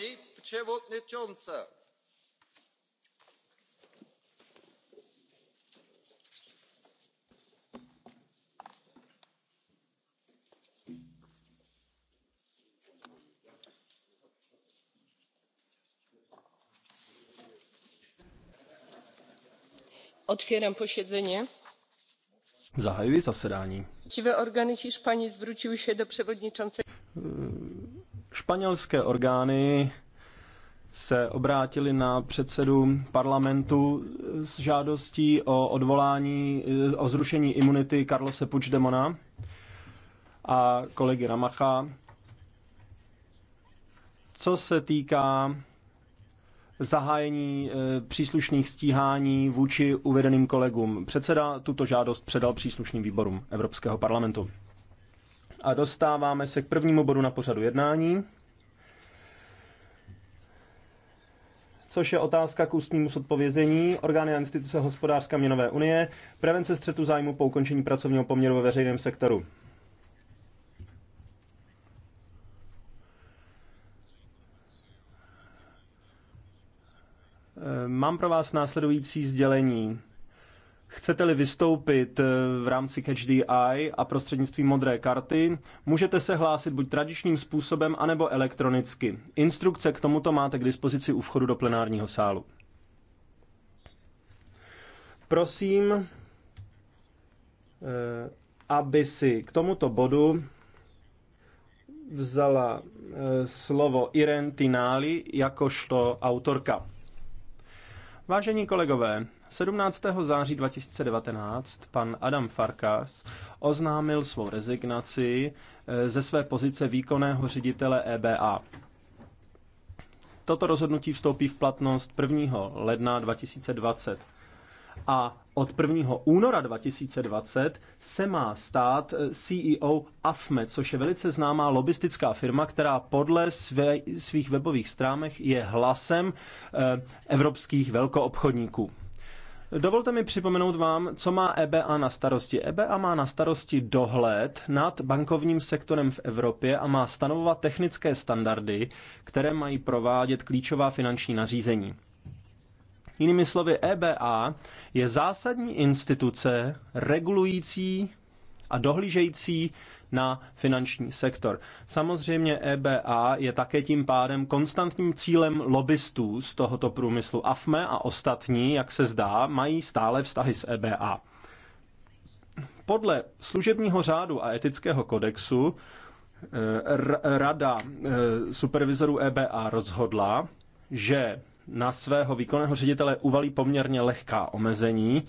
paní předsedající otwieram posiedzenie. zahajuji zasedání. właściwe orgány hiszpanii zwróciły się do przewodniczącego. španělské orgány se obrátili na předsedu parlamentu s žádostí o odvolání, o zrušení imunity Karlose Puigdemona a kolegy Ramacha. Co se týká zahájení eh, příslušných stíhání vůči uvedeným kolegům. Předseda tuto žádost předal příslušným výborům Evropského parlamentu. A dostáváme se k prvnímu bodu na pořadu jednání. což je otázka k ústnímu zodpovězení orgány a instituce hospodářské měnové unie, prevence střetu zájmu po ukončení pracovního poměru ve veřejném sektoru. Mám pro vás následující sdělení. Chcete-li vystoupit eh, v rámci Catch the Eye a prostřednictvím modré karty, můžete se hlásit buď tradičním způsobem, anebo elektronicky. Instrukce k tomuto máte k dispozici u vchodu do plenárního sálu. Prosím, eh, aby si k tomuto bodu vzala eh, slovo Irene Tinali jakožto autorka. Vážení kolegové, 17. září 2019 pan Adam Farkas oznámil svou rezignaci eh, ze své pozice výkonného ředitele EBA. Toto rozhodnutí vstoupí v platnost 1. ledna 2020 a od 1. února 2020 se má stát eh, CEO AFME, což je velice známá lobistická firma, která podle své, svých webových stránek je hlasem eh, evropských velkoobchodníků. Dovolte mi připomenout vám, co má EBA na starosti. EBA má na starosti dohled nad bankovním sektorem v Evropě a má stanovovat technické standardy, které mají provádět klíčová finanční nařízení. Jinými slovy, EBA je zásadní instituce regulující a dohlížející na finanční sektor. Samozřejmě EBA je také tím pádem konstantním cílem lobbystů z tohoto průmyslu. AFME a ostatní, jak se zdá, mají stále vztahy s EBA. Podle služebního řádu a etického kodexu e, Rada e, supervizorů EBA rozhodla, že na svého výkonného ředitele uvalí poměrně lehká omezení,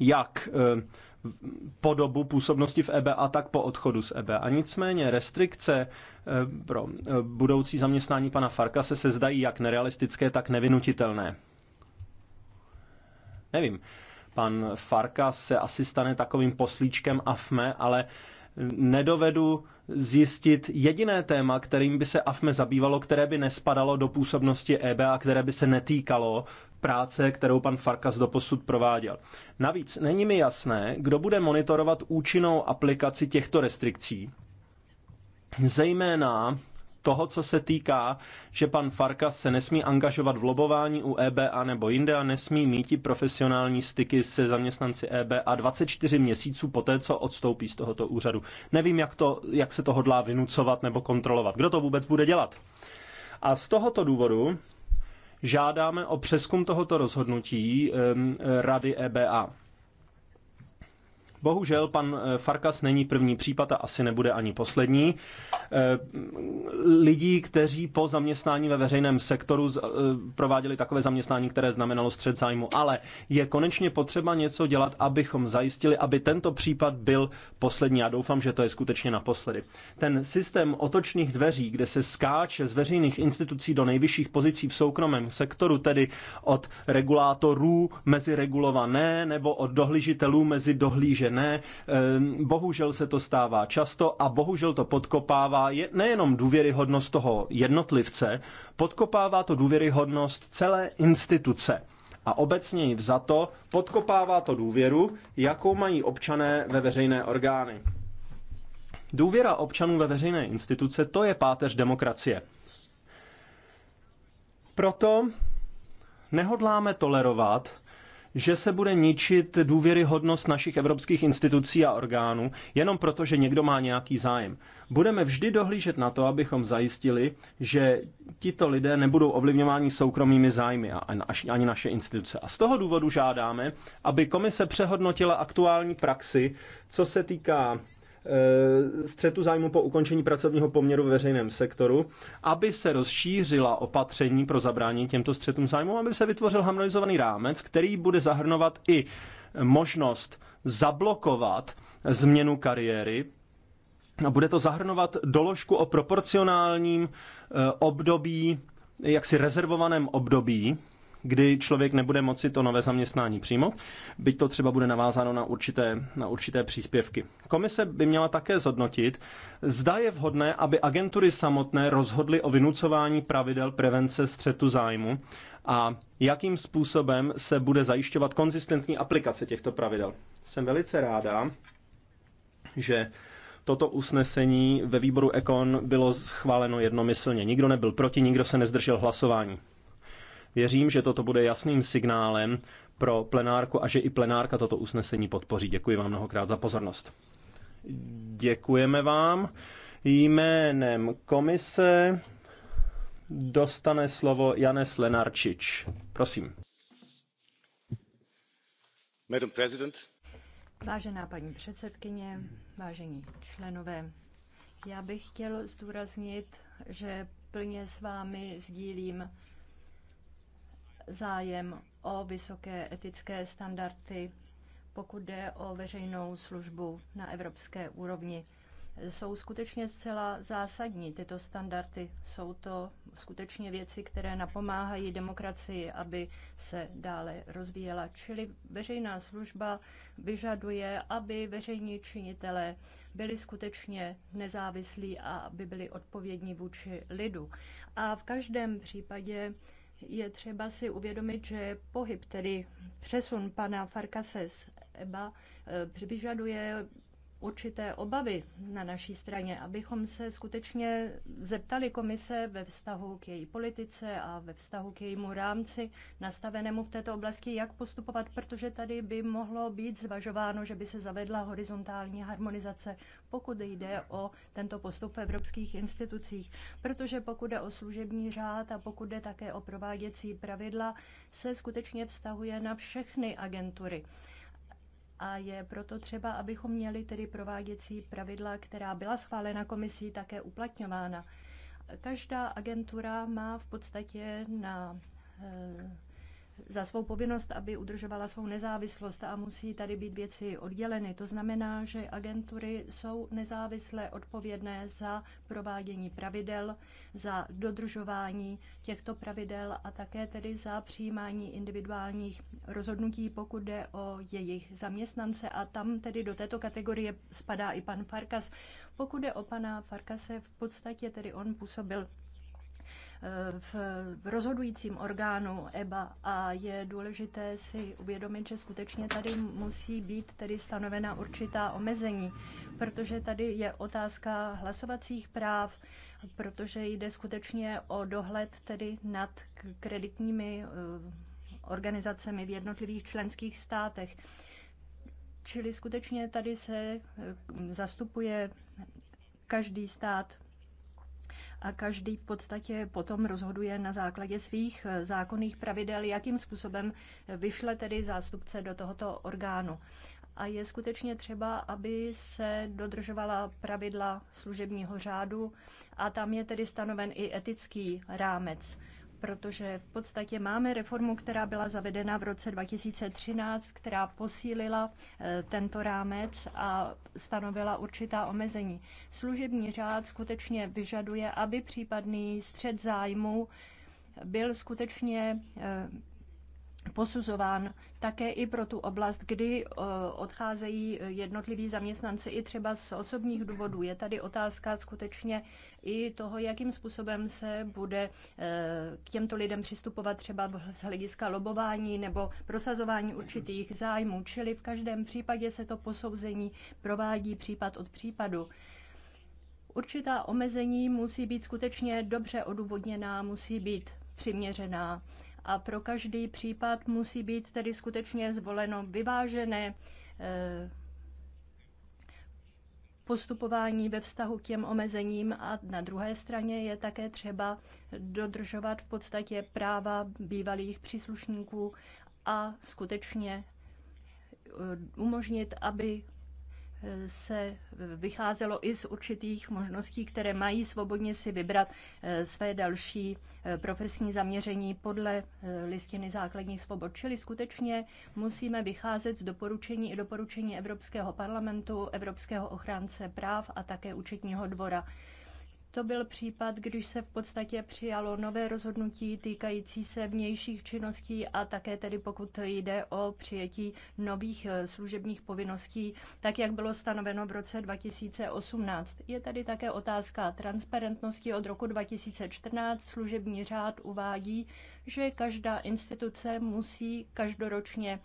jak eh, po dobu působnosti v EBA, tak po odchodu z EBA. A nicméně restrikce eh, pro eh, budoucí zaměstnání pana Farka se zdají jak nerealistické, tak nevinutitelné. Nevím, pan Farka se asi stane takovým poslíčkem AFME, ale nedovedu zjistit jediné téma, kterým by se AFME zabývalo, které by nespadalo do působnosti EB a které by se netýkalo práce, kterou pan Farkas doposud prováděl. Navíc není mi jasné, kdo bude monitorovat účinnou aplikaci těchto restrikcí, zejména toho, co se týká, že pan Farkas se nesmí angažovat v lobování u EBA nebo jinde a nesmí mít profesionální styky se zaměstnanci EBA 24 měsíců poté, co odstoupí z tohoto úřadu. Nevím, jak, to, jak se to hodlá vynucovat nebo kontrolovat. Kdo to vůbec bude dělat? A z tohoto důvodu žádáme o přeskum tohoto rozhodnutí um, Rady EBA. Bohužel pan eh, Farkas není první případ a asi nebude ani poslední. Eh, lidí, kteří po zaměstnání ve veřejném sektoru eh, prováděli takové zaměstnání, které znamenalo střed zájmu, ale je konečně potřeba něco dělat, abychom zajistili, aby tento případ byl poslední. Já doufám, že to je skutečně naposledy. Ten systém otočných dveří, kde se skáče z veřejných institucí do nejvyšších pozicí v soukromém sektoru, tedy od regulátorů mezi regulované nebo od dohlížitelů mezi dohlížené, ne. Ehm, bohužel se to stává často a bohužel to podkopává nejenom důvěryhodnost toho jednotlivce, podkopává to důvěryhodnost celé instituce. A obecně i vzato podkopává to důvěru, jakou mají občané ve veřejné orgány. Důvěra občanů ve veřejné instituce, to je páteř demokracie. Proto nehodláme tolerovat, že se bude ničit důvěryhodnost našich evropských institucí a orgánů jenom proto, že někdo má nějaký zájem. Budeme vždy dohlížet na to, abychom zajistili, že tito lidé nebudou ovlivňováni soukromými zájmy a ani naše instituce. A z toho důvodu žádáme, aby komise přehodnotila aktuální praxi, co se týká Eh, střetu zájmu po ukončení pracovního poměru ve veřejném sektoru, aby se rozšířila opatření pro zabrání těmto střetům zájmu, aby se vytvořil harmonizovaný rámec, který bude zahrnovat i možnost zablokovat změnu kariéry a bude to zahrnovat doložku o proporcionálním eh, období, jaksi rezervovaném období kdy člověk nebude moci to nové zaměstnání přijmout, byť to třeba bude navázáno na určité, na určité příspěvky. Komise by měla také zhodnotit, zda je vhodné, aby agentury samotné rozhodly o vynucování pravidel prevence střetu zájmu a jakým způsobem se bude zajišťovat konzistentní aplikace těchto pravidel. Jsem velice ráda, že toto usnesení ve výboru Ekon bylo schváleno jednomyslně. Nikdo nebyl proti, nikdo se nezdržel hlasování. Věřím, že toto bude jasným signálem pro plenárku a že i plenárka toto usnesení podpoří. Děkuji vám mnohokrát za pozornost. Děkujeme vám. Jménem komise dostane slovo Janes Lenarčič. Prosím. Madam President. Vážená paní předsedkyně, vážení členové, já bych chtěl zdůraznit, že plně s vámi sdílím zájem o vysoké etické standardy, pokud jde o veřejnou službu na evropské úrovni. Jsou skutečně zcela zásadní tyto standardy. Jsou to skutečně věci, které napomáhají demokracii, aby se dále rozvíjela. Čili veřejná služba vyžaduje, aby veřejní činitelé byli skutečně nezávislí a aby byli odpovědní vůči lidu. A v každém případě je třeba si uvědomit, že pohyb, tedy přesun pana Farkase z EBA, eh, vyžaduje určité obavy na naší straně, abychom se skutečně zeptali komise ve vztahu k její politice a ve vztahu k jejímu rámci nastavenému v této oblasti, jak postupovat, protože tady by mohlo být zvažováno, že by se zavedla horizontální harmonizace, pokud jde o tento postup v evropských institucích. Protože pokud jde o služební řád a pokud jde také o prováděcí pravidla, se skutečně vztahuje na všechny agentury a je proto třeba, abychom měli tedy prováděcí pravidla, která byla schválena komisí, také uplatňována. Každá agentura má v podstatě na eh, za svou povinnost, aby udržovala svou nezávislost a musí tady být věci odděleny. To znamená, že agentury jsou nezávisle odpovědné za provádění pravidel, za dodržování těchto pravidel a také tedy za přijímání individuálních rozhodnutí, pokud jde o jejich zaměstnance. A tam tedy do této kategorie spadá i pan Farkas. Pokud jde o pana Farkase, v podstatě tedy on působil v rozhodujícím orgánu EBA a je důležité si uvědomit, že skutečně tady musí být tedy stanovena určitá omezení, protože tady je otázka hlasovacích práv, protože jde skutečně o dohled tedy nad kreditními eh, organizacemi v jednotlivých členských státech. Čili skutečně tady se eh, zastupuje každý stát a každý v podstatě potom rozhoduje na základě svých eh, zákonných pravidel, jakým způsobem eh, vyšle tedy zástupce do tohoto orgánu. A je skutečně třeba, aby se dodržovala pravidla služebního řádu a tam je tedy stanoven i etický rámec protože v podstatě máme reformu, která byla zavedena v roce 2013, která posílila eh, tento rámec a stanovila určitá omezení. Služební řád skutečně vyžaduje, aby případný střed zájmu byl skutečně eh, posuzován také i pro tu oblast, kdy eh, odcházejí eh, jednotliví zaměstnanci i třeba z osobních důvodů. Je tady otázka skutečně i toho, jakým způsobem se bude eh, k těmto lidem přistupovat třeba z hlediska lobování nebo prosazování určitých zájmů. Čili v každém případě se to posouzení provádí případ od případu určitá omezení musí být skutečně dobře odůvodněná, musí být přiměřená a pro každý případ musí být tedy skutečně zvoleno vyvážené eh, postupování ve vztahu k těm omezením a na druhé straně je také třeba dodržovat v podstatě práva bývalých příslušníků a skutečně eh, umožnit, aby se vycházelo i z určitých možností, které mají svobodně si vybrat eh, své další eh, profesní zaměření podle eh, listiny základních svobod. Čili skutečně musíme vycházet z doporučení i doporučení Evropského parlamentu, Evropského ochránce práv a také účetního dvora. To byl případ, když se v podstatě přijalo nové rozhodnutí týkající se vnějších činností a také tedy pokud jde o přijetí nových eh, služebních povinností, tak jak bylo stanoveno v roce 2018. Je tady také otázka transparentnosti od roku 2014. Služební řád uvádí, že každá instituce musí každoročně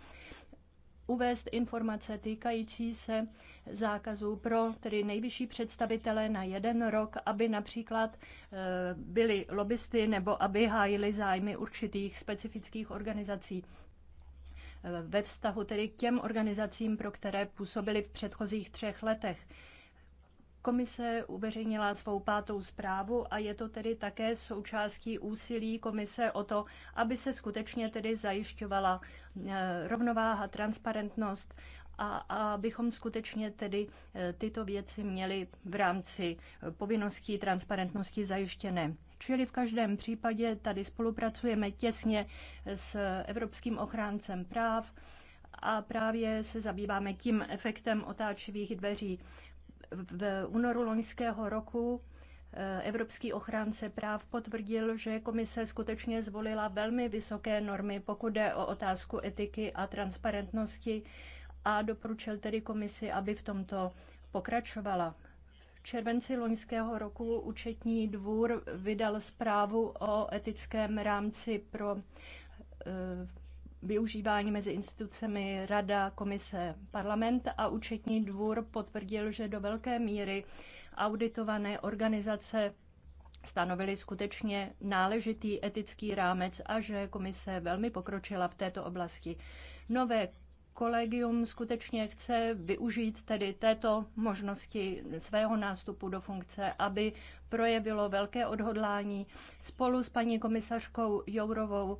uvést informace týkající se zákazů pro tedy nejvyšší představitele na jeden rok, aby například eh, byli lobbysty nebo aby hájili zájmy určitých specifických organizací eh, ve vztahu tedy k těm organizacím, pro které působili v předchozích třech letech. Komise uveřejnila svou pátou zprávu a je to tedy také součástí úsilí komise o to, aby se skutečně tedy zajišťovala eh, rovnováha, transparentnost a abychom skutečně tedy eh, tyto věci měli v rámci eh, povinností transparentnosti zajištěné. Čili v každém případě tady spolupracujeme těsně s Evropským ochráncem práv a právě se zabýváme tím efektem otáčivých dveří. V únoru loňského roku eh, Evropský ochránce práv potvrdil, že komise skutečně zvolila velmi vysoké normy, pokud jde o otázku etiky a transparentnosti a doporučil tedy komisi, aby v tomto pokračovala. V červenci loňského roku účetní dvůr vydal zprávu o etickém rámci pro e, využívání mezi institucemi Rada, Komise, Parlament a účetní dvůr potvrdil, že do velké míry auditované organizace stanovili skutečně náležitý etický rámec a že komise velmi pokročila v této oblasti. Nové kolegium skutečně chce využít tedy této možnosti svého nástupu do funkce, aby projevilo velké odhodlání spolu s paní komisařkou Jourovou.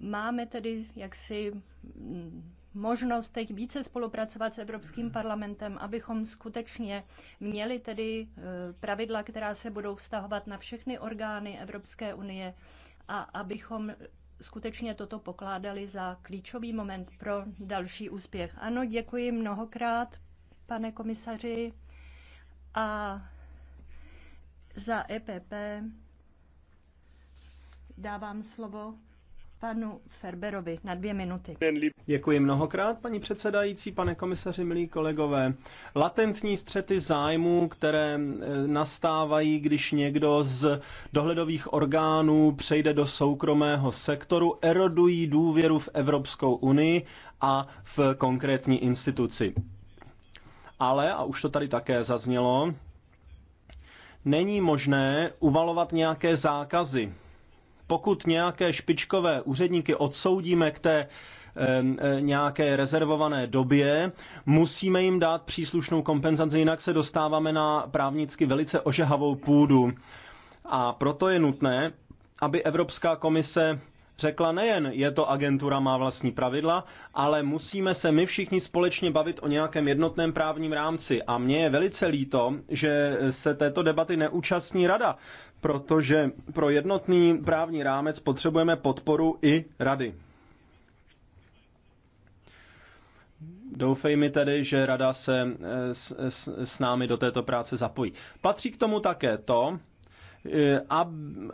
Máme tedy jaksi mm, možnost teď více spolupracovat s Evropským parlamentem, abychom skutečně měli tedy e, pravidla, která se budou vztahovat na všechny orgány Evropské unie a abychom skutečně toto pokládali za klíčový moment pro další úspěch. Ano, děkuji mnohokrát, pane komisaři. A za EPP dávám slovo panu Ferberovi na dvě minuty. Děkuji mnohokrát, paní předsedající, pane komisaři, milí kolegové. Latentní střety zájmů, které eh, nastávají, když někdo z dohledových orgánů přejde do soukromého sektoru, erodují důvěru v Evropskou unii a v konkrétní instituci. Ale, a už to tady také zaznělo, není možné uvalovat nějaké zákazy pokud nějaké špičkové úředníky odsoudíme k té e, nějaké rezervované době, musíme jim dát příslušnou kompenzaci, jinak se dostáváme na právnicky velice ožehavou půdu. A proto je nutné, aby Evropská komise řekla nejen, je to agentura, má vlastní pravidla, ale musíme se my všichni společně bavit o nějakém jednotném právním rámci. A mně je velice líto, že se této debaty neúčastní rada, protože pro jednotný právní rámec potřebujeme podporu i rady. mi tedy, že rada se eh, s, s, s námi do této práce zapojí. Patří k tomu také to, Eh,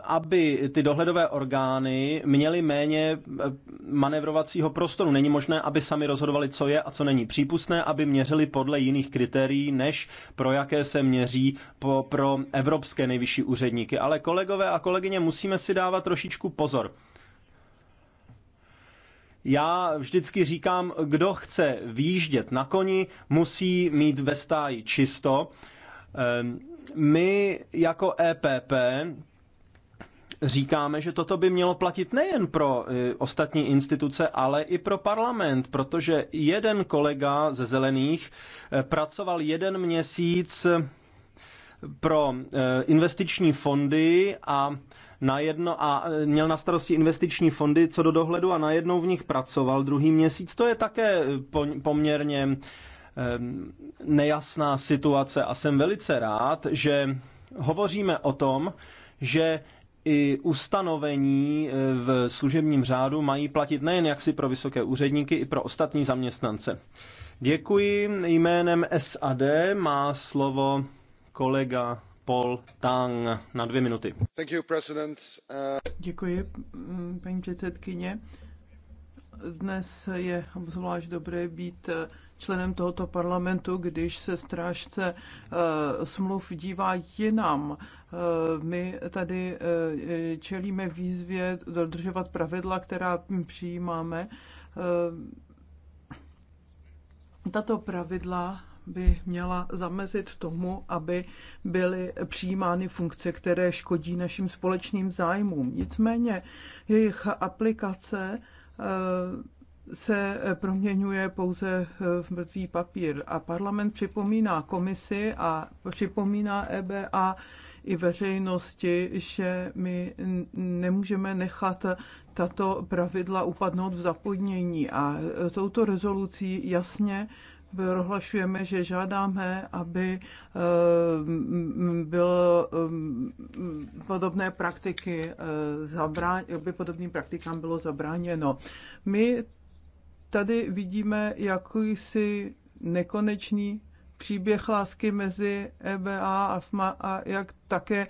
aby ty dohledové orgány měly méně eh, manevrovacího prostoru. Není možné, aby sami rozhodovali, co je a co není přípustné, aby měřili podle jiných kritérií, než pro jaké se měří po, pro evropské nejvyšší úředníky. Ale kolegové a kolegyně, musíme si dávat trošičku pozor. Já vždycky říkám, kdo chce výjíždět na koni, musí mít ve stáji čisto. Ehm my jako EPP říkáme, že toto by mělo platit nejen pro e, ostatní instituce, ale i pro parlament, protože jeden kolega ze Zelených e, pracoval jeden měsíc e, pro investiční fondy a na jedno a měl na starosti investiční fondy co do dohledu a najednou v nich pracoval druhý měsíc. To je také poměrně nejasná situace a jsem velice rád, že hovoříme o tom, že i ustanovení e, v služebním řádu mají platit nejen jaksi pro vysoké úředníky, i pro ostatní zaměstnance. Děkuji. Jménem SAD má slovo kolega Paul Tang na dvě minuty. Thank you, president. Uh... Děkuji, mm, paní předsedkyně. Dnes je obzvlášť dobré být uh, členem tohoto parlamentu, když se strážce eh, smluv dívá jinam. Eh, my tady eh, čelíme výzvě dodržovat pravidla, která přijímáme. Tato pravidla by měla zamezit tomu, aby byly přijímány funkce, které škodí našim společným zájmům. Nicméně jejich aplikace se eh, proměňuje pouze eh, v mrtvý papír. A parlament připomíná komisi a připomíná EBA i veřejnosti, že my nemůžeme nechat tato pravidla upadnout v zapodnění. A eh, touto rezolucí jasně prohlašujeme, že žádáme, aby bylo podobné praktiky, aby podobným praktikám bylo zabráněno. My tady vidíme jakýsi nekonečný příběh lásky mezi EBA a FMA a jak také eh,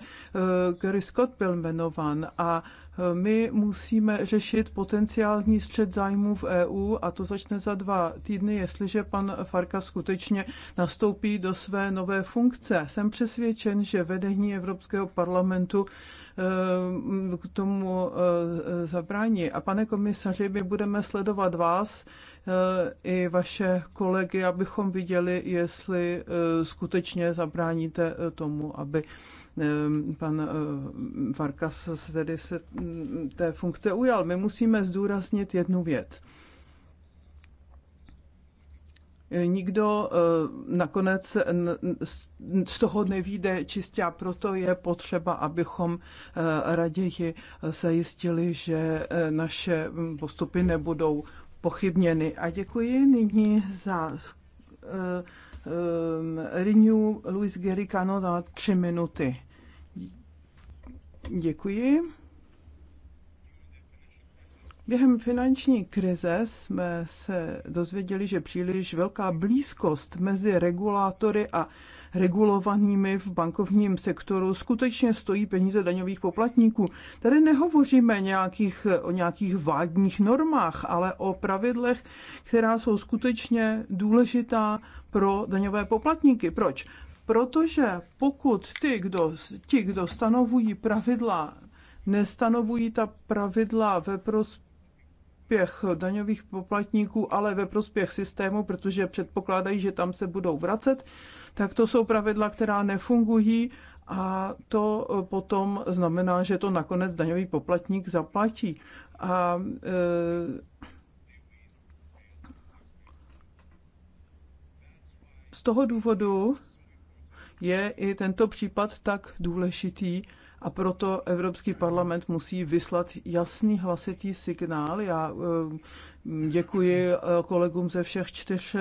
Gary Scott byl jmenován. A my musíme řešit potenciální střed zájmů v EU a to začne za dva týdny, jestliže pan Farka skutečně nastoupí do své nové funkce. Jsem přesvědčen, že vedení Evropského parlamentu eh, k tomu eh, zabrání. A pane komisaři, my budeme sledovat vás eh, i vaše kolegy, abychom viděli, jestli skutečně zabráníte tomu, aby pan Farkas eh, tedy se mm, té funkce ujal. My musíme zdůraznit jednu věc. Eh, nikdo eh, nakonec z toho nevíde čistě a proto je potřeba, abychom raději zajistili, že naše mm, postupy nebudou pochybněny. A děkuji nyní za um, Renew Luis Gericano na tři minuty. Děkuji. Během finanční krize jsme se dozvěděli, že příliš velká blízkost mezi regulátory a regulovanými v bankovním sektoru skutečně stojí peníze daňových poplatníků. Tady nehovoříme nějakých, o nějakých vádních normách, ale o pravidlech, která jsou skutečně důležitá pro daňové poplatníky. Proč? Protože pokud ty, kdo, ti, kdo stanovují pravidla, nestanovují ta pravidla ve prospěch daňových poplatníků, ale ve prospěch systému, protože předpokládají, že tam se budou vracet, tak to jsou pravidla, která nefungují a to potom znamená, že to nakonec daňový poplatník zaplatí. A e, Z toho důvodu je i tento případ tak důležitý a proto Evropský parlament musí vyslat jasný hlasitý signál. Já eh, děkuji eh, kolegům ze všech čtyř eh,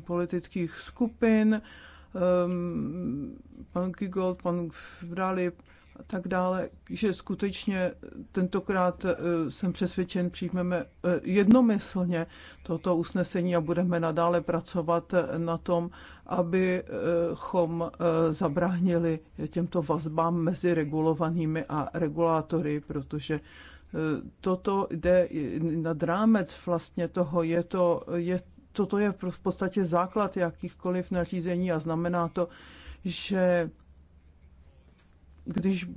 politických skupin, pan Kigold, pan Vrali, a tak dále, že skutečně tentokrát e, jsem přesvědčen, přijmeme e, jednomyslně toto usnesení a budeme nadále pracovat e, na tom, abychom zabránili těmto vazbám mezi regulovanými a regulátory, protože toto jde nad rámec vlastně toho, je to, je, toto je v podstatě základ jakýchkoliv nařízení a znamená to, že když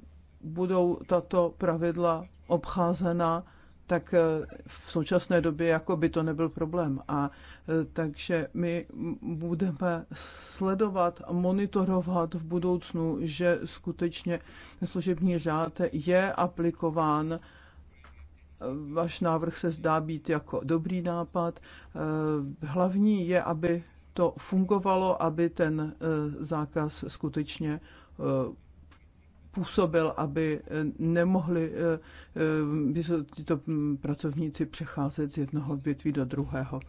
budou tato pravidla obcházena, tak eh, v současné době jako by to nebyl problém. A eh, takže my budeme sledovat a monitorovat v budoucnu, že skutečně služební řád je aplikován. Eh, váš návrh se zdá být jako dobrý nápad. Hlavní je, aby to fungovalo, aby ten zákaz skutečně způsobil, aby eh, nemohli eh, eh, tyto mm, pracovníci přecházet z jednoho odvětví do druhého.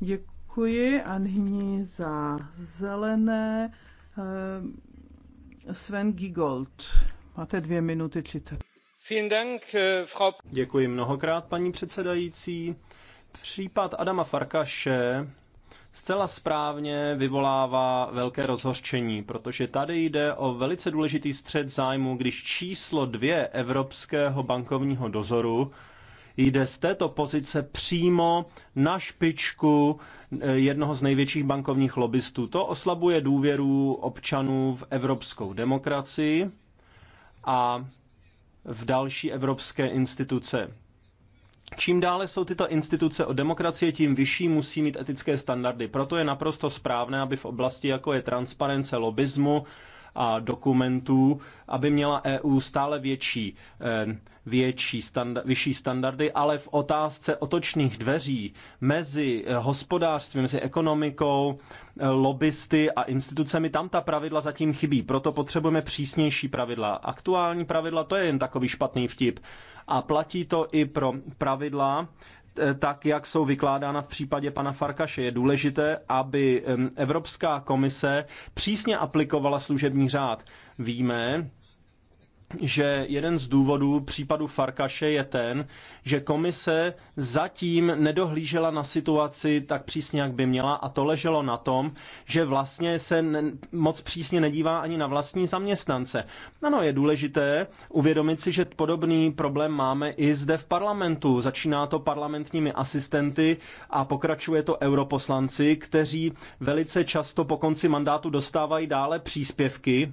Děkuji a nyní za zelené Sven Gigold. Máte dvě minuty třicet. Děkuji mnohokrát, paní předsedající. Případ Adama Farkaše zcela správně vyvolává velké rozhořčení, protože tady jde o velice důležitý střed zájmu, když číslo dvě Evropského bankovního dozoru jde z této pozice přímo na špičku eh, jednoho z největších bankovních lobbystů. To oslabuje důvěru občanů v evropskou demokracii a v další evropské instituce. Čím dále jsou tyto instituce od demokracie, tím vyšší musí mít etické standardy. Proto je naprosto správné, aby v oblasti jako je transparence, lobismu a dokumentů, aby měla EU stále větší, eh, větší standa, vyšší standardy, ale v otázce otočných dveří mezi eh, hospodářstvím, mezi ekonomikou, eh, lobbysty a institucemi, tam ta pravidla zatím chybí. Proto potřebujeme přísnější pravidla. Aktuální pravidla, to je jen takový špatný vtip. A platí to i pro pravidla, Eh, tak, jak jsou vykládána v případě pana Farkaše. Je důležité, aby Evropská komise přísně aplikovala služební řád. Víme, že jeden z důvodů případu Farkaše je ten, že komise zatím nedohlížela na situaci tak přísně, jak by měla a to leželo na tom, že vlastně se moc přísně nedívá ani na vlastní zaměstnance. Ano, je důležité uvědomit si, že podobný problém máme i zde v parlamentu. Začíná to parlamentními asistenty a pokračuje to europoslanci, kteří velice často po konci mandátu dostávají dále příspěvky,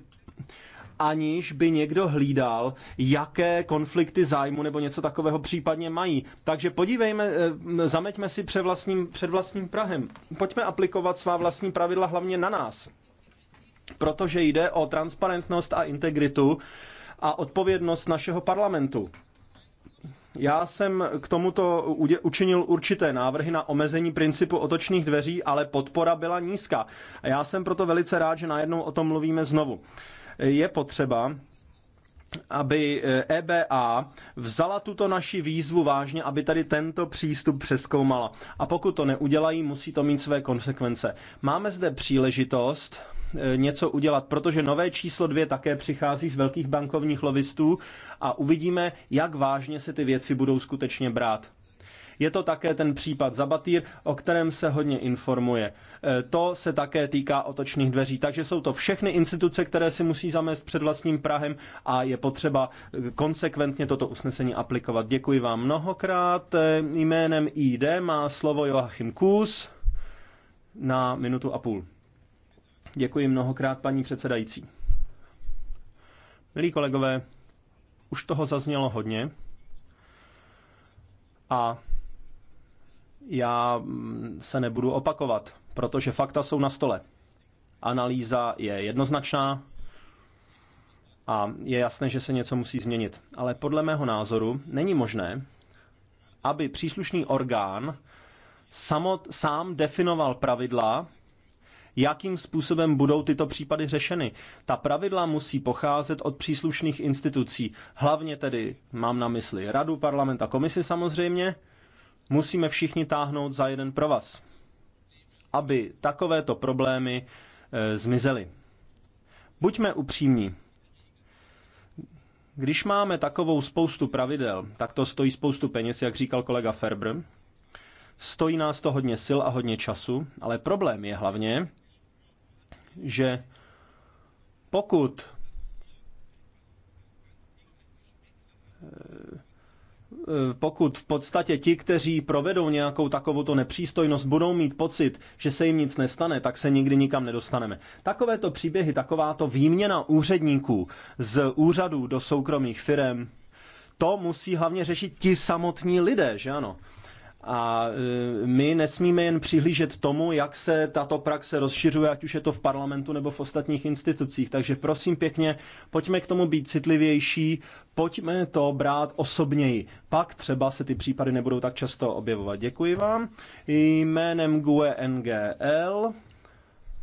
aniž by někdo hlídal, jaké konflikty zájmu nebo něco takového případně mají. Takže podívejme, eh, zameťme si před vlastním, před vlastním Prahem. Pojďme aplikovat svá vlastní pravidla hlavně na nás. Protože jde o transparentnost a integritu a odpovědnost našeho parlamentu. Já jsem k tomuto učinil určité návrhy na omezení principu otočných dveří, ale podpora byla nízká. A já jsem proto velice rád, že najednou o tom mluvíme znovu je potřeba, aby EBA vzala tuto naši výzvu vážně, aby tady tento přístup přeskoumala. A pokud to neudělají, musí to mít své konsekvence. Máme zde příležitost e, něco udělat, protože nové číslo dvě také přichází z velkých bankovních lovistů a uvidíme, jak vážně se ty věci budou skutečně brát. Je to také ten případ Zabatýr, o kterém se hodně informuje. E, to se také týká otočných dveří. Takže jsou to všechny instituce, které si musí zamést před vlastním Prahem a je potřeba e, konsekventně toto usnesení aplikovat. Děkuji vám mnohokrát. E, jménem ID má slovo Joachim Kus na minutu a půl. Děkuji mnohokrát, paní předsedající. Milí kolegové, už toho zaznělo hodně a já mm, se nebudu opakovat, protože fakta jsou na stole. Analýza je jednoznačná a je jasné, že se něco musí změnit. Ale podle mého názoru není možné, aby příslušný orgán samot, sám definoval pravidla, jakým způsobem budou tyto případy řešeny. Ta pravidla musí pocházet od příslušných institucí, hlavně tedy mám na mysli Radu, parlament a komisi samozřejmě, musíme všichni táhnout za jeden provaz, aby takovéto problémy e, zmizely. Buďme upřímní. Když máme takovou spoustu pravidel, tak to stojí spoustu peněz, jak říkal kolega Ferber. Stojí nás to hodně sil a hodně času, ale problém je hlavně, že pokud e, Eh, pokud v podstatě ti, kteří provedou nějakou to nepřístojnost, budou mít pocit, že se jim nic nestane, tak se nikdy nikam nedostaneme. Takovéto příběhy, takováto výměna úředníků z úřadů do soukromých firm, to musí hlavně řešit ti samotní lidé, že ano? A e, my nesmíme jen přihlížet tomu, jak se tato praxe rozšiřuje, ať už je to v parlamentu nebo v ostatních institucích. Takže prosím pěkně, pojďme k tomu být citlivější, pojďme to brát osobněji. Pak třeba se ty případy nebudou tak často objevovat. Děkuji vám. Jménem GUE NGL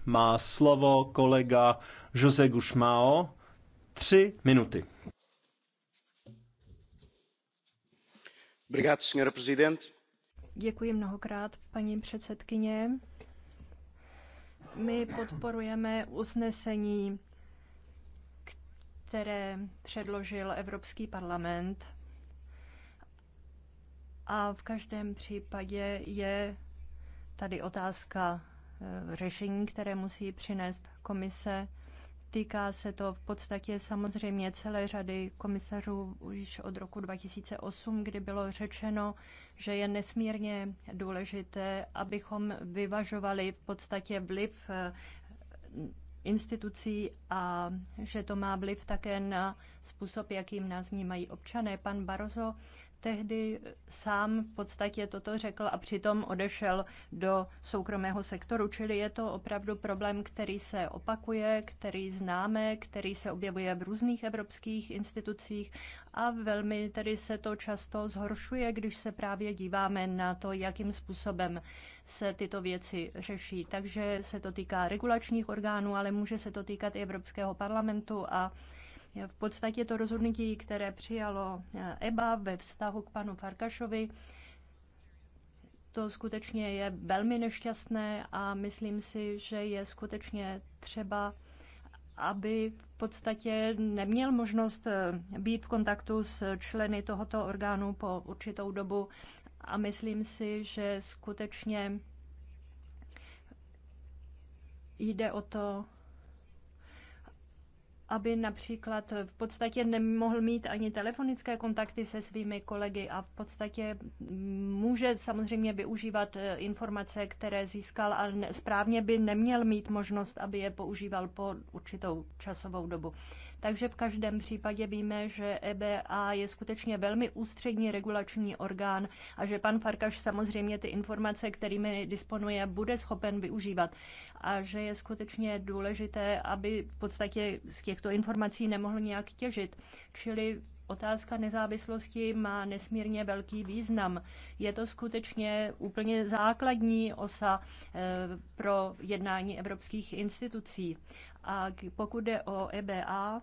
má slovo kolega Jose Gušmao. Tři minuty. Obrigado, senhora Presidente. Děkuji mnohokrát, paní předsedkyně. My podporujeme usnesení, které předložil Evropský parlament. A v každém případě je tady otázka eh, řešení, které musí přinést komise Týká se to v podstatě samozřejmě celé řady komisařů už od roku 2008, kdy bylo řečeno, že je nesmírně důležité, abychom vyvažovali v podstatě vliv eh, institucí a že to má vliv také na způsob, jakým nás vnímají občané. Pan Barozo tehdy sám v podstatě toto řekl a přitom odešel do soukromého sektoru. Čili je to opravdu problém, který se opakuje, který známe, který se objevuje v různých evropských institucích a velmi tedy se to často zhoršuje, když se právě díváme na to, jakým způsobem se tyto věci řeší. Takže se to týká regulačních orgánů, ale může se to týkat i Evropského parlamentu a v podstatě to rozhodnutí, které přijalo eh, EBA ve vztahu k panu Farkašovi, to skutečně je velmi nešťastné a myslím si, že je skutečně třeba, aby v podstatě neměl možnost eh, být v kontaktu s členy tohoto orgánu po určitou dobu. A myslím si, že skutečně jde o to, aby například v podstatě nemohl mít ani telefonické kontakty se svými kolegy a v podstatě může samozřejmě využívat eh, informace, které získal, ale správně by neměl mít možnost, aby je používal po určitou časovou dobu. Takže v každém případě víme, že EBA je skutečně velmi ústřední regulační orgán a že pan Farkaš samozřejmě ty informace, kterými disponuje, bude schopen využívat a že je skutečně důležité, aby v podstatě z těchto informací nemohl nějak těžit. Čili otázka nezávislosti má nesmírně velký význam. Je to skutečně úplně základní osa eh, pro jednání evropských institucí. A pokud jde o EBA,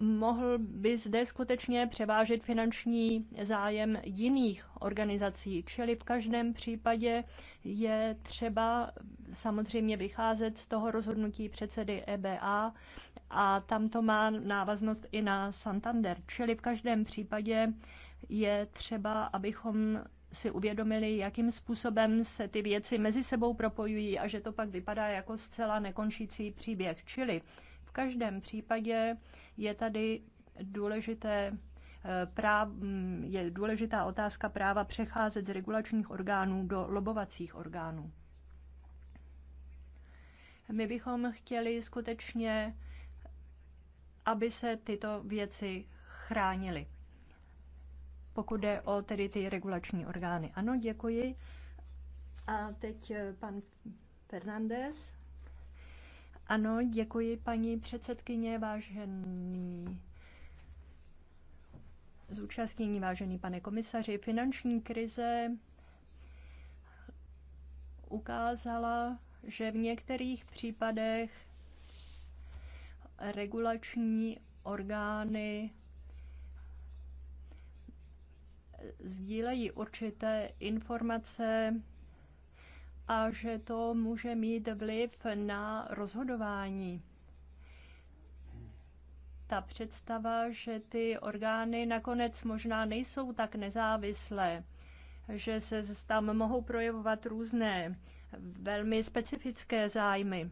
mohl by zde skutečně převážet finanční zájem jiných organizací. Čili v každém případě je třeba samozřejmě vycházet z toho rozhodnutí předsedy EBA a tam to má návaznost i na Santander. Čili v každém případě je třeba, abychom si uvědomili, jakým způsobem se ty věci mezi sebou propojují a že to pak vypadá jako zcela nekončící příběh. Čili v každém případě je tady důležité eh, práv, mm, je důležitá otázka práva přecházet z regulačních orgánů do lobovacích orgánů. My bychom chtěli skutečně, aby se tyto věci chránily, pokud jde o tedy ty regulační orgány. Ano, děkuji. A teď eh, pan Fernandez. Ano, děkuji paní předsedkyně, vážený zúčastnění, vážený pane komisaři. Finanční krize ukázala, že v některých případech regulační orgány sdílejí určité informace a že to může mít vliv na rozhodování. Ta představa, že ty orgány nakonec možná nejsou tak nezávislé, že se tam mohou projevovat různé velmi specifické zájmy.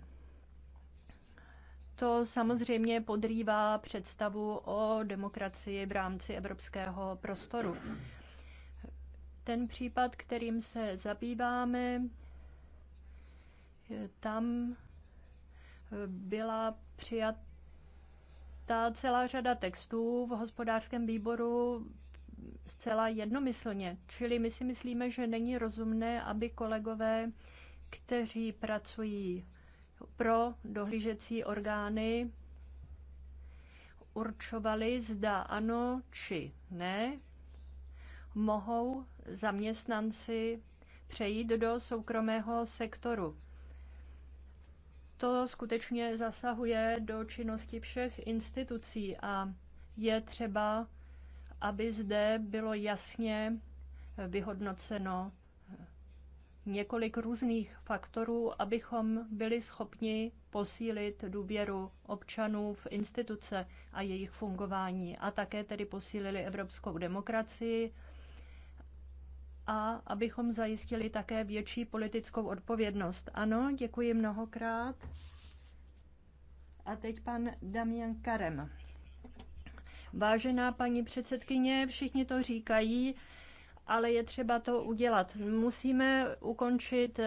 To samozřejmě podrývá představu o demokracii v rámci evropského prostoru. Ten případ, kterým se zabýváme, tam byla přijata celá řada textů v hospodářském výboru zcela jednomyslně. Čili my si myslíme, že není rozumné, aby kolegové, kteří pracují pro dohlížecí orgány, určovali, zda ano či ne, mohou zaměstnanci přejít do soukromého sektoru to skutečně zasahuje do činnosti všech institucí a je třeba, aby zde bylo jasně vyhodnoceno několik různých faktorů, abychom byli schopni posílit důvěru občanů v instituce a jejich fungování a také tedy posílili evropskou demokracii a abychom zajistili také větší politickou odpovědnost. Ano, děkuji mnohokrát. A teď pan Damian Karem. Vážená paní předsedkyně, všichni to říkají, ale je třeba to udělat. Musíme ukončit eh,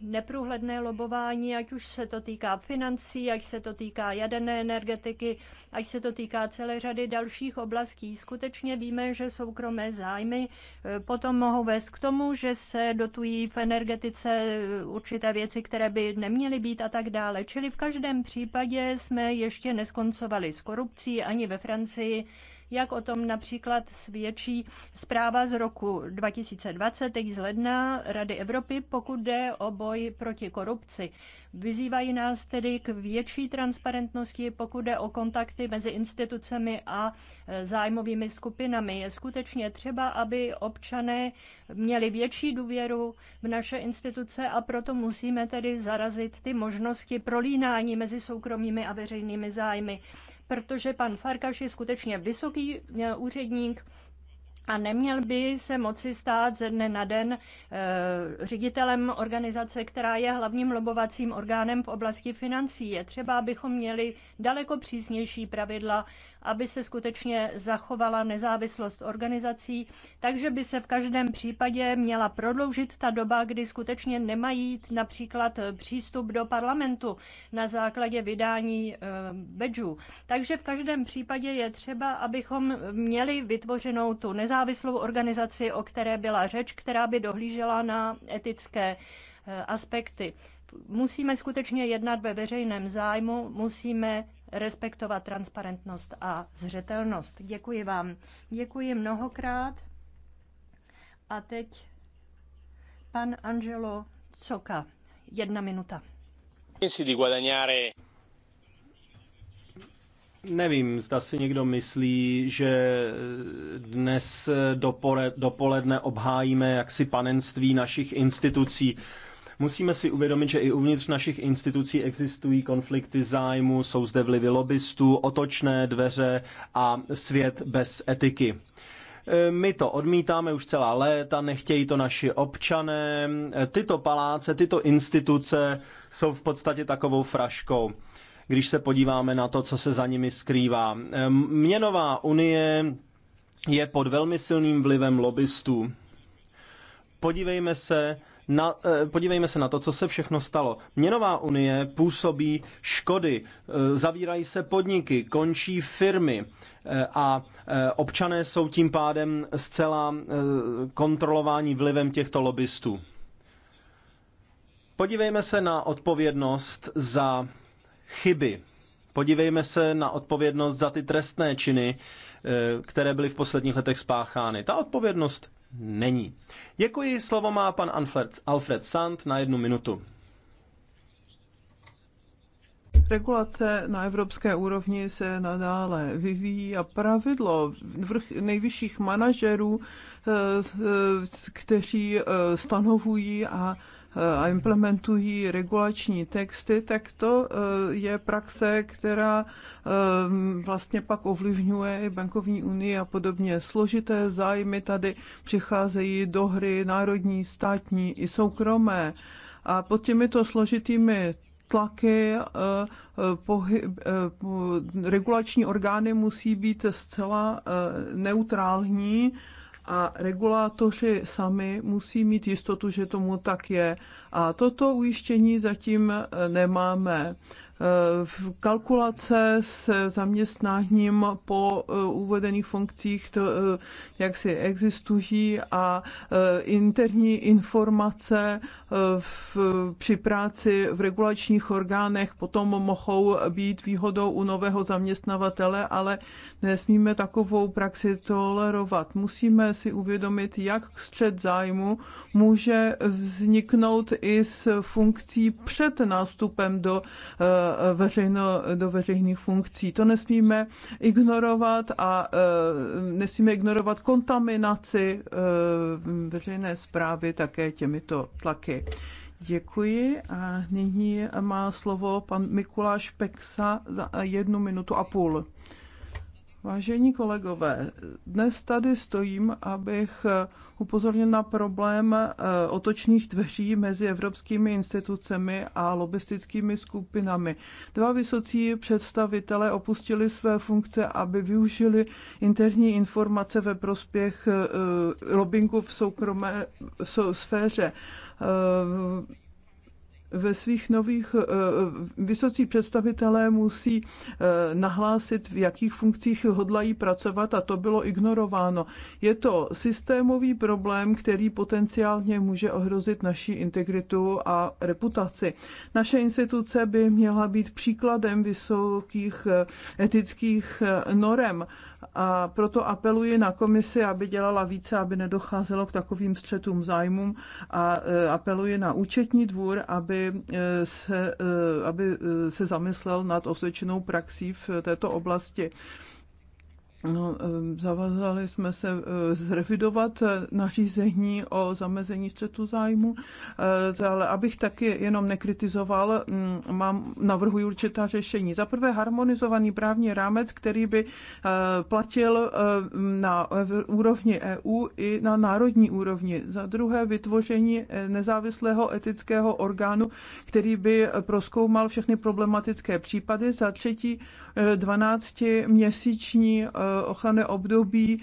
neprůhledné lobování, ať už se to týká financí, ať se to týká jaderné energetiky, ať se to týká celé řady dalších oblastí. Skutečně víme, že soukromé zájmy eh, potom mohou vést k tomu, že se dotují v energetice eh, určité věci, které by neměly být a tak dále. Čili v každém případě jsme ještě neskoncovali s korupcí ani ve Francii jak o tom například svědčí zpráva z roku 2020, teď z ledna Rady Evropy, pokud jde o boj proti korupci. Vyzývají nás tedy k větší transparentnosti, pokud jde o kontakty mezi institucemi a e, zájmovými skupinami. Je skutečně třeba, aby občané měli větší důvěru v naše instituce a proto musíme tedy zarazit ty možnosti prolínání mezi soukromými a veřejnými zájmy protože pan Farkaš je skutečně vysoký úředník a neměl by se moci stát ze dne na den eh, ředitelem organizace, která je hlavním lobovacím orgánem v oblasti financí. Je třeba, abychom měli daleko přísnější pravidla aby se skutečně zachovala nezávislost organizací, takže by se v každém případě měla prodloužit ta doba, kdy skutečně nemají například přístup do parlamentu na základě vydání eh, bedžů. Takže v každém případě je třeba, abychom měli vytvořenou tu nezávislou organizaci, o které byla řeč, která by dohlížela na etické eh, aspekty musíme skutečně jednat ve veřejném zájmu, musíme respektovat transparentnost a zřetelnost. Děkuji vám. Děkuji mnohokrát. A teď pan Angelo Coka. Jedna minuta. Nevím, zda si někdo myslí, že dnes dopoledne obhájíme jaksi panenství našich institucí. Musíme si uvědomit, že i uvnitř našich institucí existují konflikty zájmu, jsou zde vlivy lobbystů, otočné dveře a svět bez etiky. E, my to odmítáme už celá léta, nechtějí to naši občané. E, tyto paláce, tyto instituce jsou v podstatě takovou fraškou, když se podíváme na to, co se za nimi skrývá. E, měnová unie je pod velmi silným vlivem lobbystů. Podívejme se na, eh, podívejme se na to, co se všechno stalo. Měnová unie působí škody, eh, zavírají se podniky, končí firmy eh, a občané jsou tím pádem zcela kontrolováni vlivem těchto lobbystů. Podívejme se na odpovědnost za chyby. Podívejme se na odpovědnost za ty trestné činy, které byly v posledních letech spáchány. Ta odpovědnost není. Děkuji, slovo má pan Alfred, Alfred Sand na jednu minutu. Regulace na evropské úrovni se nadále vyvíjí a pravidlo vrch, nejvyšších manažerů, eh, eh, kteří eh, stanovují a Eh, a implementují regulační texty, tak to eh, je praxe, která eh, vlastně pak ovlivňuje i bankovní unii a podobně. Složité zájmy tady přicházejí do hry národní, státní i soukromé. A pod těmito složitými tlaky regulační orgány musí být zcela neutrální a regulátoři sami musí mít jistotu, že tomu tak je. A toto ujištění zatím eh, nemáme kalkulace s zaměstnáním po e, uvedených funkcích, to, e, jak si existují a e, interní informace v, při práci v regulačních orgánech potom mohou být výhodou u nového zaměstnavatele, ale nesmíme takovou praxi tolerovat. Musíme si uvědomit, jak střed zájmu může vzniknout i s funkcí před nástupem do veřejno, do veřejných funkcí. To nesmíme ignorovat a e, nesmíme ignorovat kontaminaci e, veřejné zprávy také těmito tlaky. Děkuji a nyní má slovo pan Mikuláš Peksa za jednu minutu a půl. Vážení kolegové, dnes tady stojím, abych upozornil na problém eh, otočných dveří mezi evropskými institucemi a lobistickými skupinami. Dva vysocí představitelé opustili své funkce, aby využili interní informace ve prospěch eh, lobbingu v soukromé sféře eh, ve svých nových eh, vysocí představitelé musí eh, nahlásit, v jakých funkcích hodlají pracovat a to bylo ignorováno. Je to systémový problém, který potenciálně může ohrozit naši integritu a reputaci. Naše instituce by měla být příkladem vysokých eh, etických norem a proto apeluji na komisi, aby dělala více, aby nedocházelo k takovým střetům zájmům a e, apeluji na účetní dvůr, aby e, se, e, aby se zamyslel nad osvědčenou praxí v této oblasti. No, zavazali jsme se eh, zrevidovat eh, nařízení o zamezení střetu zájmu, eh, ale abych taky jenom nekritizoval, mm, mám, navrhuji určitá řešení. Za prvé harmonizovaný právní rámec, který by platil na úrovni EU i na národní úrovni. Za druhé vytvoření nezávislého etického orgánu, který by proskoumal všechny problematické případy. Za třetí 12-měsíční eh, ochranné období, eh,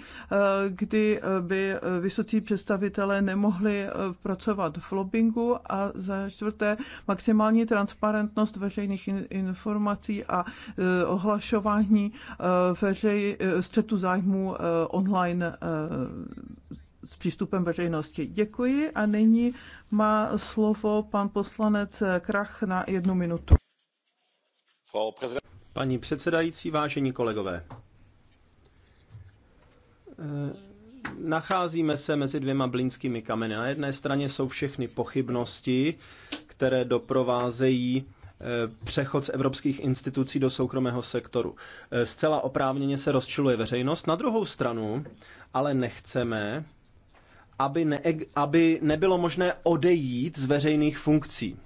kdy eh, by vysocí představitelé nemohli pracovat v lobbingu a za čtvrté maximální transparentnost veřejných informací a ohlašování veřej, střetu zájmů online s přístupem veřejnosti. Děkuji a nyní má slovo pan poslanec Krach na jednu minutu. Paní předsedající, vážení kolegové, eh, nacházíme se mezi dvěma blínskými kameny. Na jedné straně jsou všechny pochybnosti, které doprovázejí eh, přechod z evropských institucí do soukromého sektoru. Eh, zcela oprávněně se rozčiluje veřejnost. Na druhou stranu ale nechceme, aby, ne, aby nebylo možné odejít z veřejných funkcí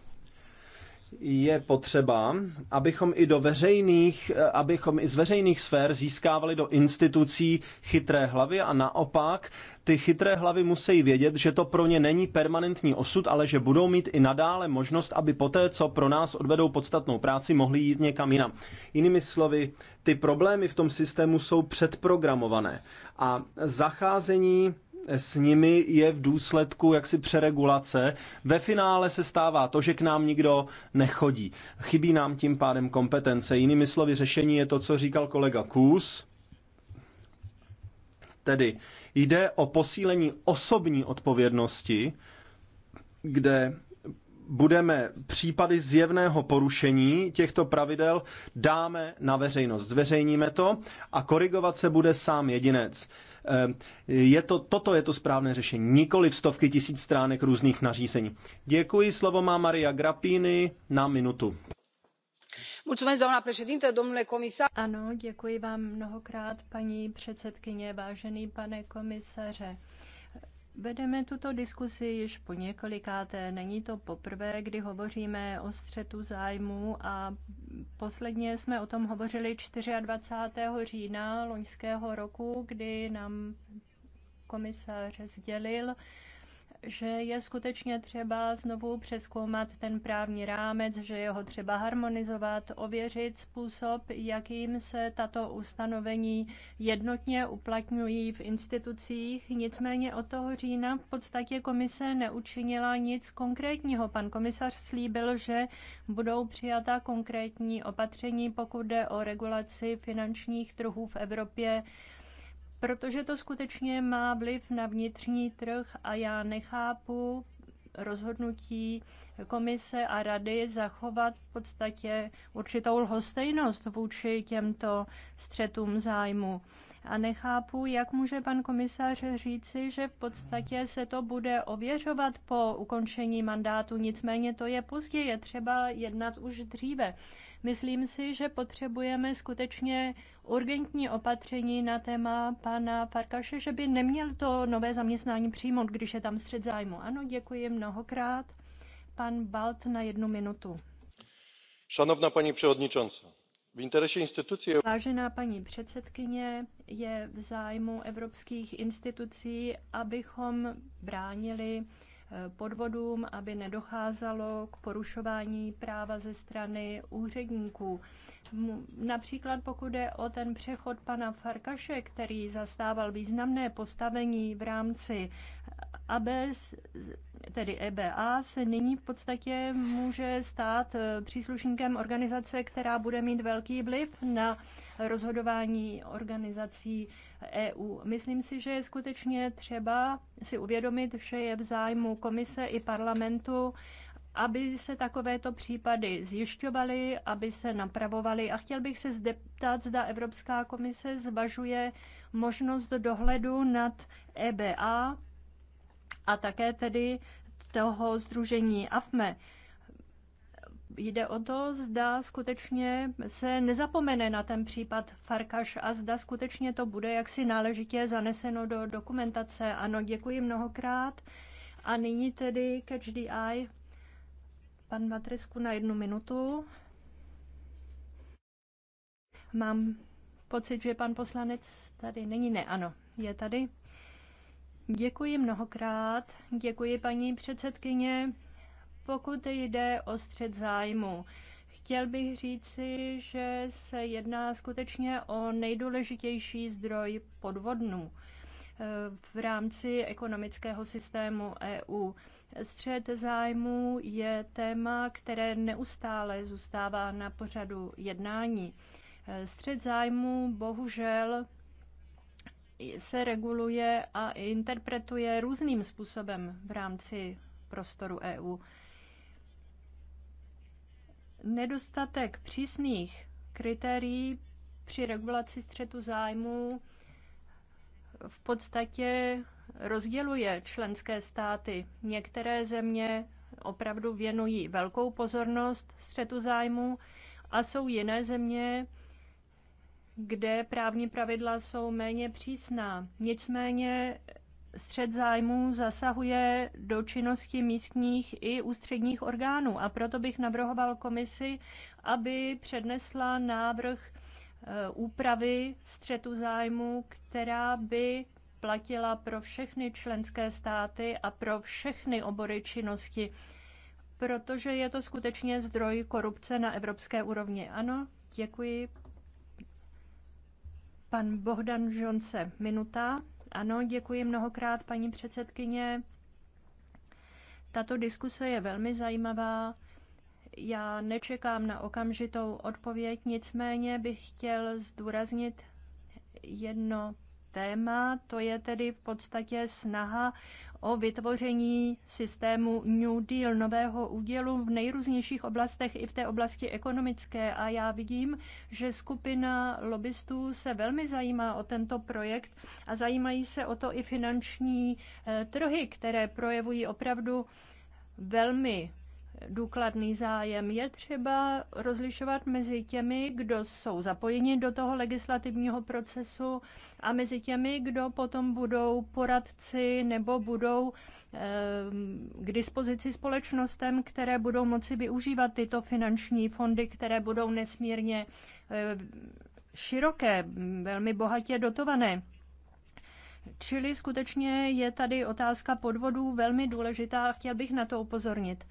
je potřeba, abychom i do veřejných, abychom i z veřejných sfér získávali do institucí chytré hlavy a naopak ty chytré hlavy musí vědět, že to pro ně není permanentní osud, ale že budou mít i nadále možnost, aby poté, co pro nás odvedou podstatnou práci, mohli jít někam jinam. Jinými slovy, ty problémy v tom systému jsou předprogramované a zacházení s nimi je v důsledku jaksi přeregulace. Ve finále se stává to, že k nám nikdo nechodí. Chybí nám tím pádem kompetence. Jinými slovy, řešení je to, co říkal kolega Kůz. Tedy jde o posílení osobní odpovědnosti, kde budeme případy zjevného porušení těchto pravidel dáme na veřejnost. Zveřejníme to a korigovat se bude sám jedinec. Ehm, je to, toto je to správné řešení, nikoli v stovky tisíc stránek různých nařízení. Děkuji, slovo má Maria Grapíny na minutu. Doamna președintă, domnule comisar. Ano, děkuji vám mnohokrát, paní předsedkyně, vážený pane komisaře. Vedeme tuto diskusi již po několikáté. Není to poprvé, kdy hovoříme o střetu zájmu a posledně jsme o tom hovořili 24. října loňského roku, kdy nám komisař sdělil, že je skutečně třeba znovu přeskoumat ten právní rámec, že je ho třeba harmonizovat, ověřit způsob, jakým se tato ustanovení jednotně uplatňují v institucích. Nicméně od toho října v podstatě komise neučinila nic konkrétního. Pan komisař slíbil, že budou přijata konkrétní opatření, pokud jde o regulaci finančních trhů v Evropě protože to skutečně má vliv na vnitřní trh a já nechápu rozhodnutí komise a rady zachovat v podstatě určitou lhostejnost vůči těmto střetům zájmu. A nechápu, jak může pan komisař říci, že v podstatě se to bude ověřovat po ukončení mandátu, nicméně to je pozdě, je třeba jednat už dříve. Myslím si, že potřebujeme skutečně urgentní opatření na téma pana Farkaše, že by neměl to nové zaměstnání přijmout, když je tam střed zájmu. Ano, děkuji mnohokrát. Pan Balt na jednu minutu. Šanovna paní předsedající, v interesie institucí... Vážená paní předsedkyně, je v zájmu evropských institucí, abychom bránili Eh, podvodům, aby nedocházelo k porušování práva ze strany úředníků. Například pokud je o ten přechod pana Farkaše, který zastával významné postavení v rámci ABS, tedy EBA, se nyní v podstatě může stát eh, příslušníkem organizace, která bude mít velký vliv na rozhodování organizací EU. Myslím si, že je skutečně třeba si uvědomit, že je v zájmu komise i parlamentu, aby se takovéto případy zjišťovaly, aby se napravovaly. A chtěl bych se zeptat, zda Evropská komise zvažuje možnost dohledu nad EBA a také tedy toho združení AFME Jde o to, zda skutečně se nezapomene na ten případ Farkaš a zda skutečně to bude jaksi náležitě zaneseno do dokumentace. Ano, děkuji mnohokrát. A nyní tedy Catch the Eye. Pan Matresku na jednu minutu. Mám pocit, že pan poslanec tady není. Ne, ano, je tady. Děkuji mnohokrát. Děkuji paní předsedkyně. Pokud jde o střed zájmu, chtěl bych říci, že se jedná skutečně o nejdůležitější zdroj podvodnů eh, v rámci ekonomického systému EU. Střed zájmu je téma, které neustále zůstává na pořadu jednání. Eh, střed zájmu bohužel se reguluje a interpretuje různým způsobem v rámci prostoru EU nedostatek přísných kritérií při regulaci střetu zájmů v podstatě rozděluje členské státy. Některé země opravdu věnují velkou pozornost střetu zájmů a jsou jiné země, kde právní pravidla jsou méně přísná. Nicméně střed zájmů zasahuje do činnosti místních i ústředních orgánů. A proto bych navrhoval komisi, aby přednesla návrh eh, úpravy střetu zájmu, která by platila pro všechny členské státy a pro všechny obory činnosti, protože je to skutečně zdroj korupce na evropské úrovni. Ano, děkuji. Pan Bohdan Žonce, minuta. Ano, děkuji mnohokrát, paní předsedkyně. Tato diskuse je velmi zajímavá. Já nečekám na okamžitou odpověď, nicméně bych chtěl zdůraznit jedno téma, to je tedy v podstatě snaha o vytvoření systému New Deal, nového údělu v nejrůznějších oblastech, i v té oblasti ekonomické. A já vidím, že skupina lobbystů se velmi zajímá o tento projekt a zajímají se o to i finanční eh, trhy, které projevují opravdu velmi důkladný zájem. Je třeba rozlišovat mezi těmi, kdo jsou zapojeni do toho legislativního procesu a mezi těmi, kdo potom budou poradci nebo budou eh, k dispozici společnostem, které budou moci využívat tyto finanční fondy, které budou nesmírně eh, široké, velmi bohatě dotované. Čili skutečně je tady otázka podvodů velmi důležitá a chtěl bych na to upozornit.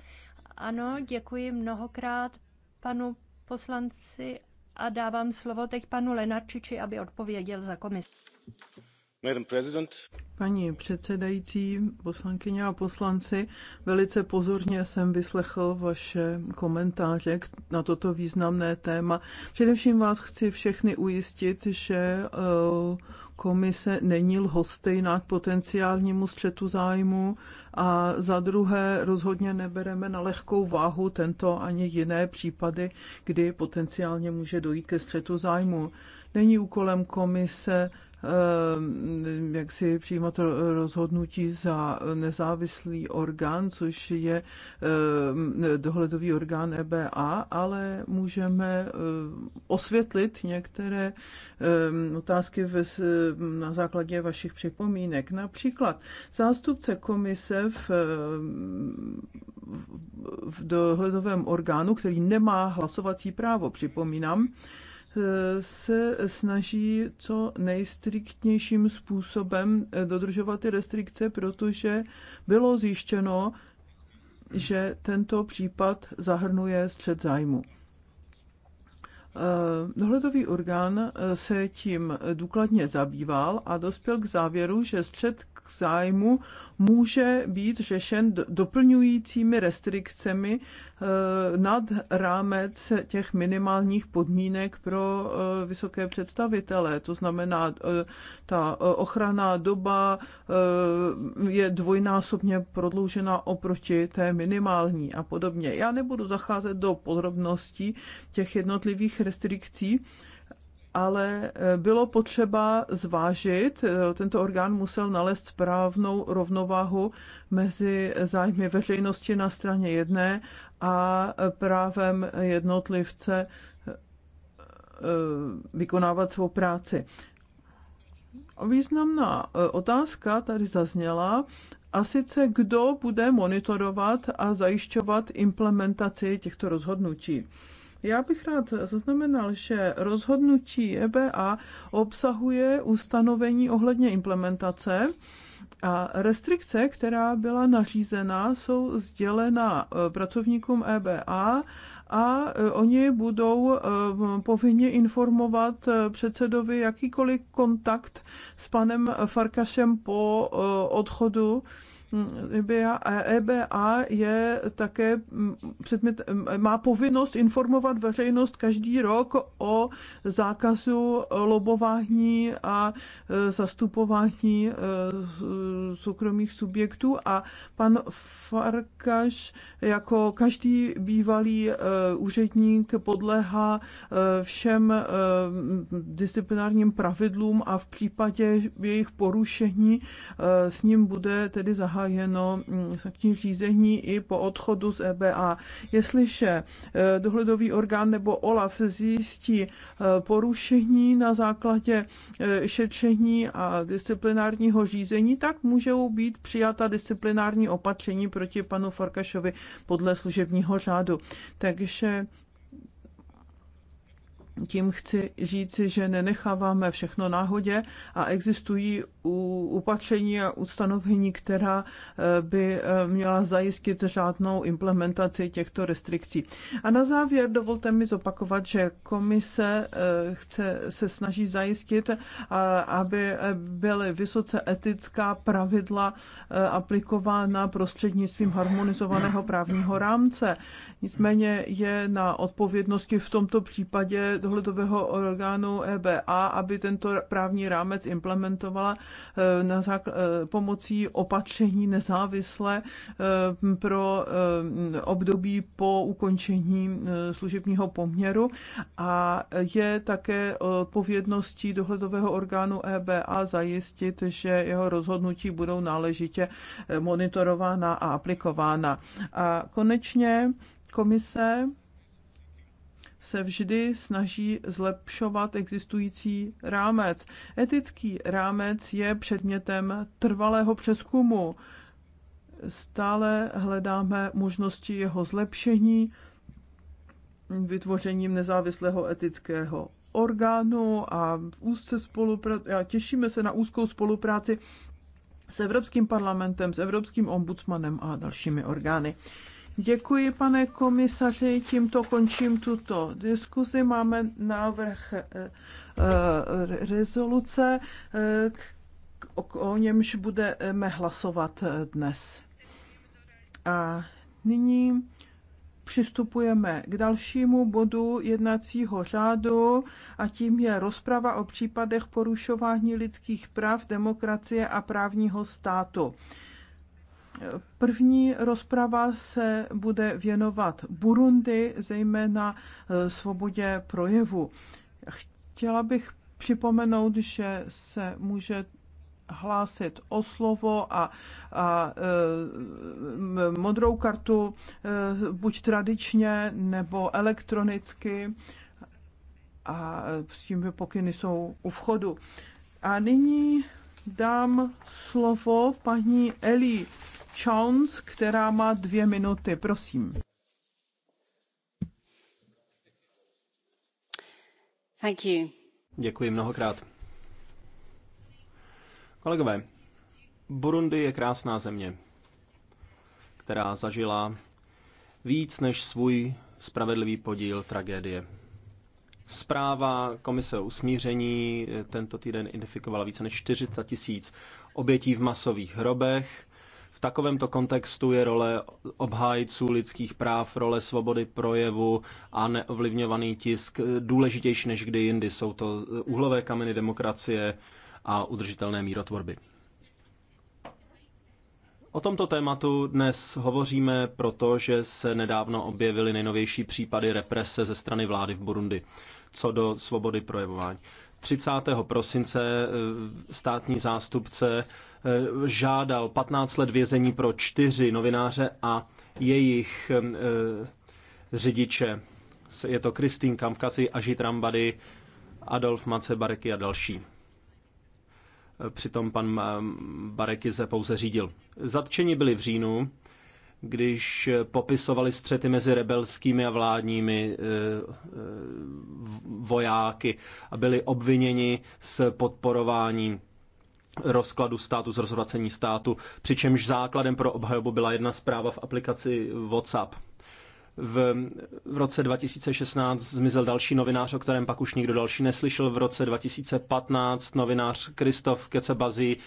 Ano, děkuji mnohokrát panu poslanci a dávám slovo teď panu Lenarčiči, aby odpověděl za komisi. Paní předsedající, poslankyně a poslanci, velice pozorně jsem vyslechl vaše komentáře na toto významné téma. Především vás chci všechny ujistit, že eh, komise není lhostejná k potenciálnímu střetu zájmu a za druhé rozhodně nebereme na lehkou váhu tento ani jiné případy, kdy potenciálně může dojít ke střetu zájmu. Není úkolem komise Ehm, jak si přijímat rozhodnutí za nezávislý orgán, což je ehm, dohledový orgán EBA, ale můžeme ehm, osvětlit některé otázky na základě vašich připomínek. Například zástupce komise v, v dohledovém orgánu, který nemá hlasovací právo, připomínám, se snaží co nejstriktnějším způsobem eh, dodržovat ty restrikce, protože bylo zjištěno, že tento případ zahrnuje střed zájmu. Eh, dohledový orgán eh, se tím důkladně zabýval a dospěl k závěru, že střed k zájmu může být řešen doplňujícími restrikcemi eh, nad rámec těch minimálních podmínek pro eh, vysoké představitele. To znamená, eh, ta ochranná doba je dvojnásobně prodloužena oproti té minimální a podobně. Já nebudu zacházet do podrobností těch jednotlivých restrikcí, ale eh, bylo potřeba zvážit, eh, tento orgán musel nalézt správnou rovnováhu mezi zájmy veřejnosti na straně jedné a eh, právem jednotlivce vykonávat svou práci. Významná otázka tady zazněla, a sice kdo bude monitorovat a zajišťovat implementaci těchto rozhodnutí. Já bych rád zaznamenal, že rozhodnutí EBA obsahuje ustanovení ohledně implementace a restrikce, která byla nařízena, jsou sdělena eh, pracovníkům EBA a eh, oni budou eh, povinni informovat předsedovi jakýkoliv kontakt s panem Farkašem po odchodu EBA, EBA je také předmět, má povinnost informovat veřejnost každý rok o zákazu lobování a e, zastupování e, soukromých subjektů a pan Farkaš jako každý bývalý e, úředník podléhá všem disciplinárním pravidlům a v případě jejich porušení s ním bude tedy zahájen zahájeno mm, sankční řízení i po odchodu z EBA. Jestliže e, dohledový orgán nebo OLAF zjistí e, porušení na základě e, šetření a disciplinárního řízení, tak můžou být přijata disciplinární opatření proti panu Farkašovi podle služebního řádu. Takže tím chci říci, že nenecháváme všechno náhodě a existují upatření a ustanovení, která eh, by eh, měla zajistit řádnou implementaci těchto restrikcí. A na závěr dovolte mi zopakovat, že komise eh, chce, se snaží zajistit, aby byly vysoce etická pravidla aplikována prostřednictvím harmonizovaného právního rámce. Nicméně je na odpovědnosti v tomto případě dohledového orgánu EBA, aby tento právní rámec implementovala eh, na eh, pomocí opatření nezávisle eh, pro období po ukončení služebního poměru a je také odpovědností dohledového orgánu EBA zajistit, že jeho rozhodnutí budou náležitě monitorována a aplikována. A konečně komise se vždy snaží zlepšovat existující rámec. Etický rámec je předmětem trvalého přeskumu. Stále hledáme možnosti jeho zlepšení vytvořením nezávislého etického orgánu a úzce spolupráci. Těšíme se na úzkou spolupráci s Evropským parlamentem, s Evropským ombudsmanem a dalšími orgány. Děkuji, pane komisaři. Tímto končím tuto diskuzi. Máme návrh eh, eh, rezoluce, eh, o němž budeme hlasovat dnes. A nyní přistupujeme k dalšímu bodu jednacího řádu a tím je rozprava o případech porušování lidských práv, demokracie a právního státu. První rozprava se bude věnovat Burundi, zejména e, svobodě projevu. Chtěla bych připomenout, že se může hlásit o slovo a, a e, modrou kartu e, buď tradičně nebo elektronicky a s tím pokyny jsou u vchodu. A nyní dám slovo paní Eli Jones, která má dvě minuty. Prosím. Thank you. Děkuji mnohokrát. Kolegové, Burundi je krásná země, která zažila víc než svůj spravedlivý podíl tragédie. Zpráva Komise o usmíření eh, tento týden identifikovala více než 40 tisíc obětí v masových hrobech, v takovémto kontextu je role obhájců lidských práv, role svobody projevu a neovlivňovaný tisk důležitější než kdy jindy. Jsou to úhlové kameny demokracie a udržitelné mírotvorby. O tomto tématu dnes hovoříme, protože se nedávno objevily nejnovější případy represe ze strany vlády v Burundi co do svobody projevování. 30. prosince e, státní zástupce Eh, žádal 15 let vězení pro čtyři novináře a jejich eh, řidiče. Je to Kristýn Kamkasi, Ažit Rambady, Adolf Mace Bareky a další. Eh, přitom pan Bareky se pouze řídil. Zatčeni byli v říjnu, když popisovali střety mezi rebelskými a vládními vojáky a byli obviněni z podporování rozkladu státu, z rozvracení státu, přičemž základem pro obhajobu byla jedna zpráva v aplikaci WhatsApp. V, v roce 2016 zmizel další novinář, o kterém pak už nikdo další neslyšel. V roce 2015 novinář Kristof Kecebazi,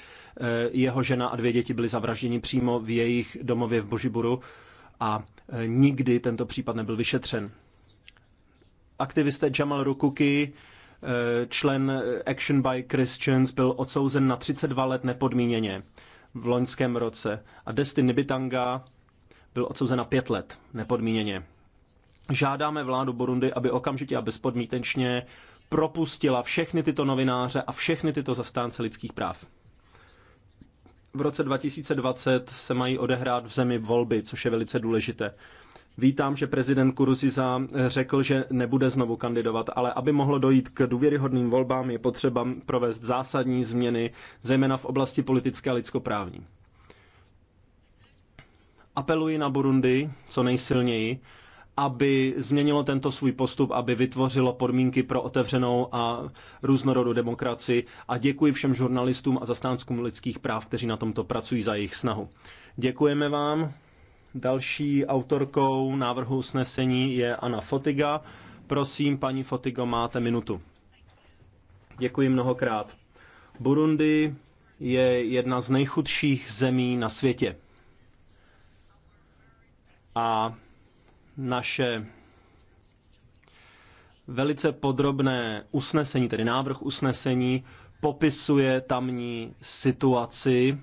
eh, jeho žena a dvě děti byly zavražděni přímo v jejich domově v Božiburu a eh, nikdy tento případ nebyl vyšetřen. Aktivisté Jamal Rukuki člen Action by Christians, byl odsouzen na 32 let nepodmíněně v loňském roce a Destiny Nibitanga byl odsouzen na 5 let nepodmíněně. Žádáme vládu Burundi, aby okamžitě a bezpodmítečně propustila všechny tyto novináře a všechny tyto zastánce lidských práv. V roce 2020 se mají odehrát v zemi volby, což je velice důležité. Vítám, že prezident Kuruziza eh, řekl, že nebude znovu kandidovat, ale aby mohlo dojít k důvěryhodným volbám, je potřeba provést zásadní změny, zejména v oblasti politické a lidskoprávní. Apeluji na Burundi co nejsilněji, aby změnilo tento svůj postup, aby vytvořilo podmínky pro otevřenou a různorodou demokracii a děkuji všem žurnalistům a zastánskům lidských práv, kteří na tomto pracují za jejich snahu. Děkujeme vám. Další autorkou návrhu usnesení je Anna Fotiga. Prosím, paní Fotigo, máte minutu. Děkuji mnohokrát. Burundi je jedna z nejchudších zemí na světě. A naše velice podrobné usnesení, tedy návrh usnesení, popisuje tamní situaci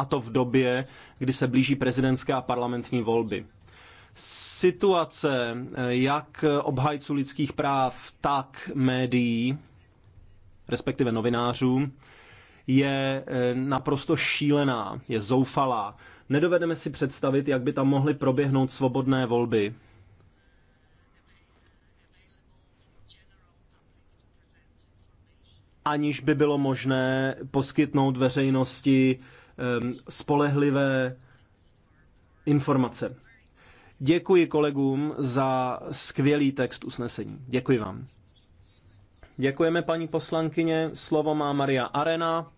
a to v době, kdy se blíží prezidentské a parlamentní volby. Situace eh, jak obhajců lidských práv, tak médií, respektive novinářů, je eh, naprosto šílená, je zoufalá. Nedovedeme si představit, jak by tam mohly proběhnout svobodné volby. Aniž by bylo možné poskytnout veřejnosti Ehm, spolehlivé informace. Děkuji kolegům za skvělý text usnesení. Děkuji vám. Děkujeme paní poslankyně. Slovo má Maria Arena.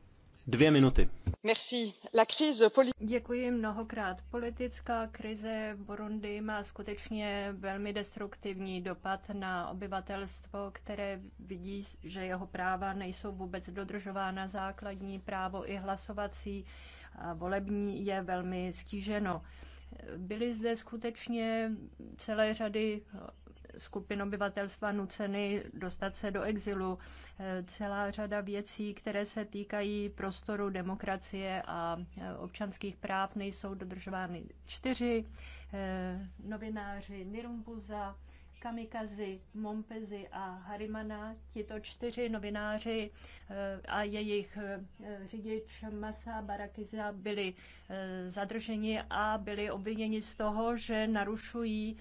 Děkuji mnohokrát. Politická krize v Burundi má skutečně velmi destruktivní dopad na obyvatelstvo, které vidí, že jeho práva nejsou vůbec dodržována. Základní právo i hlasovací a volební je velmi stíženo. Byly zde skutečně celé řady skupin obyvatelstva nuceny dostat se do exilu. Eh, celá řada věcí, které se týkají prostoru demokracie a eh, občanských práv, nejsou dodržovány. Čtyři eh, novináři Nirumbuza, Kamikazi, Mompezi a Harimana, tito čtyři novináři a jejich řidič Masa Barakiza byli zadrženi a byli obviněni z toho, že narušují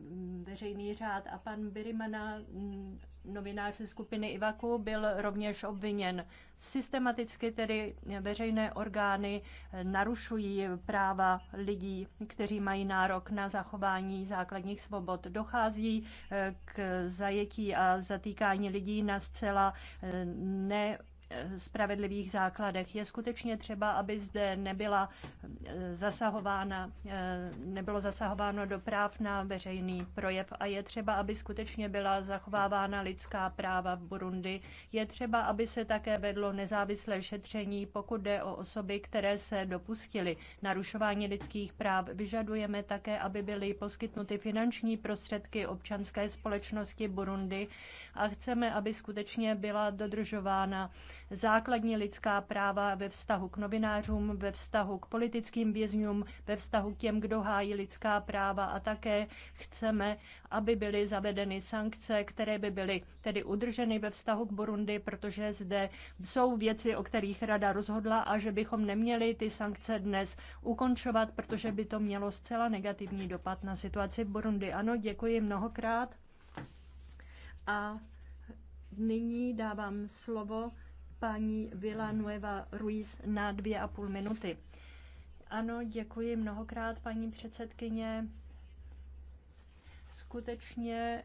Mm, veřejný řád. A pan Birimana, mm, novinář ze skupiny Ivaku, byl rovněž obviněn. Systematicky tedy veřejné orgány eh, narušují práva lidí, kteří mají nárok na zachování základních svobod. Dochází eh, k zajetí a zatýkání lidí na zcela eh, ne Eh, spravedlivých základech. Je skutečně třeba, aby zde nebyla eh, zasahována, eh, nebylo zasahováno do práv na veřejný projev a je třeba, aby skutečně byla zachovávána lidská práva v Burundi. Je třeba, aby se také vedlo nezávislé šetření, pokud jde o osoby, které se dopustily narušování lidských práv. Vyžadujeme také, aby byly poskytnuty finanční prostředky občanské společnosti Burundi a chceme, aby skutečně byla dodržována základní lidská práva ve vztahu k novinářům, ve vztahu k politickým vězňům, ve vztahu k těm, kdo hájí lidská práva a také chceme, aby byly zavedeny sankce, které by byly tedy udrženy ve vztahu k Burundi, protože zde jsou věci, o kterých rada rozhodla a že bychom neměli ty sankce dnes ukončovat, protože by to mělo zcela negativní dopad na situaci v Burundi. Ano, děkuji mnohokrát. A nyní dávám slovo paní Nueva Ruiz na dvě a půl minuty. Ano, děkuji mnohokrát, paní předsedkyně. Skutečně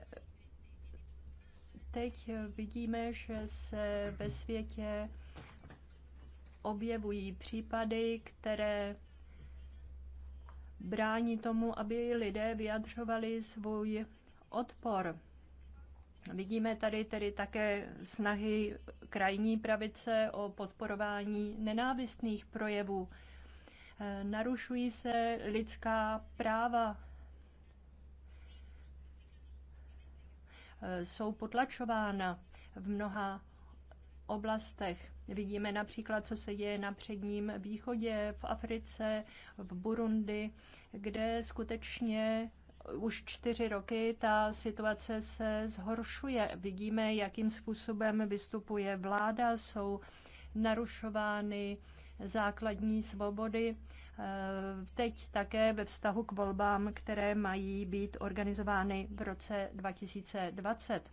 teď vidíme, že se ve světě objevují případy, které brání tomu, aby lidé vyjadřovali svůj odpor Vidíme tady tedy také snahy krajní pravice o podporování nenávistných projevů. Eh, narušují se lidská práva. Eh, jsou potlačována v mnoha oblastech. Vidíme například, co se děje na předním východě, v Africe, v Burundi, kde skutečně už čtyři roky ta situace se zhoršuje. Vidíme, jakým způsobem vystupuje vláda, jsou narušovány základní svobody. Eh, teď také ve vztahu k volbám, které mají být organizovány v roce 2020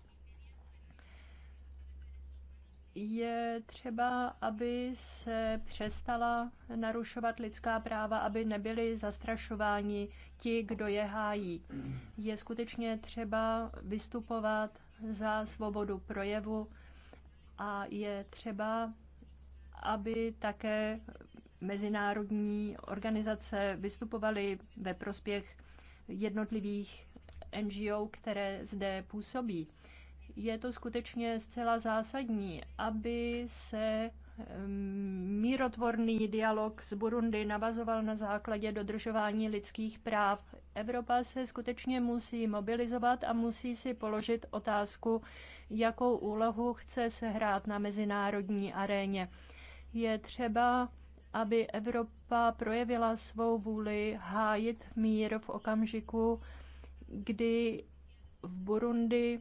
je třeba, aby se přestala narušovat lidská práva, aby nebyli zastrašováni ti, kdo je hájí. Je skutečně třeba vystupovat za svobodu projevu a je třeba, aby také mezinárodní organizace vystupovaly ve prospěch jednotlivých NGO, které zde působí je to skutečně zcela zásadní, aby se mírotvorný dialog s Burundi navazoval na základě dodržování lidských práv. Evropa se skutečně musí mobilizovat a musí si položit otázku, jakou úlohu chce se hrát na mezinárodní aréně. Je třeba, aby Evropa projevila svou vůli hájit mír v okamžiku, kdy v Burundi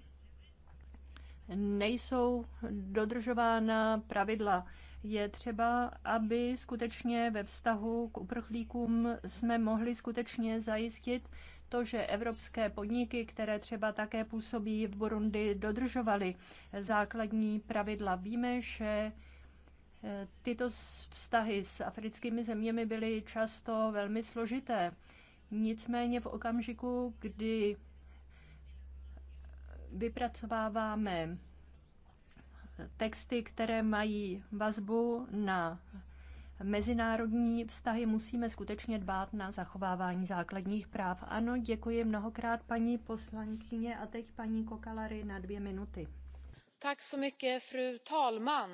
nejsou dodržována pravidla. Je třeba, aby skutečně ve vztahu k uprchlíkům jsme mohli skutečně zajistit to, že evropské podniky, které třeba také působí v Burundi, dodržovaly základní pravidla. Víme, že eh, tyto vztahy s africkými zeměmi byly často velmi složité. Nicméně v okamžiku, kdy vypracováváme texty, které mají vazbu na mezinárodní vztahy, musíme skutečně dbát na zachovávání základních práv. Ano, děkuji mnohokrát paní poslankyně a teď paní Kokalary na dvě minuty. Tak so mycket, fru talman.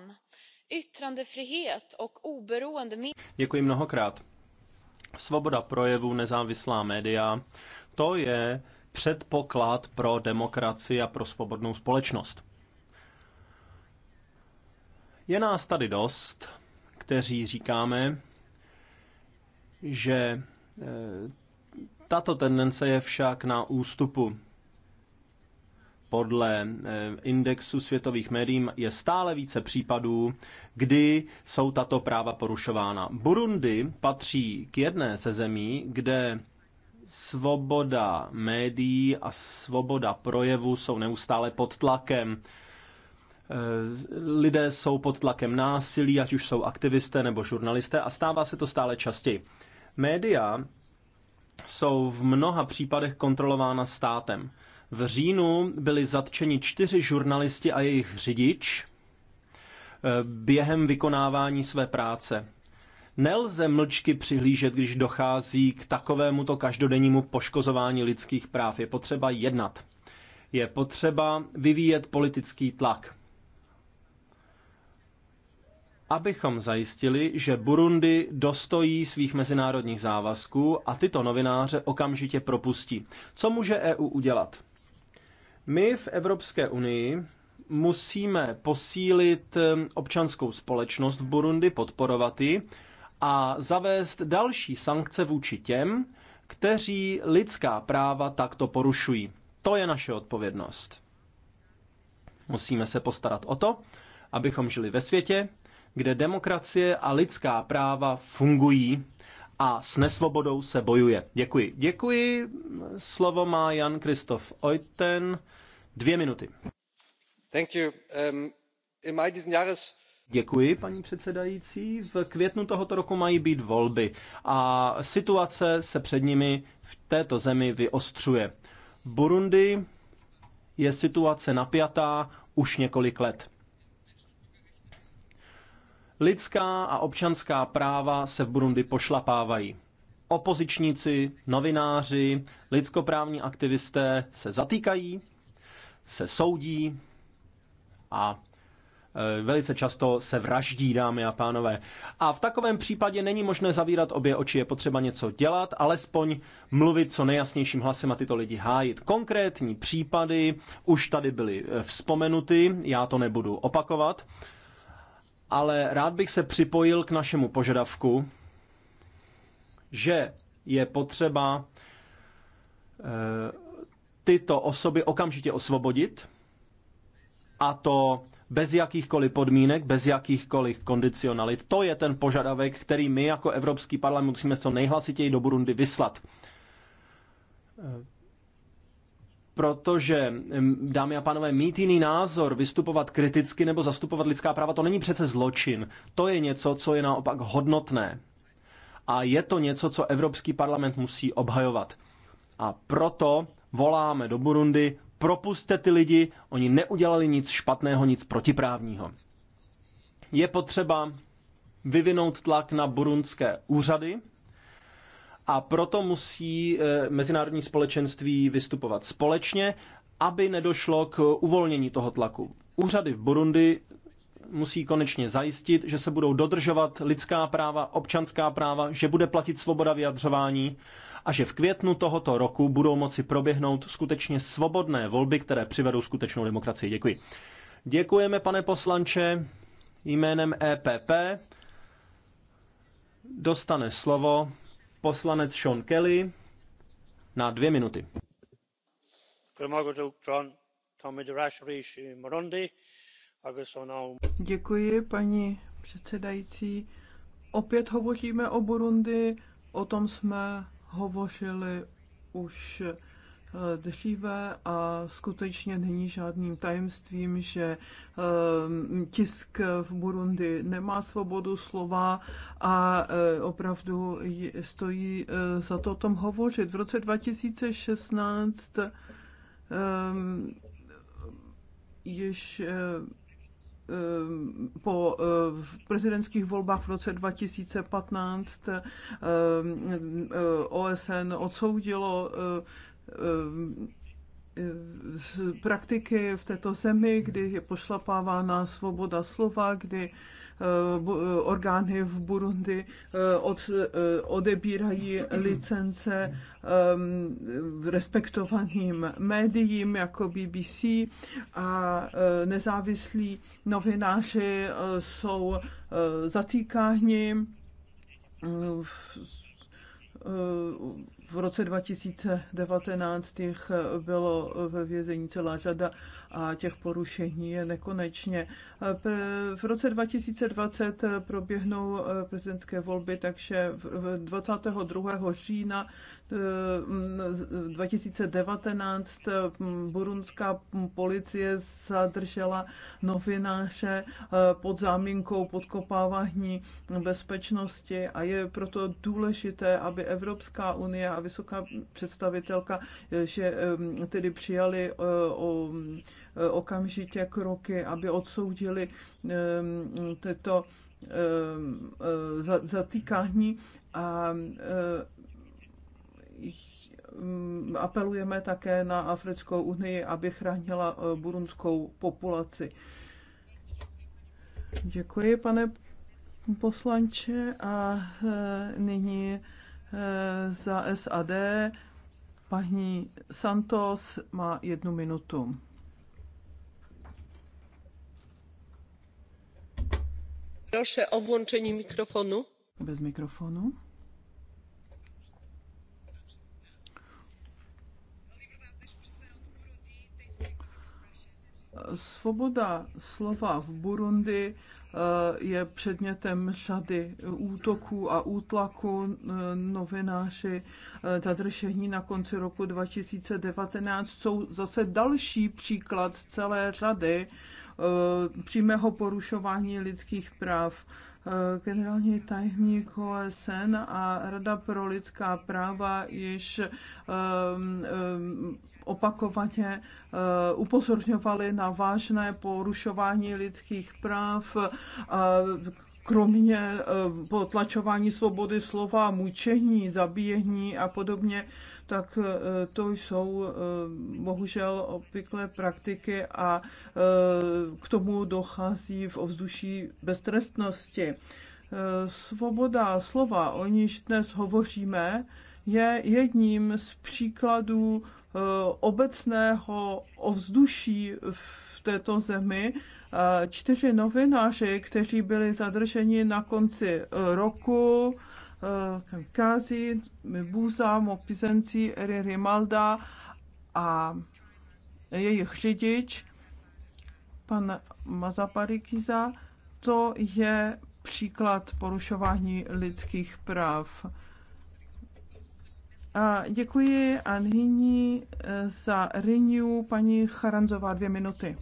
Yttrandefrihet och oberoende... Děkuji mnohokrát. Svoboda projevu, nezávislá média, to je předpoklad pro demokracii a pro svobodnou společnost. Je nás tady dost, kteří říkáme, že e, tato tendence je však na ústupu. Podle e, indexu světových médií je stále více případů, kdy jsou tato práva porušována. Burundi patří k jedné ze zemí, kde Svoboda médií a svoboda projevu jsou neustále pod tlakem. Eh, lidé jsou pod tlakem násilí, ať už jsou aktivisté nebo žurnalisté, a stává se to stále častěji. Média jsou v mnoha případech kontrolována státem. V říjnu byli zatčeni čtyři žurnalisti a jejich řidič eh, během vykonávání své práce. Nelze mlčky přihlížet, když dochází k takovémuto každodennímu poškozování lidských práv. Je potřeba jednat. Je potřeba vyvíjet politický tlak. Abychom zajistili, že Burundi dostojí svých mezinárodních závazků a tyto novináře okamžitě propustí. Co může EU udělat? My v Evropské unii musíme posílit eh, občanskou společnost v Burundi, podporovat ji, a zavést další sankce vůči těm, kteří lidská práva takto porušují. To je naše odpovědnost. Musíme se postarat o to, abychom žili ve světě, kde demokracie a lidská práva fungují a s nesvobodou se bojuje. Děkuji. Děkuji. Slovo má Jan Kristof Oiten. Dvě minuty. Thank you. Um, diesen Jahres Děkuji, paní předsedající. V květnu tohoto roku mají být volby a situace se před nimi v této zemi vyostřuje. V Burundi je situace napjatá už několik let. Lidská a občanská práva se v Burundi pošlapávají. Opozičníci, novináři, lidskoprávní aktivisté se zatýkají, se soudí a Eh, velice často se vraždí, dámy a pánové. A v takovém případě není možné zavírat obě oči, je potřeba něco dělat, alespoň mluvit co nejjasnějším hlasem a tyto lidi hájit. Konkrétní případy už tady byly eh, vzpomenuty, já to nebudu opakovat, ale rád bych se připojil k našemu požadavku, že je potřeba eh, tyto osoby okamžitě osvobodit, a to bez jakýchkoliv podmínek, bez jakýchkoliv kondicionalit. To je ten požadavek, který my jako Evropský parlament musíme co nejhlasitěji do Burundi vyslat. Protože, dámy a pánové, mít jiný názor, vystupovat kriticky nebo zastupovat lidská práva, to není přece zločin. To je něco, co je naopak hodnotné. A je to něco, co Evropský parlament musí obhajovat. A proto voláme do Burundi, propuste ty lidi, oni neudělali nic špatného, nic protiprávního. Je potřeba vyvinout tlak na burundské úřady a proto musí eh, mezinárodní společenství vystupovat společně, aby nedošlo k uvolnění toho tlaku. Úřady v Burundi musí konečně zajistit, že se budou dodržovat lidská práva, občanská práva, že bude platit svoboda vyjadřování a že v květnu tohoto roku budou moci proběhnout skutečně svobodné volby, které přivedou skutečnou demokracii. Děkuji. Děkujeme, pane poslanče, jménem EPP. Dostane slovo poslanec Sean Kelly na dvě minuty. Děkuji, paní předsedající. Opět hovoříme o Burundi, o tom jsme hovořili už eh, dříve a skutečně není žádným tajemstvím, že eh, tisk v Burundi nemá svobodu slova a eh, opravdu stojí za to o tom hovořit. V roce 2016 ehm, již po eh, prezidentských volbách v roce 2015 eh, eh, OSN odsoudilo z praktiky v této zemi, kdy je pošlapávána svoboda slova, kdy Eh, eh, orgány v Burundi eh, od, odebírají licence respektovaným médiím jako BBC a nezávislí novináři jsou zatýkáni v roce 2019 jich bylo ve vězení celá řada a těch porušení je nekonečně. V roce 2020 proběhnou prezidentské volby, takže 22. října 2019 burundská policie zadržela novináře pod záminkou podkopávání bezpečnosti a je proto důležité, aby Evropská unie a vysoká představitelka, že tedy přijali o okamžitě kroky, aby odsoudili tyto zatýkání a Hm, apelujeme také na Africkou unii, aby chránila eh, burundskou populaci. Děkuji, pane poslanče, a eh, nyní eh, za SAD paní Santos má jednu minutu. Proszę o włączenie mikrofonu. Bez mikrofonu. Svoboda slova v Burundi eh, je předmětem řady útoků a útlaku. Eh, novináři eh, zadržení na konci roku 2019 jsou zase další příklad celé řady přímého porušování lidských práv Eh, generální tajemník OSN a Rada pro lidská práva již ehm, ehm, opakovaně eh, upozorňovali na vážné porušování lidských práv, eh, kromě eh, potlačování svobody slova, mučení, zabíjení a podobně, tak eh, to jsou eh, bohužel obvyklé praktiky a k tomu dochází v ovzduší beztrestnosti. Svoboda slova, o níž dnes hovoříme, je jedním z příkladů obecného ovzduší v této zemi, čtyři novináři, kteří byli zadrženi na konci roku, eh, Kazi, Buza, Mopizenci, Eri Rimalda a jejich řidič, pan Mazaparikiza, to je příklad porušování lidských práv. A děkuji a nyní eh, za Riniu paní Charanzová dvě minuty.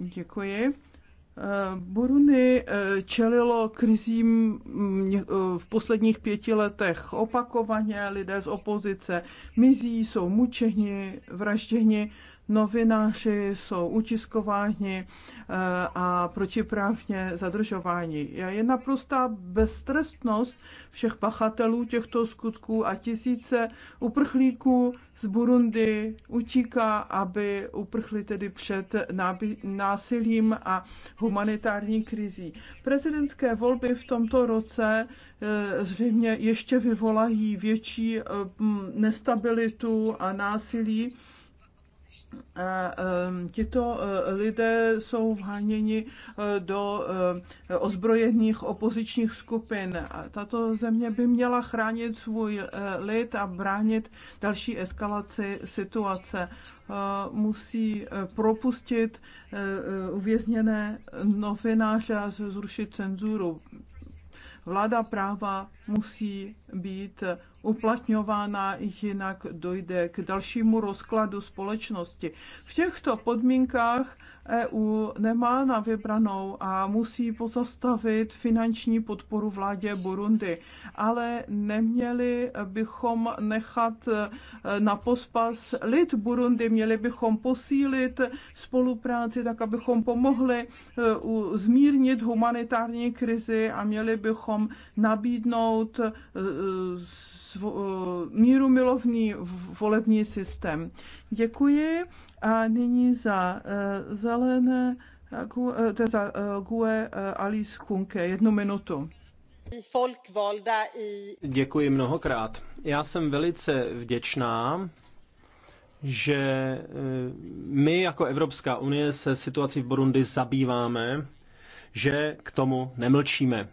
Děkuji. Eh, Burundi eh, čelilo krizím mm, eh, v posledních pěti letech opakovaně. Lidé z opozice mizí, jsou mučeni, vražděni novináři jsou utiskováni eh, a protiprávně zadržováni. Je naprostá beztrestnost všech pachatelů těchto skutků a tisíce uprchlíků z Burundi utíká, aby uprchli tedy před násilím a humanitární krizí. Prezidentské volby v tomto roce eh, zřejmě ještě vyvolají větší eh, nestabilitu a násilí a tito e, lidé jsou vháněni e, do e, ozbrojených opozičních skupin. A tato země by měla chránit svůj lid a bránit další eskalaci situace. Musí propustit uvězněné novináře a zrušit cenzuru. Vláda práva musí být uplatňována, jinak dojde k dalšímu rozkladu společnosti. V těchto podmínkách EU nemá na vybranou a musí pozastavit finanční podporu vládě Burundi, ale neměli bychom nechat e, na pospas lid Burundi, měli bychom posílit spolupráci tak, abychom pomohli e, zmírnit humanitární krizi a měli bychom nabídnout e, Eh, míru milovný volební systém. Děkuji a nyní za eh, zelené eh, za GUE Alice Kunke. Jednu minutu. Děkuji mnohokrát. Já jsem velice vděčná že my jako Evropská unie se situací v Burundi zabýváme, že k tomu nemlčíme.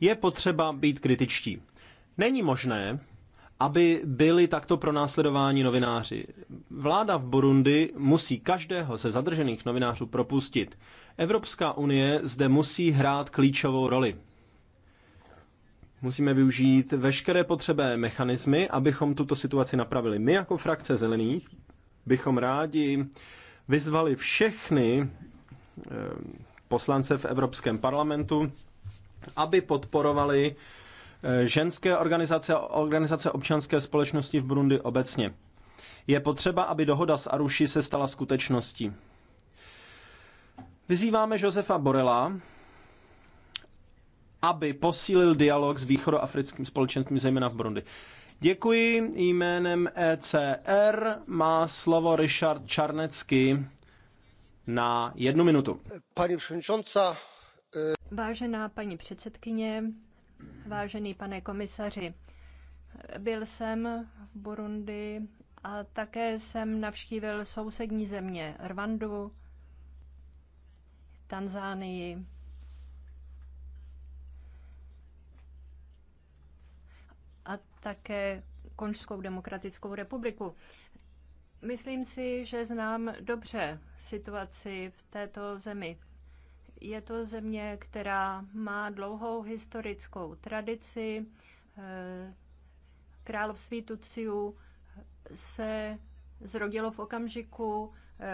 Je potřeba být kritičtí. Není možné, aby byli takto pronásledováni novináři. Vláda v Burundi musí každého ze zadržených novinářů propustit. Evropská unie zde musí hrát klíčovou roli. Musíme využít veškeré potřebné mechanismy, abychom tuto situaci napravili. My jako frakce zelených bychom rádi vyzvali všechny eh, poslance v Evropském parlamentu, aby podporovali Eh, ženské organizace a organizace občanské společnosti v Burundi obecně. Je potřeba, aby dohoda s Aruši se stala skutečností. Vyzýváme Josefa Borela, aby posílil dialog s východoafrickým společenstvím, zejména v Burundi. Děkuji. Jménem ECR má slovo Richard Čarnecky na jednu minutu. Vážená paní předsedkyně, Vážený pane komisaři, byl jsem v Burundi a také jsem navštívil sousední země Rwandu, Tanzánii. a také Konžskou demokratickou republiku. Myslím si, že znám dobře situaci v této zemi. Je to země, která má dlouhou historickou tradici. Eh, království Tuciu se zrodilo v okamžiku, eh,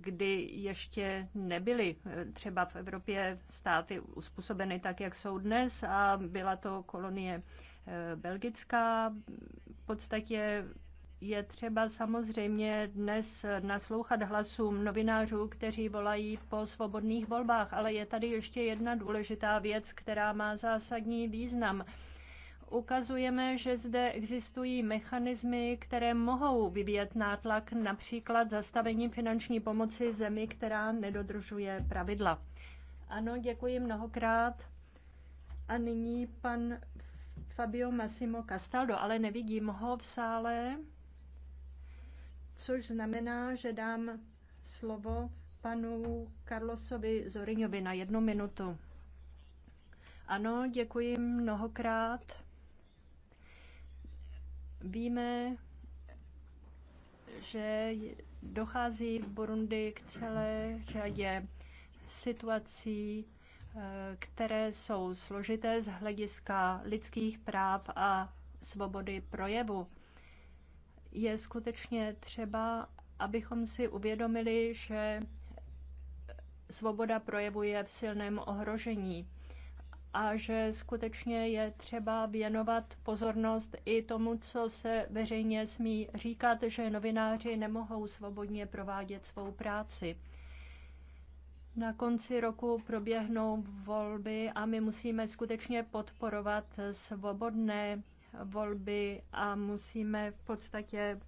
kdy ještě nebyly eh, třeba v Evropě státy uspůsobeny tak, jak jsou dnes a byla to kolonie belgická. V podstatě je třeba samozřejmě dnes naslouchat hlasům novinářů, kteří volají po svobodných volbách, ale je tady ještě jedna důležitá věc, která má zásadní význam. Ukazujeme, že zde existují mechanismy, které mohou vyvíjet nátlak, například zastavením finanční pomoci zemi, která nedodržuje pravidla. Ano, děkuji mnohokrát. A nyní pan Fabio Massimo Castaldo, ale nevidím ho v sále což znamená, že dám slovo panu Carlosovi Zoriňovi na jednu minutu. Ano, děkuji mnohokrát. Víme, že dochází v Burundi k celé řadě situací, které jsou složité z hlediska lidských práv a svobody projevu je skutečně třeba, abychom si uvědomili, že svoboda projevuje v silném ohrožení a že skutečně je třeba věnovat pozornost i tomu, co se veřejně smí říkat, že novináři nemohou svobodně provádět svou práci. Na konci roku proběhnou volby a my musíme skutečně podporovat svobodné volby a musíme v podstatě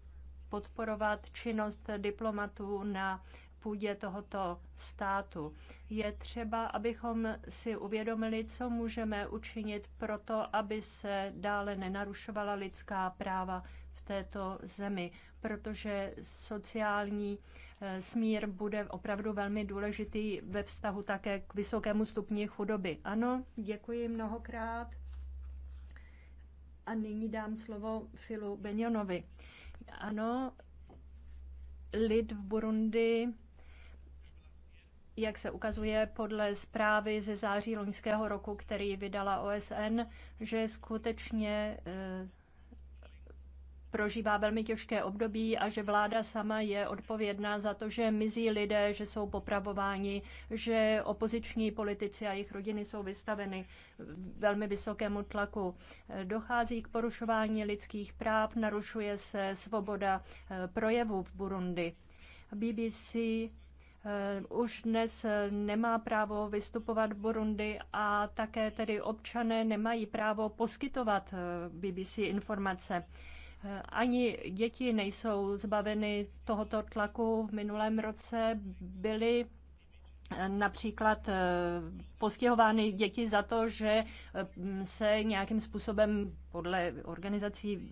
podporovat činnost diplomatů na půdě tohoto státu. Je třeba, abychom si uvědomili, co můžeme učinit pro to, aby se dále nenarušovala lidská práva v této zemi, protože sociální eh, smír bude opravdu velmi důležitý ve vztahu také k vysokému stupni chudoby. Ano, děkuji mnohokrát. A nyní dám slovo Filu Benjonovi. Ano, lid v Burundi, jak se ukazuje podle zprávy ze září loňského roku, který vydala OSN, že skutečně eh, prožívá velmi těžké období a že vláda sama je odpovědná za to, že mizí lidé, že jsou popravováni, že opoziční politici a jejich rodiny jsou vystaveny velmi vysokému tlaku. Dochází k porušování lidských práv, narušuje se svoboda eh, projevu v Burundi. BBC eh, už dnes eh, nemá právo vystupovat v Burundi a také tedy občané nemají právo poskytovat BBC informace ani děti nejsou zbaveny tohoto tlaku. V minulém roce byly eh, například eh, postihovány děti za to, že mm, se nějakým způsobem podle organizací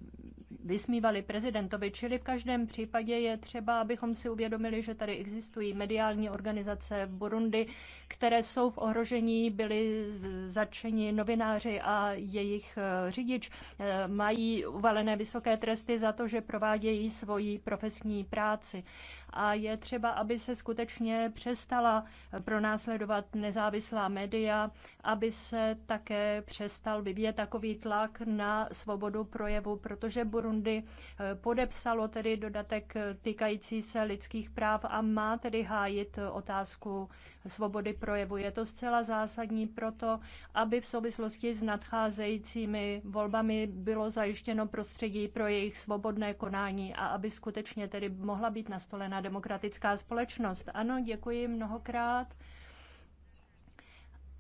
vysmívali prezidentovi, čili v každém případě je třeba, abychom si uvědomili, že tady existují mediální organizace v Burundi, které jsou v ohrožení, byli začeni novináři a jejich eh, řidič. Eh, mají uvalené vysoké tresty za to, že provádějí svoji profesní práci a je třeba, aby se skutečně přestala pronásledovat nezávislá média, aby se také přestal vyvíjet takový tlak na svobodu projevu, protože Burundi eh, podepsalo tedy dodatek týkající se lidských práv a má tedy hájit otázku svobody projevu. Je to zcela zásadní proto, aby v souvislosti s nadcházejícími volbami bylo zajištěno prostředí pro jejich svobodné konání a aby skutečně tedy mohla být nastolena demokratická společnost. Ano, děkuji mnohokrát.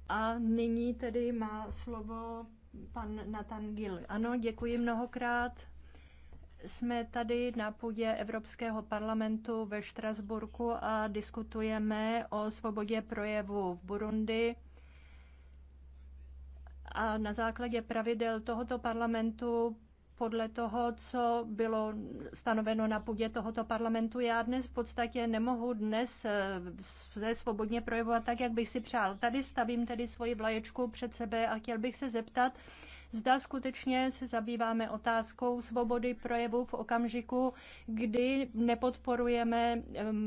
A nyní tedy má slovo pan Natan Gill. Ano, děkuji mnohokrát jsme tady na půdě Evropského parlamentu ve Štrasburku a diskutujeme o svobodě projevu v Burundi. A na základě pravidel tohoto parlamentu podle toho, co bylo stanoveno na půdě tohoto parlamentu. Já dnes v podstatě nemohu dnes eh, se svobodně projevovat tak, jak bych si přál. Tady stavím tedy svoji vlaječku před sebe a chtěl bych se zeptat, Zda skutečně se zabýváme otázkou svobody projevu v okamžiku, kdy nepodporujeme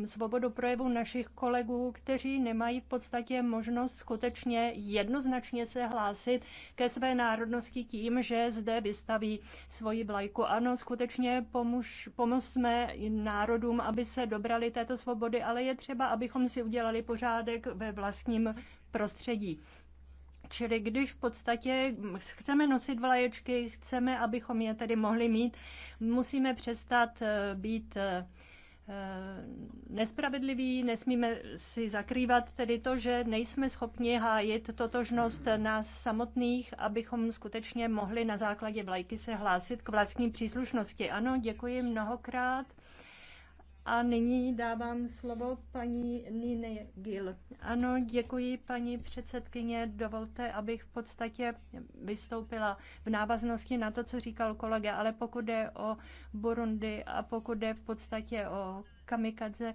svobodu projevu našich kolegů, kteří nemají v podstatě možnost skutečně jednoznačně se hlásit ke své národnosti tím, že zde vystaví svoji vlajku. Ano, skutečně pomůžeme pomozme národům, aby se dobrali této svobody, ale je třeba, abychom si udělali pořádek ve vlastním prostředí. Čili když v podstatě chceme nosit vlaječky, chceme, abychom je tedy mohli mít, musíme přestat eh, být eh, eh, nespravedliví, nesmíme si zakrývat tedy to, že nejsme schopni hájit totožnost nás samotných, abychom skutečně mohli na základě vlajky se hlásit k vlastní příslušnosti. Ano, děkuji mnohokrát. A nyní dávám slovo paní Nine Gil. Ano, děkuji paní předsedkyně. Dovolte, abych v podstatě vystoupila v návaznosti na to, co říkal kolega, ale pokud jde o Burundi a pokud jde v podstatě o kamikadze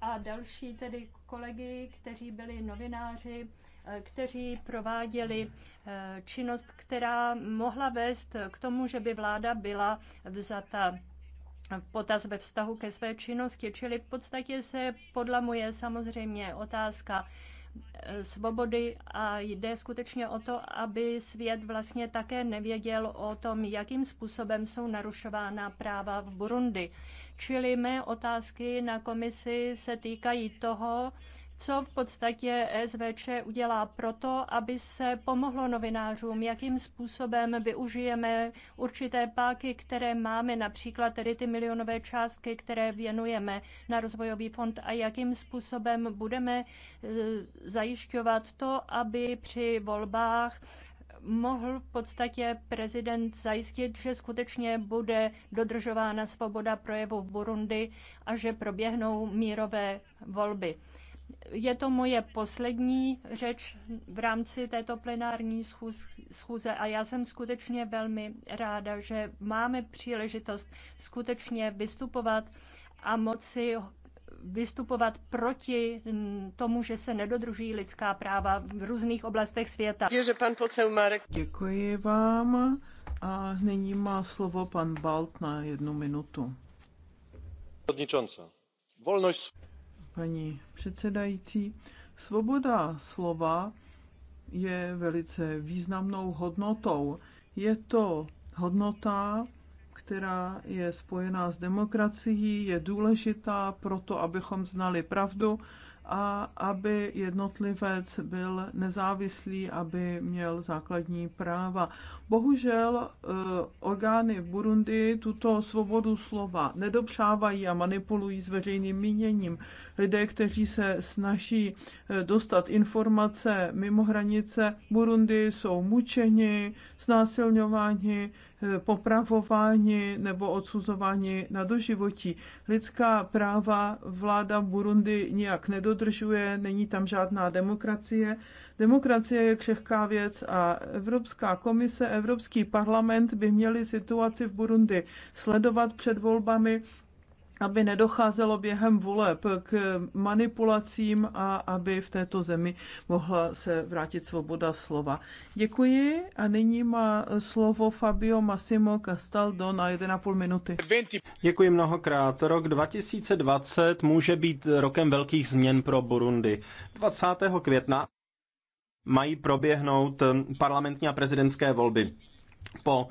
a další tedy kolegy, kteří byli novináři, eh, kteří prováděli eh, činnost, která mohla vést k tomu, že by vláda byla vzata v potaz ve vztahu ke své činnosti. Čili v podstatě se podlamuje samozřejmě otázka eh, svobody a jde skutečně o to, aby svět vlastně také nevěděl o tom, jakým způsobem jsou narušována práva v Burundi. Čili mé otázky na komisi se týkají toho, co v podstatě SVČ udělá proto, aby se pomohlo novinářům, jakým způsobem využijeme určité páky, které máme, například tedy ty milionové částky, které věnujeme na rozvojový fond a jakým způsobem budeme e, zajišťovat to, aby při volbách mohl v podstatě prezident zajistit, že skutečně bude dodržována svoboda projevu v Burundi a že proběhnou mírové volby je to moje poslední řeč v rámci této plenární schůze a já jsem skutečně velmi ráda, že máme příležitost skutečně vystupovat a moci vystupovat proti tomu, že se nedodržují lidská práva v různých oblastech světa. Děkuji vám a nyní má slovo pan Balt na jednu minutu. Volnost paní předsedající. Svoboda slova je velice významnou hodnotou. Je to hodnota, která je spojená s demokracií, je důležitá proto, abychom znali pravdu a aby jednotlivec byl nezávislý, aby měl základní práva. Bohužel eh, orgány v Burundi tuto svobodu slova nedopřávají a manipulují s veřejným míněním. Lidé, kteří se snaží eh, dostat informace mimo hranice Burundi, jsou mučeni, znásilňováni, popravováni nebo odsuzováni na doživotí. Lidská práva vláda Burundi nijak nedodržuje, není tam žádná demokracie. Demokracie je křehká věc a Evropská komise, Evropský parlament by měli situaci v Burundi sledovat před volbami aby nedocházelo během voleb k manipulacím a aby v této zemi mohla se vrátit svoboda slova. Děkuji a nyní má slovo Fabio Massimo Castaldo na 1,5 minuty. Děkuji mnohokrát. Rok 2020 může být rokem velkých změn pro Burundi. 20. května mají proběhnout parlamentní a prezidentské volby. Po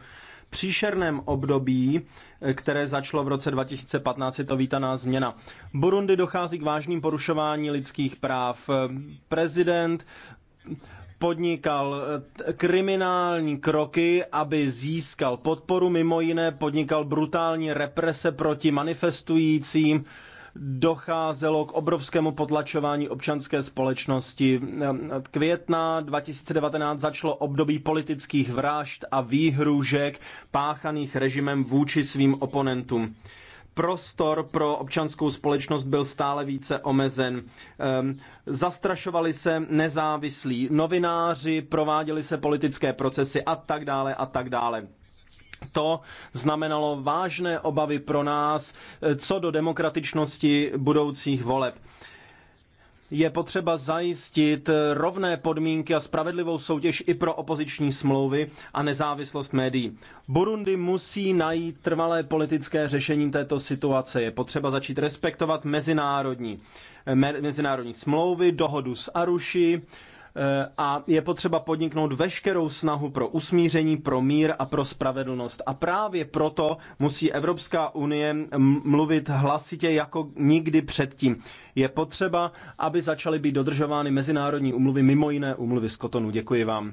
příšerném období, které začalo v roce 2015, je to vítaná změna. Burundi dochází k vážným porušování lidských práv. Prezident podnikal eh, kriminální kroky, aby získal podporu, mimo jiné podnikal brutální represe proti manifestujícím, docházelo k obrovskému potlačování občanské společnosti. Května 2019 začalo období politických vražd a výhrůžek páchaných režimem vůči svým oponentům prostor pro občanskou společnost byl stále více omezen. Ehm, zastrašovali se nezávislí novináři, prováděly se politické procesy a tak dále a tak dále. To znamenalo vážné obavy pro nás eh, co do demokratičnosti budoucích voleb je potřeba zajistit eh, rovné podmínky a spravedlivou soutěž i pro opoziční smlouvy a nezávislost médií. Burundi musí najít trvalé politické řešení této situace. Je potřeba začít respektovat mezinárodní, eh, mezinárodní smlouvy, dohodu s Aruši, Eh, a je potřeba podniknout veškerou snahu pro usmíření, pro mír a pro spravedlnost. A právě proto musí Evropská unie mluvit hlasitě jako nikdy předtím. Je potřeba, aby začaly být dodržovány mezinárodní umluvy, mimo jiné umluvy z Kotonu. Děkuji vám.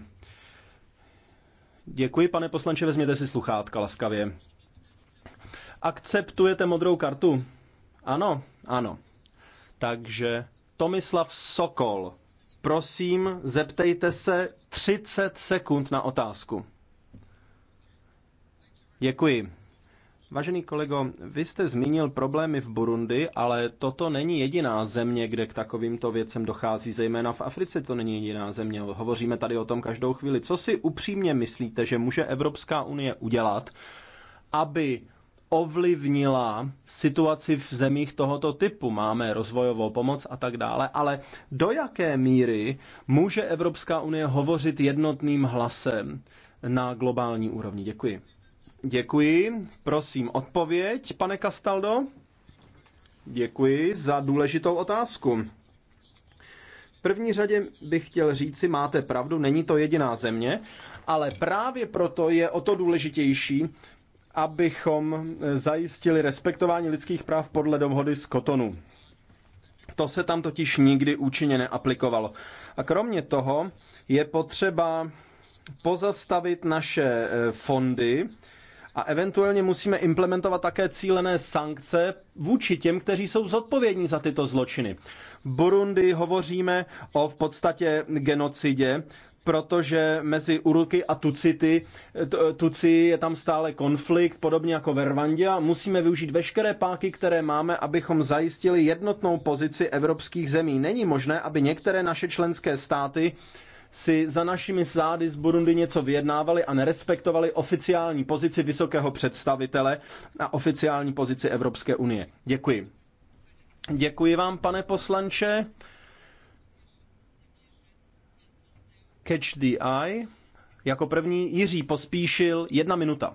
Děkuji, pane poslanče, vezměte si sluchátka laskavě. Akceptujete modrou kartu? Ano, ano. Takže Tomislav Sokol Prosím, zeptejte se 30 sekund na otázku. Děkuji. Vážený kolego, vy jste zmínil problémy v Burundi, ale toto není jediná země, kde k takovýmto věcem dochází, zejména v Africe to není jediná země. Hovoříme tady o tom každou chvíli. Co si upřímně myslíte, že může Evropská unie udělat, aby ovlivnila situaci v zemích tohoto typu. Máme rozvojovou pomoc a tak dále, ale do jaké míry může Evropská unie hovořit jednotným hlasem na globální úrovni? Děkuji. Děkuji. Prosím, odpověď, pane Castaldo. Děkuji za důležitou otázku. V první řadě bych chtěl říci, máte pravdu, není to jediná země, ale právě proto je o to důležitější, abychom eh, zajistili respektování lidských práv podle dohody z Kotonu. To se tam totiž nikdy účinně neaplikovalo. A kromě toho je potřeba pozastavit naše eh, fondy a eventuálně musíme implementovat také cílené sankce vůči těm, kteří jsou zodpovědní za tyto zločiny. V Burundi hovoříme o v podstatě genocidě, protože mezi Uruky a Tucity, Tuci je tam stále konflikt, podobně jako ve a musíme využít veškeré páky, které máme, abychom zajistili jednotnou pozici evropských zemí. Není možné, aby některé naše členské státy si za našimi zády z Burundi něco vyjednávali a nerespektovali oficiální pozici vysokého představitele a oficiální pozici Evropské unie. Děkuji. Děkuji vám, pane poslanče. Catch the Eye. Jako první Jiří Pospíšil, jedna minuta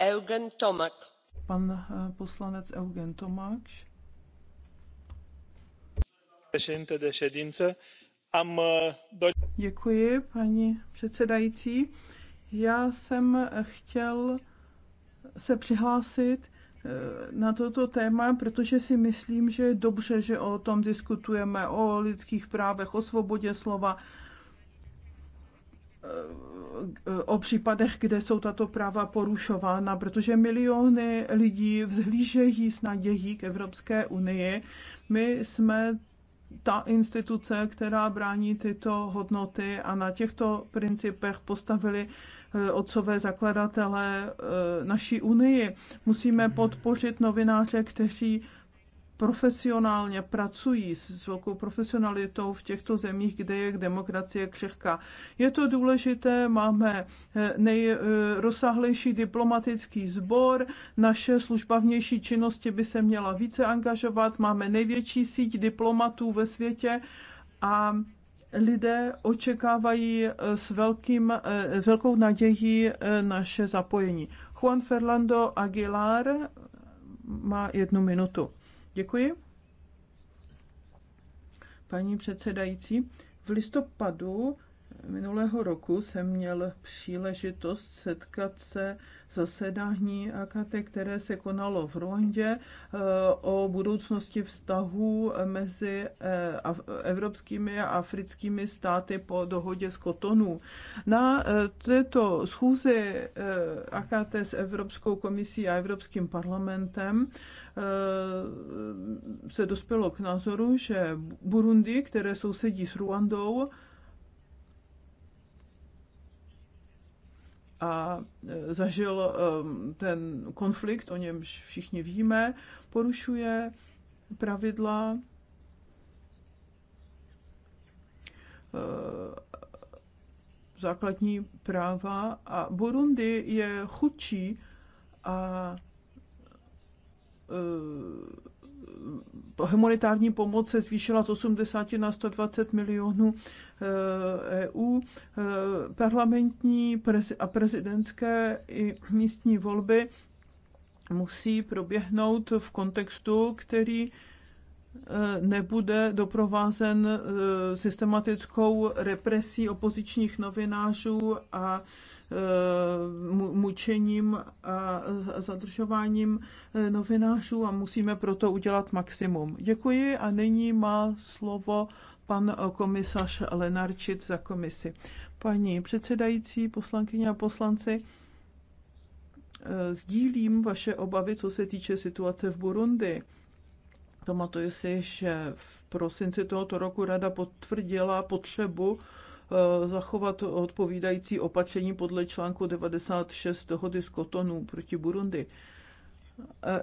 Eh, poslanec Eugen eh, Děkuji, paní předsedající. Já jsem eh, chtěl se přihlásit na toto téma, protože si myslím, že je dobře, že o tom diskutujeme, o lidských právech, o svobodě slova, Eh, o případech, kde jsou tato práva porušována, protože miliony lidí vzhlížejí s nadějí k Evropské unii. My jsme ta instituce, která brání tyto hodnoty a na těchto principech postavili eh, otcové zakladatele eh, naší unii. Musíme podpořit novináře, kteří profesionálně pracují s velkou profesionalitou v těchto zemích, kde je demokracie křehká. Je to důležité, máme eh, nejrozsáhlejší eh, diplomatický sbor, naše služba vnější činnosti by se měla více angažovat, máme největší síť diplomatů ve světě a lidé očekávají eh, s velkým, velkou nadějí naše zapojení. Juan Fernando Aguilar má jednu minutu. Děkuji. Paní předsedající, v listopadu minulého roku jsem měl příležitost setkat se zasedání AKT, které se konalo v Ruandě eh, o budoucnosti vztahů mezi eh, evropskými a africkými státy po dohodě z Kotonu. Na eh, této schůzi AKT s Evropskou komisí a Evropským parlamentem se dospělo k názoru, že Burundi, které sousedí s Ruandou, a e, zažil e, ten konflikt, o němž všichni víme, porušuje pravidla e, základní práva a Burundi je chudší a humanitární pomoc se zvýšila z 80 na 120 milionů EU. Eh, e eh, parlamentní a prezidentské i místní volby musí proběhnout v kontextu, který eh, nebude doprovázen systematickou represí opozičních novinářů a Eh, mučením a zadržováním eh, novinářů a musíme proto udělat maximum. Děkuji a nyní má slovo pan komisař Lenarčit za komisi. Paní předsedající, poslankyně a poslanci, eh, sdílím vaše obavy, co se týče situace v Burundi. Pamatuju si, že v prosinci tohoto roku rada potvrdila potřebu Eh, zachovat odpovídající opatření podle článku 96 dohody z Kotonu proti Burundi.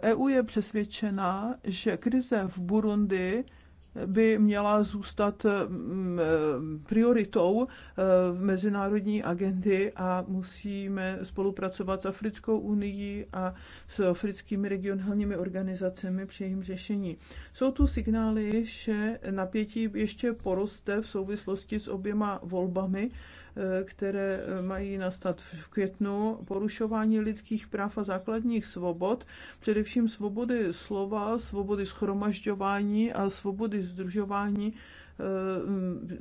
EU eh, e je přesvědčena, že krize v Burundi by měla zůstat mm, mm, prioritou eh, mezinárodní agendy a musíme spolupracovat s Africkou unii a s africkými regionálními organizacemi při jejím řešení. Jsou tu signály, že napětí ještě poroste v souvislosti s oběma volbami Eh, které eh, mají nastat v květnu, porušování lidských práv a základních svobod, především svobody slova, svobody schromažďování a svobody združování Eh,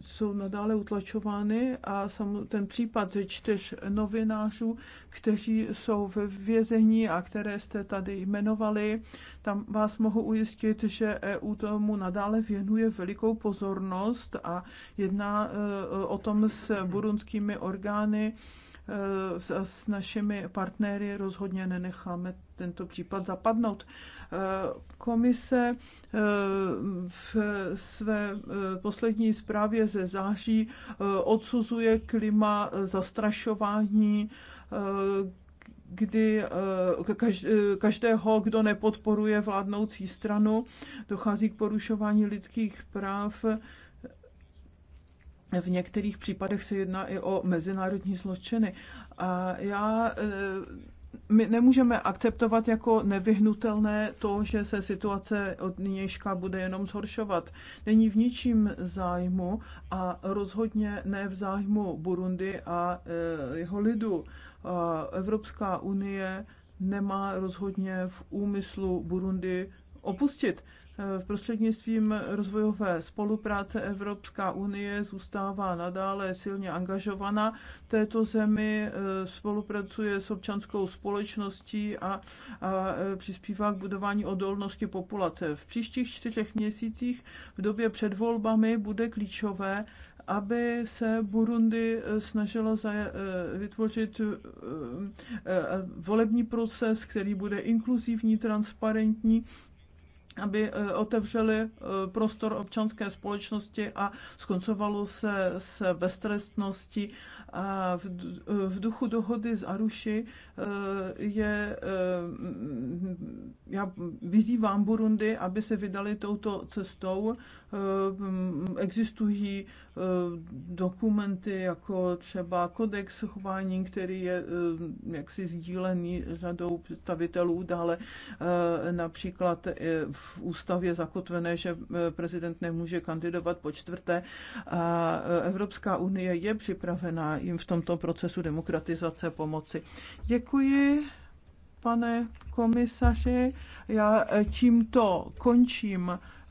jsou nadále utlačovány a ten případ čtyř novinářů, kteří jsou ve vězení a které jste tady jmenovali, tam vás mohu ujistit, že EU tomu nadále věnuje velikou pozornost a jedná eh, o tom s burundskými orgány eh, s našimi partnery rozhodně nenecháme tento případ zapadnout. Komise eh, v své eh, poslední zprávě ze září eh, odsuzuje klima zastrašování, kdy každého, kdo nepodporuje vládnoucí stranu, dochází k porušování lidských práv. V některých případech se jedná i o mezinárodní zločiny. A já my nemůžeme akceptovat jako nevyhnutelné to, že se situace od nynějška bude jenom zhoršovat. Není v ničím zájmu a rozhodně ne v zájmu Burundi a eh, jeho lidu. Evropská unie nemá rozhodně v úmyslu Burundi opustit v eh, prostřednictvím rozvojové spolupráce Evropská unie zůstává nadále silně angažovaná. Této zemi eh, spolupracuje s občanskou společností a, a eh, přispívá k budování odolnosti populace. V příštích čtyřech měsících v době před volbami bude klíčové, aby se Burundi snažilo vytvořit volební proces, který bude inkluzivní, transparentní aby e, otevřeli e, prostor občanské společnosti a skoncovalo se s beztrestností a v, v duchu dohody z Aruši eh, je, eh, já vyzývám Burundi, aby se vydali touto cestou. Eh, existují dokumenty jako třeba kodex chování, který je jaksi sdílený řadou představitelů, dále například v ústavě zakotvené, že prezident nemůže kandidovat po čtvrté a Evropská unie je připravená jim v tomto procesu demokratizace pomoci. Děkuji, pane komisaři. Já eh, tímto končím eh,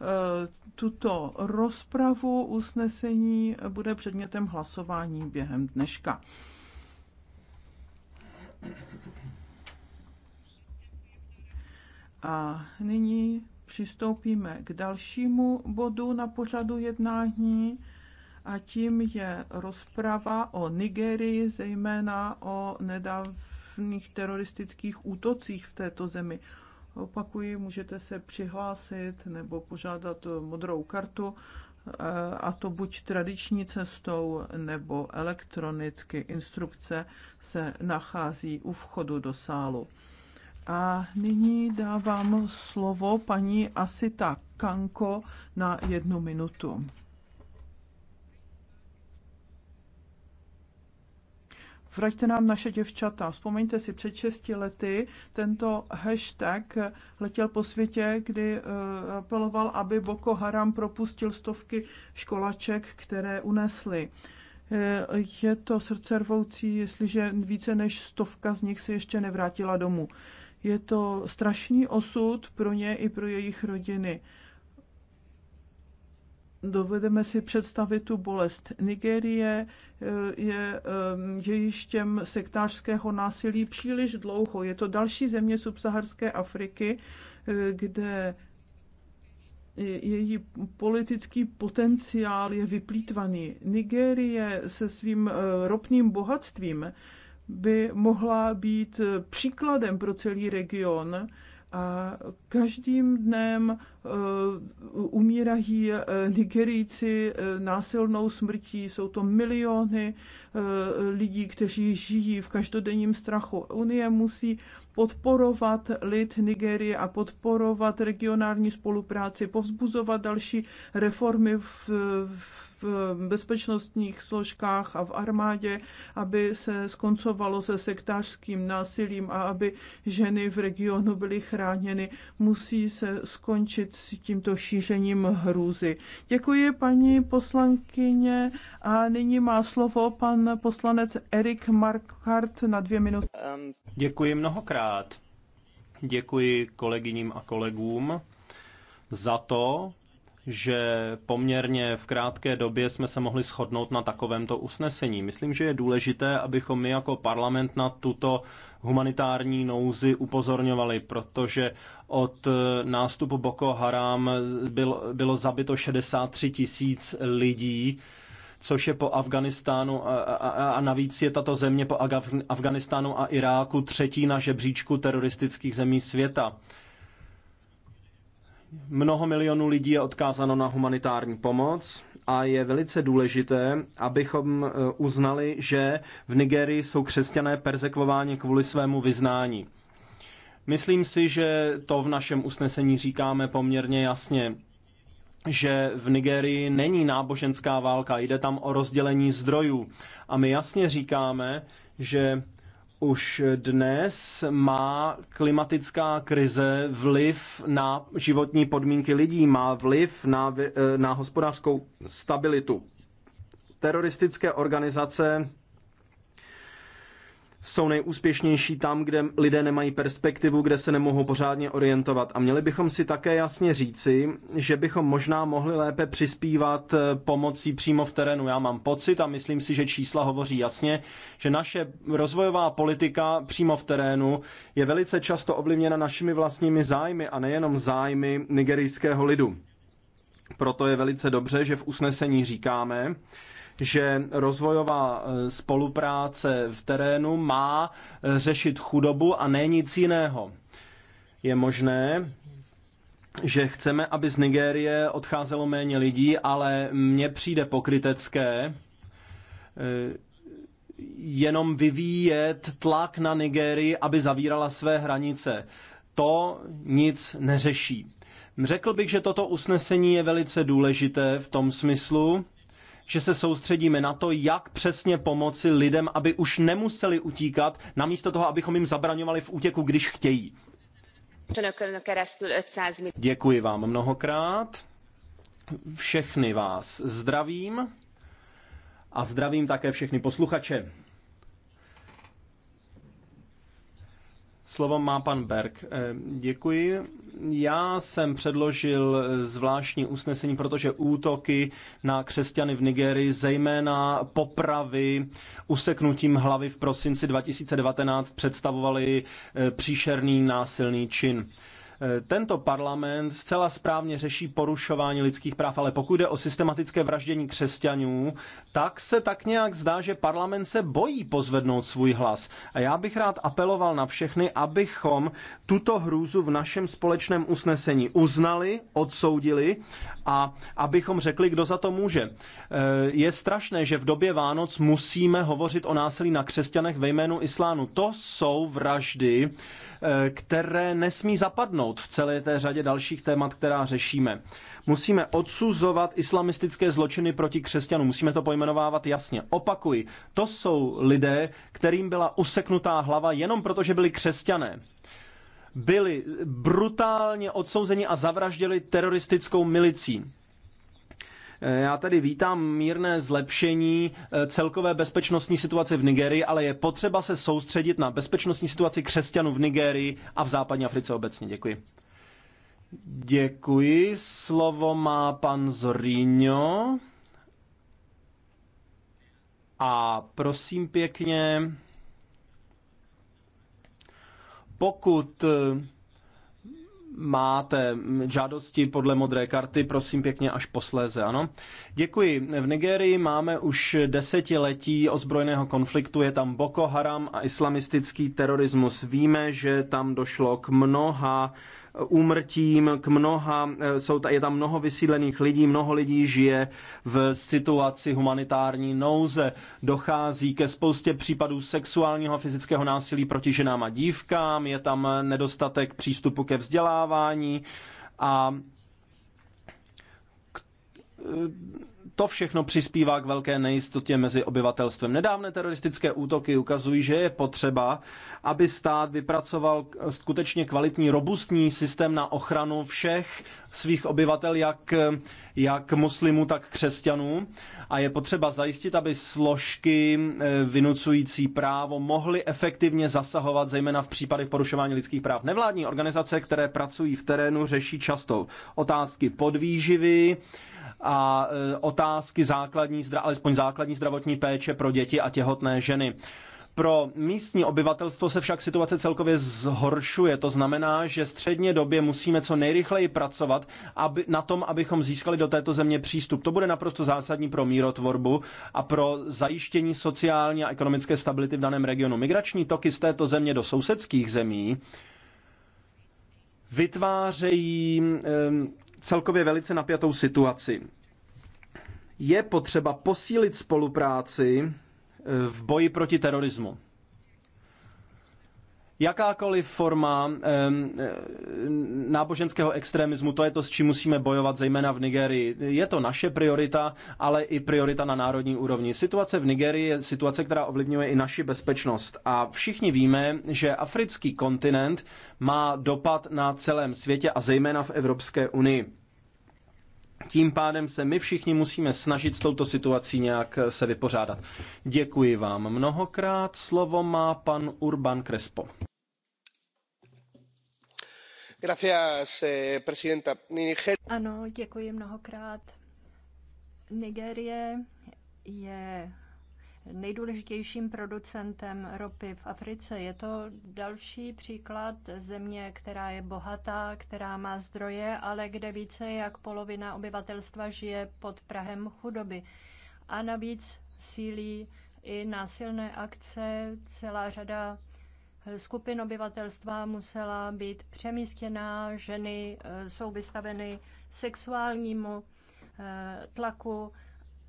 tuto rozpravu. Usnesení bude předmětem hlasování během dneška. A nyní přistoupíme k dalšímu bodu na pořadu jednání a tím je rozprava o Nigerii, zejména o nedávných teroristických útocích v této zemi. Opakuji, můžete se přihlásit nebo požádat modrou kartu, a to buď tradiční cestou nebo elektronicky. Instrukce se nachází u vchodu do sálu. A nyní dávám slovo paní Asita Kanko na jednu minutu. Vraťte nám naše děvčata. Vzpomeňte si, před 6 lety tento hashtag letěl po světě, kdy eh, apeloval, aby Boko Haram propustil stovky školaček, které unesly. Eh, je to srdcervoucí, jestliže více než stovka z nich se ještě nevrátila domů. Je to strašný osud pro ně i pro jejich rodiny dovedeme si představit tu bolest. Nigérie eh, je dějištěm eh, sektářského násilí příliš dlouho. Je to další země subsaharské Afriky, eh, kde její politický potenciál je vyplýtvaný. Nigérie se svým ropným bohatstvím by mohla být příkladem pro celý region, a každým dnem eh, umírají eh, Nigerijci eh, násilnou smrtí. Jsou to miliony lidí, kteří žijí v každodenním strachu. Unie musí podporovat lid Nigerie a podporovat regionální spolupráci, povzbuzovat další reformy v, v bezpečnostních složkách a v armádě, aby se skoncovalo se sektářským násilím a aby ženy v regionu byly chráněny. Musí se skončit s tímto šířením hrůzy. Děkuji paní poslankyně a nyní má slovo pan poslanec Erik Markhart na dvě minuty. Um, děkuji mnohokrát. Děkuji kolegyním a kolegům za to, že poměrně v krátké době jsme se mohli shodnout na takovémto usnesení. Myslím, že je důležité, abychom my jako parlament na tuto humanitární nouzi upozorňovali, protože od eh, nástupu Boko Haram bylo, bylo zabito 63 tisíc lidí, což je po Afganistánu a, a, a navíc je tato země po Afganistánu a Iráku třetí na žebříčku teroristických zemí světa. Mnoho milionů lidí je odkázáno na humanitární pomoc a je velice důležité, abychom e, uznali, že v Nigerii jsou křesťané persekvováni kvůli svému vyznání. Myslím si, že to v našem usnesení říkáme poměrně jasně že v Nigerii není náboženská válka, jde tam o rozdělení zdrojů. A my jasně říkáme, že už dnes má klimatická krize vliv na životní podmínky lidí, má vliv na, eh, na hospodářskou stabilitu. Teroristické organizace jsou nejúspěšnější tam, kde lidé nemají perspektivu, kde se nemohou pořádně orientovat. A měli bychom si také jasně říci, že bychom možná mohli lépe přispívat eh, pomocí přímo v terénu. Já mám pocit a myslím si, že čísla hovoří jasně, že naše rozvojová politika přímo v terénu je velice často ovlivněna našimi vlastními zájmy a nejenom zájmy nigerijského lidu. Proto je velice dobře, že v usnesení říkáme, že rozvojová eh, spolupráce v terénu má eh, řešit chudobu a ne nic jiného. Je možné, že chceme, aby z Nigérie odcházelo méně lidí, ale mně přijde pokrytecké eh, jenom vyvíjet tlak na Nigérii, aby zavírala své hranice. To nic neřeší. Řekl bych, že toto usnesení je velice důležité v tom smyslu, že se soustředíme na to, jak přesně pomoci lidem, aby už nemuseli utíkat, namísto toho, abychom jim zabraňovali v útěku, když chtějí. Děkuji vám mnohokrát. Všechny vás zdravím a zdravím také všechny posluchače. Slovo má pan Berg. Eh, děkuji. Já jsem předložil zvláštní usnesení, protože útoky na křesťany v Nigerii, zejména popravy useknutím hlavy v prosinci 2019, představovaly eh, příšerný násilný čin. Eh, tento parlament zcela správně řeší porušování lidských práv, ale pokud jde o systematické vraždění křesťanů, tak se tak nějak zdá, že parlament se bojí pozvednout svůj hlas. A já bych rád apeloval na všechny, abychom tuto hrůzu v našem společném usnesení uznali, odsoudili a abychom řekli, kdo za to může. Eh, je strašné, že v době Vánoc musíme hovořit o násilí na křesťanech ve jménu islánu. To jsou vraždy, Eh, které nesmí zapadnout v celé té řadě dalších témat, která řešíme. Musíme odsuzovat islamistické zločiny proti křesťanům, musíme to pojmenovávat jasně. Opakuji, to jsou lidé, kterým byla useknutá hlava jenom proto, že byli křesťané byli brutálně odsouzeni a zavraždili teroristickou milicí. Já tady vítám mírné zlepšení eh, celkové bezpečnostní situace v Nigerii, ale je potřeba se soustředit na bezpečnostní situaci křesťanů v Nigerii a v západní Africe obecně. Děkuji. Děkuji. Slovo má pan Zorino. A prosím pěkně, pokud eh, máte žádosti podle modré karty, prosím pěkně až posléze, ano. Děkuji. V Nigerii máme už desetiletí ozbrojeného konfliktu, je tam Boko Haram a islamistický terorismus. Víme, že tam došlo k mnoha úmrtím, k mnoha, eh, jsou, je tam mnoho vysílených lidí, mnoho lidí žije v situaci humanitární nouze. Dochází ke spoustě případů sexuálního a fyzického násilí proti ženám a dívkám, je tam nedostatek přístupu ke vzdělávání a k to všechno přispívá k velké nejistotě mezi obyvatelstvem. Nedávné teroristické útoky ukazují, že je potřeba, aby stát vypracoval skutečně kvalitní, robustní systém na ochranu všech svých obyvatel, jak, jak muslimů, tak křesťanů. A je potřeba zajistit, aby složky eh, vynucující právo mohly efektivně zasahovat, zejména v případech porušování lidských práv. Nevládní organizace, které pracují v terénu, řeší často otázky podvýživy, a e, otázky základní, alespoň základní zdravotní péče pro děti a těhotné ženy. Pro místní obyvatelstvo se však situace celkově zhoršuje. To znamená, že středně době musíme co nejrychleji pracovat aby, na tom, abychom získali do této země přístup. To bude naprosto zásadní pro mírotvorbu a pro zajištění sociální a ekonomické stability v daném regionu. Migrační toky z této země do sousedských zemí vytvářejí. Um, celkově velice napjatou situaci. Je potřeba posílit spolupráci eh, v boji proti terorismu. Jakákoliv forma eh, náboženského extremismu, to je to, s čím musíme bojovat, zejména v Nigerii. Je to naše priorita, ale i priorita na národní úrovni. Situace v Nigerii je situace, která ovlivňuje i naši bezpečnost. A všichni víme, že africký kontinent má dopad na celém světě a zejména v Evropské unii. Tím pádem se my všichni musíme snažit s touto situací nějak eh, se vypořádat. Děkuji vám mnohokrát. Slovo má pan Urban Crespo. Gracias, eh, presidenta Niger. Ano, děkuji mnohokrát. Nigérie je nejdůležitějším producentem ropy v Africe. Je to další příklad země, která je bohatá, která má zdroje, ale kde více jak polovina obyvatelstva žije pod Prahem chudoby. A navíc sílí i násilné akce, celá řada skupin obyvatelstva musela být přemístěná, ženy eh, jsou vystaveny sexuálnímu eh, tlaku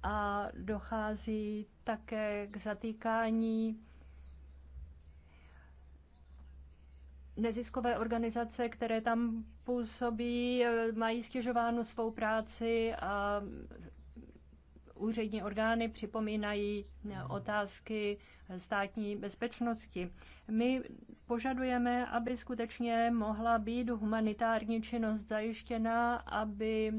a dochází také k zatýkání neziskové organizace, které tam působí, eh, mají stěžovánu svou práci a úřední orgány připomínají eh, mhm. otázky státní bezpečnosti. My požadujeme, aby skutečně mohla být humanitární činnost zajištěna, aby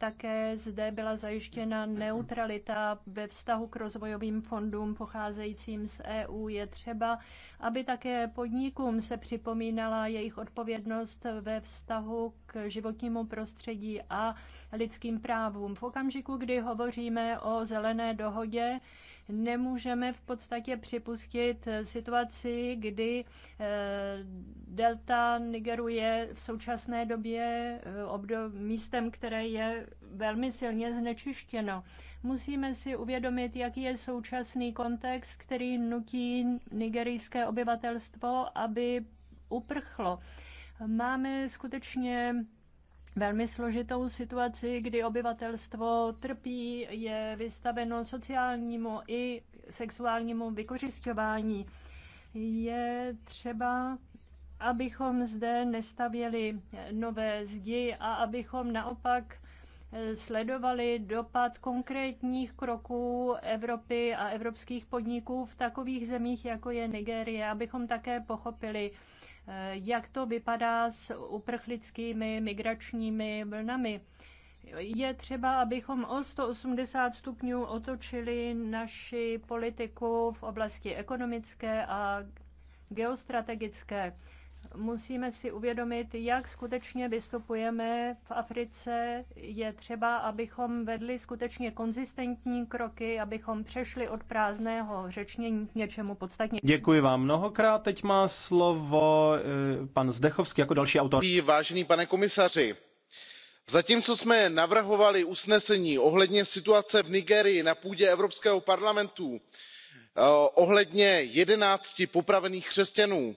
také zde byla zajištěna neutralita ve vztahu k rozvojovým fondům pocházejícím z EU. Je třeba, aby také podnikům se připomínala jejich odpovědnost ve vztahu k životnímu prostředí a lidským právům. V okamžiku, kdy hovoříme o zelené dohodě, nemůžeme v podstatě připustit situaci, kdy eh, delta Nigeru je v současné době eh, místem, které je velmi silně znečištěno. Musíme si uvědomit, jaký je současný kontext, který nutí nigerijské obyvatelstvo, aby uprchlo. Máme skutečně velmi složitou situaci, kdy obyvatelstvo trpí, je vystaveno sociálnímu i sexuálnímu vykořišťování. Je třeba, abychom zde nestavěli nové zdi a abychom naopak sledovali dopad konkrétních kroků Evropy a evropských podniků v takových zemích, jako je Nigérie, abychom také pochopili, Eh, jak to vypadá s uprchlickými migračními vlnami. Je třeba, abychom o 180 stupňů otočili naši politiku v oblasti ekonomické a geostrategické musíme si uvědomit, jak skutečně vystupujeme v Africe. Je třeba, abychom vedli skutečně konzistentní kroky, abychom přešli od prázdného řečnění k něčemu podstatně. Děkuji vám mnohokrát. Teď má slovo eh, pan Zdechovský jako další autor. Vážený pane komisaři, zatímco jsme navrhovali usnesení ohledně situace v Nigerii na půdě evropského parlamentu eh, ohledně jedenácti popravených křesťanů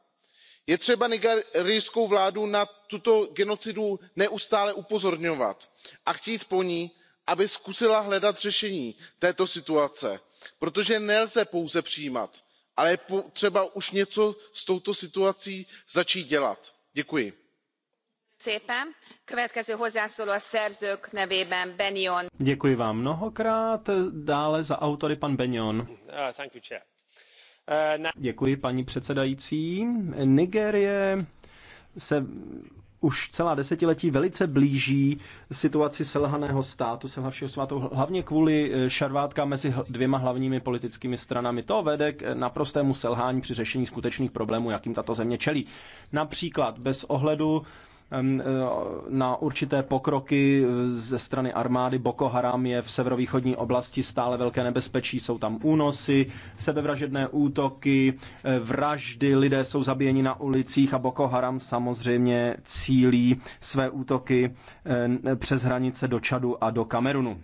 je třeba nigerijskou vládu na tuto genocidu neustále upozorňovat a chtít po ní aby zkusila hledat řešení této situace protože nelze pouze přijímat ale je třeba už něco s touto situací začít dělat. děkuji. děkuji vám dále za autory pan bennion. Ah, Eh, Děkuji, paní předsedající. Nigérie se už celá desetiletí velice blíží situaci selhaného státu, selhavšího svátu, hlavně kvůli eh, šarvátka mezi dvěma hlavními politickými stranami. To vede k eh, naprostému selhání při řešení skutečných problémů, jakým tato země čelí. Například bez ohledu E, na určité pokroky e, ze strany armády. Boko Haram je v severovýchodní oblasti stále velké nebezpečí, jsou tam únosy, sebevražedné útoky, e, vraždy, lidé jsou zabíjeni na ulicích a Boko Haram samozřejmě cílí své útoky přes hranice do Čadu a do Kamerunu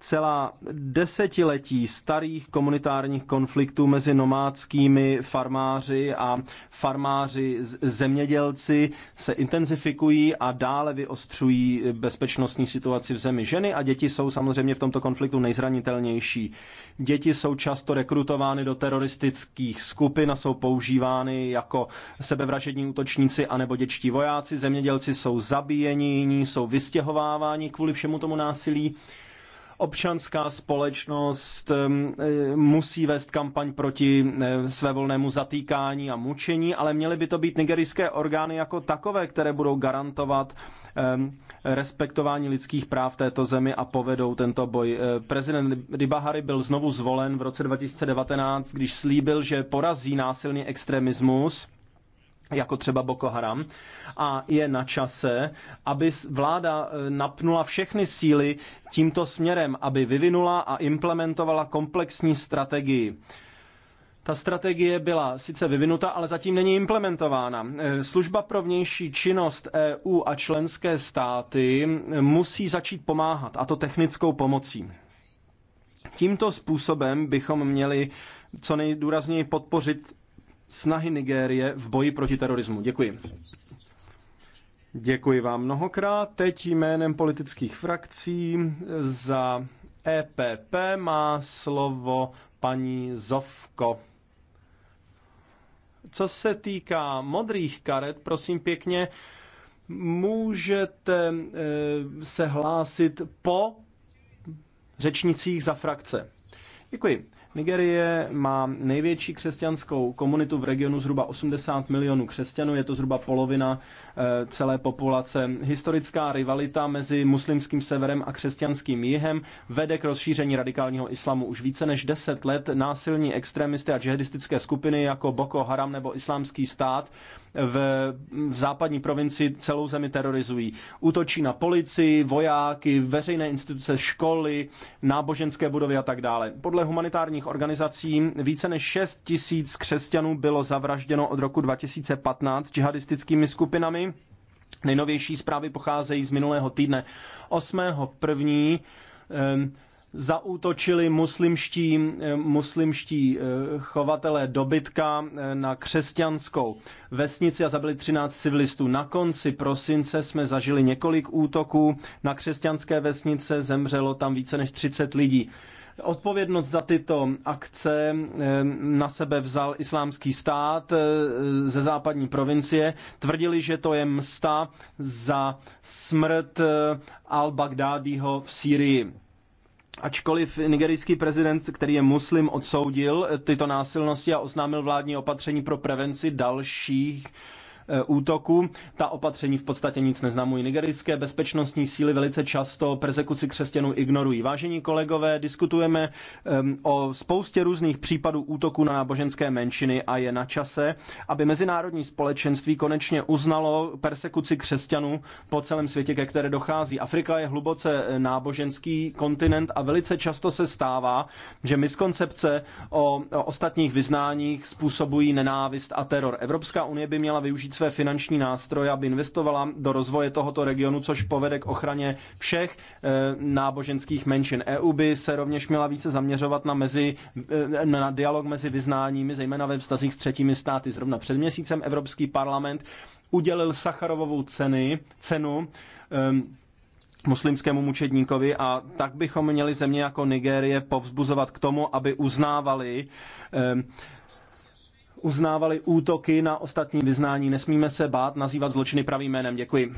celá desetiletí starých komunitárních konfliktů mezi nomádskými farmáři a farmáři zemědělci se intenzifikují a dále vyostřují bezpečnostní situaci v zemi. Ženy a děti jsou samozřejmě v tomto konfliktu nejzranitelnější. Děti jsou často rekrutovány do teroristických skupin a jsou používány jako sebevražední útočníci anebo děčtí vojáci. Zemědělci jsou zabíjeni, jsou vystěhováváni kvůli všemu tomu násilí. Občanská společnost eh, musí vést kampaň proti eh, svévolnému zatýkání a mučení, ale měly by to být nigerijské orgány jako takové, které budou garantovat respektování lidských práv této zemi a povedou tento boj. Eh, prezident Ribahary byl znovu zvolen v roce 2019, když slíbil, že porazí násilný extremismus jako třeba Boko Haram. A je na čase, aby vláda e, napnula všechny síly tímto směrem, aby vyvinula a implementovala komplexní strategii. Ta strategie byla sice vyvinuta, ale zatím není implementována. E, Služba pro vnější činnost EU a členské státy e, musí začít pomáhat, a to technickou pomocí. Tímto způsobem bychom měli co nejdůrazněji podpořit snahy Nigérie v boji proti terorismu. Děkuji. Děkuji vám mnohokrát. Teď jménem politických frakcí za EPP má slovo paní Zovko. Co se týká modrých karet, prosím pěkně, můžete eh, se hlásit po řečnicích za frakce. Děkuji. Nigerie má největší křesťanskou komunitu v regionu, zhruba 80 milionů křesťanů, je to zhruba polovina eh, celé populace. Historická rivalita mezi muslimským severem a křesťanským jihem vede k rozšíření radikálního islamu Už více než 10 let násilní extremisty a džihadistické skupiny jako Boko Haram nebo Islámský stát v, v západní provincii celou zemi terorizují. Útočí na policii, vojáky, veřejné instituce, školy, náboženské budovy a tak dále. Podle humanitární mezinárodních organizací. Více než 6 tisíc křesťanů bylo zavražděno od roku 2015 džihadistickými skupinami. Nejnovější zprávy pocházejí z minulého týdne. 8.1. Zaútočili muslimští, muslimští eh, chovatelé dobytka eh, na křesťanskou vesnici a zabili 13 civilistů. Na konci prosince jsme zažili několik útoků na křesťanské vesnice, zemřelo tam více než 30 lidí. Odpovědnost za tyto akce eh, na sebe vzal islámský stát eh, ze západní provincie. Tvrdili, že to je msta za smrt eh, al-Baghdadiho v Sýrii. Ačkoliv nigerijský prezident, který je muslim, odsoudil tyto násilnosti a oznámil vládní opatření pro prevenci dalších Eh, útoku. Ta opatření v podstatě nic neznamují. Nigerijské bezpečnostní síly velice často persekuci křesťanů ignorují. Vážení kolegové, diskutujeme o spoustě různých případů útoku na náboženské menšiny a je na čase, aby mezinárodní společenství konečně uznalo persekuci křesťanů po celém světě, ke které dochází. Afrika je hluboce eh, náboženský kontinent a velice často se stává, že miskoncepce o ostatních vyznáních způsobují nenávist a teror. Evropská unie by měla využít své finanční nástroje, aby investovala do rozvoje tohoto regionu, což povede k ochraně všech eh, náboženských menšin. EU by se rovněž měla více zaměřovat na, mezi, eh, na dialog mezi vyznáními, zejména ve vztazích s třetími státy. Zrovna před měsícem Evropský parlament udělil Sacharovovou ceny, cenu ehm, muslimskému mučedníkovi a tak bychom měli země jako Nigérie povzbuzovat k tomu, aby uznávali um, uznávali útoky na ostatní vyznání. Nesmíme se bát nazývat zločiny pravým jménem. Děkuji.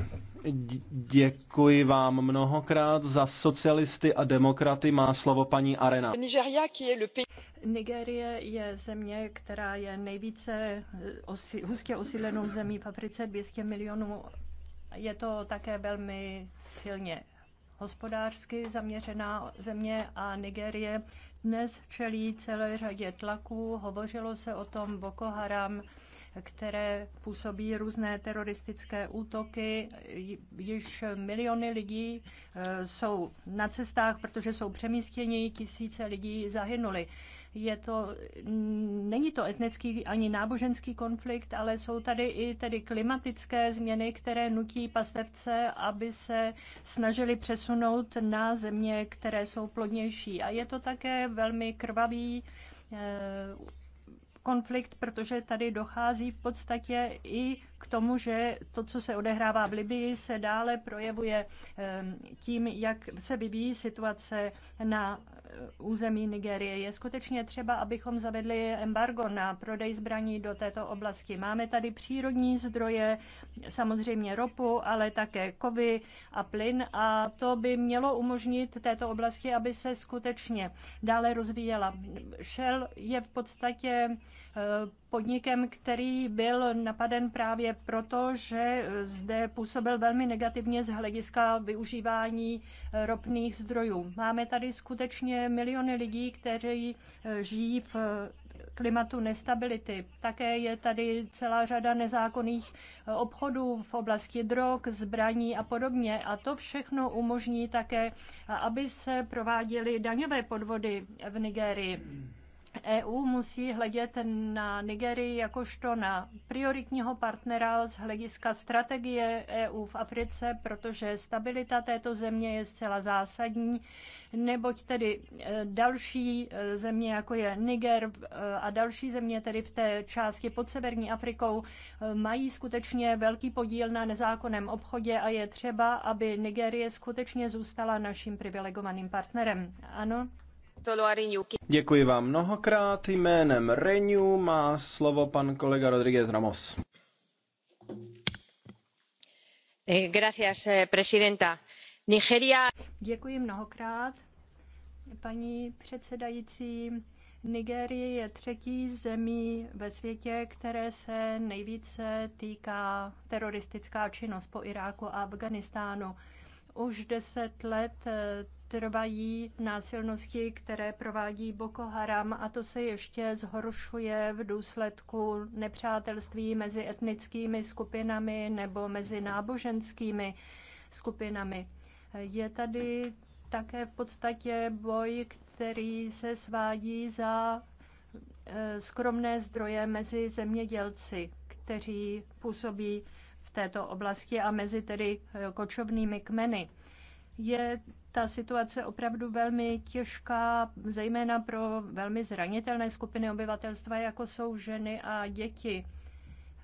Děkuji vám mnohokrát. Za socialisty a demokraty má slovo paní Arena. Nigerie je země, která je nejvíce eh, osi, hustě osídlenou zemí v Africe, 200 milionů. Je to také velmi silně hospodářsky zaměřená země a Nigérie dnes čelí celé řadě tlaků. Hovořilo se o tom Boko Haram, které působí různé teroristické útoky. Již miliony lidí eh, jsou na cestách, protože jsou přemístěni, tisíce lidí zahynuli. Je to, není to etnický ani náboženský konflikt, ale jsou tady i tedy klimatické změny, které nutí pastevce, aby se snažili přesunout na země, které jsou plodnější. A je to také velmi krvavý eh, konflikt, protože tady dochází v podstatě i k tomu, že to, co se odehrává v Libii, se dále projevuje eh, tím, jak se vyvíjí situace na území Nigerie. Je skutečně třeba, abychom zavedli embargo na prodej zbraní do této oblasti. Máme tady přírodní zdroje, samozřejmě ropu, ale také kovy a plyn a to by mělo umožnit této oblasti, aby se skutečně dále rozvíjela. Shell je v podstatě podnikem, který byl napaden právě proto, že zde působil velmi negativně z hlediska využívání ropných zdrojů. Máme tady skutečně miliony lidí, kteří eh, žijí v eh, klimatu nestability. Také je tady celá řada nezákonných eh, obchodů v oblasti drog, zbraní a podobně. A to všechno umožní také, aby se prováděly daňové podvody v Nigérii. EU musí hledět na Nigerii jakožto na prioritního partnera z hlediska strategie EU v Africe, protože stabilita této země je zcela zásadní, neboť tedy e, další e, země, jako je Niger e, a další země tedy v té části pod Severní Afrikou, mají skutečně velký podíl na nezákonném obchodě a je třeba, aby Nigerie skutečně zůstala naším privilegovaným partnerem. Ano, Děkuji vám mnohokrát. Jménem Renew má slovo pan kolega Rodríguez Ramos. Eh, gracias, eh, presidenta. Nigeria... Děkuji mnohokrát, paní předsedající. Nigérie je třetí zemí ve světě, které se nejvíce týká teroristická činnost po Iráku a Afganistánu. Už deset let eh, trvají násilnosti, které provádí Boko Haram a to se ještě zhoršuje v důsledku nepřátelství mezi etnickými skupinami nebo mezi náboženskými skupinami. Je tady také v podstatě boj, který se svádí za eh, skromné zdroje mezi zemědělci, kteří působí v této oblasti a mezi tedy eh, kočovnými kmeny je ta situace opravdu velmi těžká, zejména pro velmi zranitelné skupiny obyvatelstva, jako jsou ženy a děti.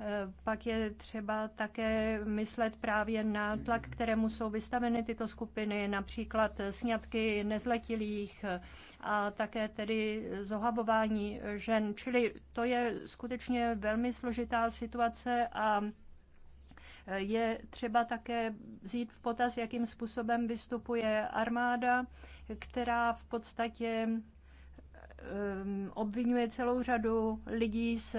Eh, pak je třeba také myslet právě na tlak, kterému jsou vystaveny tyto skupiny, například sňatky nezletilých a také tedy zohabování žen. Čili to je skutečně velmi složitá situace a je třeba také vzít v potaz, jakým způsobem vystupuje armáda, která v podstatě um, obvinuje celou řadu lidí z,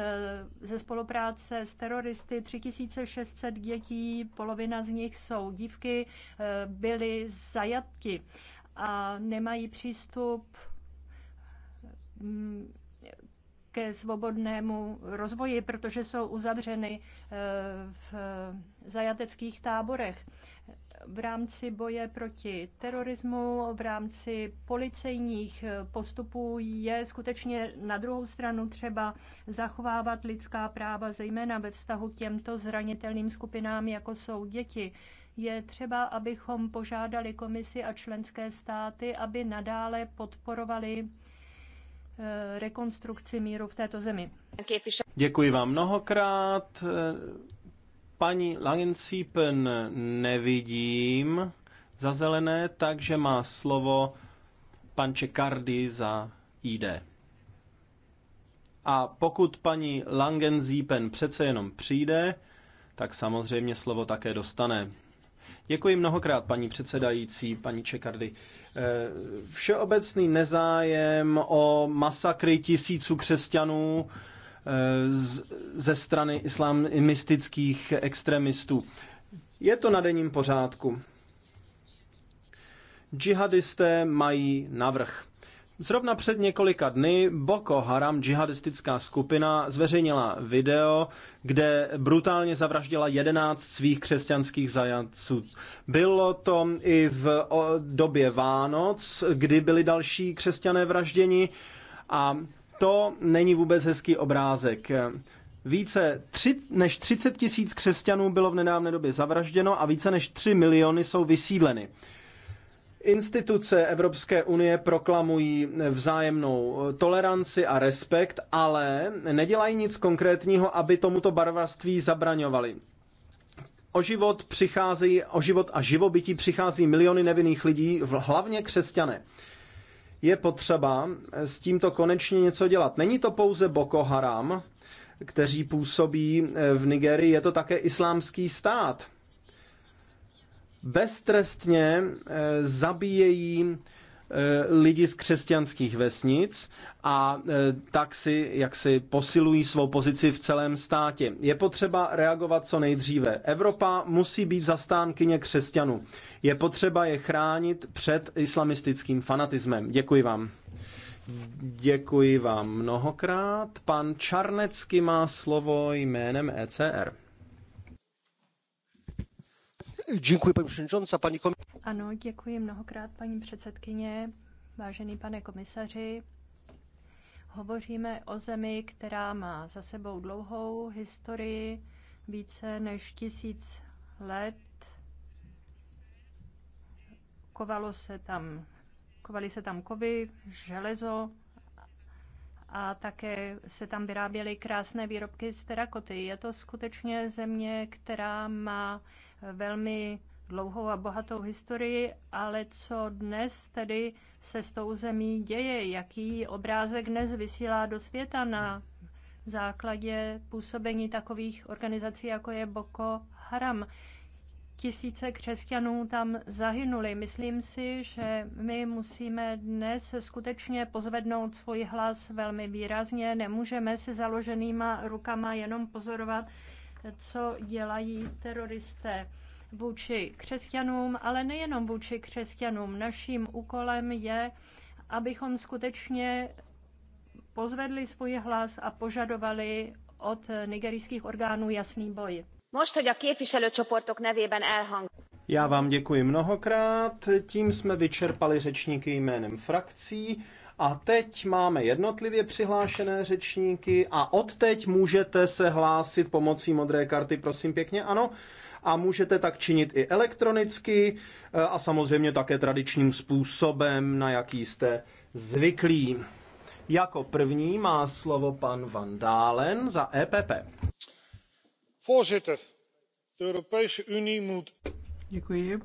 ze spolupráce s teroristy. 3600 dětí, polovina z nich jsou dívky, uh, byly zajatky a nemají přístup um, ke svobodnému rozvoji, protože jsou uzavřeny eh, v zajateckých táborech. V rámci boje proti terorismu, v rámci policejních eh, postupů je skutečně na druhou stranu třeba zachovávat lidská práva, zejména ve vztahu k těmto zranitelným skupinám, jako jsou děti je třeba, abychom požádali komisi a členské státy, aby nadále podporovali Eh, rekonstrukci míru v této zemi. Děkuji vám mnohokrát. Eh, paní Langensiepen nevidím za zelené, takže má slovo pan Čekardy za ID. A pokud paní Langensiepen přece jenom přijde, tak samozřejmě slovo také dostane. Děkuji mnohokrát, paní předsedající, paní Čekardy. Eh, všeobecný nezájem o masakry tisíců křesťanů eh, ze strany islamistických extremistů. Je to na denním pořádku. Džihadisté mají navrh. Zrovna před několika dny Boko Haram, džihadistická skupina, zveřejnila video, kde brutálně zavraždila 11 svých křesťanských zajatců. Bylo to i v době Vánoc, kdy byli další křesťané vražděni a to není vůbec hezký obrázek. Více tři, než 30 tisíc křesťanů bylo v nedávné době zavražděno a více než 3 miliony jsou vysídleny. Instituce Evropské unie proklamují vzájemnou toleranci a respekt, ale nedělají nic konkrétního, aby tomuto barvarství zabraňovali. O život, přicházejí, o život a živobytí přichází miliony nevinných lidí, hlavně křesťané. Je potřeba s tímto konečně něco dělat. Není to pouze Boko Haram, kteří působí v Nigerii, je to také islámský stát – beztrestně eh, zabíjejí eh, lidi z křesťanských vesnic a eh, tak si, jak si posilují svou pozici v celém státě. Je potřeba reagovat co nejdříve. Evropa musí být zastánkyně křesťanů. Je potřeba je chránit před islamistickým fanatismem. Děkuji vám. Děkuji vám mnohokrát. Pan Čarnecky má slovo jménem ECR. Děkuji, paní předsedkyně. Paní Ano, děkuji mnohokrát, paní předsedkyně, vážený pane komisaři. Hovoříme o zemi, která má za sebou dlouhou historii, více než tisíc let. Kovalo se tam, kovali se tam kovy, železo, a také se tam vyráběly krásné výrobky z terakoty. Je to skutečně země, která má velmi dlouhou a bohatou historii, ale co dnes tedy se s tou zemí děje, jaký obrázek dnes vysílá do světa na základě působení takových organizací, jako je Boko Haram. Tisíce křesťanů tam zahynuli. Myslím si, že my musíme dnes skutečně pozvednout svůj hlas velmi výrazně. Nemůžeme se založenýma rukama jenom pozorovat co dělají teroristé vůči křesťanům, ale nejenom vůči křesťanům. Naším úkolem je, abychom skutečně pozvedli svůj hlas a požadovali od nigerijských orgánů jasný boj. Most, hogy a képviselőcsoportok nevében elhang. Já vám děkuji mnohokrát. Tím jsme vyčerpali řečníky jménem frakcí. A teď máme jednotlivě přihlášené řečníky a odteď můžete se hlásit pomocí modré karty, prosím pěkně, ano. A můžete tak činit i elektronicky eh, a samozřejmě také tradičním způsobem, na jaký jste zvyklí. Jako první má slovo pan Van Dalen za EPP. Děkuji,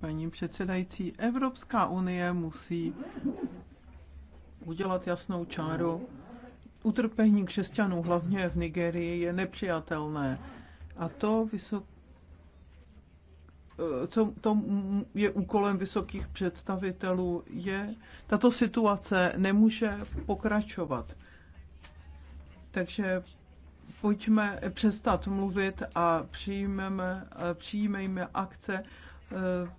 paní předsedající. Evropská unie musí udělat jasnou čáru. Utrpení křesťanů, hlavně v Nigerii, je nepřijatelné. A to vysok... Eh, co to je úkolem vysokých představitelů, je, tato situace nemůže pokračovat. Takže pojďme přestat mluvit a přijmeme, eh, přijmejme akce. Eh,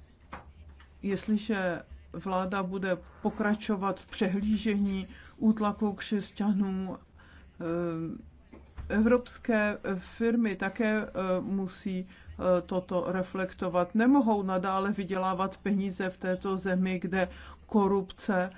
jestliže vláda bude pokračovat v přehlížení útlaku křesťanů. Eh, evropské firmy také eh, musí eh, toto reflektovat. Nemohou nadále vydělávat peníze v této zemi, kde korupce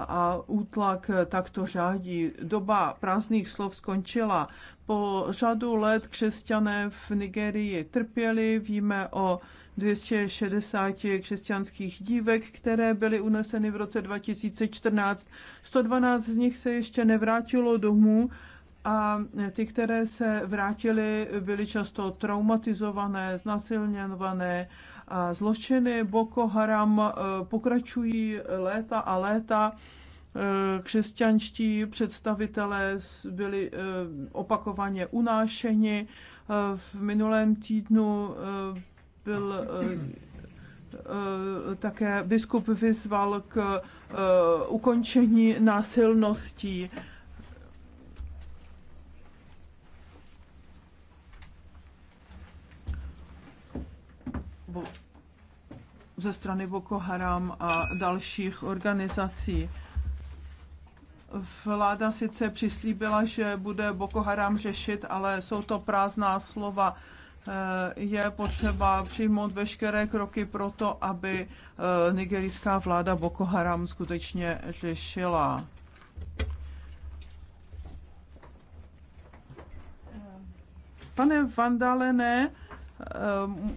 a útlak takto řádí. Doba prázdných slov skončila. Po řadu let křesťané v Nigerii trpěli, víme o 260 křesťanských dívek, které byly uneseny v roce 2014. 112 z nich se ještě nevrátilo domů a ty, které se vrátily, byly často traumatizované, znasilňované a zločiny Boko Haram eh, pokračují léta a léta eh, křesťanští představitelé byli eh, opakovaně unášeni. V minulém týdnu byl eh, eh, také biskup vyzval k eh, ukončení násilností. ze strany Boko Haram a dalších organizací. Vláda sice přislíbila, že bude Boko Haram řešit, ale jsou to prázdná slova. Eh, je potřeba přijmout veškeré kroky pro to, aby eh, nigerijská vláda Boko Haram skutečně řešila. Pane Vandalene, eh,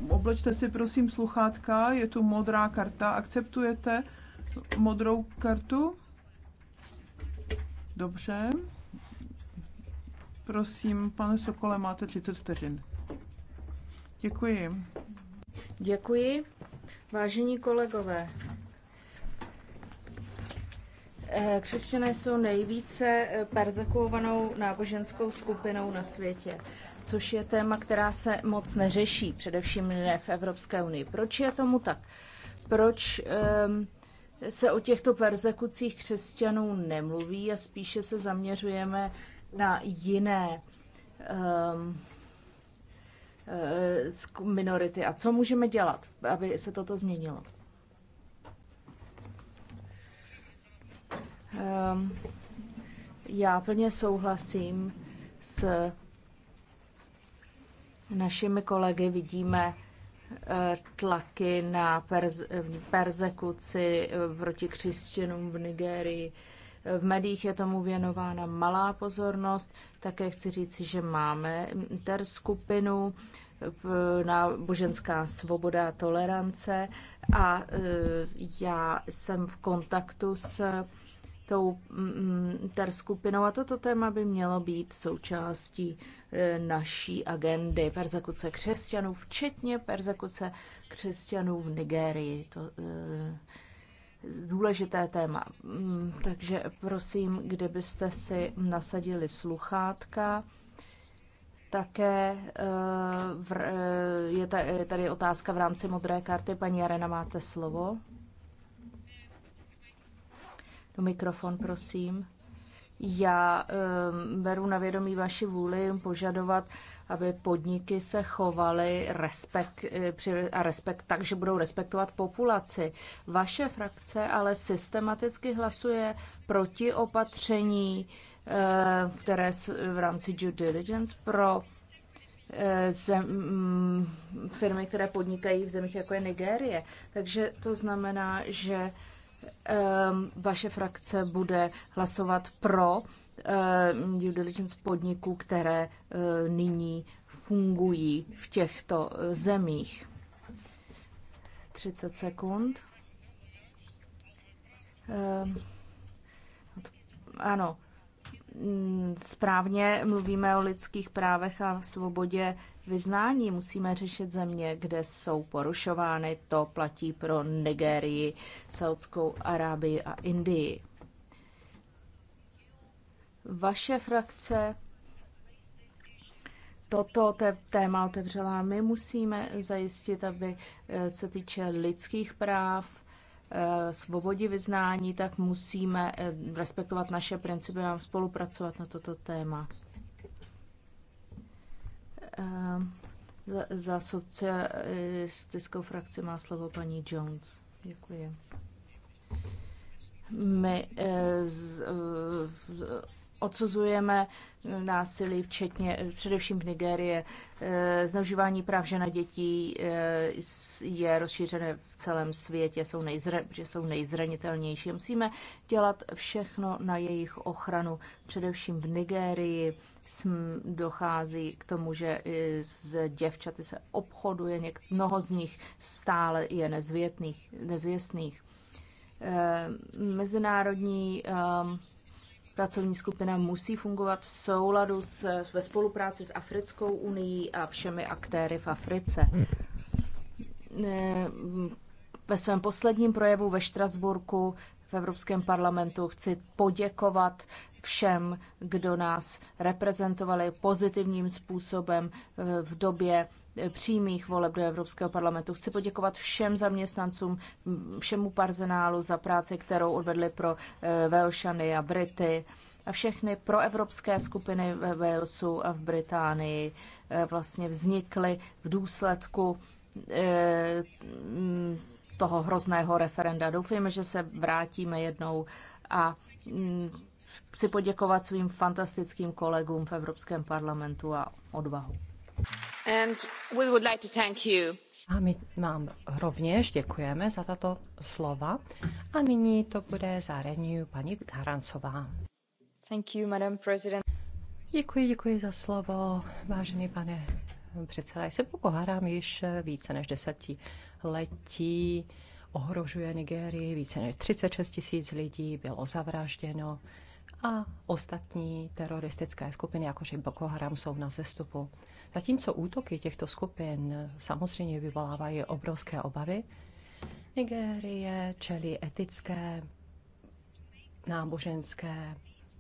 oblečte si prosím sluchátka, je tu modrá karta. Akceptujete modrou kartu? Dobře. Prosím, pane Sokole, máte 30 vteřin. Děkuji. Děkuji. Vážení kolegové, eh, křesťané jsou nejvíce eh, perzekuovanou náboženskou skupinou na světě, což je téma, která se moc neřeší, především ne v Evropské unii. Proč je tomu tak? Proč um, se o těchto persekucích křesťanů nemluví a spíše se zaměřujeme na jiné um, Eh, minority a co můžeme dělat, aby se toto změnilo. Ehm, já plně souhlasím s našimi kolegy, vidíme eh, tlaky na perze, persekuci eh, proti křesťanům v Nigérii, v médiích je tomu věnována malá pozornost. Také chci říct, že máme interskupinu boženská svoboda a tolerance a e, já jsem v kontaktu s tou mm, skupinou a toto téma by mělo být součástí e, naší agendy persekuce křesťanů, včetně persekuce křesťanů v Nigérii. To, e, důležité téma. Mm, takže prosím, kdybyste si nasadili sluchátka, také eh, eh, je tady otázka v rámci modré karty. Paní Arena, máte slovo. Do mikrofon, prosím. Já eh, beru na vědomí vaši vůli požadovat aby podniky se chovaly respekt, eh, a respekt tak, že budou respektovat populaci. Vaše frakce ale systematicky hlasuje proti opatření, eh, které v rámci due diligence pro eh, zem, mm, firmy, které podnikají v zemích jako je Nigérie. Takže to znamená, že vaše frakce bude hlasovat pro Eh, due diligence podniků, které eh, nyní fungují v těchto eh, zemích. 30 sekund. Ano, mm, správně mluvíme o lidských právech a svobodě vyznání. Musíme řešit země, kde jsou porušovány. To platí pro Nigérii, Saudskou Arábii a Indii. Vaše frakce toto te- téma otevřela. My musíme zajistit, aby eh, se týče lidských práv, eh, svobodě vyznání, tak musíme eh, respektovat naše principy a spolupracovat na toto téma. Za, za socialistickou frakci má slovo paní Jones. Děkuji. My z, z, odsuzujeme násilí, včetně především v Nigérie. E, zneužívání práv žen a dětí e, je rozšířené v celém světě, jsou, nejzra, že jsou nejzranitelnější. Musíme dělat všechno na jejich ochranu. Především v Nigérii dochází k tomu, že e, z děvčaty se obchoduje, něk- mnoho z nich stále je nezvěstných. Mezinárodní Pracovní skupina musí fungovat v souladu s, ve spolupráci s Africkou unii a všemi aktéry v Africe. Ve svém posledním projevu ve Štrasburku v Evropském parlamentu chci poděkovat všem, kdo nás reprezentovali pozitivním způsobem v době přímých voleb do Evropského parlamentu. Chci poděkovat všem zaměstnancům, všemu parzenálu za práci, kterou odvedli pro eh, Velšany a Brity a všechny proevropské skupiny ve Walesu a v Británii eh, vlastně vznikly v důsledku eh, toho hrozného referenda. Doufejme, že se vrátíme jednou a mm, chci poděkovat svým fantastickým kolegům v Evropském parlamentu a odvahu. A my vám rovněž děkujeme za tato slova. A nyní to bude za Renew paní Harancová. Thank you, Madam President. Děkuji, děkuji za slovo, vážený pane předseda. Já se pokohárám již více než deseti letí, Ohrožuje Nigérii více než 36 tisíc lidí, bylo zavražděno a ostatní teroristické skupiny, jakože Boko Haram, jsou na zestupu. Zatímco útoky těchto skupin samozřejmě vyvolávají obrovské obavy, Nigérie čelí etické, náboženské,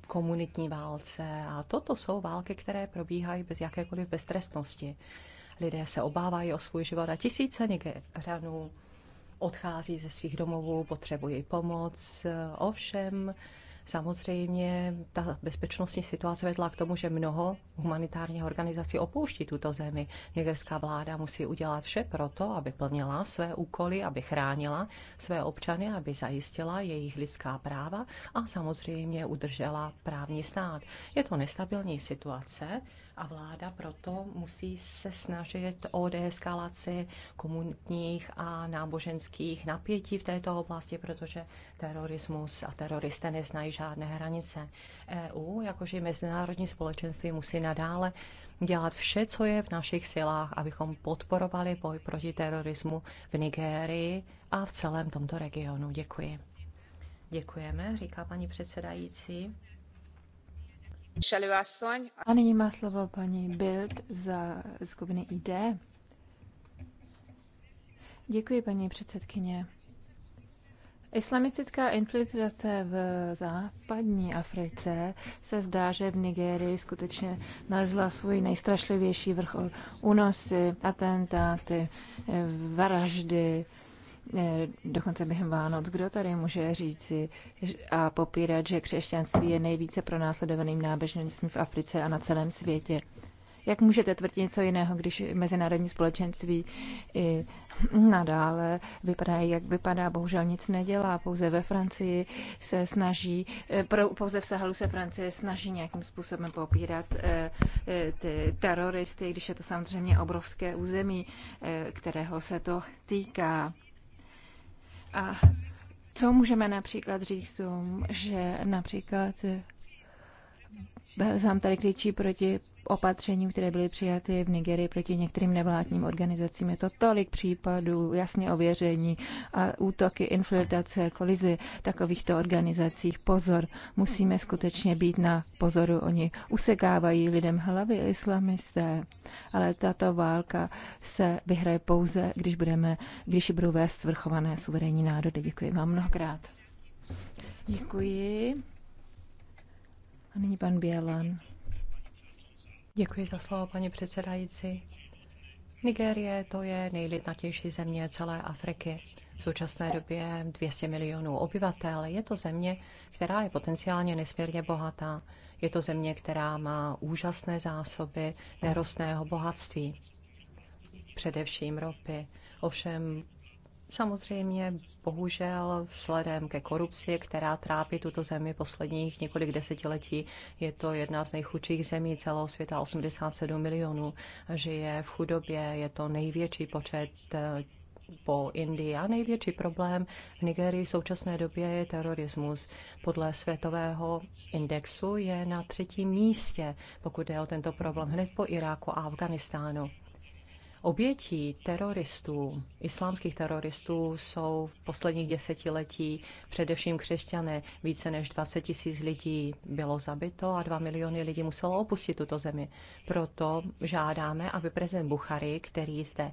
komunitní válce a toto jsou války, které probíhají bez jakékoliv beztrestnosti. Lidé se obávají o svůj život a tisíce Nigeranů odchází ze svých domovů, potřebují pomoc. Ovšem, Samozřejmě ta bezpečnostní situace vedla k tomu, že mnoho humanitárních organizací opouští tuto zemi. Nigerská vláda musí udělat vše pro to, aby plnila své úkoly, aby chránila své občany, aby zajistila jejich lidská práva a samozřejmě udržela právní stát. Je to nestabilní situace, a vláda proto musí se snažit o deeskalaci komunitních a náboženských napětí v této oblasti, protože terorismus a teroristé neznají žádné hranice. EU, jakož i mezinárodní společenství, musí nadále dělat vše, co je v našich silách, abychom podporovali boj proti terorismu v Nigérii a v celém tomto regionu. Děkuji. Děkujeme, říká paní předsedající. A nyní má slovo paní Bild za skupiny ID. Děkuji, paní předsedkyně. Islamistická infiltrace v západní Africe se zdá, že v Nigérii skutečně nalezla svůj nejstrašlivější vrchol. Únosy, atentáty, vraždy, Eh, dokonce během Vánoc. Kdo tady může říci a popírat, že křesťanství je nejvíce pronásledovaným náboženstvím v Africe a na celém světě? Jak můžete tvrdit něco jiného, když mezinárodní společenství i nadále vypadá, jak vypadá, bohužel nic nedělá, pouze ve Francii se snaží, eh, pouze v Sahelu se Francie snaží nějakým způsobem popírat eh, ty teroristy, když je to samozřejmě obrovské území, kterého se to týká. A co můžeme například říct tomu, že například Belzám tady kričí proti opatřením, které byly přijaty v Nigerii proti některým nevládním organizacím. Je to tolik případů, jasně ověření a útoky, infiltrace, kolizi takovýchto organizacích. Pozor, musíme skutečně být na pozoru. Oni usekávají lidem hlavy islamisté, ale tato válka se vyhraje pouze, když budeme, když budou vést svrchované suverénní národy. Děkuji vám mnohokrát. Děkuji. A nyní pan Bělan. Děkuji za slovo, paní předsedající. Nigérie to je nejlidnatější země celé Afriky. V současné době 200 milionů obyvatel. Je to země, která je potenciálně nesmírně bohatá. Je to země, která má úžasné zásoby nerostného bohatství, především ropy. Ovšem Samozřejmě, bohužel, vzhledem ke korupci, která trápí tuto zemi posledních několik desetiletí, je to jedna z nejchudších zemí celého světa, 87 milionů žije v chudobě, je to největší počet eh, po Indii. A největší problém v Nigerii v současné době je terorismus. Podle světového indexu je na třetím místě, pokud jde o tento problém, hned po Iráku a Afganistánu. Obětí teroristů, islámských teroristů, jsou v posledních desetiletí především křesťané. Více než 20 tisíc lidí bylo zabito a 2 miliony lidí muselo opustit tuto zemi. Proto žádáme, aby prezident Buchary, který zde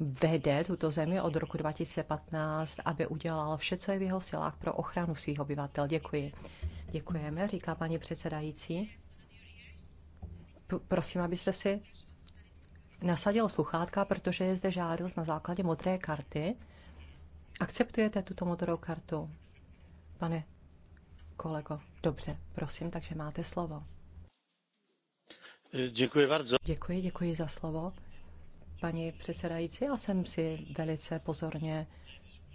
vede tuto zemi od roku 2015, aby udělal vše, co je v jeho silách pro ochranu svých obyvatel. Děkuji. Děkujeme, říká paní předsedající. P prosím, abyste si nasadil sluchátka, protože je zde žádost na základě modré karty. Akceptujete tuto modrou kartu, pane kolego? Dobře, prosím, takže máte slovo. Děkuji bardzo. Děkuji, děkuji za slovo. Paní předsedající, já jsem si velice pozorně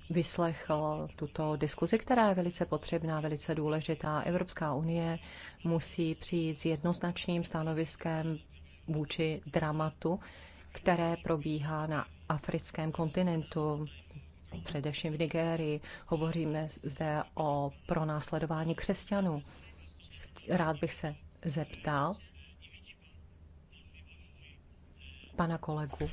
vyslechl tuto diskuzi, která je velice potřebná, velice důležitá. Evropská unie musí přijít s jednoznačným stanoviskem vůči dramatu, které probíhá na africkém kontinentu, především v Nigérii. Hovoříme zde o pronásledování křesťanů. Rád bych se zeptal pana kolegu,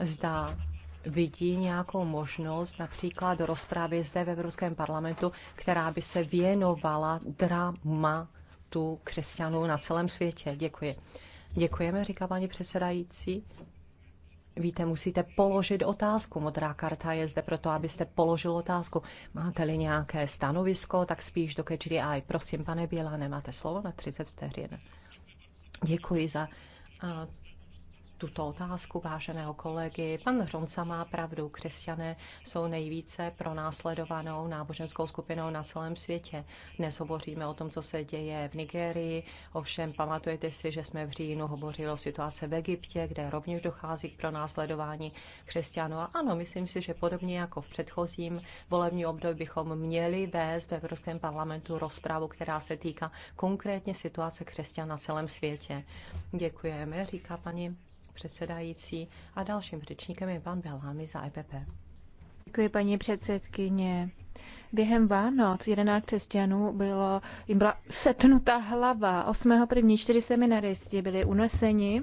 zda vidí nějakou možnost například do rozprávy zde ve Evropském parlamentu, která by se věnovala dramatu křesťanů na celém světě. Děkuji. Děkujeme, říká paní předsedající. Víte, musíte položit otázku. Modrá karta je zde proto, abyste položil otázku. Máte-li nějaké stanovisko, tak spíš do Aj, Prosím, pane Bělá, nemáte slovo na 30 vteřin. Děkuji za tuto otázku váženého kolegy. Pan Hronca má pravdu, křesťané jsou nejvíce pronásledovanou náboženskou skupinou na celém světě. Dnes hovoříme o tom, co se děje v Nigérii, ovšem pamatujete si, že jsme v říjnu hovořili o situaci v Egyptě, kde rovněž dochází k pronásledování křesťanů. A ano, myslím si, že podobně jako v předchozím volebním období bychom měli vést v Evropském parlamentu rozprávu, která se týká konkrétně situace křesťan na celém světě. Děkujeme, říká paní předsedající. A dalším řečníkem je pan Belhámy za EPP. Děkuji, paní předsedkyně. Během Vánoc 11 křesťanů bylo, jim byla setnuta hlava. 8. první čtyři seminaristi byli uneseni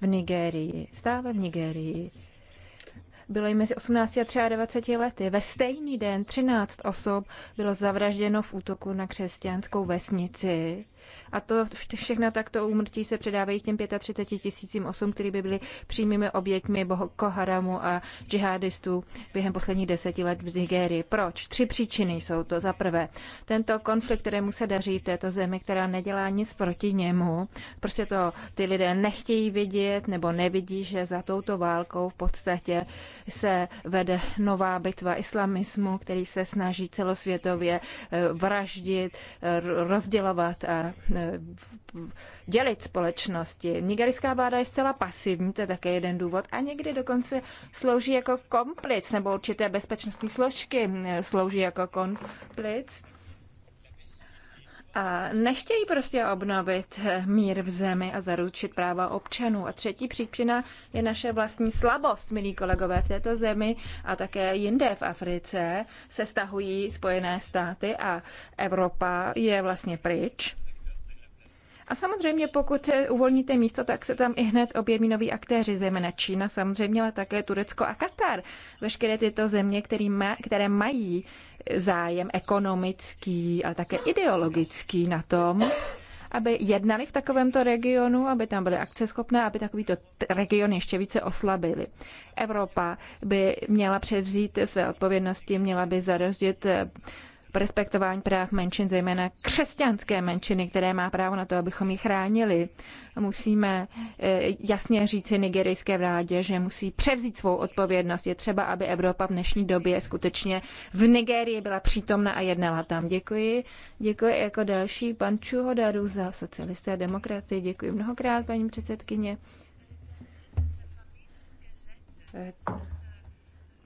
v Nigérii, stále v Nigérii bylo jim mezi 18 a 23 lety. Ve stejný den 13 osob bylo zavražděno v útoku na křesťanskou vesnici. A to všechna takto úmrtí se předávají těm 35 tisícím osům, kteří by byli přímými oběťmi Boko Haramu a džihadistů během posledních deseti let v Nigérii. Proč? Tři příčiny jsou to. Za prvé, tento konflikt, kterému se daří v této zemi, která nedělá nic proti němu, prostě to ty lidé nechtějí vidět nebo nevidí, že za touto válkou v podstatě se vede nová bitva islamismu, který se snaží celosvětově eh, vraždit, eh, rozdělovat a eh, dělit společnosti. Nigerijská vláda je zcela pasivní, to je také jeden důvod, a někdy dokonce slouží jako komplic, nebo určité bezpečnostní složky slouží jako komplic a nechtějí prostě obnovit mír v zemi a zaručit práva občanů. A třetí příčina je naše vlastní slabost, milí kolegové, v této zemi a také jinde v Africe se stahují Spojené státy a Evropa je vlastně pryč. A samozřejmě, pokud se uvolníte místo, tak se tam i hned objeví noví aktéři, zejména Čína, samozřejmě, ale také Turecko a Katar. Veškeré tyto země, který má, které mají zájem ekonomický, ale také ideologický na tom, aby jednali v takovémto regionu, aby tam byly akceschopné, aby takovýto region ještě více oslabili. Evropa by měla převzít své odpovědnosti, měla by zarozdit eh, respektování práv menšin, zejména křesťanské menšiny, které má právo na to, abychom ji chránili. Musíme eh, jasně říci nigerijské vládě, že musí převzít svou odpovědnost. Je třeba, aby Evropa v dnešní době skutečně v Nigerii byla přítomna a jednala tam. Děkuji. Děkuji jako další pan Čuhodaru za socialisté a demokraty. Děkuji mnohokrát, paní předsedkyně. Eh,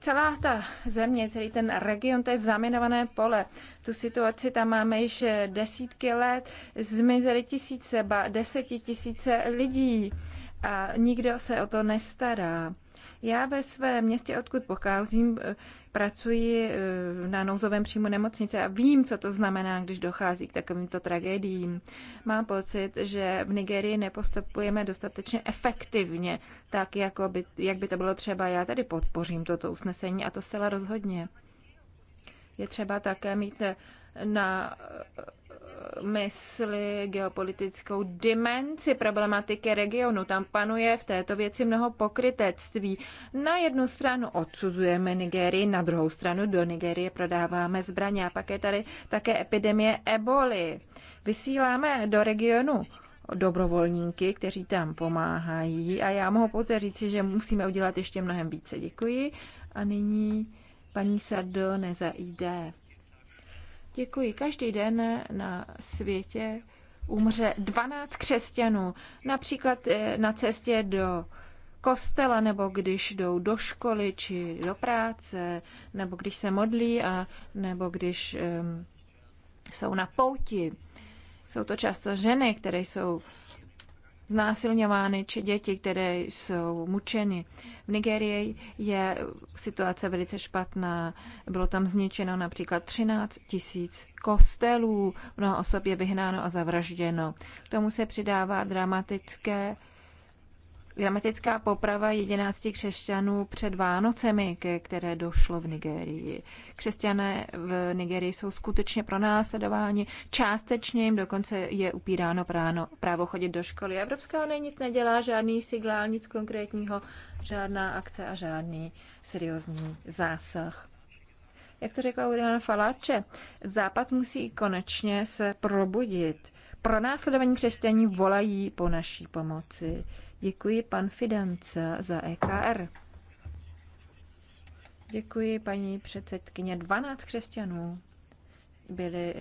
Celá ta země, celý ten region, to je zaminované pole. Tu situaci tam máme již desítky let, zmizely tisíce, ba tisíce lidí a nikdo se o to nestará. Já ve svém městě, odkud pocházím, pracuji eh, na nouzovém příjmu nemocnice a vím, co to znamená, když dochází k takovýmto tragédiím. Mám pocit, že v Nigerii nepostupujeme dostatečně efektivně, tak jako by, jak by to bylo třeba. Já tady podpořím toto usnesení a to zcela rozhodně. Je třeba také mít na mysli geopolitickou dimenzi problematiky regionu. Tam panuje v této věci mnoho pokrytectví. Na jednu stranu odsuzujeme Nigerii, na druhou stranu do Nigerie prodáváme zbraně a pak je tady také epidemie eboli. Vysíláme do regionu dobrovolníky, kteří tam pomáhají a já mohu pouze říci, že musíme udělat ještě mnohem více. Děkuji. A nyní paní Sado neza jde. Děkuji. Každý den na světě umře 12 křesťanů, například eh, na cestě do kostela, nebo když jdou do školy či do práce, nebo když se modlí, a nebo když um, jsou na pouti. Jsou to často ženy, které jsou znásilňovány či děti, které jsou mučeny. V Nigerii je situace velice špatná. Bylo tam zničeno například 13 tisíc kostelů, mnoho osob je vyhnáno a zavražděno. K tomu se přidává dramatické dramatická poprava jedenácti křesťanů před Vánocemi, ke které došlo v Nigerii. Křesťané v Nigerii jsou skutečně pronásledováni, částečně jim dokonce je upíráno práno, právo chodit do školy. Evropská unie nic nedělá, žádný signál, nic konkrétního, žádná akce a žádný seriózní zásah. Jak to řekla Udana Faláče, Západ musí konečně se probudit. Pro následování křesťaní volají po naší pomoci. Děkuji pan Fidanca za EKR. Děkuji paní předsedkyně. 12 křesťanů byli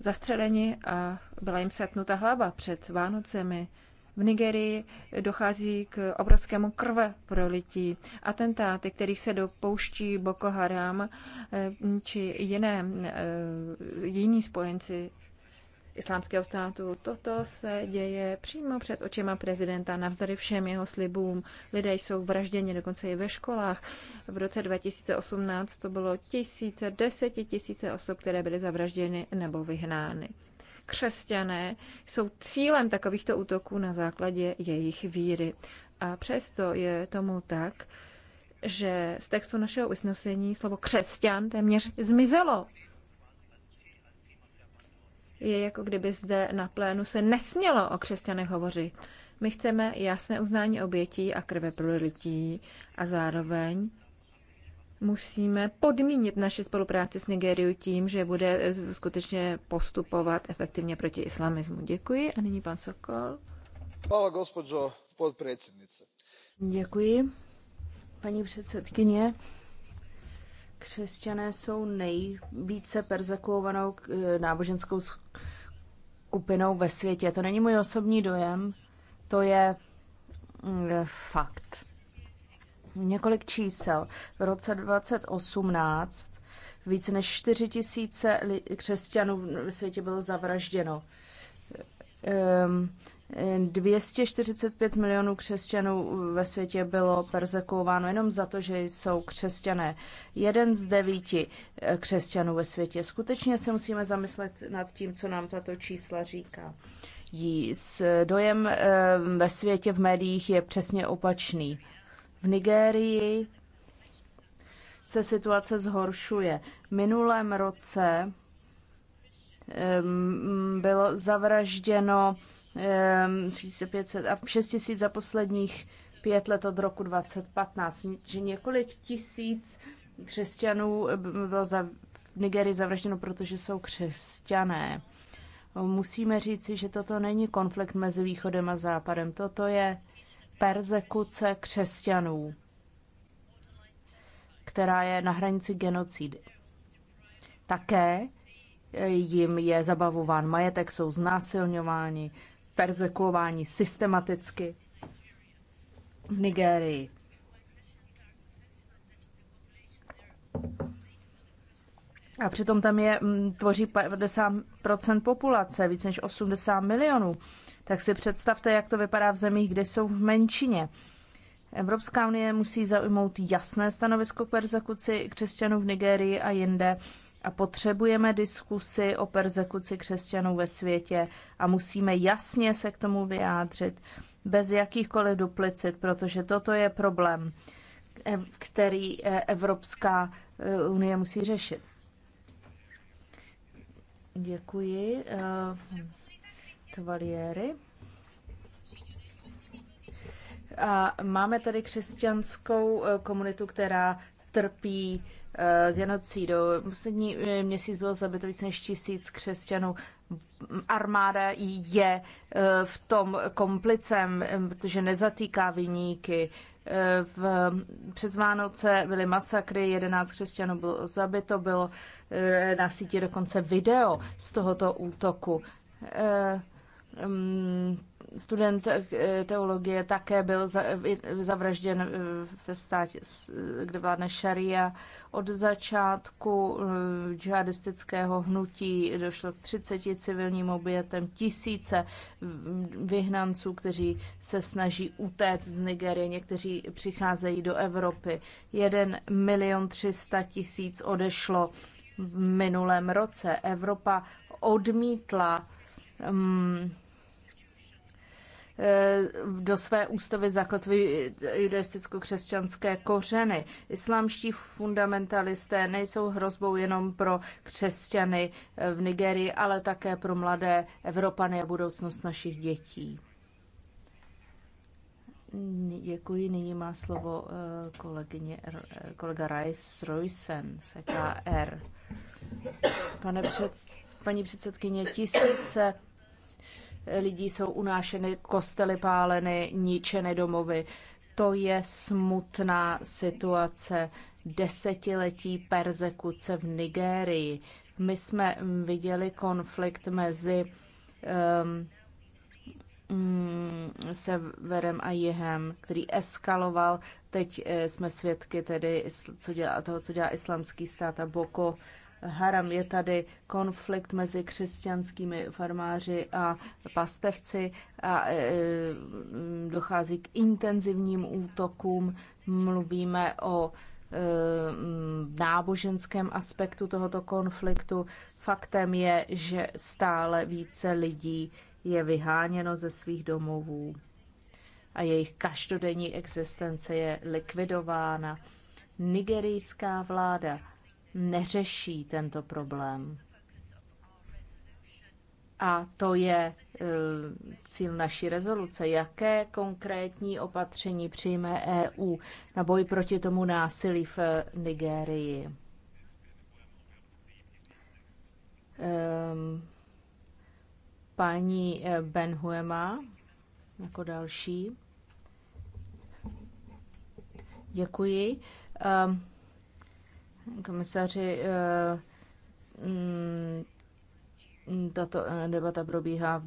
zastřeleni a byla jim setnuta hlava před Vánocemi. V Nigerii dochází k obrovskému krve prolití. Atentáty, kterých se dopouští Boko Haram eh, či jiné, eh, jiní spojenci islámského státu. Toto se děje přímo před očima prezidenta, navzdory všem jeho slibům. Lidé jsou vražděni dokonce i ve školách. V roce 2018 to bylo tisíce, tisíce osob, které byly zavražděny nebo vyhnány křesťané jsou cílem takovýchto útoků na základě jejich víry. A přesto je tomu tak, že z textu našeho usnesení slovo křesťan téměř zmizelo je jako kdyby zde na plénu se nesmělo o křesťanech hovořit. My chceme jasné uznání obětí a krve lidí a zároveň musíme podmínit naši spolupráci s Nigériou tím, že bude skutečně postupovat efektivně proti islamismu. Děkuji. A nyní pan Sokol. Pala, gospodžo, podpredsednice. Děkuji, paní předsedkyně. Křesťané jsou nejvíce persekuovanou eh, náboženskou skupinou ve světě. To není můj osobní dojem, to je mm, eh, fakt. Několik čísel. V roce 2018 více než 4 tisíce křesťanů ve světě bylo zavražděno. Ehm, 245 milionů křesťanů ve světě bylo persekováno jenom za to, že jsou křesťané. Jeden z devíti eh, křesťanů ve světě. Skutečně se musíme zamyslet nad tím, co nám tato čísla říká. Jí s dojem eh, ve světě v médiích je přesně opačný. V Nigérii se situace zhoršuje. V minulém roce eh, bylo zavražděno 3500 ehm, a 6000 za posledních pět let od roku 2015, že několik tisíc křesťanů ehm, bylo za, v Nigerii zavražděno, protože jsou křesťané. Musíme říci, že toto není konflikt mezi východem a západem. Toto je persekuce křesťanů, která je na hranici genocidy. Také ehm, jim je zabavován majetek, jsou znásilňováni, persekuováni systematicky v Nigérii. A přitom tam je, mm, tvoří 50% populace, více než 80 milionů. Tak si představte, jak to vypadá v zemích, kde jsou v menšině. Evropská unie musí zaujmout jasné stanovisko k persekuci křesťanů v Nigérii a jinde a potřebujeme diskusy o persekuci křesťanů ve světě a musíme jasně se k tomu vyjádřit bez jakýchkoliv duplicit, protože toto je problém, který e, Evropská e, unie musí řešit. Děkuji. E, Tvaliéry. A máme tady křesťanskou komunitu, která trpí Eh, genocidu. Poslední eh, měsíc bylo zabito více než tisíc křesťanů. Armáda je eh, v tom komplicem, protože nezatýká vyníky. V, přes Vánoce byly masakry, 11 křesťanů bylo zabito, bylo na síti dokonce video z tohoto útoku mm, student eh, teologie také byl eh, zavražděn eh, ve státě, kde vládne šaria. Od začátku džihadistického hnutí došlo k 30 civilním obětem, tisíce mm, vyhnanců, kteří se snaží utéct z Nigerie, někteří přicházejí do Evropy. 1 milion 300 tisíc odešlo v minulém roce. Evropa odmítla um, Eh, do své ústavy zakotví judaisticko-křesťanské kořeny. Islámští fundamentalisté nejsou hrozbou jenom pro křesťany eh, v Nigerii, ale také pro mladé Evropany a budoucnost našich dětí. Děkuji. Nyní má slovo eh, kolegyně, kolega Rice Roysen z EKR. Pane před, paní předsedkyně, tisíce lidí jsou unášeny kostely páleny, ničeny domovy. To je smutná situace desetiletí persekuce v Nigérii. My jsme viděli konflikt mezi um, severem a jihem, který eskaloval. Teď eh, jsme svědky tedy co dělá, toho, co dělá islamský stát a Boko haram. Je tady konflikt mezi křesťanskými farmáři a pastevci a e, e, dochází k intenzivním útokům. Mluvíme o e, náboženském aspektu tohoto konfliktu. Faktem je, že stále více lidí je vyháněno ze svých domovů a jejich každodenní existence je likvidována. Nigerijská vláda neřeší tento problém. A to je e, cíl naší rezoluce. Jaké konkrétní opatření přijme EU na boj proti tomu násilí v e, Nigérii? Um, paní e, Benhuema jako další. Děkuji. Um, komisaři, eh, mm, tato eh, debata probíhá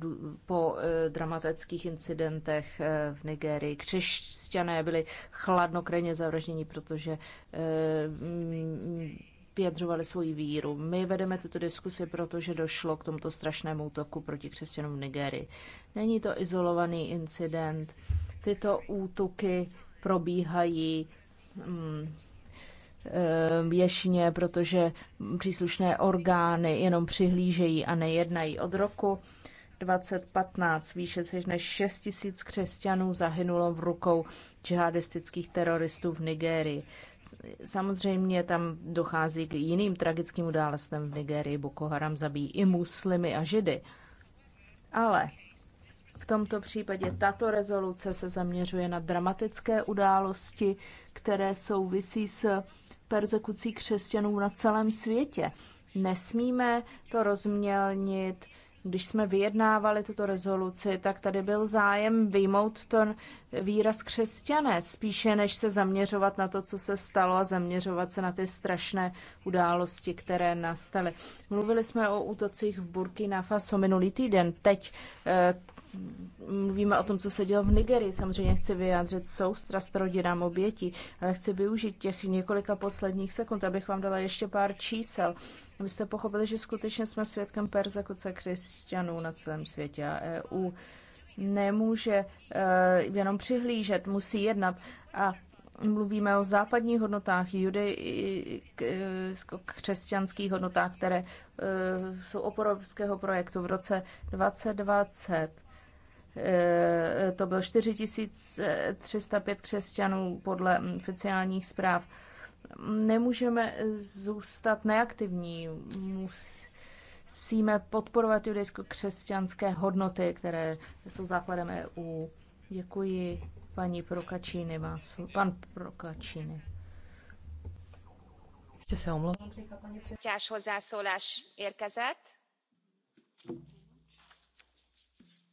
po eh, dramatických incidentech v Nigérii. Křesťané byli chladnokrajně zavražděni, protože vyjadřovali svoji víru. My vedeme tuto diskusi, protože došlo k tomuto strašnému útoku proti křesťanům v Nigérii. Není to izolovaný incident. Tyto útoky probíhají mm, věšně, eh, protože příslušné orgány jenom přihlížejí a nejednají. Od roku 2015 výše než 6 tisíc křesťanů zahynulo v rukou džihadistických teroristů v Nigérii. Samozřejmě tam dochází k jiným tragickým událostem v Nigérii. Boko Haram zabíjí i muslimy a židy. Ale v tomto případě tato rezoluce se zaměřuje na dramatické události, které souvisí s persekucí křesťanů na celém světě. Nesmíme to rozmělnit. Když jsme vyjednávali tuto rezoluci, tak tady byl zájem vyjmout ten výraz křesťané, spíše než se zaměřovat na to, co se stalo a zaměřovat se na ty strašné události, které nastaly. Mluvili jsme o útocích v Burkina Faso minulý týden. Teď eh, mluvíme o tom, co se dělo v Nigerii. Samozřejmě chci vyjádřit soustrast rodinám obětí, ale chci využít těch několika posledních sekund, abych vám dala ještě pár čísel. Abyste pochopili, že skutečně jsme svědkem persekuce křesťanů na celém světě a EU nemůže uh, jenom přihlížet, musí jednat. A mluvíme o západních hodnotách, judej, eh, křesťanských hodnotách, které eh, jsou oporovského projektu v roce 2020 Eh, to byl 4305 křesťanů podle oficiálních zpráv. Nemůžeme zůstat neaktivní, musíme podporovat judejsko-křesťanské hodnoty, které jsou základem EU. Děkuji paní Prokačíny, má sl- pan Prokačíny. Ještě se omlouvám. Těž hozzászólás érkezett.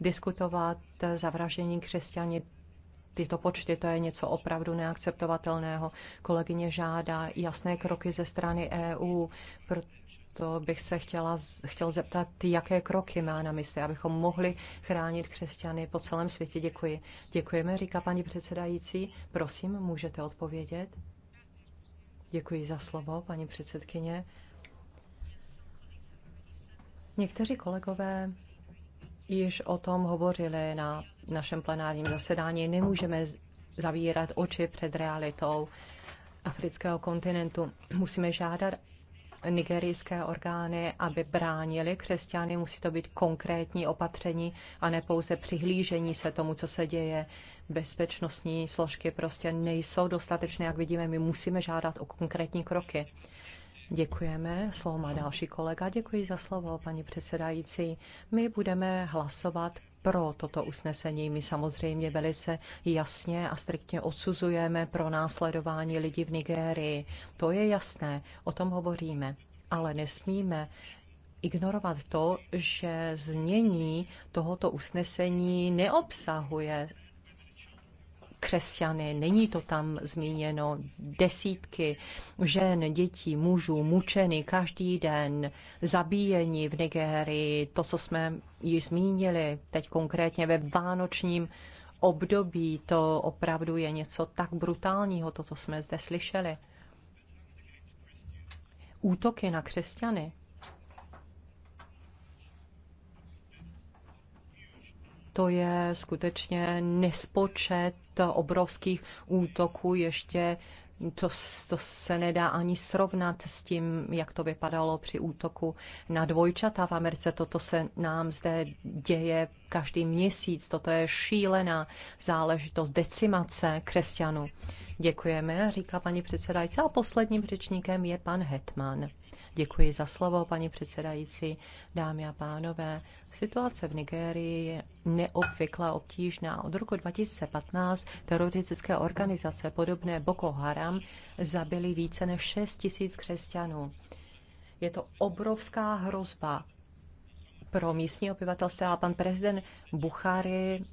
diskutovat eh, zavražení křesťaní tyto počty, to je něco opravdu neakceptovatelného. Kolegyně žádá jasné kroky ze strany EU, proto bych se chtěla, chtěl zeptat, jaké kroky má na mysli, abychom mohli chránit křesťany po celém světě. Děkuji. Děkujeme, říká paní předsedající. Prosím, můžete odpovědět? Děkuji za slovo, paní předsedkyně. Někteří kolegové již o tom hovořili na našem plenárním zasedání. Nemůžeme zavírat oči před realitou afrického kontinentu. Musíme žádat nigerijské orgány, aby bránili křesťany. Musí to být konkrétní opatření a ne pouze přihlížení se tomu, co se děje. Bezpečnostní složky prostě nejsou dostatečné, jak vidíme. My musíme žádat o konkrétní kroky. Děkujeme. Slovo má další kolega. Děkuji za slovo, paní předsedající. My budeme hlasovat pro toto usnesení. My samozřejmě velice jasně a striktně odsuzujeme pro následování lidí v Nigérii. To je jasné, o tom hovoříme. Ale nesmíme ignorovat to, že znění tohoto usnesení neobsahuje křesťany, není to tam zmíněno, desítky žen, dětí, mužů mučeny každý den, zabíjení v Nigérii, to, co jsme již zmínili, teď konkrétně ve vánočním období, to opravdu je něco tak brutálního, to, co jsme zde slyšeli. Útoky na křesťany to je skutečně nespočet obrovských útoků ještě to, to se nedá ani srovnat s tím, jak to vypadalo při útoku na dvojčata v Americe. Toto se nám zde děje každý měsíc. Toto je šílená záležitost decimace křesťanů. Děkujeme, říká paní předsedající. A posledním řečníkem je pan Hetman. Děkuji za slovo, paní předsedající. Dámy a pánové, situace v Nigérii je neobvykle obtížná. Od roku 2015 teroristické organizace podobné Boko Haram zabily více než 6 tisíc křesťanů. Je to obrovská hrozba pro místní obyvatelstvo a pan prezident Buchary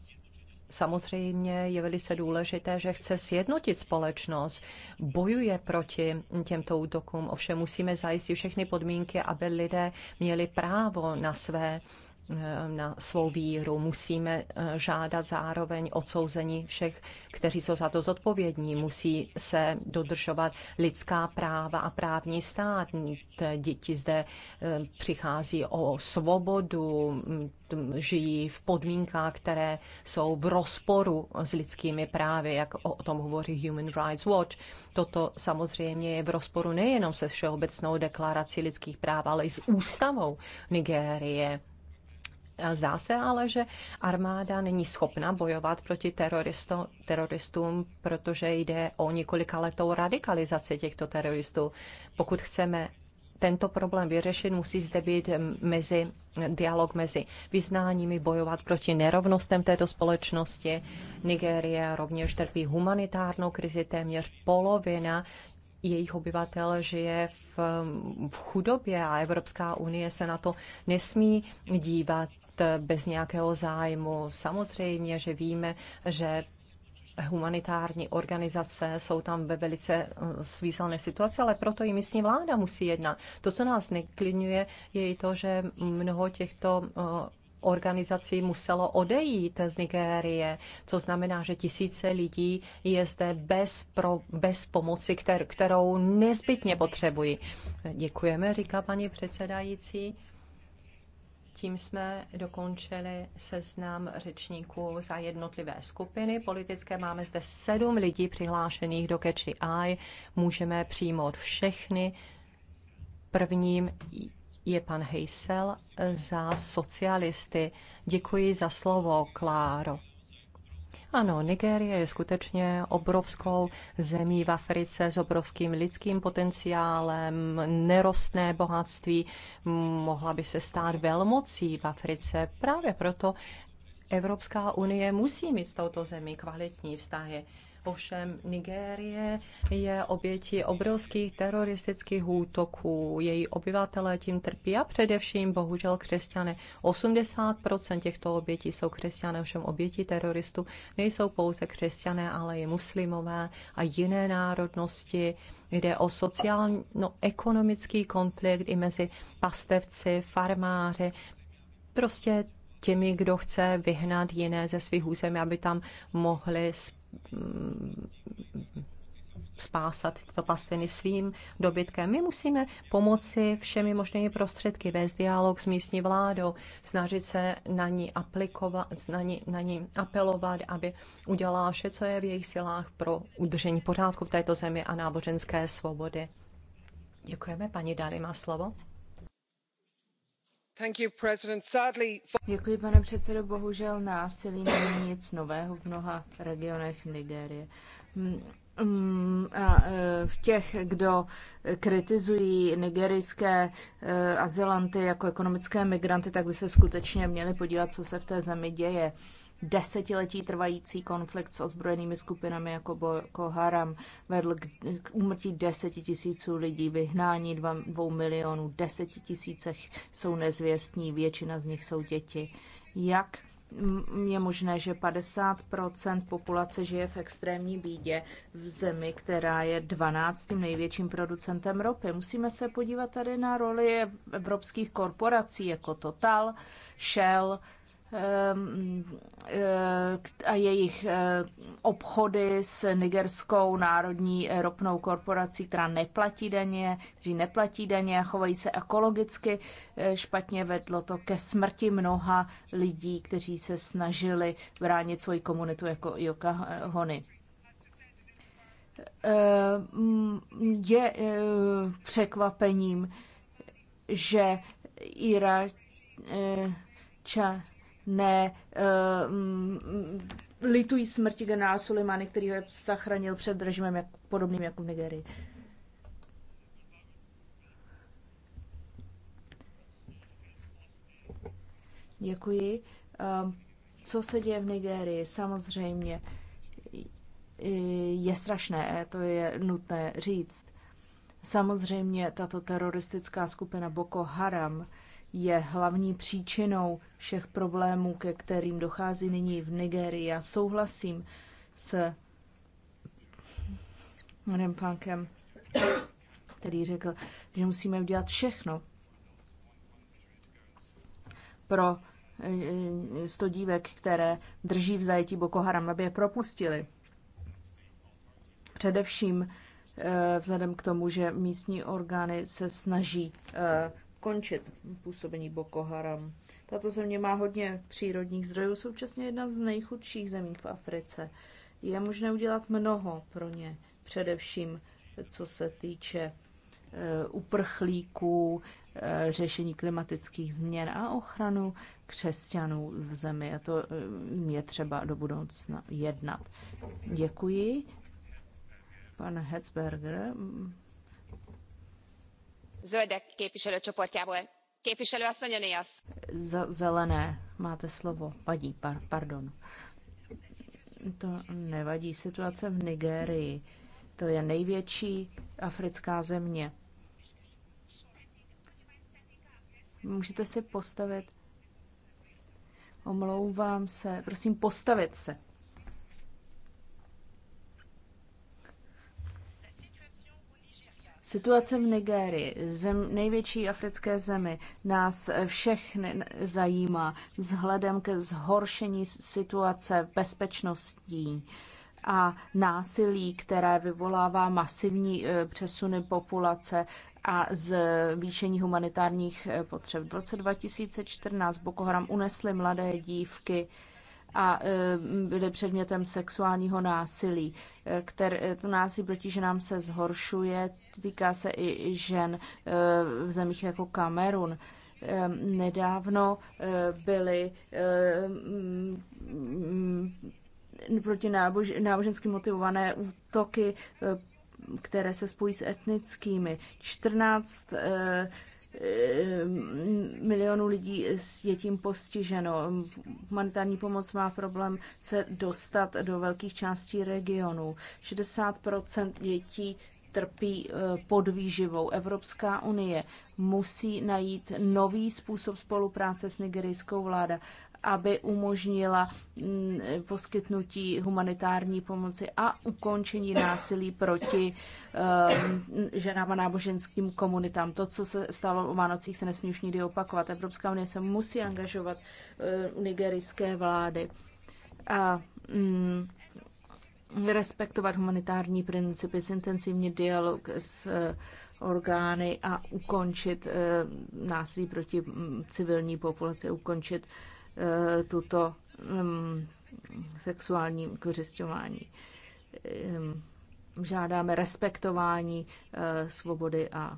samozřejmě je velice důležité, že chce sjednotit společnost, bojuje proti těmto útokům, ovšem musíme zajistit všechny podmínky, aby lidé měli právo na své Eh, na svou víru. Musíme eh, žádat zároveň odsouzení všech, kteří jsou za to zodpovědní. Musí se dodržovat lidská práva a právní stát. Děti zde eh, přichází o svobodu, mm, žijí v podmínkách, které jsou v rozporu s lidskými právy, jak o tom hovoří Human Rights Watch. Toto samozřejmě je v rozporu nejenom se Všeobecnou deklarací lidských práv, ale i s ústavou Nigérie. Zdá se ale, že armáda není schopna bojovat proti teroristům, protože jde o několika letou radikalizaci těchto teroristů. Pokud chceme tento problém vyřešit, musí zde být mezi, dialog mezi vyznáními, bojovat proti nerovnostem této společnosti. Nigérie rovněž trpí humanitárnou krizi, téměř polovina jejich obyvatel žije v, v chudobě a Evropská unie se na to nesmí dívat E, bez nějakého zájmu. Samozřejmě, že víme, že humanitární organizace jsou tam ve velice e, svýzelné situaci, ale proto i místní vláda musí jednat. To, co nás neklinuje, je i to, že mnoho těchto e, organizací muselo odejít z Nigérie, co znamená, že tisíce lidí je zde bez, pro, bez pomoci, kterou nezbytně potřebují. Děkujeme, říká paní předsedající. Tím jsme dokončili seznam řečníků za jednotlivé skupiny politické. Máme zde sedm lidí přihlášených do Catchy Eye. Můžeme přijmout všechny. Prvním je pan Hejsel za socialisty. Děkuji za slovo, Kláro. Ano, Nigérie je skutečně obrovskou zemí v Africe s obrovským lidským potenciálem, nerostné bohatství. Mohla by se stát velmocí v Africe. Právě proto Evropská unie musí mít s touto zemí kvalitní vztahy. Ovšem Nigérie je obětí obrovských teroristických útoků. Její obyvatelé tím trpí a především bohužel křesťané. 80% těchto obětí jsou křesťané, ovšem oběti teroristů nejsou pouze křesťané, ale i muslimové a jiné národnosti. Jde o sociálno-ekonomický no, konflikt i mezi pastevci, farmáři, prostě těmi, kdo chce vyhnat jiné ze svých území, aby tam mohli Mm, spásat tyto pastviny svým dobytkem. My musíme pomoci všemi možnými prostředky, vést dialog s místní vládou, snažit se na ní aplikovat, na ní, na ní apelovat, aby udělala vše, co je v jejich silách pro udržení pořádku v této zemi a náboženské svobody. Děkujeme, paní Dary, má slovo. Děkuji, pane předsedající Bohužel násilí není nic nového v mnoha regionech Nigérie. Mm, mm, e, v těch, kdo kritizují nigerijské e, azylanty jako ekonomické migranty, tak by se skutečně měli podívat, co se v té zemi děje desetiletí trvající konflikt s ozbrojenými skupinami jako Boko Haram vedl k, k úmrtí deseti tisíců lidí, vyhnání dva, dvou milionů, deseti tisícech jsou nezvěstní, většina z nich jsou děti. Jak je možné, že 50 populace žije v extrémní bídě v zemi, která je 12. největším producentem ropy. Musíme se podívat tady na roli evropských korporací jako Total, Shell, Ehm, ehm, a jejich ehm, obchody s nigerskou národní ropnou korporací, která neplatí daně, kteří neplatí daně a chovají se ekologicky eh, špatně, vedlo to ke smrti mnoha lidí, kteří se snažili bránit svoji komunitu jako Joka Hony je eh, překvapením, že Iračané eh, ne uh, litují smrti generála Sulimány, který ho zachránil před režimem jak, podobným jako v Nigerii. Děkuji. Uh, co se děje v Nigerii? Samozřejmě eh, je strašné, to je nutné říct. Samozřejmě tato teroristická skupina Boko Haram je hlavní příčinou všech problémů, ke kterým dochází nyní v Nigerii. Já souhlasím s panem Pankem, který řekl, že musíme udělat všechno pro eh, sto dívek, které drží v zajetí Boko Haram, aby je propustili. Především eh, vzhledem k tomu, že místní orgány se snaží eh, Končit působení Boko Haram. Tato země má hodně přírodních zdrojů, současně jedna z nejchudších zemí v Africe. Je možné udělat mnoho pro ně, především co se týče eh, uprchlíků, eh, řešení klimatických změn a ochranu křesťanů v zemi. A to eh, je třeba do budoucna jednat. Děkuji. Pan Hetzberger, mm, Zelené, máte slovo. Vadí, par, pardon. To nevadí. Situace v Nigérii. To je největší africká země. Můžete si postavit. Omlouvám se. Prosím, postavit se. Situace v Nigérii, zem, největší africké zemi, nás všechny zajímá vzhledem ke zhoršení situace bezpečností a násilí, které vyvolává masivní e, přesuny populace a zvýšení humanitárních e, potřeb. V roce 2014 Boko Haram unesly mladé dívky a e, byly předmětem sexuálního násilí. Které, to násilí proti ženám se zhoršuje, týká se i žen eh, v zemích jako Kamerun. Nedávno eh, byly eh, mm, mm, proti nábož, nábožensky motivované útoky, které se spojí s etnickými. 14 milionů lidí s je tím postiženo. Humanitární pomoc má problém se dostat do velkých částí regionu. 60 dětí trpí eh, podvýživou. Evropská unie musí najít nový způsob spolupráce s nigerijskou vládou, aby umožnila mm, poskytnutí humanitární pomoci a ukončení násilí proti eh, ženám a náboženským komunitám. To, co se stalo o Vánocích, se nesmí už nikdy opakovat. Evropská unie se musí angažovat uh, nigerijské vlády. A, mm, respektovat humanitární principy, zintenzivní dialog s eh, orgány a ukončit eh, násilí proti mm, civilní populaci, ukončit eh, tuto mm, sexuální kořišťování. Ehm, žádáme respektování svobody a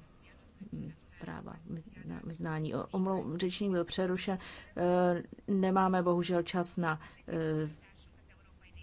mm, práva vyznání. Omlou, řečník byl přerušen. Nemáme bohužel čas na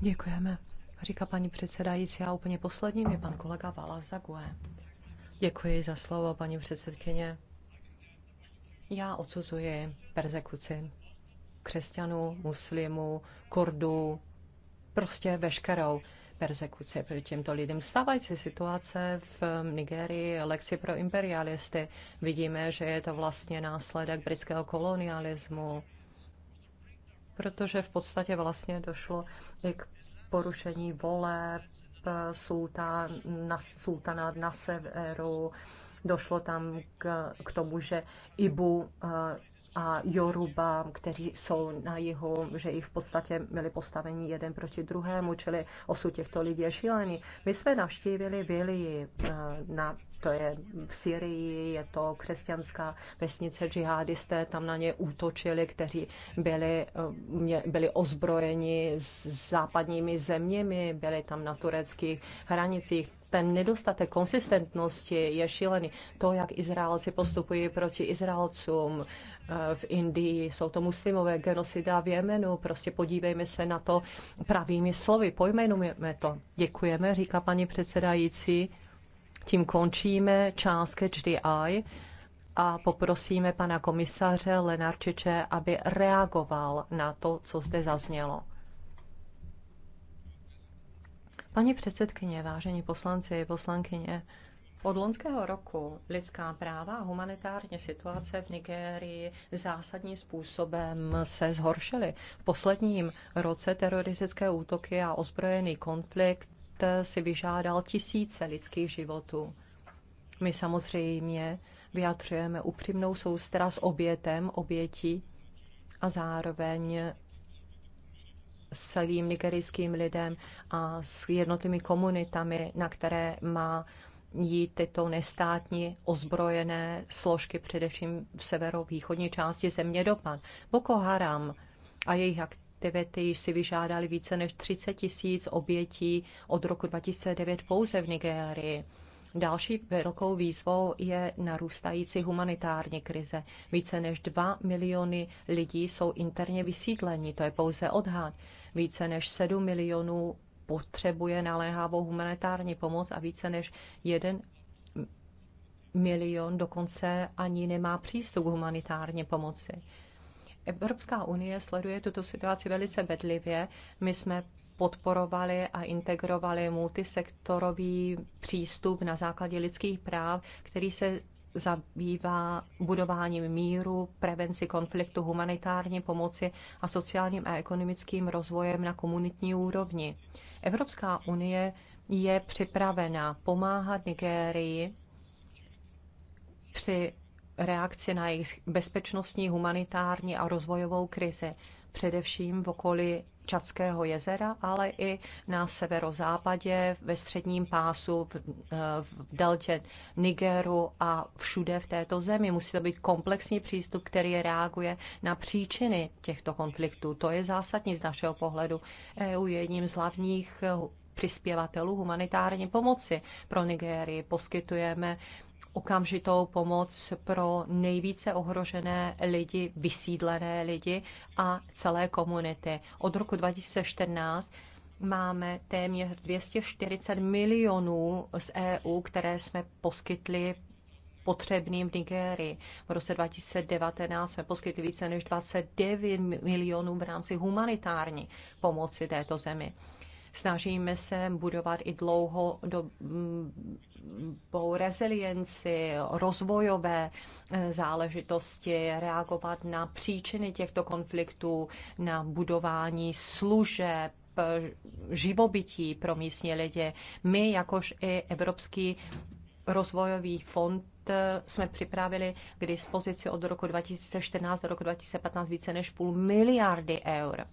Děkujeme. Říká paní předsedající a úplně posledním je pan kolega Valas Zague. Děkuji za slovo, paní předsedkyně. Já odsuzuji persekuci křesťanů, muslimů, kurdů, prostě veškerou persekuce proti těmto lidem. Stávající situace v Nigerii je lekci pro imperialisty. Vidíme, že je to vlastně následek britského kolonialismu, protože v podstatě vlastně došlo i k porušení voleb sultána, na, na severu. Došlo tam k, k tomu, že Ibu eh, a Joruba, kteří jsou na jihu, že i v podstatě byli postaveni jeden proti druhému, čili osud těchto lidí je šílený. My jsme navštívili Vili, eh, na to je v Syrii, je to křesťanská vesnice, džihadisté tam na ně útočili, kteří byli, eh, byli ozbrojeni s západními zeměmi, byli tam na tureckých hranicích ten nedostatek konsistentnosti je šílený. To, jak Izraelci postupují proti Izraelcům eh, v Indii, jsou to muslimové genocida v Jemenu, prostě podívejme se na to pravými slovy, pojmenujeme to. Děkujeme, říká paní předsedající. Tím končíme část Catch a poprosíme pana komisaře Lenarčiče, aby reagoval na to, co zde zaznělo. Paní předsedkyně, vážení poslanci, poslankyně, od loňského roku lidská práva a humanitární situace v Nigérii zásadním způsobem se zhoršily. V posledním roce teroristické útoky a ozbrojený konflikt si vyžádal tisíce lidských životů. My samozřejmě vyjadřujeme upřímnou soustrast obětem, obětí a zároveň celým nigerijským lidem a s jednotlivými komunitami, na které má jít tyto nestátní ozbrojené složky, především v severovýchodní části země dopad. Boko Haram a jejich aktivity již si vyžádali více než 30 tisíc obětí od roku 2009 pouze v Nigérii. Další velkou výzvou je narůstající humanitární krize. Více než 2 miliony lidí jsou interně vysídleni, to je pouze odhad. Více než 7 milionů potřebuje naléhavou humanitární pomoc a více než 1 milion dokonce ani nemá přístup k humanitární pomoci. Evropská unie sleduje tuto situaci velice bedlivě. My jsme podporovali a integrovali multisektorový přístup na základě lidských práv, který se zabývá budováním míru, prevenci konfliktu, humanitární pomoci a sociálním a ekonomickým rozvojem na komunitní úrovni. Evropská unie je připravena pomáhat Nigérii při reakci na jejich bezpečnostní, humanitární a rozvojovou krizi, především v okolí Čatského jezera, ale i na severozápadě, ve středním pásu, v, eh, v deltě Nigeru a všude v této zemi. Musí to být komplexní přístup, který reaguje na příčiny těchto konfliktů. To je zásadní z našeho pohledu. EU je jedním z hlavních eh, přispěvatelů humanitární pomoci pro Nigérii. Poskytujeme okamžitou pomoc pro nejvíce ohrožené lidi, vysídlené lidi a celé komunity. Od roku 2014 máme téměř 240 milionů z EU, které jsme poskytli potřebným v Nigérii. V roce 2019 jsme poskytli více než 29 milionů v rámci humanitární pomoci této zemi. Snažíme se budovat i dlouhodobou rezilienci, rozvojové eh, záležitosti, reagovat na příčiny těchto konfliktů, na budování služeb, eh, živobytí pro místní lidi. My, jakož i Evropský rozvojový fond eh, jsme připravili k dispozici od roku 2014 do roku 2015 více než půl miliardy eur.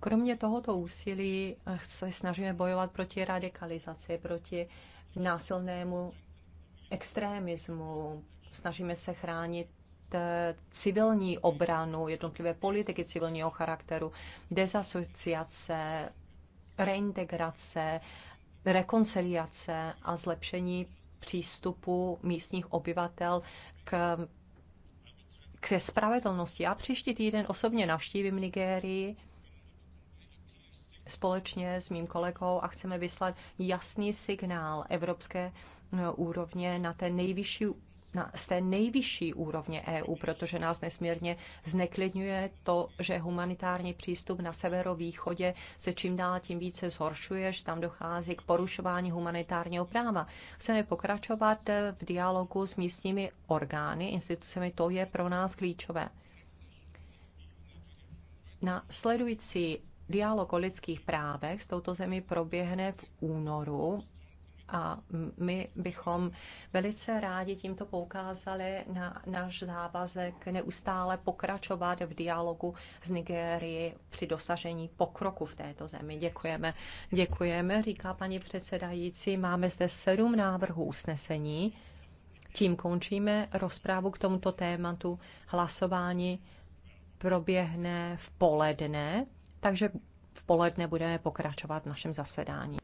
Kromě tohoto úsilí eh, se snažíme bojovat proti radikalizaci, proti násilnému extrémismu. Snažíme se chránit eh, civilní obranu, jednotlivé politiky civilního charakteru, dezasociace, reintegrace, rekonciliace a zlepšení přístupu místních obyvatel k, k spravedlnosti. Já příští týden osobně navštívím Nigérii společně s mým kolegou a chceme vyslat jasný signál evropské e, úrovně na té nejvyšší na, z té nejvyšší úrovně EU, protože nás nesmírně zneklidňuje to, že humanitární přístup na severovýchodě se čím dál tím více zhoršuje, že tam dochází k porušování humanitárního práva. Chceme pokračovat v dialogu s místními orgány, institucemi, to je pro nás klíčové. Na sledující Dialog o lidských právech s touto zemí proběhne v únoru a my bychom velice rádi tímto poukázali na náš závazek neustále pokračovat v dialogu s Nigérií při dosažení pokroku v této zemi. Děkujeme. Děkujeme, říká paní předsedající. Máme zde sedm návrhů usnesení. Tím končíme rozprávu k tomuto tématu. Hlasování proběhne v poledne takže v poledne budeme pokračovat v našem zasedání.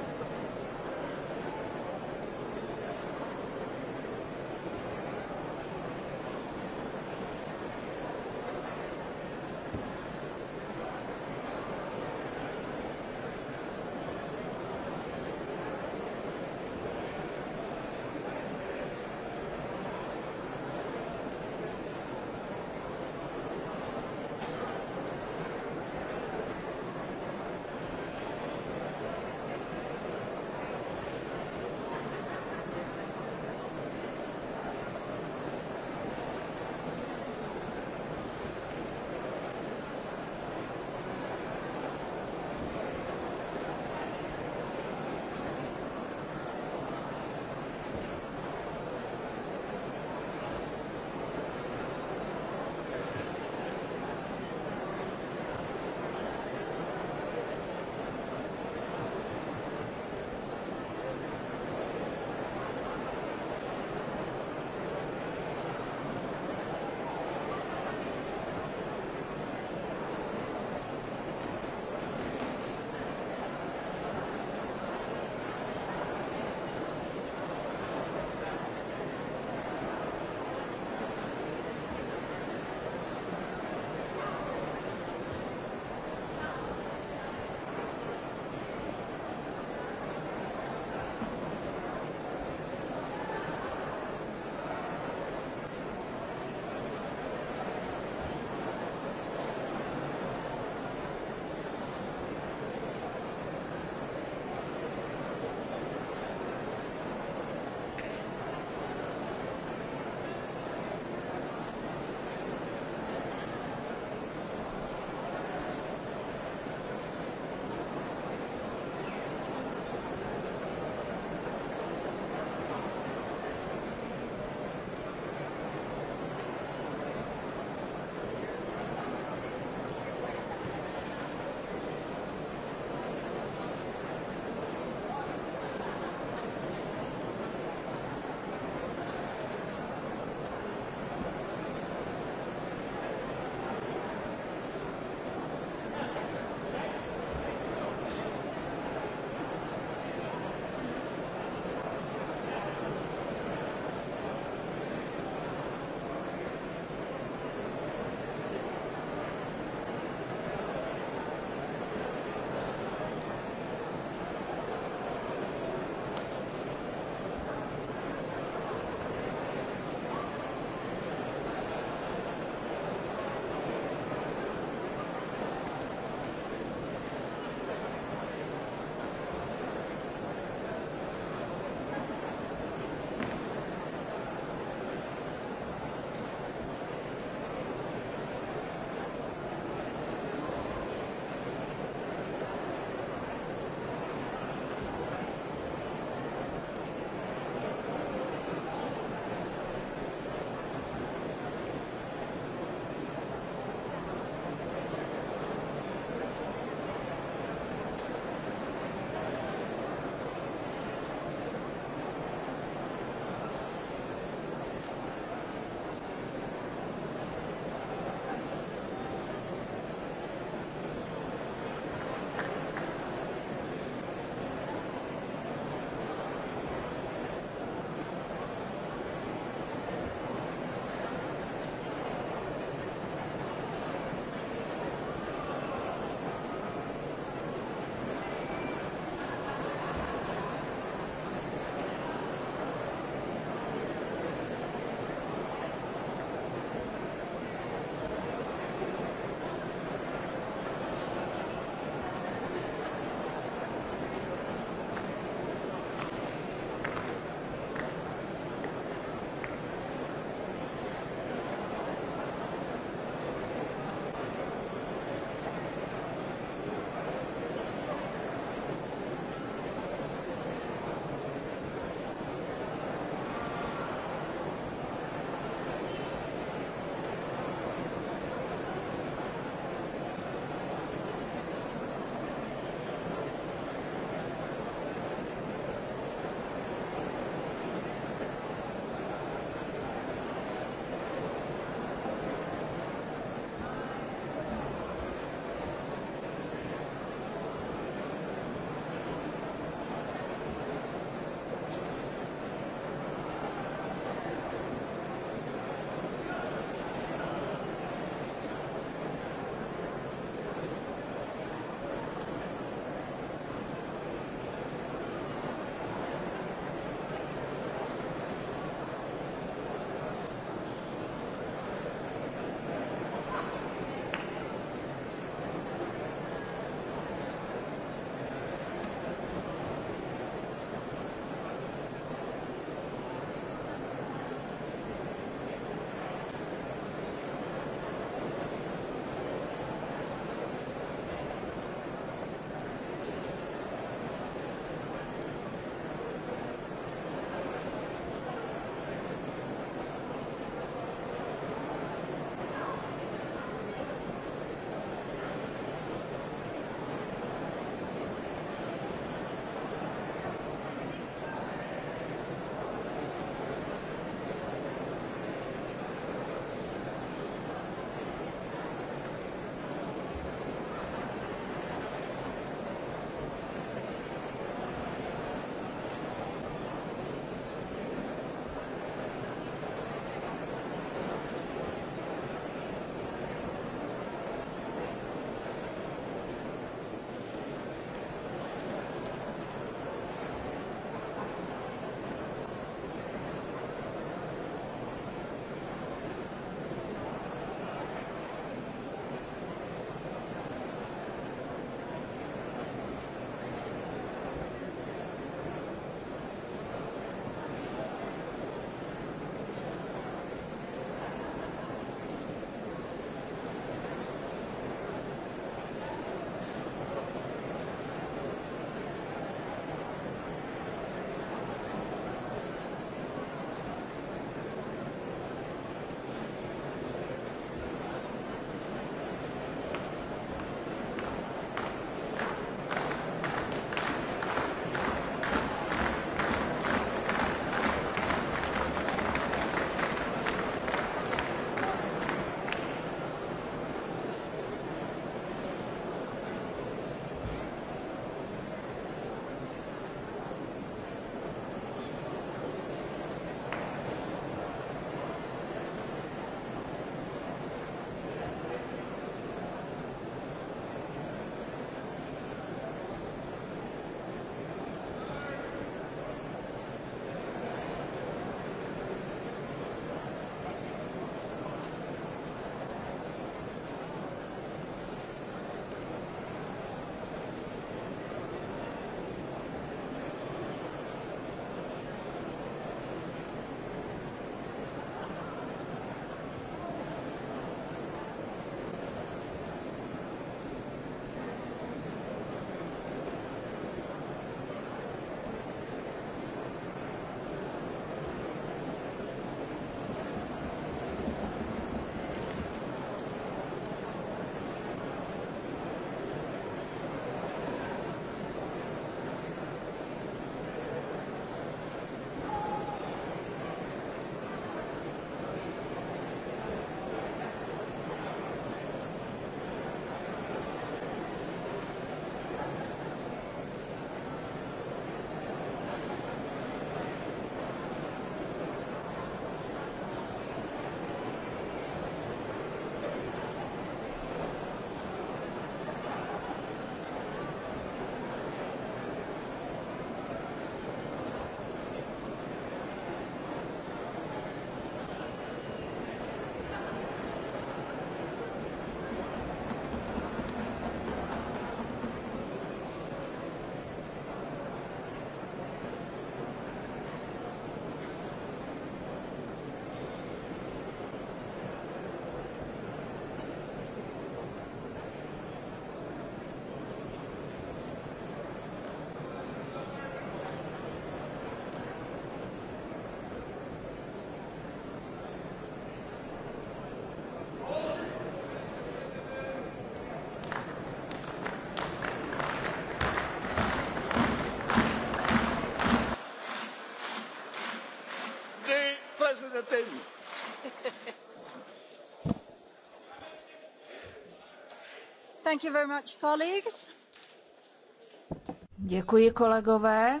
Děkuji, kolegové.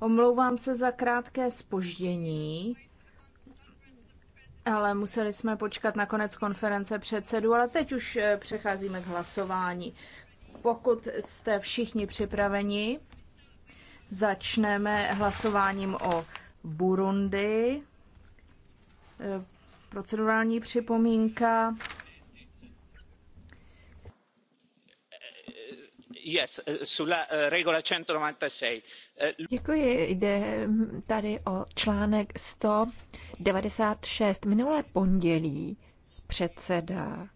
Omlouvám se za krátké spoždění, ale museli jsme počkat na konec konference předsedu, ale teď už eh, přecházíme k hlasování. Pokud jste všichni připraveni, začneme hlasováním o Burundi. Eh, procedurální připomínka. Eh, eh, eh, Děkuji. Jde hm, tady o článek 196. Minulé pondělí předseda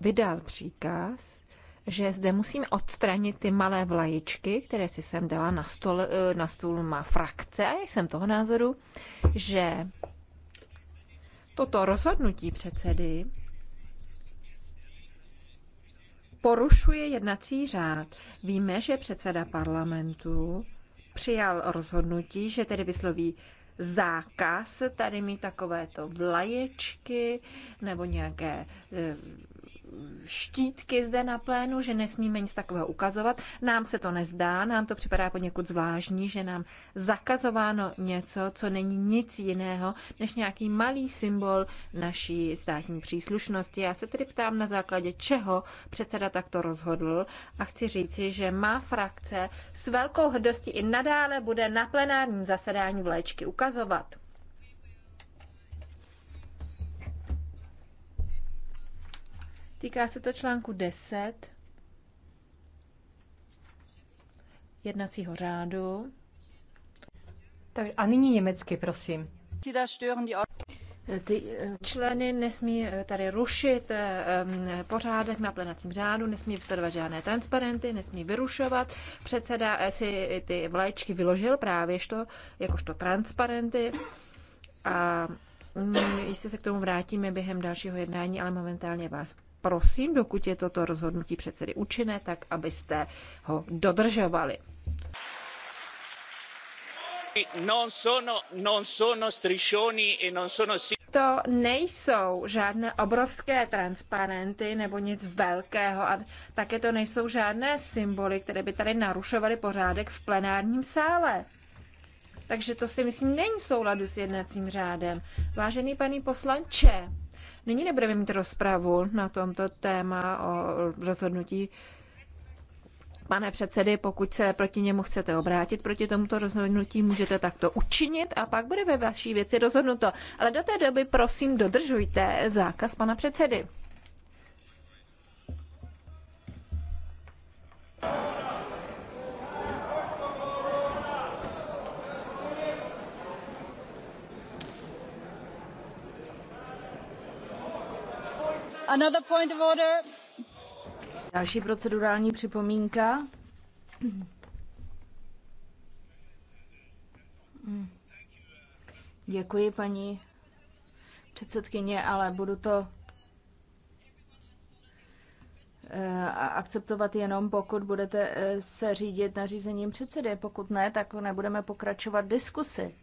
vydal příkaz, že zde musíme odstranit ty malé vlajičky, které si jsem dala na stůl, na stůl má frakce a jsem toho názoru, že toto rozhodnutí předsedy porušuje jednací řád. Víme, že předseda parlamentu přijal rozhodnutí, že tedy vysloví zákaz tady mít takovéto vlaječky nebo nějaké eh, štítky zde na plénu, že nesmíme nic takového ukazovat. Nám se to nezdá, nám to připadá poněkud zvláštní, že nám zakazováno něco, co není nic jiného než nějaký malý symbol naší státní příslušnosti. Já se tedy ptám na základě čeho předseda takto rozhodl a chci říci, že má frakce s velkou hrdostí i nadále bude na plenárním zasedání vlečky ukazovat. Týká se to článku 10 jednacího řádu. Tak a nyní německy, prosím. Ty eh, členy nesmí eh, tady rušit eh, pořádek na plenacím řádu, nesmí vystavovat žádné transparenty, nesmí vyrušovat. Předseda si ty vlajčky vyložil právě to, jakožto transparenty a mm, jistě se k tomu vrátíme během dalšího jednání, ale momentálně vás prosím, dokud je toto rozhodnutí předsedy účinné, tak abyste ho dodržovali. E to nejsou žádné obrovské transparenty nebo nic velkého a také to nejsou žádné symboly, které by tady narušovaly pořádek v plenárním sále. Takže to si myslím není v souladu s jednacím řádem. Vážený paní poslanče, Nyní nebudeme mít rozpravu na tomto téma o rozhodnutí Pane předsedy, pokud se proti němu chcete obrátit, proti tomuto rozhodnutí, můžete takto učinit a pak bude ve vaší věci rozhodnuto. Ale do té doby prosím dodržujte zákaz pana předsedy. Další procedurální připomínka. Děkuji, paní předsedkyně, ale budu to eh, akceptovat jenom, pokud budete eh, se řídit nařízením předsedy. Pokud ne, tak nebudeme pokračovat diskusy.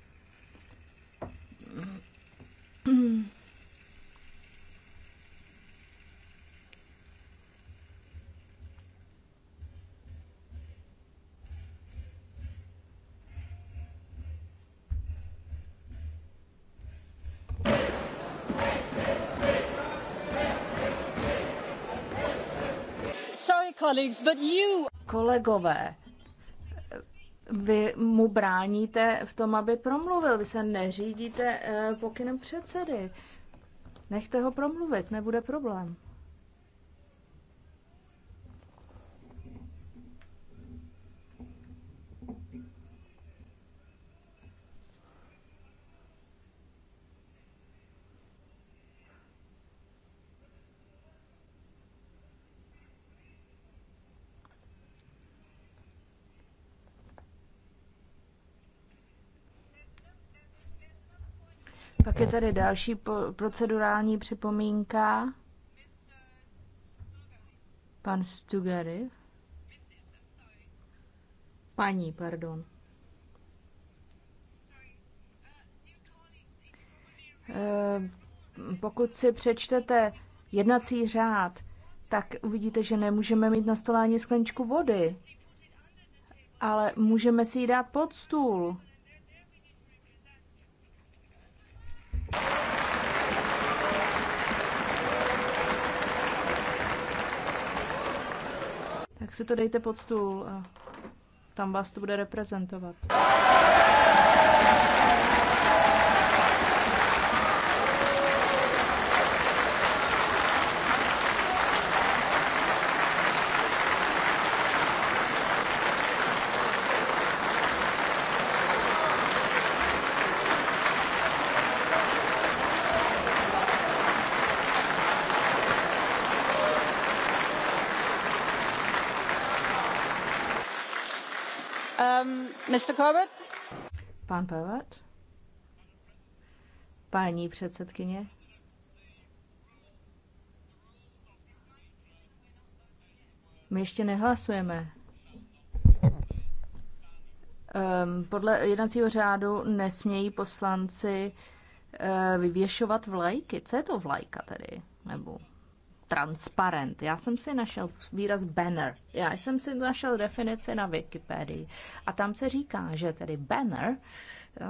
Kolegové, vy mu bráníte v tom, aby promluvil. Vy se neřídíte eh, pokynem předsedy. Nechte ho promluvit, nebude problém. Pak je tady další procedurální připomínka. Pan Stugary. Paní, pardon. Eh, pokud si přečtete jednací řád, tak uvidíte, že nemůžeme mít na stole ani skleničku vody, ale můžeme si ji dát pod stůl. Tak si to dejte pod stůl a tam vás to bude reprezentovat. Mr. Corbett? Pan Corbett? Paní předsedkyně? My ještě nehlasujeme. Um, podle jednacího řádu nesmějí poslanci uh, vyvěšovat vlajky. Co je to vlajka tedy? Nebo transparent. Já jsem si našel výraz banner. Já jsem si našel definici na Wikipedii. A tam se říká, že tedy banner, eh,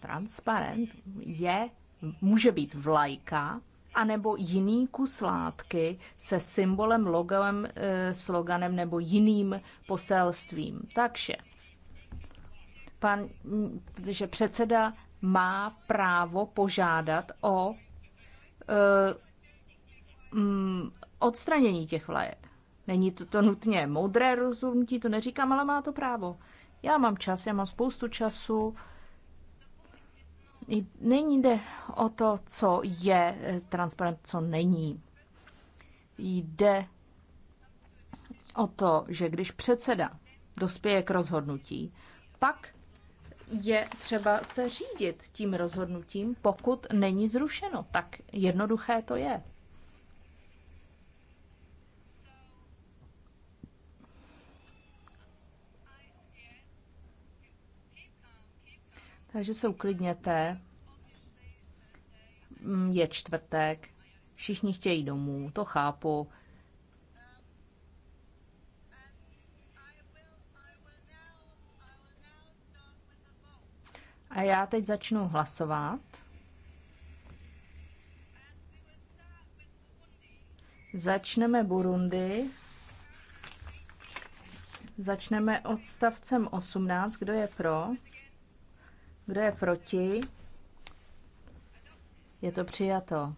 transparent, je, může být vlajka, anebo jiný kus látky se symbolem, logem, eh, sloganem nebo jiným poselstvím. Takže pan, že předseda má právo požádat o eh, mm, odstranění těch vlajek. Není to, to nutně moudré rozhodnutí, to neříkám, ale má to právo. Já mám čas, já mám spoustu času. Není jde o to, co je eh, transparent, co není. Jde o to, že když předseda dospěje k rozhodnutí, pak je třeba se řídit tím rozhodnutím, pokud není zrušeno. Tak jednoduché to je. Takže se uklidněte. Mm, je čtvrtek, všichni chtějí domů, to chápu. A já teď začnu hlasovat. Začneme Burundi. Začneme odstavcem 18. Kdo je pro? Kdo je proti? Je to přijato.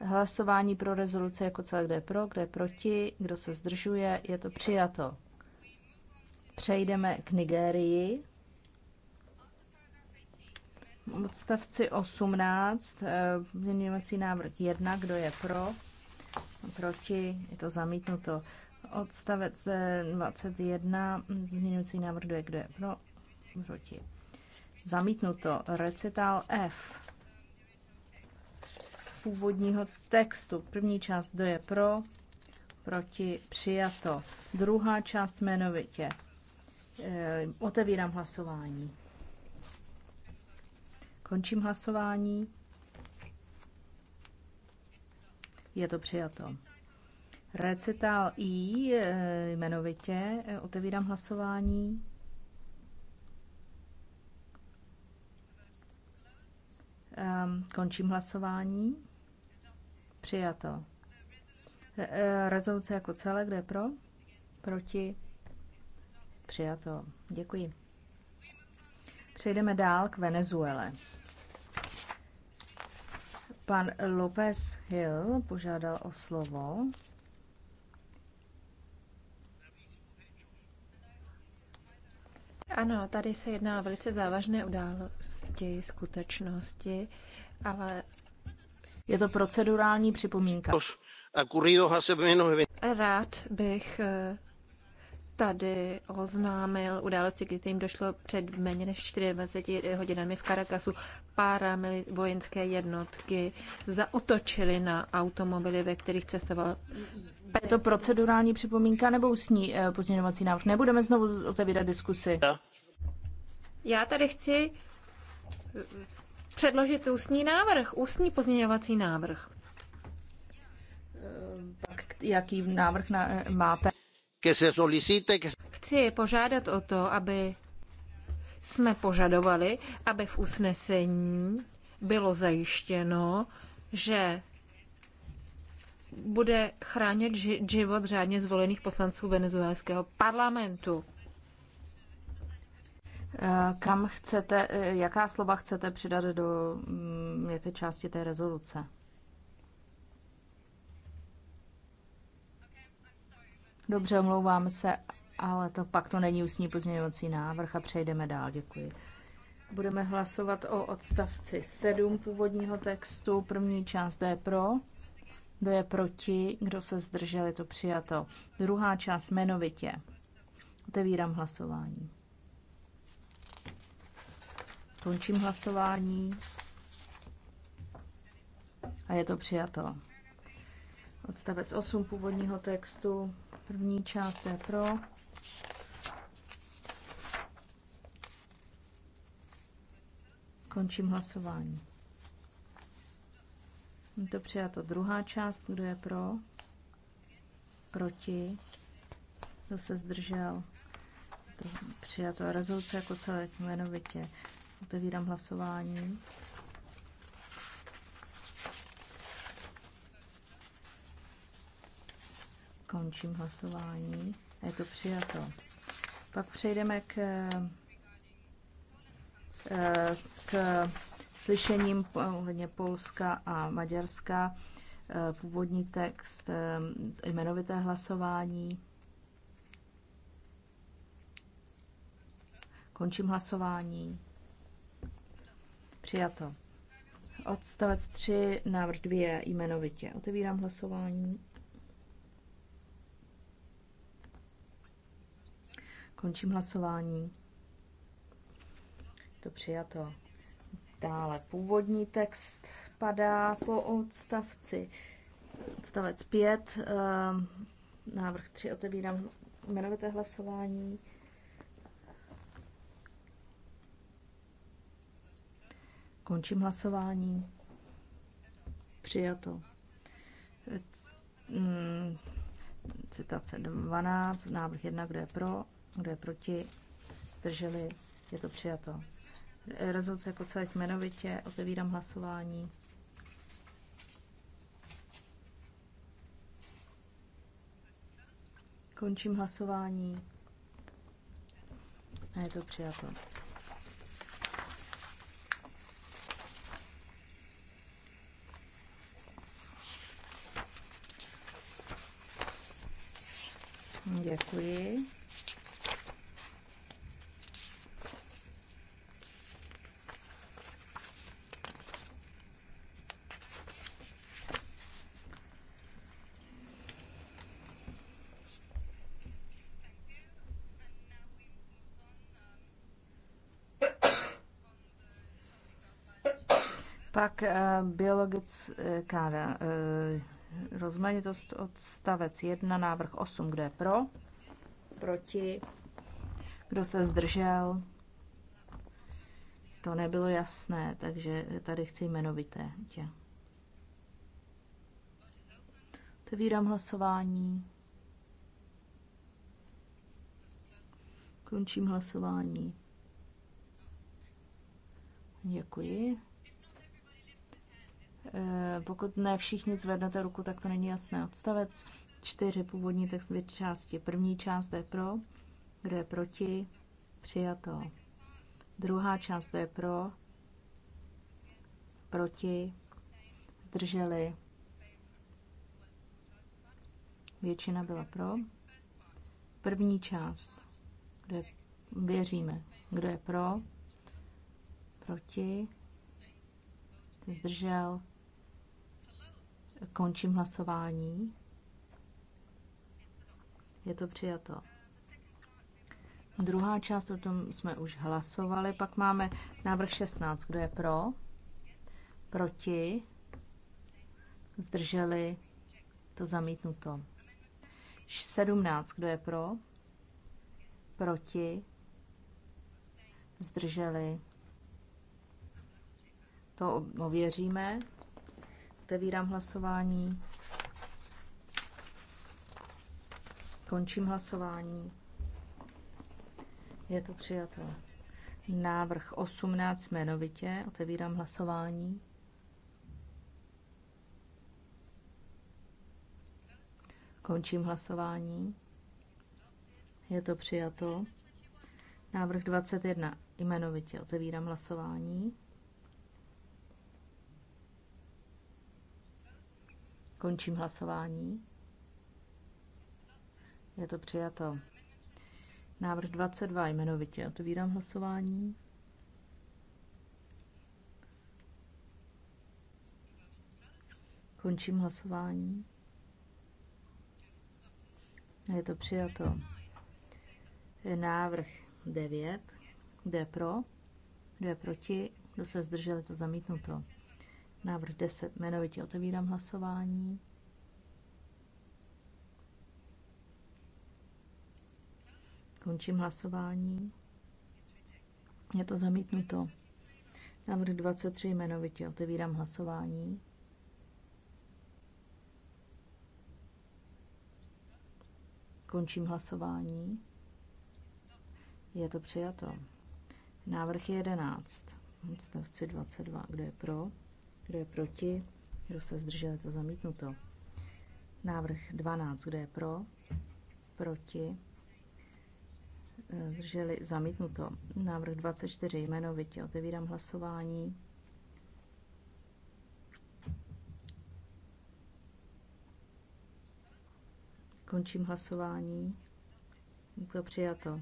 Hlasování pro rezoluce jako celé, kde je pro, kde je proti, kdo se zdržuje, je to přijato. Přejdeme k Nigérii. odstavci 18, eh, měnící návrh 1, kdo je pro, proti, je to zamítnuto. Odstavec 21, eh, měnící návrh 2, kdo je pro, proti. Zamítnuto. Recital F původního textu. První část, doje pro, proti, přijato. Druhá část jmenovitě. E, otevírám hlasování. Končím hlasování. Je to přijato. Recital I eh, jmenovitě. Eh, otevírám hlasování. Um, končím hlasování. Přijato. E, e, rezoluce jako celé, kde pro? Proti? Přijato. Děkuji. Přejdeme dál k Venezuele. Pan López Hill požádal o slovo. Ano, tady se jedná o velice závažné události, skutečnosti, ale je to procedurální připomínka. Rád bych eh, tady oznámil události, kdy jim došlo před méně než 24 hodinami v Caracasu. Pára vojenské jednotky zautočily na automobily, ve kterých cestoval je to procedurální připomínka nebo ústní eh, pozměňovací návrh? Nebudeme znovu otevírat diskusy. Já tady chci eh, předložit ústní návrh, ústní pozměňovací návrh. Tak eh, jaký návrh na, máte? Chci požádat o to, aby jsme požadovali, aby v usnesení bylo zajištěno, že bude chránit život řádně zvolených poslanců venezuelského parlamentu. Eh, kam chcete, eh, jaká slova chcete přidat do mm, jaké části té rezoluce? Dobře, omlouvám se, ale to pak to není ústní pozměňovací návrh a přejdeme dál. Děkuji. Budeme hlasovat o odstavci 7 původního textu. První část, kdo je pro, kdo je proti, kdo se zdržel, je to přijato. Druhá část jmenovitě. Otevírám hlasování. Končím hlasování. A je to přijato. Odstavec 8 původního textu. První část je pro. Končím hlasování. Je to přijato druhá část, kdo je pro, proti, kdo se zdržel. To přijato rezoluce jako celé jmenovitě. Otevírám hlasování. Končím hlasování. Je to přijato. Pak přejdeme k, eh, eh, k slyšením ohledně Polska a Maďarska. Eh, původní text, jmenovité hlasování. Končím hlasování. Přijato. Odstavec 3, návrh 2, jmenovitě. Otevírám hlasování. Končím hlasování. To přijato. Dále původní text padá po odstavci. Odstavec 5, ehm, návrh 3, otevírám jmenovité hlasování. Končím hlasování. Přijato. Ehm, citace 12, návrh 1, kdo je pro, kdo je proti? Drželi? Je to přijato. Rezoluce jako celé jmenovitě. Otevírám hlasování. Končím hlasování. A je to přijato. Děkuji. Pak eh, biologická eh, rozmanitost odstavec 1, návrh 8, kde je pro, proti, kdo se zdržel, to nebylo jasné, takže tady chci jmenovité. Tě. Otevírám hlasování. Končím hlasování. Děkuji. Eh, pokud ne všichni zvednete ruku, tak to není jasné. Odstavec čtyři původní text dvě části. První část to je pro, kde je proti, přijato. Druhá část to je pro, proti, zdrželi. Většina byla pro. První část, kde věříme, kdo je pro, proti, zdržel, Končím hlasování. Je to přijato. Druhá část, o tom jsme už hlasovali. Pak máme návrh 16. Kdo je pro? Proti? Zdrželi? To zamítnuto. 17. Kdo je pro? Proti? Zdrželi? To ověříme. Otevírám hlasování. Končím hlasování. Je to přijato. Návrh 18 jmenovitě. Otevírám hlasování. Končím hlasování. Je to přijato. Návrh 21 jmenovitě. Otevírám hlasování. Končím hlasování. Je to přijato. Návrh 22 jmenovitě. Otevírám hlasování. Končím hlasování. Je to přijato. Návrh 9. Kdo je pro? Kdo je proti? Kdo se zdržel? Je to zamítnuto. Návrh 10. Jmenovitě otevírám hlasování. Končím hlasování. Je to zamítnuto. Návrh 23 jmenovitě. Otevírám hlasování. Končím hlasování. Je to přijato. Návrh 11. Odstavci 22. Kdo je pro? Kdo je proti? Kdo se zdržel? Je to zamítnuto. Návrh 12. Kdo je pro? Proti? Zdrželi? Zamítnuto. Návrh 24. Jmenovitě. Otevírám hlasování. Končím hlasování. To přijato.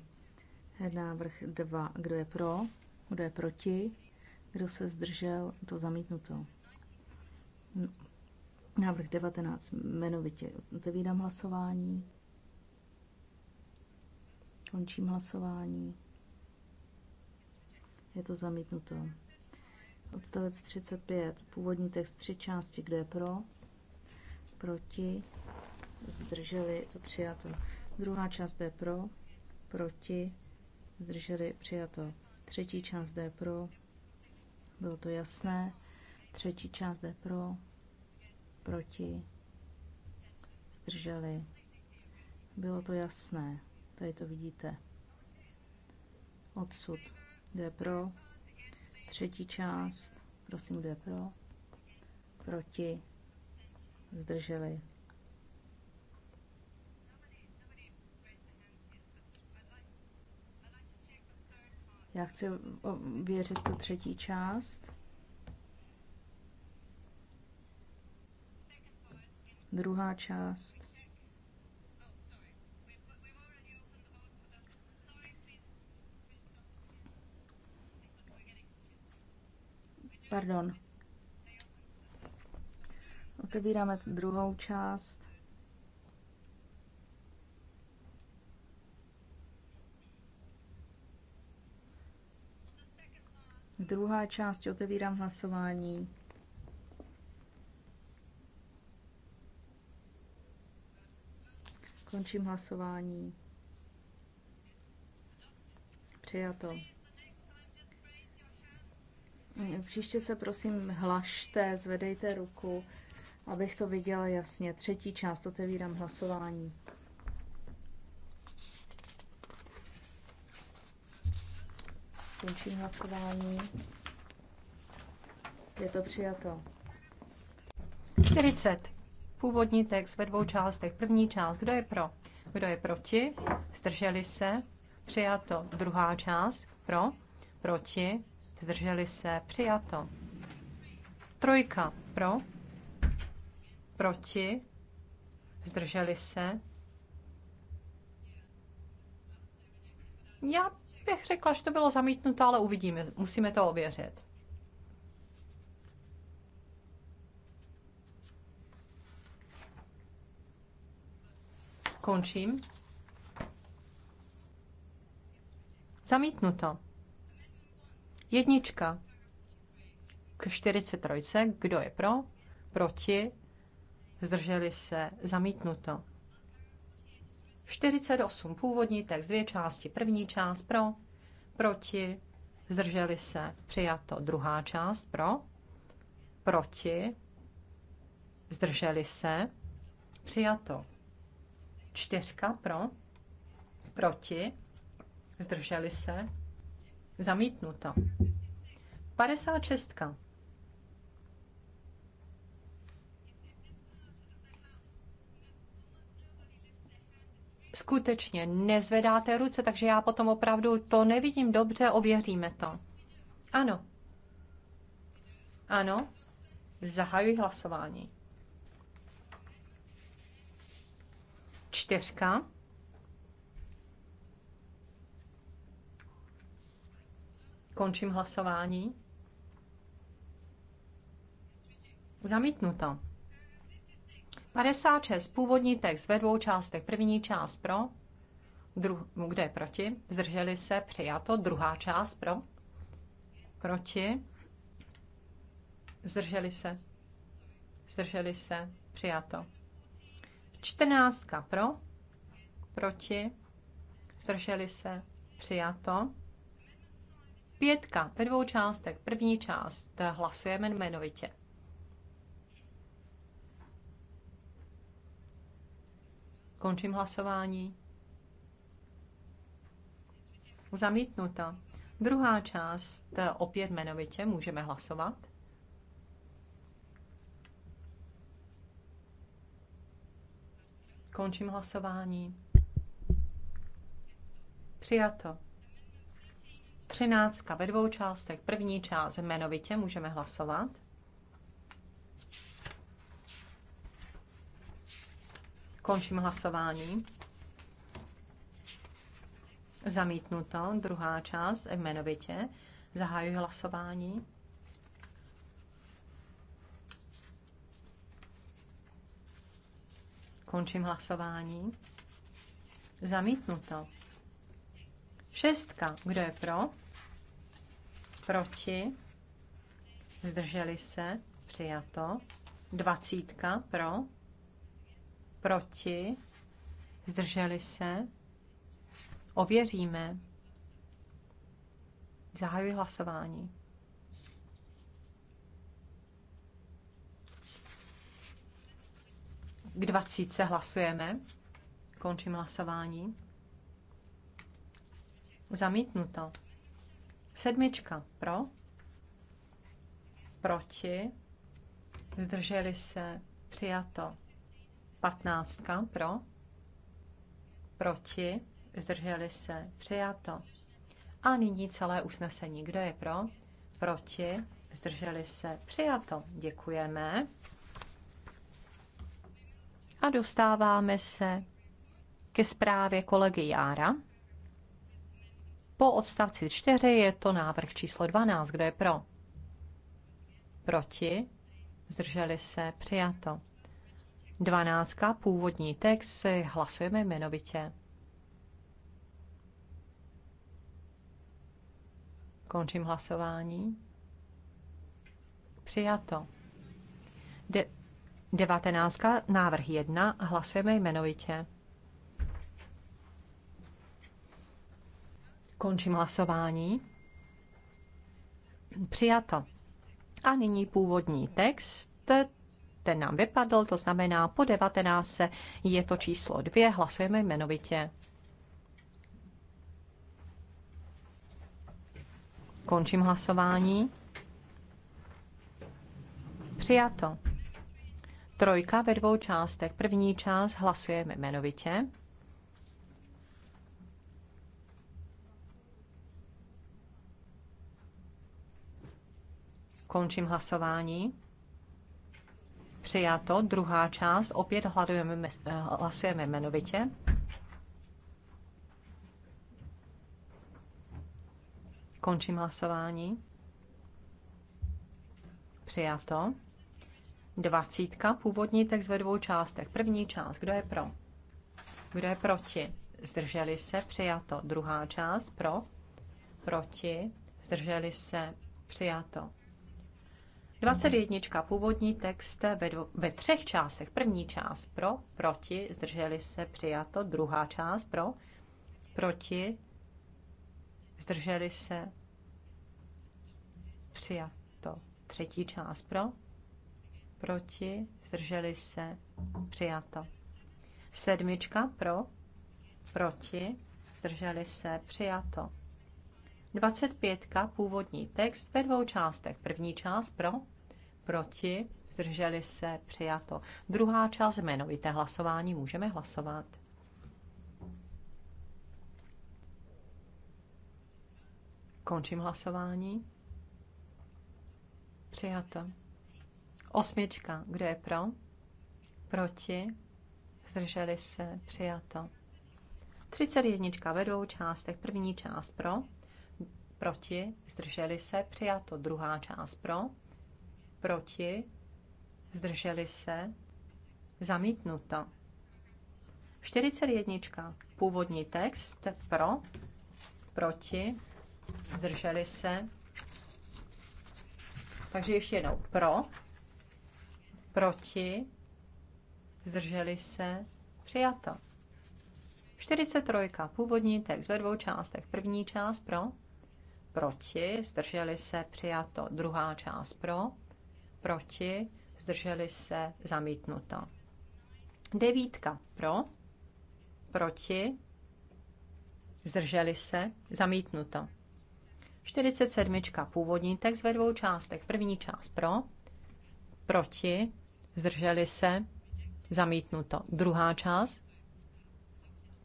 Návrh 2. Kdo je pro? Kdo je proti? Kdo se zdržel, to zamítnuto. Návrh 19, jmenovitě. Otevírám hlasování. Končím hlasování. Je to zamítnuto. Odstavec 35, původní text tři části, kde je pro, proti, zdrželi, to přijato. Druhá část, kde je pro, proti, zdrželi, přijato. Třetí část, kde je pro, bylo to jasné. Třetí část jde pro, proti, zdrželi. Bylo to jasné. Tady to vidíte. Odsud jde pro. Třetí část. Prosím, jde pro. Proti. Zdrželi. Já chci věřit tu třetí část. Druhá část. Pardon. Otevíráme druhou část. Druhá část otevírám hlasování. Končím hlasování. Přijato. Příště se prosím hlašte, zvedejte ruku, abych to viděla jasně. Třetí část otevírám hlasování. Končím hlasování. Je to přijato. 40. Původní text ve dvou částech. První část, kdo je pro? Kdo je proti? Zdrželi se? Přijato. Druhá část, pro? Proti? Zdrželi se? Přijato. Trojka, pro? Proti? Zdrželi se? Já bych řekla, že to bylo zamítnuto, ale uvidíme, musíme to ověřit. Končím. Zamítnuto. Jednička k 43. Kdo je pro? Proti? Zdrželi se? Zamítnuto. 48 původní text, dvě části. První část pro, proti, zdrželi se, přijato. Druhá část pro, proti, zdrželi se, přijato. Čtyřka pro, proti, zdrželi se, zamítnuto. 56. skutečně nezvedáte ruce, takže já potom opravdu to nevidím dobře, ověříme to. Ano. Ano. Zahajuji hlasování. Čtyřka. Končím hlasování. Zamítnuto. 56. Původní text ve dvou částech. První část pro, dru, kde je proti, zdrželi se, přijato. Druhá část pro, proti, zdrželi se, zdrželi se, přijato. 14. pro, proti, zdrželi se, přijato. Pětka ve dvou částech. První část hlasujeme jmenovitě. Končím hlasování. Zamítnuta. Druhá část eh, opět jmenovitě můžeme hlasovat. Končím hlasování. Přijato. Třináctka ve dvou částech. První část jmenovitě můžeme hlasovat. Končím hlasování. Zamítnuto. Druhá část jmenovitě. Zahajuji hlasování. Končím hlasování. Zamítnuto. Šestka. Kdo je pro? Proti? Zdrželi se? Přijato. Dvacítka pro? proti, zdrželi se, ověříme. Zahajuji hlasování. K 20 se hlasujeme. Končím hlasování. Zamítnuto. Sedmička pro. Proti. Zdrželi se. Přijato. 15 pro, proti, zdrželi se, přijato. A nyní celé usnesení. Kdo je pro? Proti, zdrželi se, přijato. Děkujeme. A dostáváme se ke zprávě kolegy Jára. Po odstavci 4 je to návrh číslo 12. Kdo je pro? Proti, zdrželi se, přijato. Dvanáctka, původní text, si hlasujeme jmenovitě. Končím hlasování. Přijato. De- devatenáctka, návrh jedna hlasujeme jmenovitě. Končím hlasování. Přijato. A nyní původní text ten nám vypadl, to znamená po 19 je to číslo 2, hlasujeme jmenovitě. Končím hlasování. Přijato. Trojka ve dvou částech. První část hlasujeme jmenovitě. Končím hlasování. Přijato. Druhá část. Opět hlasujeme, eh, hlasujeme jmenovitě. Končím hlasování. Přijato. Dvacítka, původní text ve dvou částech. První část, kdo je pro? Kdo je proti? Zdrželi se, přijato. Druhá část, pro? Proti? Zdrželi se, přijato. 21. Původní text ve, dvo, ve třech částech. První část pro, proti, zdrželi se, přijato. Druhá část pro, proti, zdrželi se, přijato. Třetí část pro, proti, zdrželi se, přijato. Sedmička pro, proti, zdrželi se, přijato. 25. Původní text ve dvou částech. První část pro, proti, zdrželi se, přijato. Druhá část jmenovité hlasování můžeme hlasovat. Končím hlasování. Přijato. Osmička, kdo je pro? Proti? Zdrželi se? Přijato. 31. ve dvou částech. První část pro, proti, zdrželi se, přijato. Druhá část pro, proti, zdrželi se, zamítnuto. 41. Původní text pro, proti, zdrželi se. Takže ještě jednou pro, proti, zdrželi se, přijato. 43. Původní text ve dvou částech. První část pro, proti, zdrželi se, přijato. Druhá část pro, proti, zdrželi se, zamítnuto. Devítka pro, proti, zdrželi se, zamítnuto. 47. Původní text ve dvou částech. První část pro, proti, zdrželi se, zamítnuto. Druhá část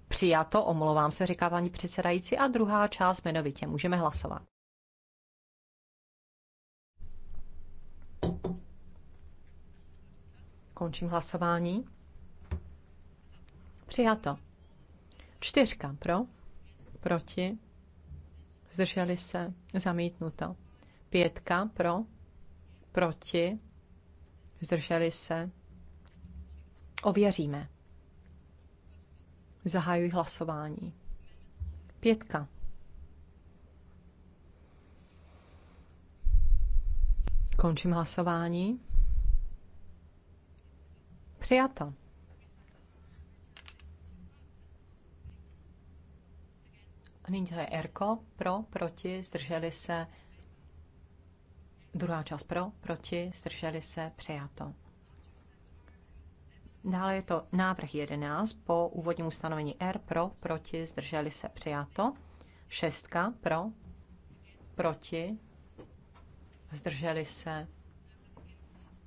přijato, omlouvám se, říká paní předsedající, a druhá část jmenovitě. Můžeme hlasovat. Končím hlasování. Přijato. Čtyřka pro, proti, zdrželi se, zamítnuto. Pětka pro, proti, zdrželi se. Ověříme. Zahajuji hlasování. Pětka. Končím hlasování. Přijato. Nyní to je Erko. Pro, proti, zdrželi se. Druhá část pro, proti, zdrželi se, přijato. Dále je to návrh 11 po úvodním ustanovení R pro, proti, zdrželi se, přijato. Šestka pro, proti, zdrželi se.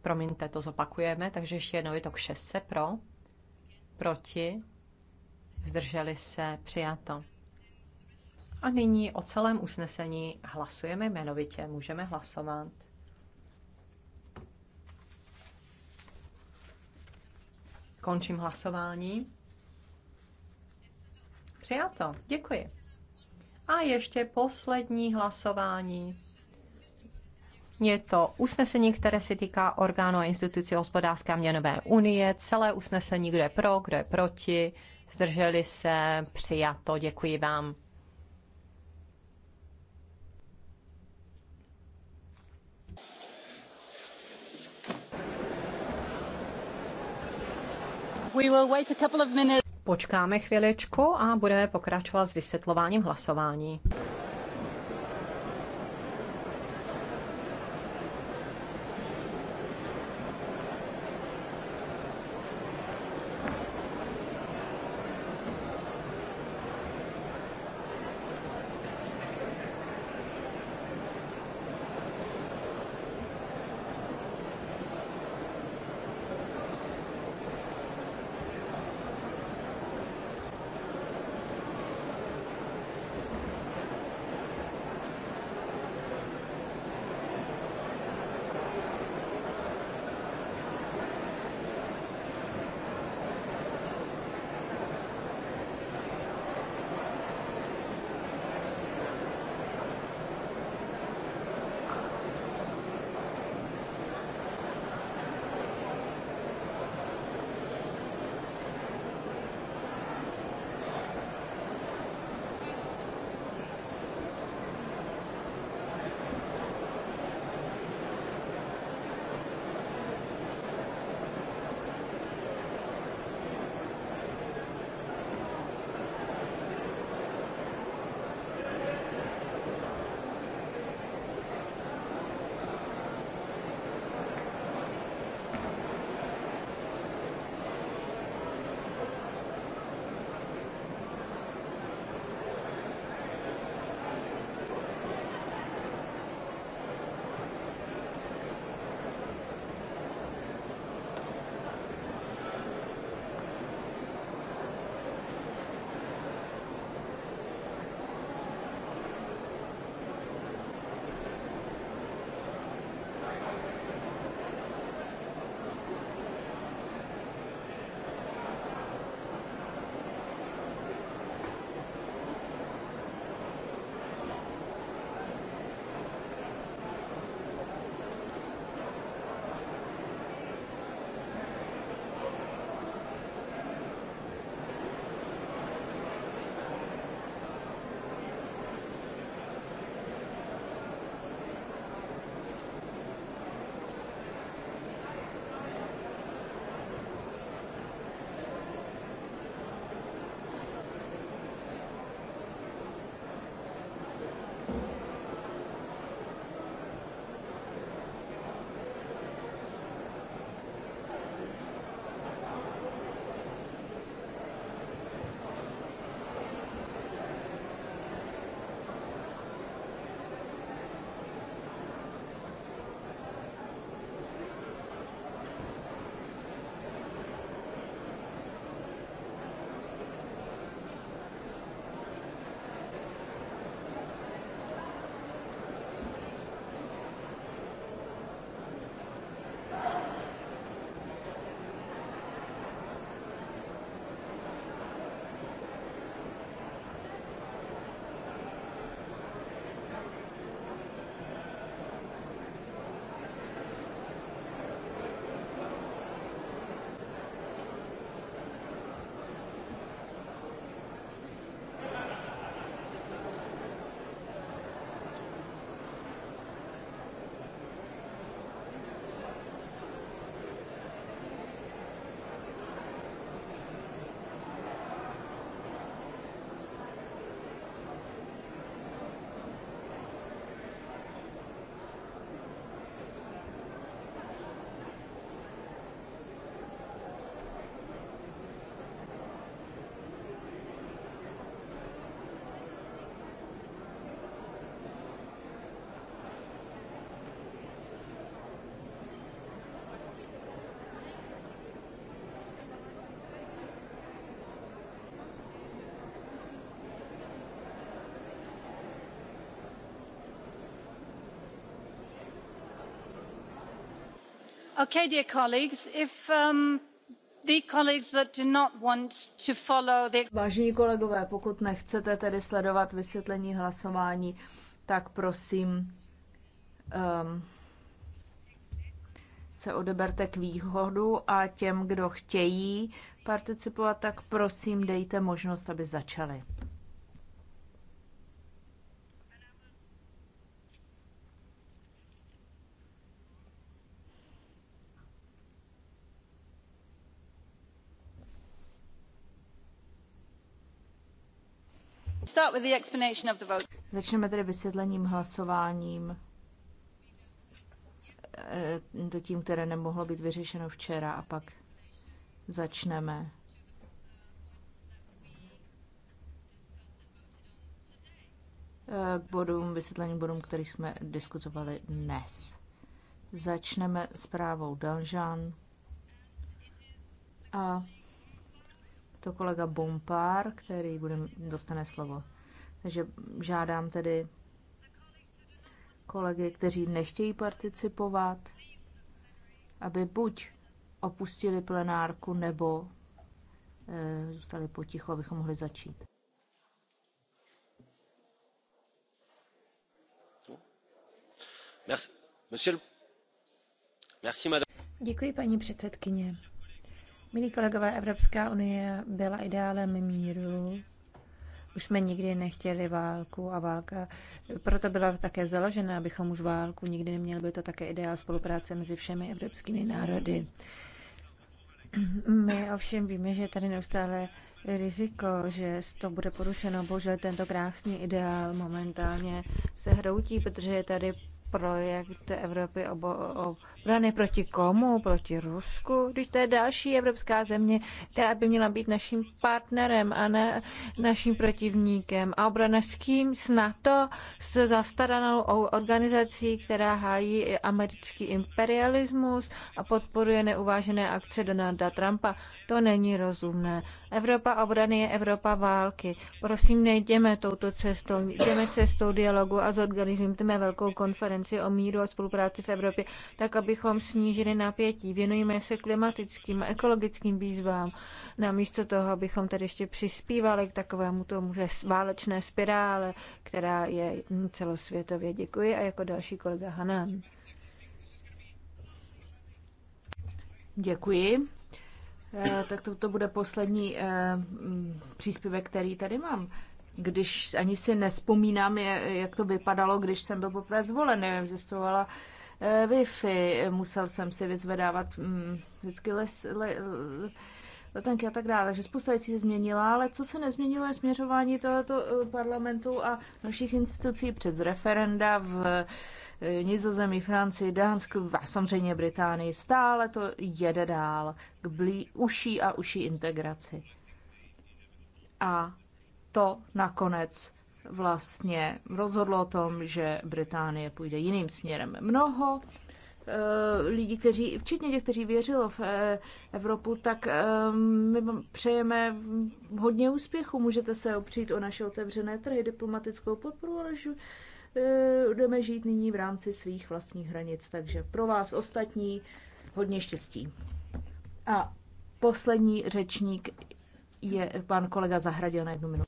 Promiňte, to zopakujeme, takže ještě jednou je to k 6 pro, proti, zdrželi se, přijato. A nyní o celém usnesení hlasujeme jmenovitě, můžeme hlasovat. Končím hlasování. Přijato, děkuji. A ještě poslední hlasování. Je to usnesení, které se týká orgánu a institucí hospodářské a měnové unie. Celé usnesení, kdo je pro, kdo je proti, zdrželi se, přijato, děkuji vám. We will wait a couple of minutes. Počkáme chviličku a budeme pokračovat s vysvětlováním hlasování. dear colleagues, if um, the colleagues that do not want to follow the... Vážení kolegové, pokud nechcete tedy sledovat vysvětlení hlasování, tak prosím um, se odeberte k výhodu a těm, kdo chtějí participovat, tak prosím dejte možnost, aby začali. Začneme tedy vysvětlením hlasováním eh, to tím, které nemohlo být vyřešeno včera a pak začneme. Eh, k bodům, vysvětlení bodům, který jsme diskutovali dnes. Začneme s právou Danžan a to kolega Bompár, který bude, dostane slovo. Takže žádám tedy kolegy, kteří nechtějí participovat, aby buď opustili plenárku nebo e, zůstali potichu, abychom mohli začít. Děkuji, paní předsedkyně. Milí kolegové, Evropská unie byla ideálem míru už jsme nikdy nechtěli válku a válka proto byla také založena, abychom už válku nikdy neměli. Byl to také ideál spolupráce mezi všemi evropskými národy. My ovšem víme, že tady neustále riziko, že to bude porušeno. Bože, tento krásný ideál momentálně se hroutí, protože je tady projekt Evropy obo, obrany proti komu? Proti Rusku? Když to je další evropská země, která by měla být naším partnerem a ne naším protivníkem. A obrana s kým? S NATO, s zastaranou organizací, která hájí americký imperialismus a podporuje neuvážené akce Donalda Trumpa. To není rozumné. Evropa obrany je Evropa války. Prosím, nejděme touto cestou, jdeme cestou dialogu a zorganizujeme velkou konferenci konferenci o míru a spolupráci v Evropě, tak abychom snížili napětí. Věnujeme se klimatickým a ekologickým výzvám, namísto toho, abychom tady ještě přispívali k takovému tomu válečné spirále, která je celosvětově. Děkuji a jako další kolega Hanan. Děkuji. Eh, tak to, to bude poslední eh, příspěvek, který tady mám když ani si nespomínám, jak to vypadalo, když jsem byl poprvé zvolen, nevím, zjistovala eh, Wi-Fi, musel jsem si vyzvedávat mm, vždycky les, le, letenky a tak dále. Takže spousta věcí se změnila, ale co se nezměnilo je směřování tohoto eh, parlamentu a našich institucí před referenda v eh, Nizozemí, Francii, Dánsku a samozřejmě Británii. Stále to jede dál k blí, uší a uší integraci. A to nakonec vlastně rozhodlo o tom, že Británie půjde jiným směrem. Mnoho eh, lidí, kteří, včetně těch, kteří věřilo v eh, Evropu, tak ehm, my přejeme hodně úspěchu. Můžete se opřít o naše otevřené trhy, diplomatickou podporu, ale eh, budeme žít nyní v rámci svých vlastních hranic. Takže pro vás ostatní hodně štěstí. A poslední řečník je pan kolega Zahradil na jednu minutu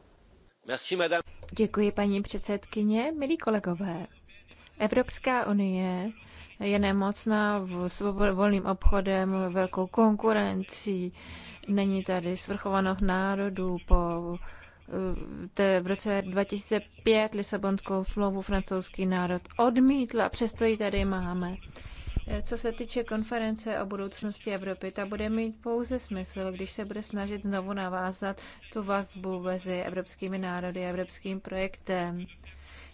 Děkuji, paní předsedkyně. Milí kolegové, Evropská unie je nemocná v volným obchodem, velkou konkurencí, není tady svrchovaných národů po eh, v roce 2005 Lisabonskou smlouvu francouzský národ odmítl a přesto ji tady máme. Co se týče konference o budoucnosti Evropy, ta bude mít pouze smysl, když se bude snažit znovu navázat tu vazbu mezi evropskými národy a evropským projektem.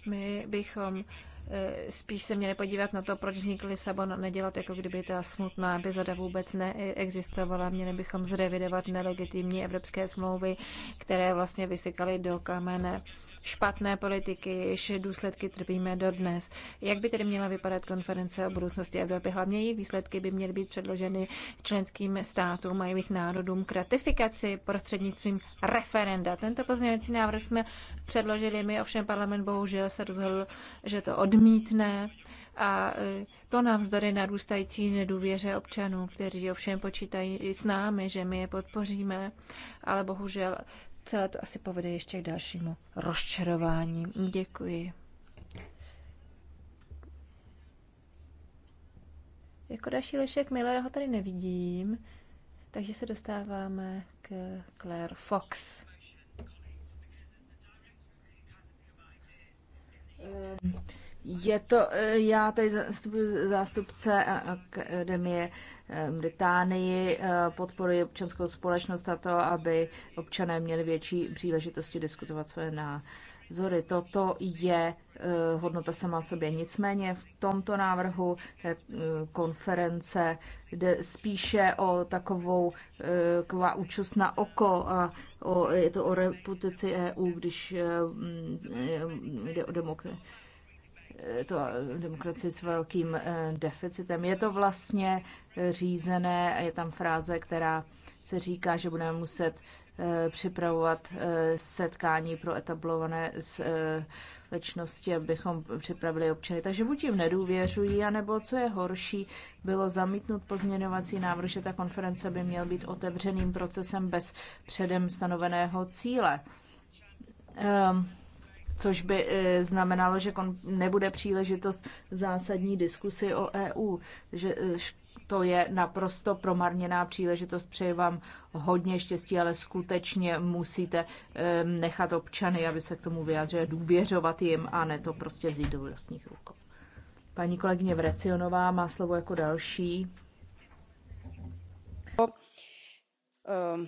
My bychom eh, spíš se měli podívat na to, proč vznikl Lisabon a nedělat, jako kdyby ta smutná epizoda vůbec neexistovala. Měli bychom zrevidovat nelegitimní evropské smlouvy, které vlastně vysykaly do kamene špatné politiky, jež důsledky trpíme dodnes. Jak by tedy měla vypadat konference o budoucnosti Evropy? Hlavně její výsledky by měly být předloženy členským státům a jejich národům k ratifikaci prostřednictvím referenda. Tento pozměňovací návrh jsme předložili my, ovšem parlament bohužel se rozhodl, že to odmítne a e, to navzdory narůstající nedůvěře občanů, kteří ovšem počítají s námi, že my je podpoříme, ale bohužel celé to asi povede ještě k dalšímu rozčarování. Děkuji. Jako další Lešek Millera ho tady nevidím, takže se dostáváme k Claire Fox. Um. Je to, e, já tady zástupce Akademie e, Británii, e, podporuji občanskou společnost a to, aby občané měli větší příležitosti diskutovat své názory. Toto je hodnota sama sobě. Nicméně v tomto návrhu konference jde spíše o takovou kvá účast na oko a o, je to o reputaci EU, když jde o demokracii to demokracie s velkým eh, deficitem. Je to vlastně řízené a je tam fráze, která se říká, že budeme muset eh, připravovat eh, setkání pro etablované společnosti, abychom připravili občany. Takže buď jim nedůvěřují, anebo co je horší, bylo zamítnut pozměňovací návrh, že ta konference by měl být otevřeným procesem bez předem stanoveného cíle. Um, což by eh, znamenalo, že nebude příležitost zásadní diskusy o EU. Že eh, to je naprosto promarněná příležitost. Přeji vám hodně štěstí, ale skutečně musíte ehm, nechat občany, aby se k tomu vyjádřili, důvěřovat jim a ne to prostě vzít do vlastních rukou. Paní kolegyně Vrecionová má slovo jako další. Ehm,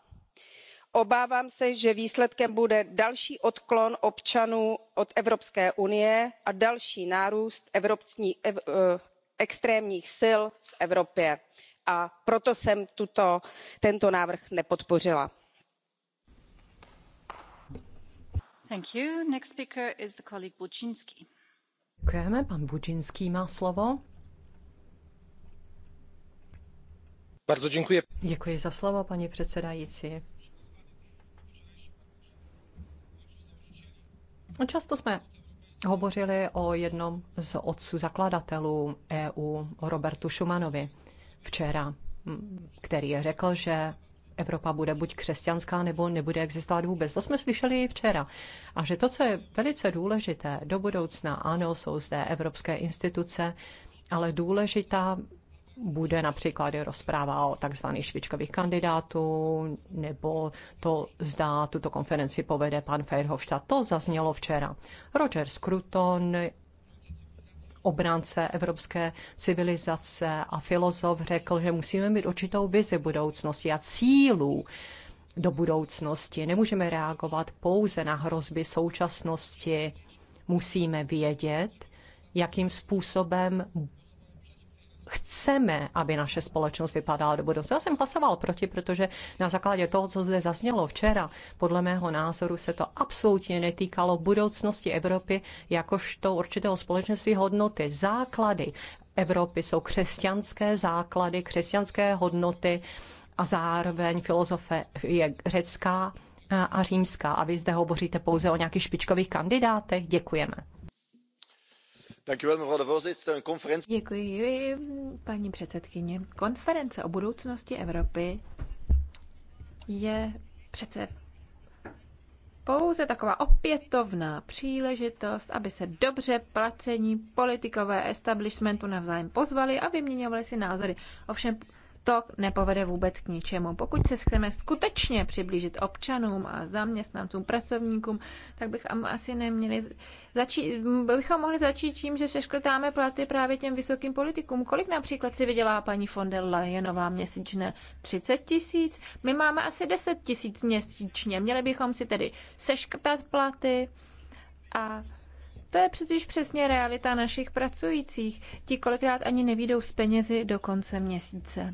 obávám se že výsledkem bude další odklon občanů od evropské unie a další nárůst eh, extrémních sil v evropě a proto jsem tento návrh nepodpořila. má slovo. Děkuji paní předsedající. Často jsme hovořili o jednom z otců zakladatelů EU, Robertu Schumanovi, včera, který řekl, že Evropa bude buď křesťanská, nebo nebude existovat vůbec. To jsme slyšeli i včera. A že to, co je velice důležité do budoucna, ano, jsou zde evropské instituce, ale důležitá bude například rozpráva o takzvaných švičkových kandidátů, nebo to zdá, tuto konferenci povede pan Ferhofstadt. To zaznělo včera. Roger Scruton, obránce evropské civilizace a filozof, řekl, že musíme mít určitou vizi budoucnosti a cílů do budoucnosti. Nemůžeme reagovat pouze na hrozby současnosti. Musíme vědět, jakým způsobem chceme, aby naše společnost vypadala do budoucna. Já jsem hlasoval proti, protože na základě toho, co zde zaznělo včera, podle mého názoru se to absolutně netýkalo budoucnosti Evropy jakožto určitého společenství hodnoty, základy Evropy jsou křesťanské základy, křesťanské hodnoty a zároveň filozofie je řecká a římská. A vy zde hovoříte pouze o nějakých špičkových kandidátech. Děkujeme. Děkuji, paní předsedkyně. Konference o budoucnosti Evropy je přece pouze taková opětovná příležitost, aby se dobře placení politikové establishmentu navzájem pozvali a vyměňovali si názory. Ovšem to nepovede vůbec k ničemu. Pokud se chceme skutečně přiblížit občanům a zaměstnancům, pracovníkům, tak bych asi neměli začít, bychom mohli začít tím, že seškrtáme platy právě těm vysokým politikům. Kolik například si vydělá paní von der Leyenová měsíčně? 30 tisíc? My máme asi 10 tisíc měsíčně. Měli bychom si tedy seškrtat platy a to je přetož přesně realita našich pracujících. Ti kolikrát ani nevídou z penězi do konce měsíce.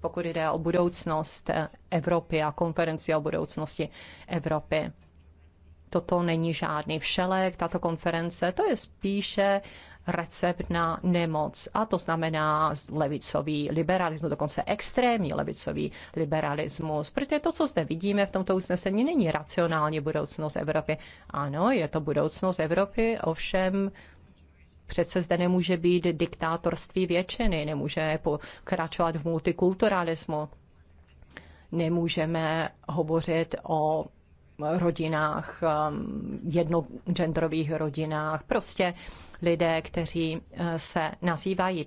pokud jde o budoucnost eh, Evropy a konferenci o budoucnosti Evropy. Toto není žádný všelek, tato konference, to je spíše recept na nemoc. A to znamená levicový liberalismus, dokonce extrémní levicový liberalismus. Protože to, co zde vidíme v tomto usnesení, není racionální budoucnost Evropy. Ano, je to budoucnost Evropy, ovšem Přece zde nemůže být diktátorství většiny, nemůže pokračovat v multikulturalismu. Nemůžeme hovořit o rodinách, um, jednogendrových rodinách, prostě lidé, kteří uh, se nazývají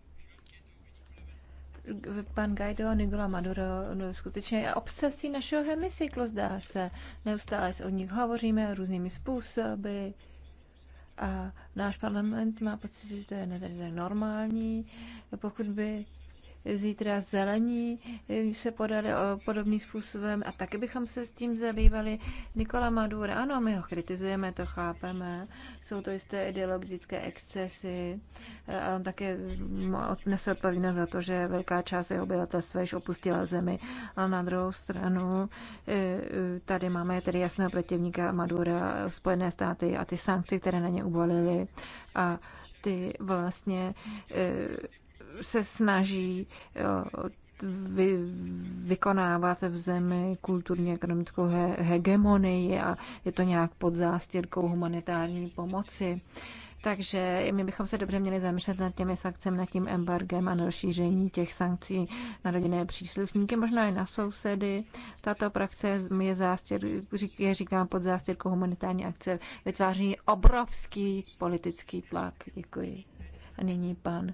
pan Guaido Nicola Maduro no, skutečně je obsesí našeho hemicyklu, zdá se. Neustále se o nich hovoříme různými způsoby a náš parlament má pocit, že to je, to je normální. Pokud by zítra zelení eh, se podali eh, podobným způsobem a taky bychom se s tím zabývali. Nikola Madur, ano, my ho kritizujeme, to chápeme, jsou to jisté ideologické excesy eh, a on také mm, nese odpovědnost za to, že velká část jeho obyvatelstva již opustila zemi, A na druhou stranu tady máme tedy jasného protivníka Madura, Spojené státy a ty sankce, které na ně uvalily a ty vlastně se snaží vy, vykonávat v zemi kulturně ekonomickou he, hegemonii a je to nějak pod zástěrkou humanitární pomoci. Takže my bychom se dobře měli zamýšlet nad těmi sankcemi, nad tím embargem a rozšíření těch sankcí na rodinné příslušníky, možná i na sousedy. Tato praxe je, zástěr, je říkám pod zástěrkou humanitární akce, vytváří obrovský politický tlak. Děkuji. A nyní pan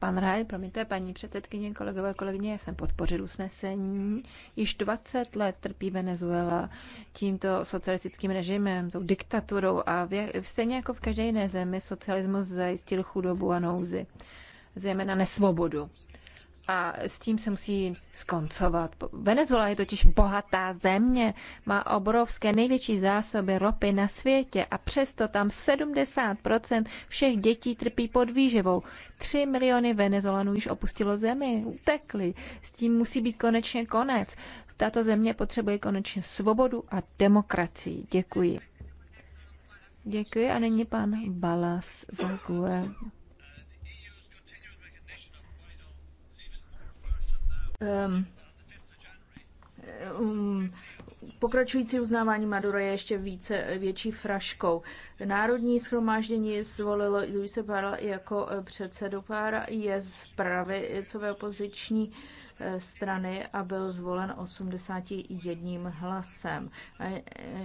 Pan Raj, promiňte, paní předsedkyně, kolegové, kolegyně, já jsem podpořil usnesení. Již 20 let trpí Venezuela tímto socialistickým režimem, tou diktaturou a v, stejně jako v každé jiné zemi socialismus zajistil chudobu a nouzi, zejména nesvobodu a s tím se musí skoncovat. Venezuela je totiž bohatá země, má obrovské největší zásoby ropy na světě a přesto tam 70% všech dětí trpí pod výživou. 3 miliony Venezolanů již opustilo zemi, utekli. S tím musí být konečně konec. Tato země potřebuje konečně svobodu a demokracii. Děkuji. Děkuji a nyní pan Balas za Um, um, pokračující uznávání Maduro je ještě více, větší fraškou. Národní schromáždění zvolilo Luise Parla jako eh, předsedu pára, je z pravicové eh, opoziční eh, strany a byl zvolen 81 hlasem.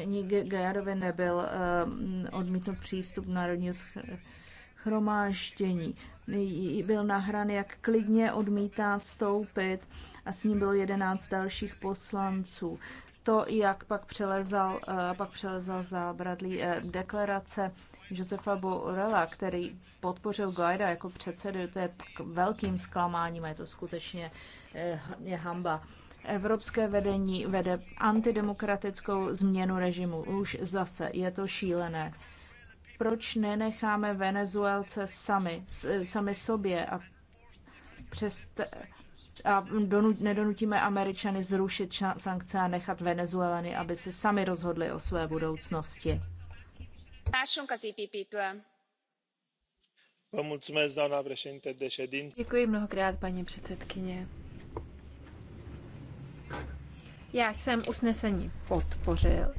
Nikdy Gajarovi nebyl ehm, odmítnut přístup Národního schromáždění chromáždění. Byl nahrán, jak klidně odmítá vstoupit a s ním bylo jedenáct dalších poslanců. To, jak pak přelezal, eh, pak přelezal Bradley eh, deklarace Josefa Borela, který podpořil Guaida jako předsedu, to je velkým zklamáním a je to skutečně eh, je hamba. Evropské vedení vede antidemokratickou změnu režimu. Už zase je to šílené proč nenecháme Venezuelce sami, sami sobě a, přest, a donu, nedonutíme Američany zrušit sankce a nechat Venezuelany, aby se sami rozhodli o své budoucnosti. Děkuji mnohokrát, paní předsedkyně. Já jsem usnesení podpořil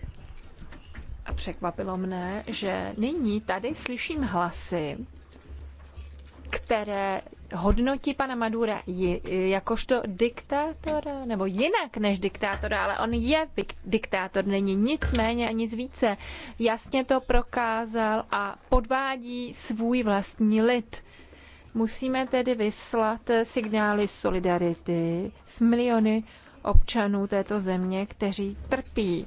a překvapilo mne, že nyní tady slyším hlasy, které hodnotí pana Madura jakožto diktátora, nebo jinak než diktátora, ale on je diktátor, není nic méně a nic více. Jasně to prokázal a podvádí svůj vlastní lid. Musíme tedy vyslat signály solidarity s miliony občanů této země, kteří trpí.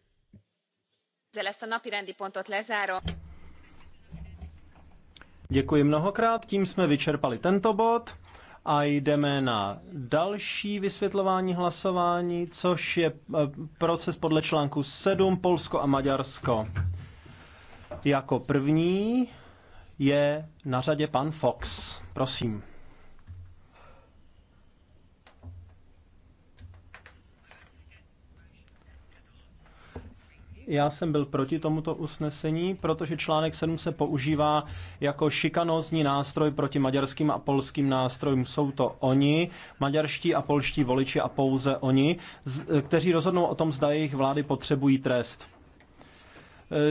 pontot Děkuji mnohokrát, tím jsme vyčerpali tento bod a jdeme na další vysvětlování hlasování, což je eh, proces podle článku 7 Polsko a Maďarsko. Jako první je na řadě pan Fox. Prosím. Já jsem byl proti tomuto usnesení, protože článek 7 se používá jako šikanózní nástroj proti maďarským a polským nástrojům. Jsou to oni, maďarští a polští voliči a pouze oni, kteří rozhodnou o tom, zda jejich vlády potřebují trest.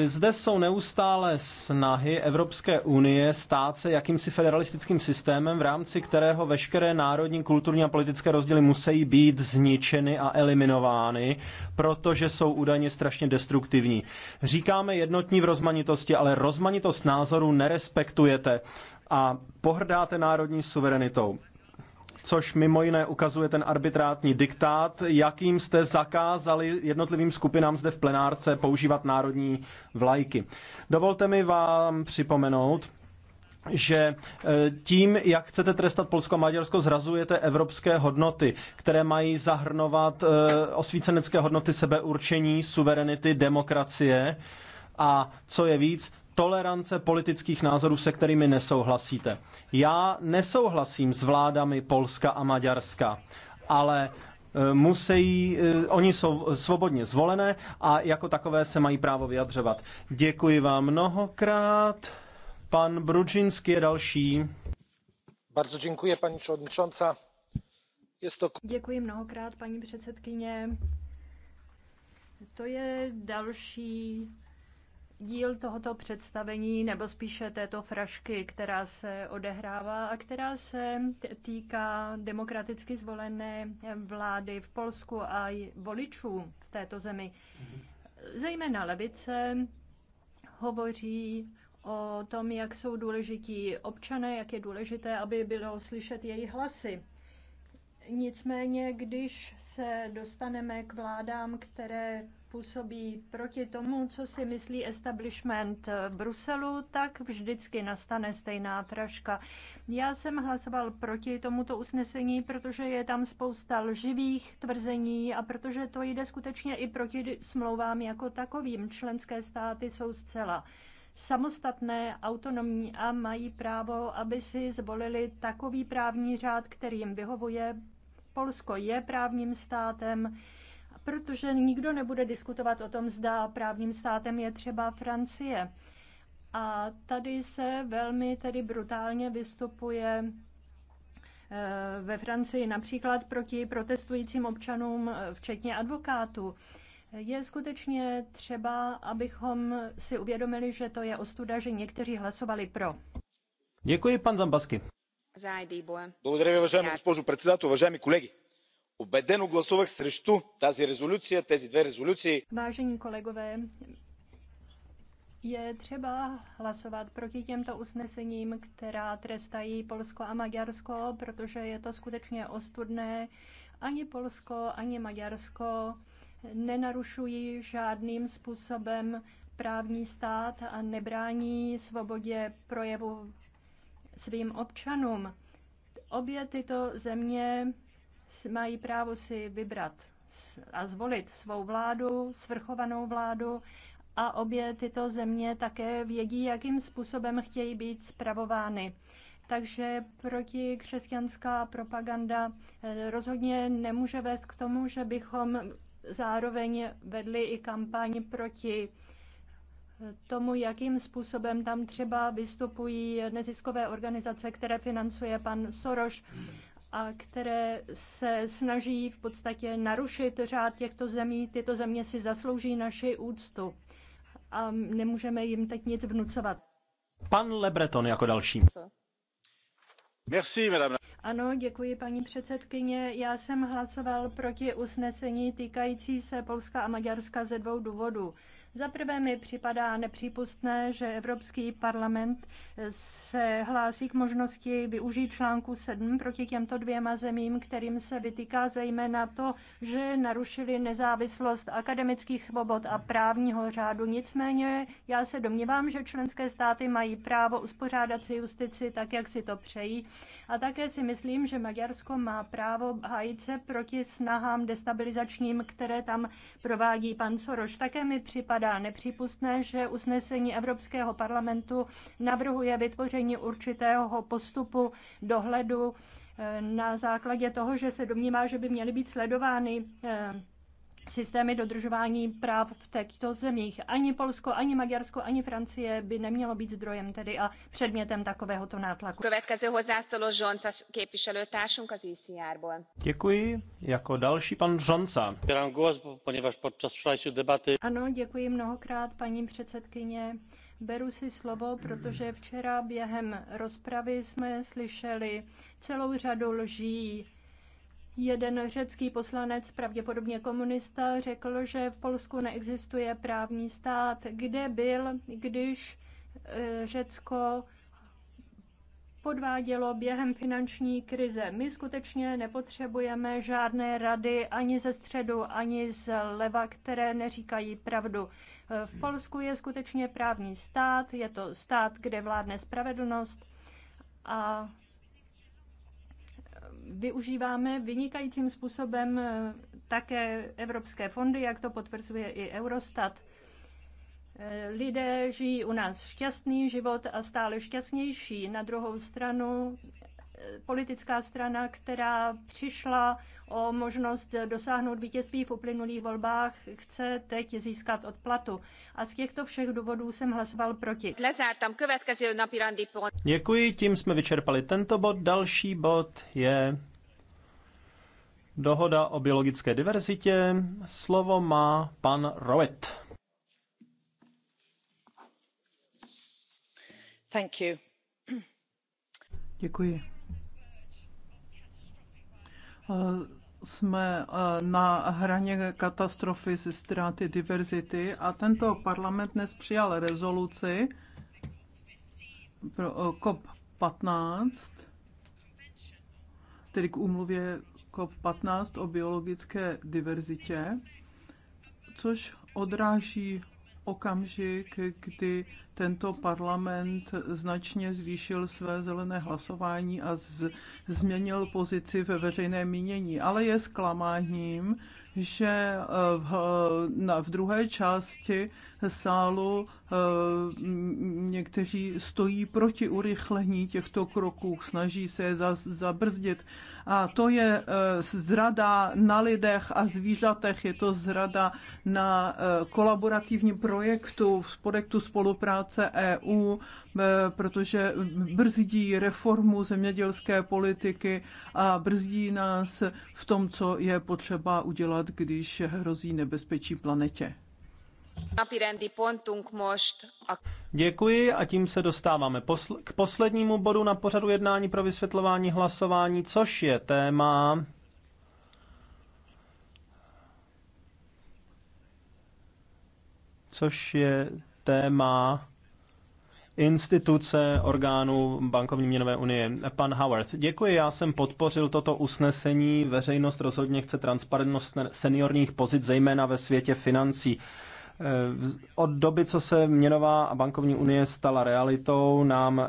Zde jsou neustále snahy Evropské unie stát se jakýmsi federalistickým systémem, v rámci kterého veškeré národní, kulturní a politické rozdíly musí být zničeny a eliminovány, protože jsou údajně strašně destruktivní. Říkáme jednotní v rozmanitosti, ale rozmanitost názorů nerespektujete a pohrdáte národní suverenitou což mimo jiné ukazuje ten arbitrátní diktát, jakým jste zakázali jednotlivým skupinám zde v plenárce používat národní vlajky. Dovolte mi vám připomenout, že e, tím, jak chcete trestat Polsko a Maďarsko, zrazujete evropské hodnoty, které mají zahrnovat e, osvícenecké hodnoty sebeurčení, suverenity, demokracie a co je víc, tolerance politických názorů, se kterými nesouhlasíte. Já nesouhlasím s vládami Polska a Maďarska, ale e, musí, e, oni jsou svobodně zvolené a jako takové se mají právo vyjadřovat. Děkuji vám mnohokrát. Pan Brudzinski je další. Bardzo paní to... Děkuji mnohokrát, paní předsedkyně. To je další díl tohoto představení, nebo spíše této frašky, která se odehrává a která se týká demokraticky zvolené vlády v Polsku a voličů v této zemi. Zejména levice hovoří o tom, jak jsou důležití občané, jak je důležité, aby bylo slyšet jejich hlasy. Nicméně, když se dostaneme k vládám, které působí proti tomu, co si myslí establishment eh, Bruselu, tak vždycky nastane stejná fraška. Já jsem hlasoval proti tomuto usnesení, protože je tam spousta lživých tvrzení a protože to jde skutečně i proti smlouvám jako takovým. Členské státy jsou zcela samostatné, autonomní a mají právo, aby si zvolili takový právní řád, který jim vyhovuje. Polsko je právním státem protože nikdo nebude diskutovat o tom, zda právním státem je třeba Francie. A tady se velmi tedy brutálně vystupuje eh, ve Francii například proti protestujícím občanům, eh, včetně advokátů. Je skutečně třeba, abychom si uvědomili, že to je ostuda, že někteří hlasovali pro. Děkuji, pan Zambasky. Благодаря ви, уважаема госпожо председател, уважаеми колеги. Убедено гласувах срещу тази резолюция, тези Vážení kolegové, je třeba hlasovat proti těmto usnesením, která trestají Polsko a Maďarsko, protože je to skutečně ostudné. Ani Polsko, ani Maďarsko nenarušují žádným způsobem právní stát a nebrání svobodě projevu svým občanům. Obě tyto země mají právo si vybrat a zvolit svou vládu, svrchovanou vládu a obě tyto země také vědí, jakým způsobem chtějí být spravovány. Takže protikřesťanská propaganda eh, rozhodně nemůže vést k tomu, že bychom zároveň vedli i kampaň proti eh, tomu, jakým způsobem tam třeba vystupují neziskové organizace, které financuje pan Soros a které se snaží v podstatě narušit řád těchto zemí. Tyto země si zaslouží naši úctu a nemůžeme jim teď nic vnucovat. Pan Lebreton jako další. Merci, madame. Ano, děkuji paní předsedkyně. Já jsem hlasoval proti usnesení týkající se Polska a Maďarska ze dvou důvodů. Za prvé mi připadá nepřípustné, že Evropský parlament se hlásí k možnosti využít článku 7 proti těmto dvěma zemím, kterým se vytýká zejména to, že narušili nezávislost akademických svobod a právního řádu. Nicméně já se domnívám, že členské státy mají právo uspořádat si justici tak, jak si to přejí. A také si myslím, že Maďarsko má právo hájit se proti snahám destabilizačním, které tam provádí pan Soroš. Také mi připadá, připadá nepřípustné, že usnesení Evropského parlamentu navrhuje vytvoření určitého postupu dohledu eh, na základě toho, že se domnívá, že by měly být sledovány eh, systémy dodržování práv v těchto zemích. Ani Polsko, ani Maďarsko, ani Francie by nemělo být zdrojem tedy a předmětem takovéhoto nátlaku. Děkuji. Jako další pan Žonca. Ano, děkuji mnohokrát, paní předsedkyně. Beru si slovo, protože včera během rozpravy jsme slyšeli celou řadu lží Jeden řecký poslanec, pravděpodobně komunista, řekl, že v Polsku neexistuje právní stát. Kde byl, když eh, Řecko podvádělo během finanční krize. My skutečně nepotřebujeme žádné rady ani ze středu, ani z leva, které neříkají pravdu. Eh, v Polsku je skutečně právní stát, je to stát, kde vládne spravedlnost a využíváme vynikajícím způsobem eh, také evropské fondy, jak to potvrzuje i Eurostat. Eh, lidé žijí u nás šťastný život a stále šťastnější. Na druhou stranu politická strana, která přišla o možnost dosáhnout vítězství v uplynulých volbách, chce teď získat odplatu. A z těchto všech důvodů jsem hlasoval proti. Děkuji, tím jsme vyčerpali tento bod. Další bod je dohoda o biologické diverzitě. Slovo má pan Rowett. Thank you. Děkuji. Eh, jsme eh, na hraně katastrofy ze ztráty diverzity a tento parlament dnes přijal rezoluci pro eh, COP15, tedy k úmluvě COP15 o biologické diverzitě, což odráží okamžik, kdy tento parlament značně zvýšil své zelené hlasování a z, změnil pozici ve veřejném mínění. Ale je zklamáním, že eh, v, na, v druhé části sálu eh, někteří stojí proti urychlení těchto kroků, snaží se je za, zabrzdit a to je e, zrada na lidech a zvířatech, je to zrada na e, kolaborativním projektu, v projektu spolupráce EU, e, protože brzdí reformu zemědělské politiky a brzdí nás v tom, co je potřeba udělat, když hrozí nebezpečí planetě. Děkuji a tím se dostáváme posl- k poslednímu bodu na pořadu jednání pro vysvětlování hlasování, což je téma což je téma instituce orgánů bankovní měnové unie. Pan Howard, děkuji, já jsem podpořil toto usnesení. Veřejnost rozhodně chce transparentnost seniorních pozic, zejména ve světě financí. Eh, od doby, co se měnová a bankovní unie stala realitou, nám eh,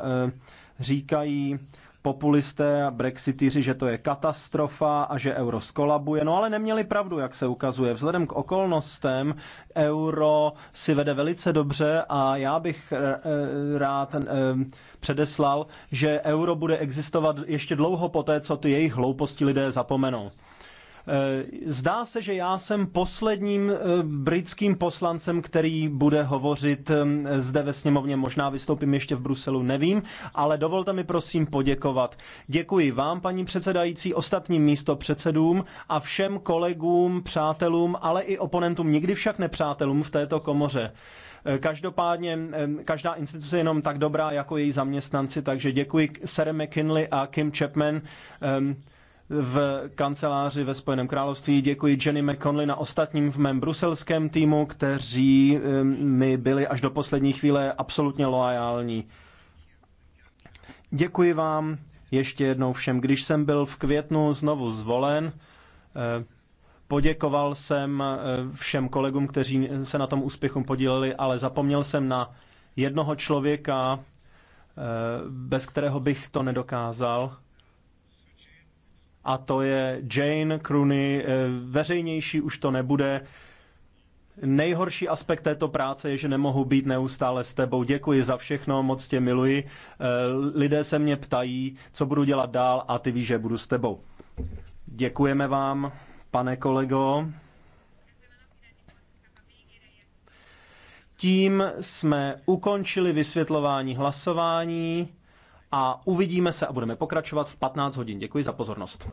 říkají populisté a brexitíři, že to je katastrofa a že euro skolabuje. No ale neměli pravdu, jak se ukazuje. Vzhledem k okolnostem euro si vede velice dobře a já bych eh, rád předeslal, že euro bude existovat ještě dlouho poté, co ty jejich hlouposti lidé zapomenou. Eh, zdá se, že já jsem posledním eh, britským poslancem, který bude hovořit eh, zde ve sněmovně. Možná vystoupím ještě v Bruselu, nevím, ale dovolte mi prosím poděkovat. Děkuji vám, paní předsedající, ostatním místo předsedům a všem kolegům, přátelům, ale i oponentům, nikdy však nepřátelům v této komoře. Každopádně každá instituce je jenom tak dobrá jako její zaměstnanci, takže děkuji Sarah McKinley a Kim Chapman v kanceláři ve Spojeném království. Děkuji Jenny McConley na ostatním v mém bruselském týmu, kteří mi byli až do poslední chvíle absolutně loajální. Děkuji vám ještě jednou všem. Když jsem byl v květnu znovu zvolen, eh, poděkoval jsem eh, všem kolegům, kteří se na tom úspěchu podíleli, ale zapomněl jsem na jednoho člověka, eh, bez kterého bych to nedokázal – a to je Jane Crooney. Eh, veřejnější už to nebude. Nejhorší aspekt této práce je, že nemohu být neustále s tebou. Děkuji za všechno, moc tě miluji. Eh, lidé se mě ptají, co budu dělat dál a ty víš, že budu s tebou. Děkujeme vám, pane kolego. Tím jsme ukončili vysvětlování hlasování a uvidíme se a budeme pokračovat v 15 hodin. Děkuji za pozornost.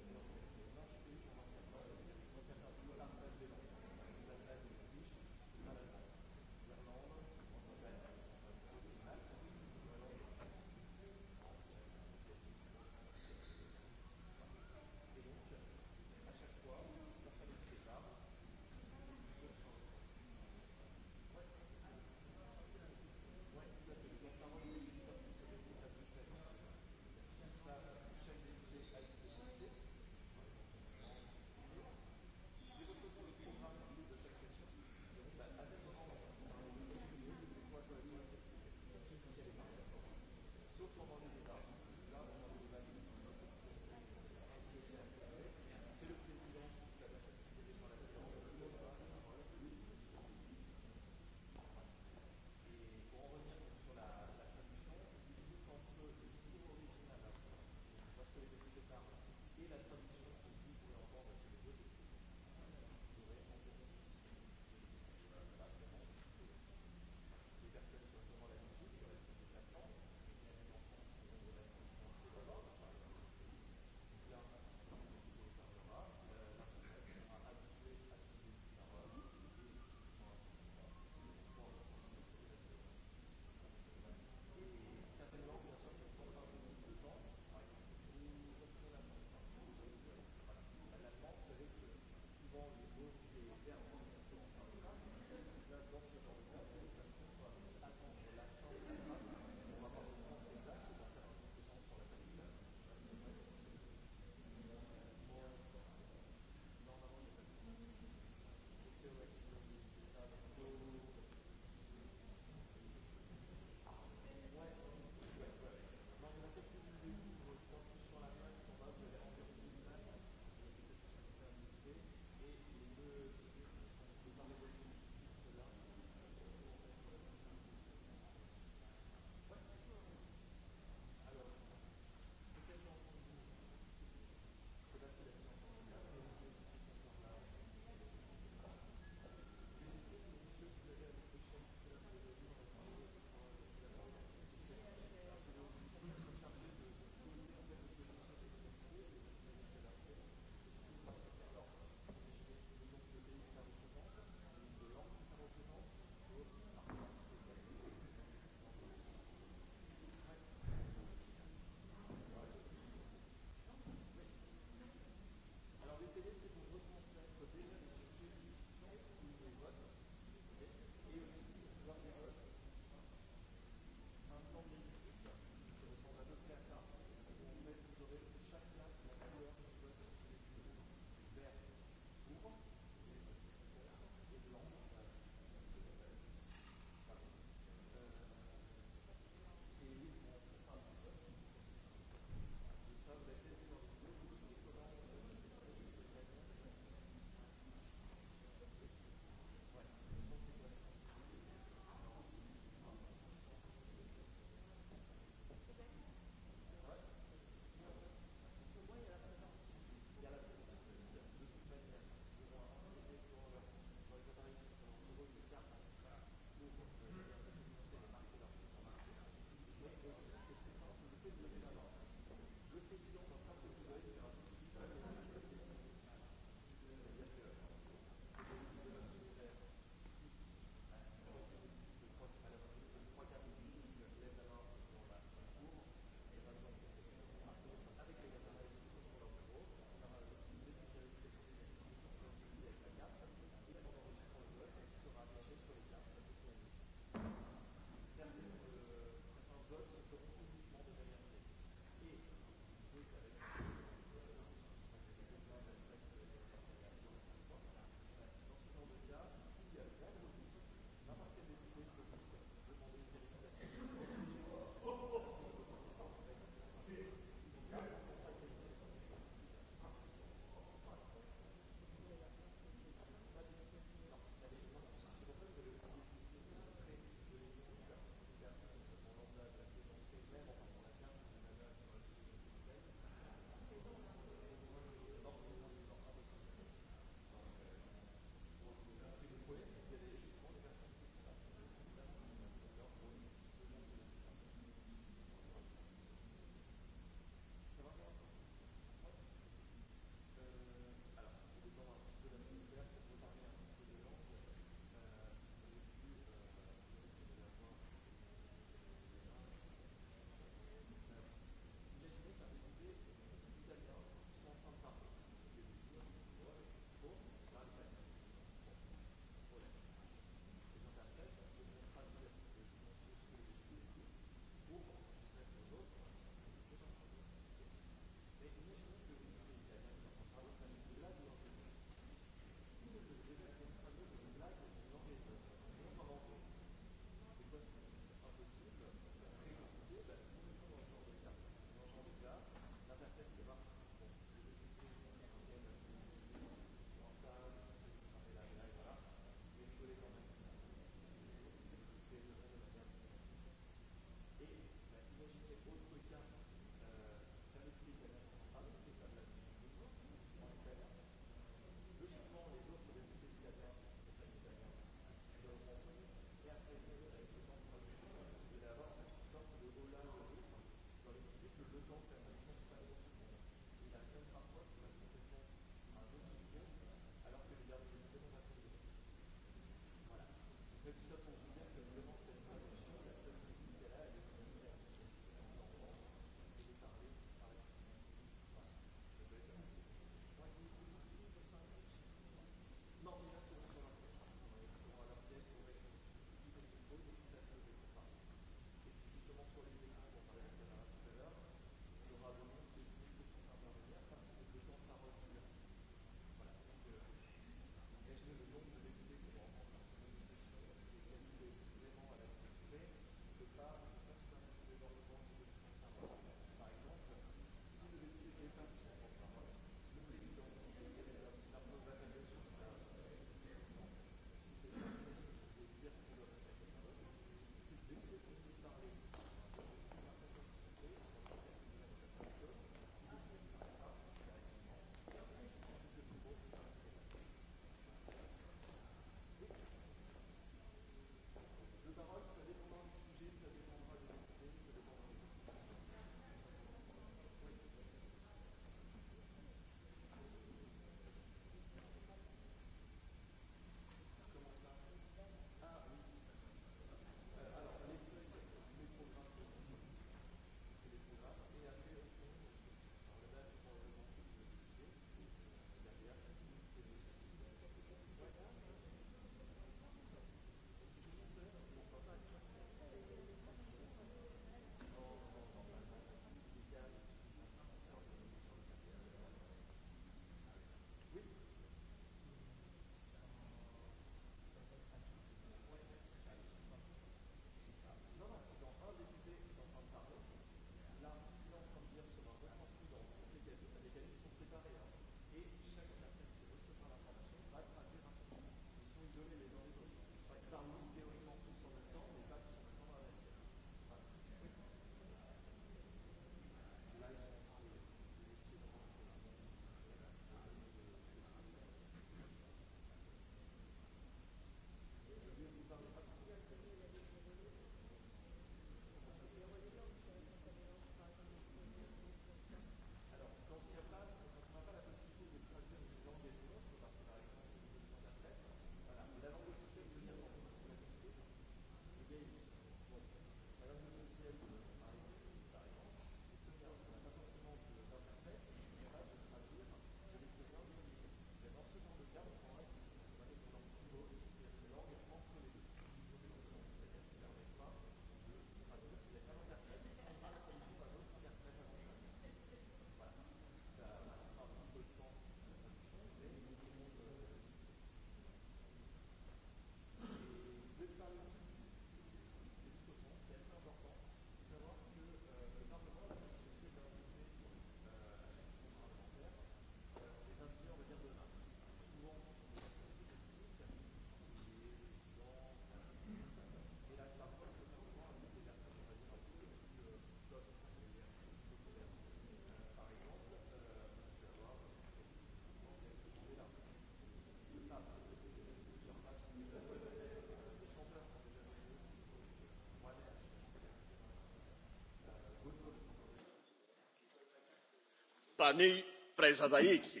paní předsedající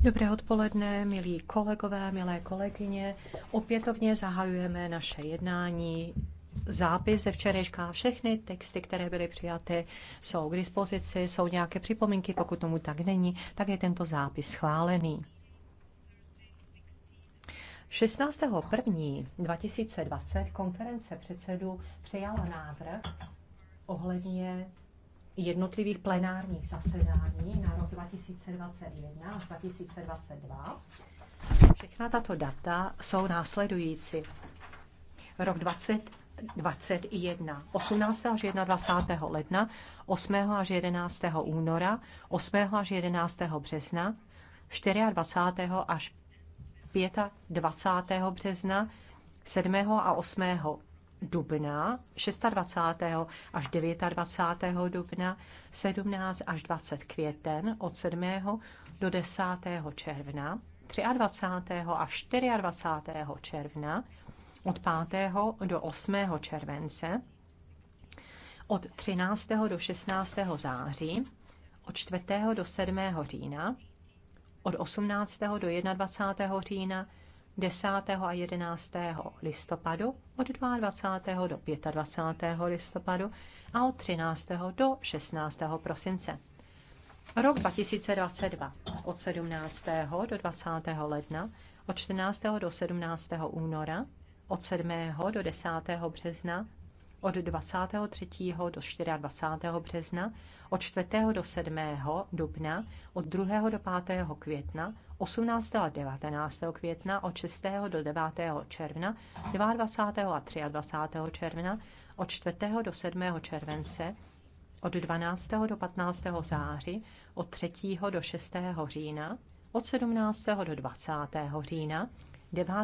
Dobré odpoledne, milí kolegové, milé kolegyně. Opětovně zahajujeme naše jednání. Zápis ze včerejška všechny texty, které byly přijaty, jsou k dispozici. Jsou nějaké připomínky, pokud tomu tak není, tak je tento zápis schválený. 16.1.2020 konference předsedů přijala návrh ohledně jednotlivých plenárních zasedání na rok 2021 a 2022. Všechna tato data jsou následující. Rok 2021, 18. až 21. ledna, 8. až 11. února, 8. až 11. března, 24. až 25. března, 7. a 8. dubna, 26. až 29. dubna, 17 až 20 květen, od 7. do 10. června, 23. až 24. června, od 5. do 8. července, od 13. do 16. září, od 4. do 7. října, od 18. do 21. října, 10. a 11. listopadu, od 22. do 25. listopadu a od 13. do 16. prosince. Rok 2022 od 17. do 20. ledna, od 14. do 17. února, od 7. do 10. března, od 23. do 24. března, od 4. do 7. dubna, od 2. do 5. května, 18. a 19. května, od 6. do 9. června, 22. a 23. června, od 4. do 7. července, od 12. do 15. září, od 3. do 6. října, od 17. do 20. října, 9.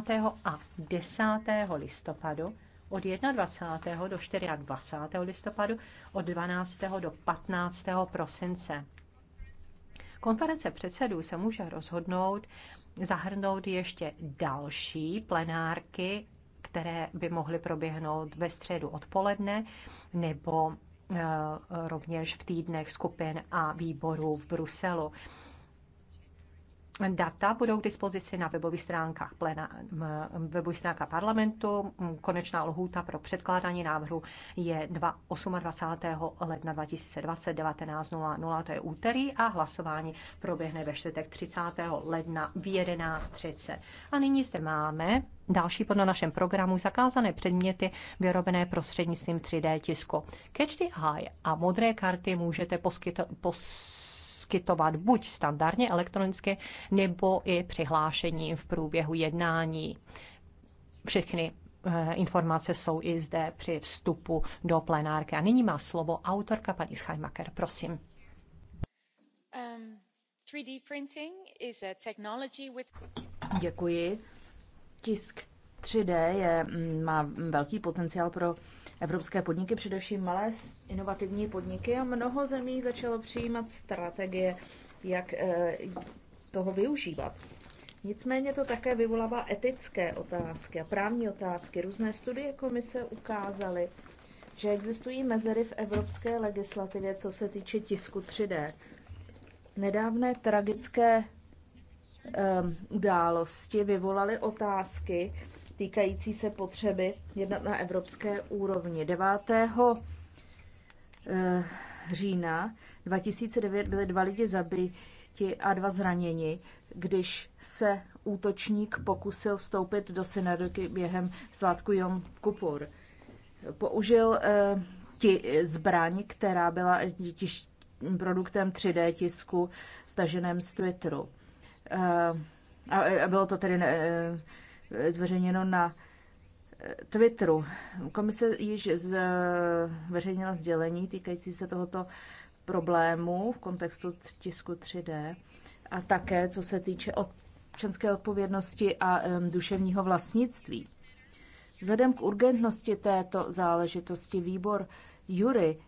a 10. listopadu, od 21. do 24. listopadu, od 12. do 15. prosince. Konference předsedů se může rozhodnout zahrnout ještě další plenárky, které by mohly proběhnout ve středu odpoledne nebo eh, rovněž v týdnech skupin a výborů v Bruselu. Data budou k dispozici na webových stránkách, plena, webových stránkách parlamentu. Konečná lhůta pro předkládání návrhu je 28. ledna 2020 19.00, to je úterý, a hlasování proběhne ve čtvrtek 30. ledna v 11.30. A nyní zde máme další pod na našem programu zakázané předměty vyrobené prostřednictvím 3D tisku. Catch the eye a modré karty můžete poskytovat pos poskytovat buď standardně elektronicky, nebo i přihlášením v průběhu jednání. Všechny eh, informace jsou i zde při vstupu do plenárky. A nyní má slovo autorka paní Schajmaker, prosím. Um, 3D printing is a technology with... Děkuji. Tisk 3D je, mm, má velký potenciál pro Evropské podniky, především malé inovativní podniky a mnoho zemí začalo přijímat strategie, jak eh, toho využívat. Nicméně to také vyvolává etické otázky a právní otázky. Různé studie komise ukázaly, že existují mezery v evropské legislativě, co se týče tisku 3D. Nedávné tragické um, události vyvolaly otázky, týkající se potřeby jednat na evropské úrovni. 9. Eh, října 2009 byly dva lidi zabiti a dva zraněni, když se útočník pokusil vstoupit do synagogy během svátku Jom Kupur. Použil eh, ti zbraň, která byla produktem 3D tisku staženém z Twitteru. Eh, a bylo to tedy zveřejněno na eh, Twitteru. Komise již zveřejnila sdělení týkající se tohoto problému v kontextu tisku 3D a také co se týče občanské odpovědnosti a duševního vlastnictví. Vzhledem k urgentnosti této záležitosti výbor Jury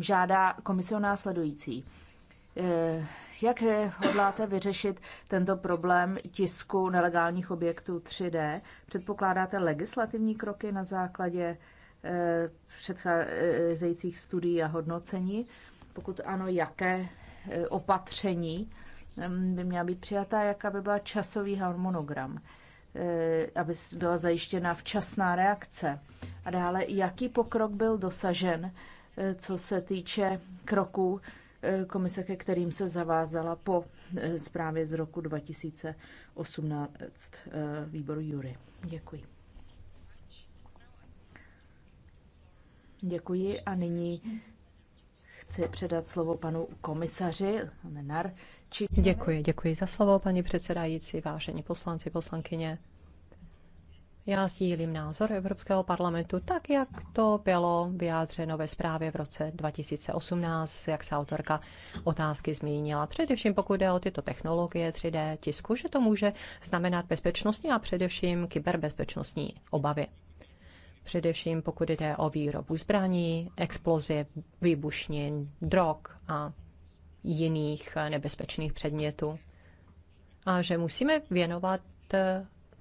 žádá komisi o následující Eh, jak hodláte vyřešit tento problém tisku nelegálních objektů 3D? Předpokládáte legislativní kroky na základě eh, předcházejících studií a hodnocení? Pokud ano, jaké eh, opatření mm, by měla být přijatá, jaká by byla časový harmonogram, aby byla zajištěna včasná reakce? A dále, jaký pokrok byl dosažen, co se týče kroků, Eh, komise, ke kterým se zavázala po eh, zprávě z roku 2018 eh, výboru Jury. Děkuji. Děkuji a nyní chci předat slovo panu komisaři Nenar. Či... Děkuji, děkuji za slovo, paní předsedající, vážení poslanci, poslankyně. Já sdílím názor Evropského parlamentu tak, jak to bylo vyjádřeno ve zprávě v roce 2018, jak se autorka otázky zmínila. Především pokud jde o tyto technologie 3D tisku, že to může znamenat bezpečnostní a především kyberbezpečnostní obavy. Především pokud jde o výrobu zbraní, exploziv, výbušnin, drog a jiných nebezpečných předmětů. A že musíme věnovat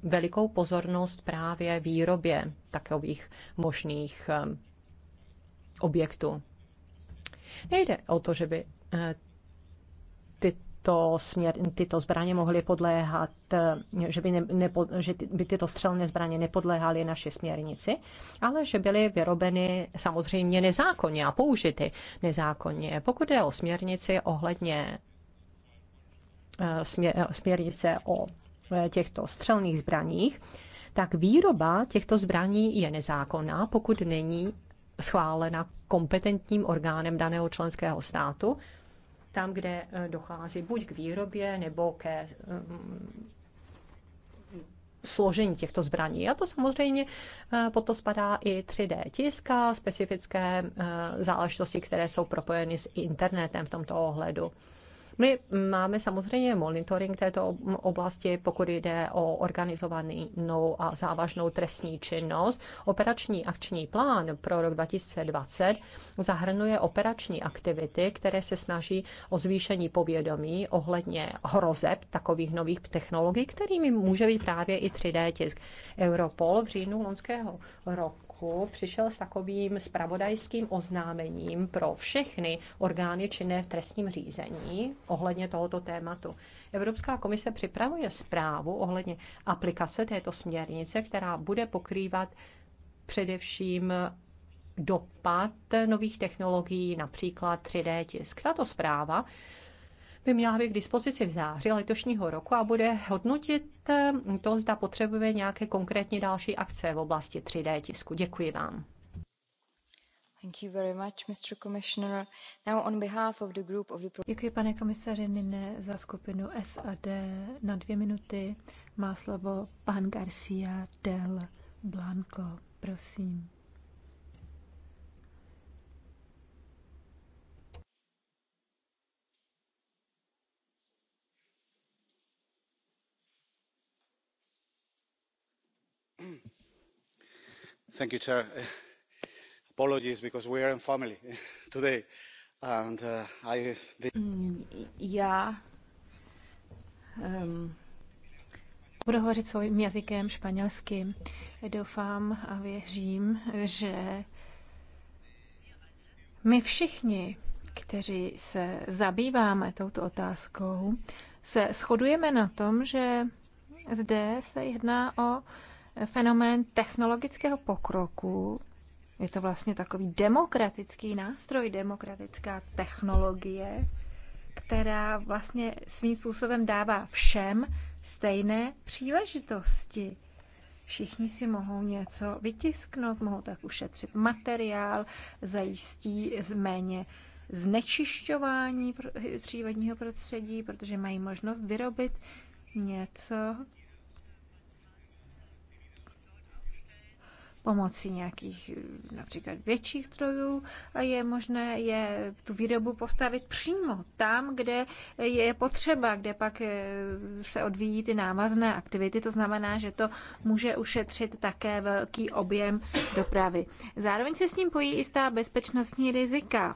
velikou pozornost právě výrobě takových možných eh, objektů. Nejde o to, že by eh, tyto, směr, tyto zbraně mohly podléhat, eh, že by, ne, nepo, že by tyto střelné zbraně nepodléhaly naší směrnici, ale že byly vyrobeny samozřejmě nezákonně a použity nezákonně. Pokud je o směrnici ohledně směrnice o těchto střelných zbraních, tak výroba těchto zbraní je nezákonná, pokud není schválena kompetentním orgánem daného členského státu, tam, kde eh, dochází buď k výrobě nebo ke mm, složení těchto zbraní. A to samozřejmě eh, pod to spadá i 3D tiska, specifické eh, záležitosti, které jsou propojeny s internetem v tomto ohledu. My máme samozřejmě monitoring této oblasti, pokud jde o organizovanou a závažnou trestní činnost. Operační akční plán pro rok 2020 zahrnuje operační aktivity, které se snaží o zvýšení povědomí ohledně hrozeb takových nových technologií, kterými může být právě i 3D tisk. Europol v říjnu loňského roku roku přišel s takovým spravodajským oznámením pro všechny orgány činné v trestním řízení ohledně tohoto tématu. Evropská komise připravuje zprávu ohledně aplikace této směrnice, která bude pokrývat především dopad nových technologií, například 3D tisk. Tato zpráva by měla být k dispozici v září letošního roku a bude hodnotit eh, to, zda potřebuje nějaké konkrétní další akce v oblasti 3D tisku. Děkuji vám. Thank you very much, Mr. Commissioner. Now on behalf of the group of the... Děkuji, pane komisaři Nine, za skupinu SAD. Na dvě minuty má slovo pan Garcia del Blanco. Prosím. thank you chair apologies because we are in family today and uh, i mm, já um, budu hovořit svým jazykem španělsky Doufám a věřím, že my všichni, kteří se zabýváme touto otázkou, se shodujeme na tom, že zde se jedná o fenomén technologického pokroku. Je to vlastně takový demokratický nástroj, demokratická technologie, která vlastně svým způsobem dává všem stejné příležitosti. Všichni si mohou něco vytisknout, mohou tak ušetřit materiál, zajistí méně znečišťování přírodního prostředí, protože mají možnost vyrobit něco, pomocí nějakých například větších strojů a je možné je tu výrobu postavit přímo tam, kde je potřeba, kde pak eh, se odvíjí ty námazné aktivity. To znamená, že to může ušetřit také velký objem dopravy. Zároveň se s ním pojí jistá bezpečnostní rizika.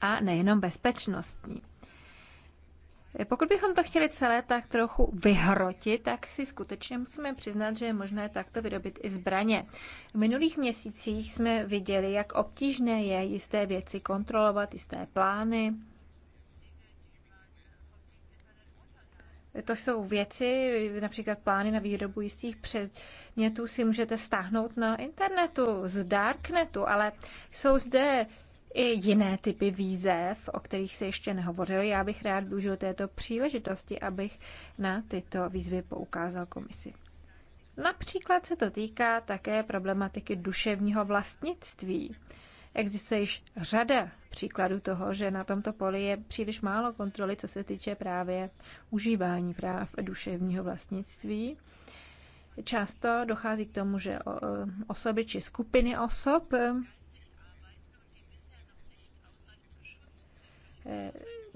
A nejenom bezpečnostní. Pokud bychom to chtěli celé tak trochu vyhrotit, tak si skutečně musíme přiznat, že je možné takto vyrobit i zbraně. V minulých měsících jsme viděli, jak obtížné je jisté věci kontrolovat, jisté plány, To jsou věci, například plány na výrobu jistých předmětů si můžete stáhnout na internetu, z darknetu, ale jsou zde i jiné typy výzev, o kterých se ještě nehovořil. Já bych rád využil této příležitosti, abych na tyto výzvy poukázal komisi. Například se to týká také problematiky duševního vlastnictví. Existuje již řada příkladů toho, že na tomto poli je příliš málo kontroly, co se týče právě užívání práv duševního vlastnictví. Často dochází k tomu, že osoby či skupiny osob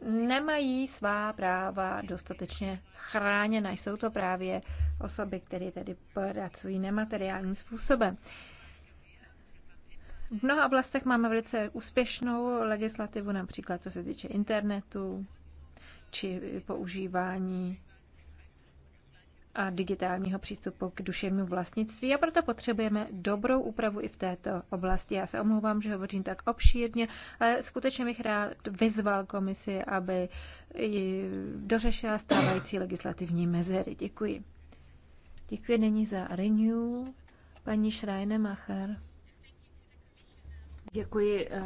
nemají svá práva dostatečně chráněna. Jsou to právě osoby, které tedy pracují nemateriálním způsobem. V mnoha oblastech máme velice úspěšnou legislativu, například co se týče internetu či používání a digitálního přístupu k duševnímu vlastnictví a proto potřebujeme dobrou úpravu i v této oblasti. Já se omlouvám, že hovořím tak obšírně, ale skutečně bych rád vyzval komisi, aby dořešila stávající legislativní mezery. Děkuji. Děkuji není za Renew, paní Schreine-Macher. Děkuji eh,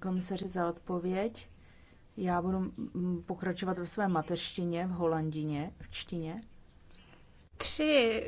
komisaři za odpověď. Já budu mm, pokračovat ve své mateřštině, v holandině, v čtině. 3,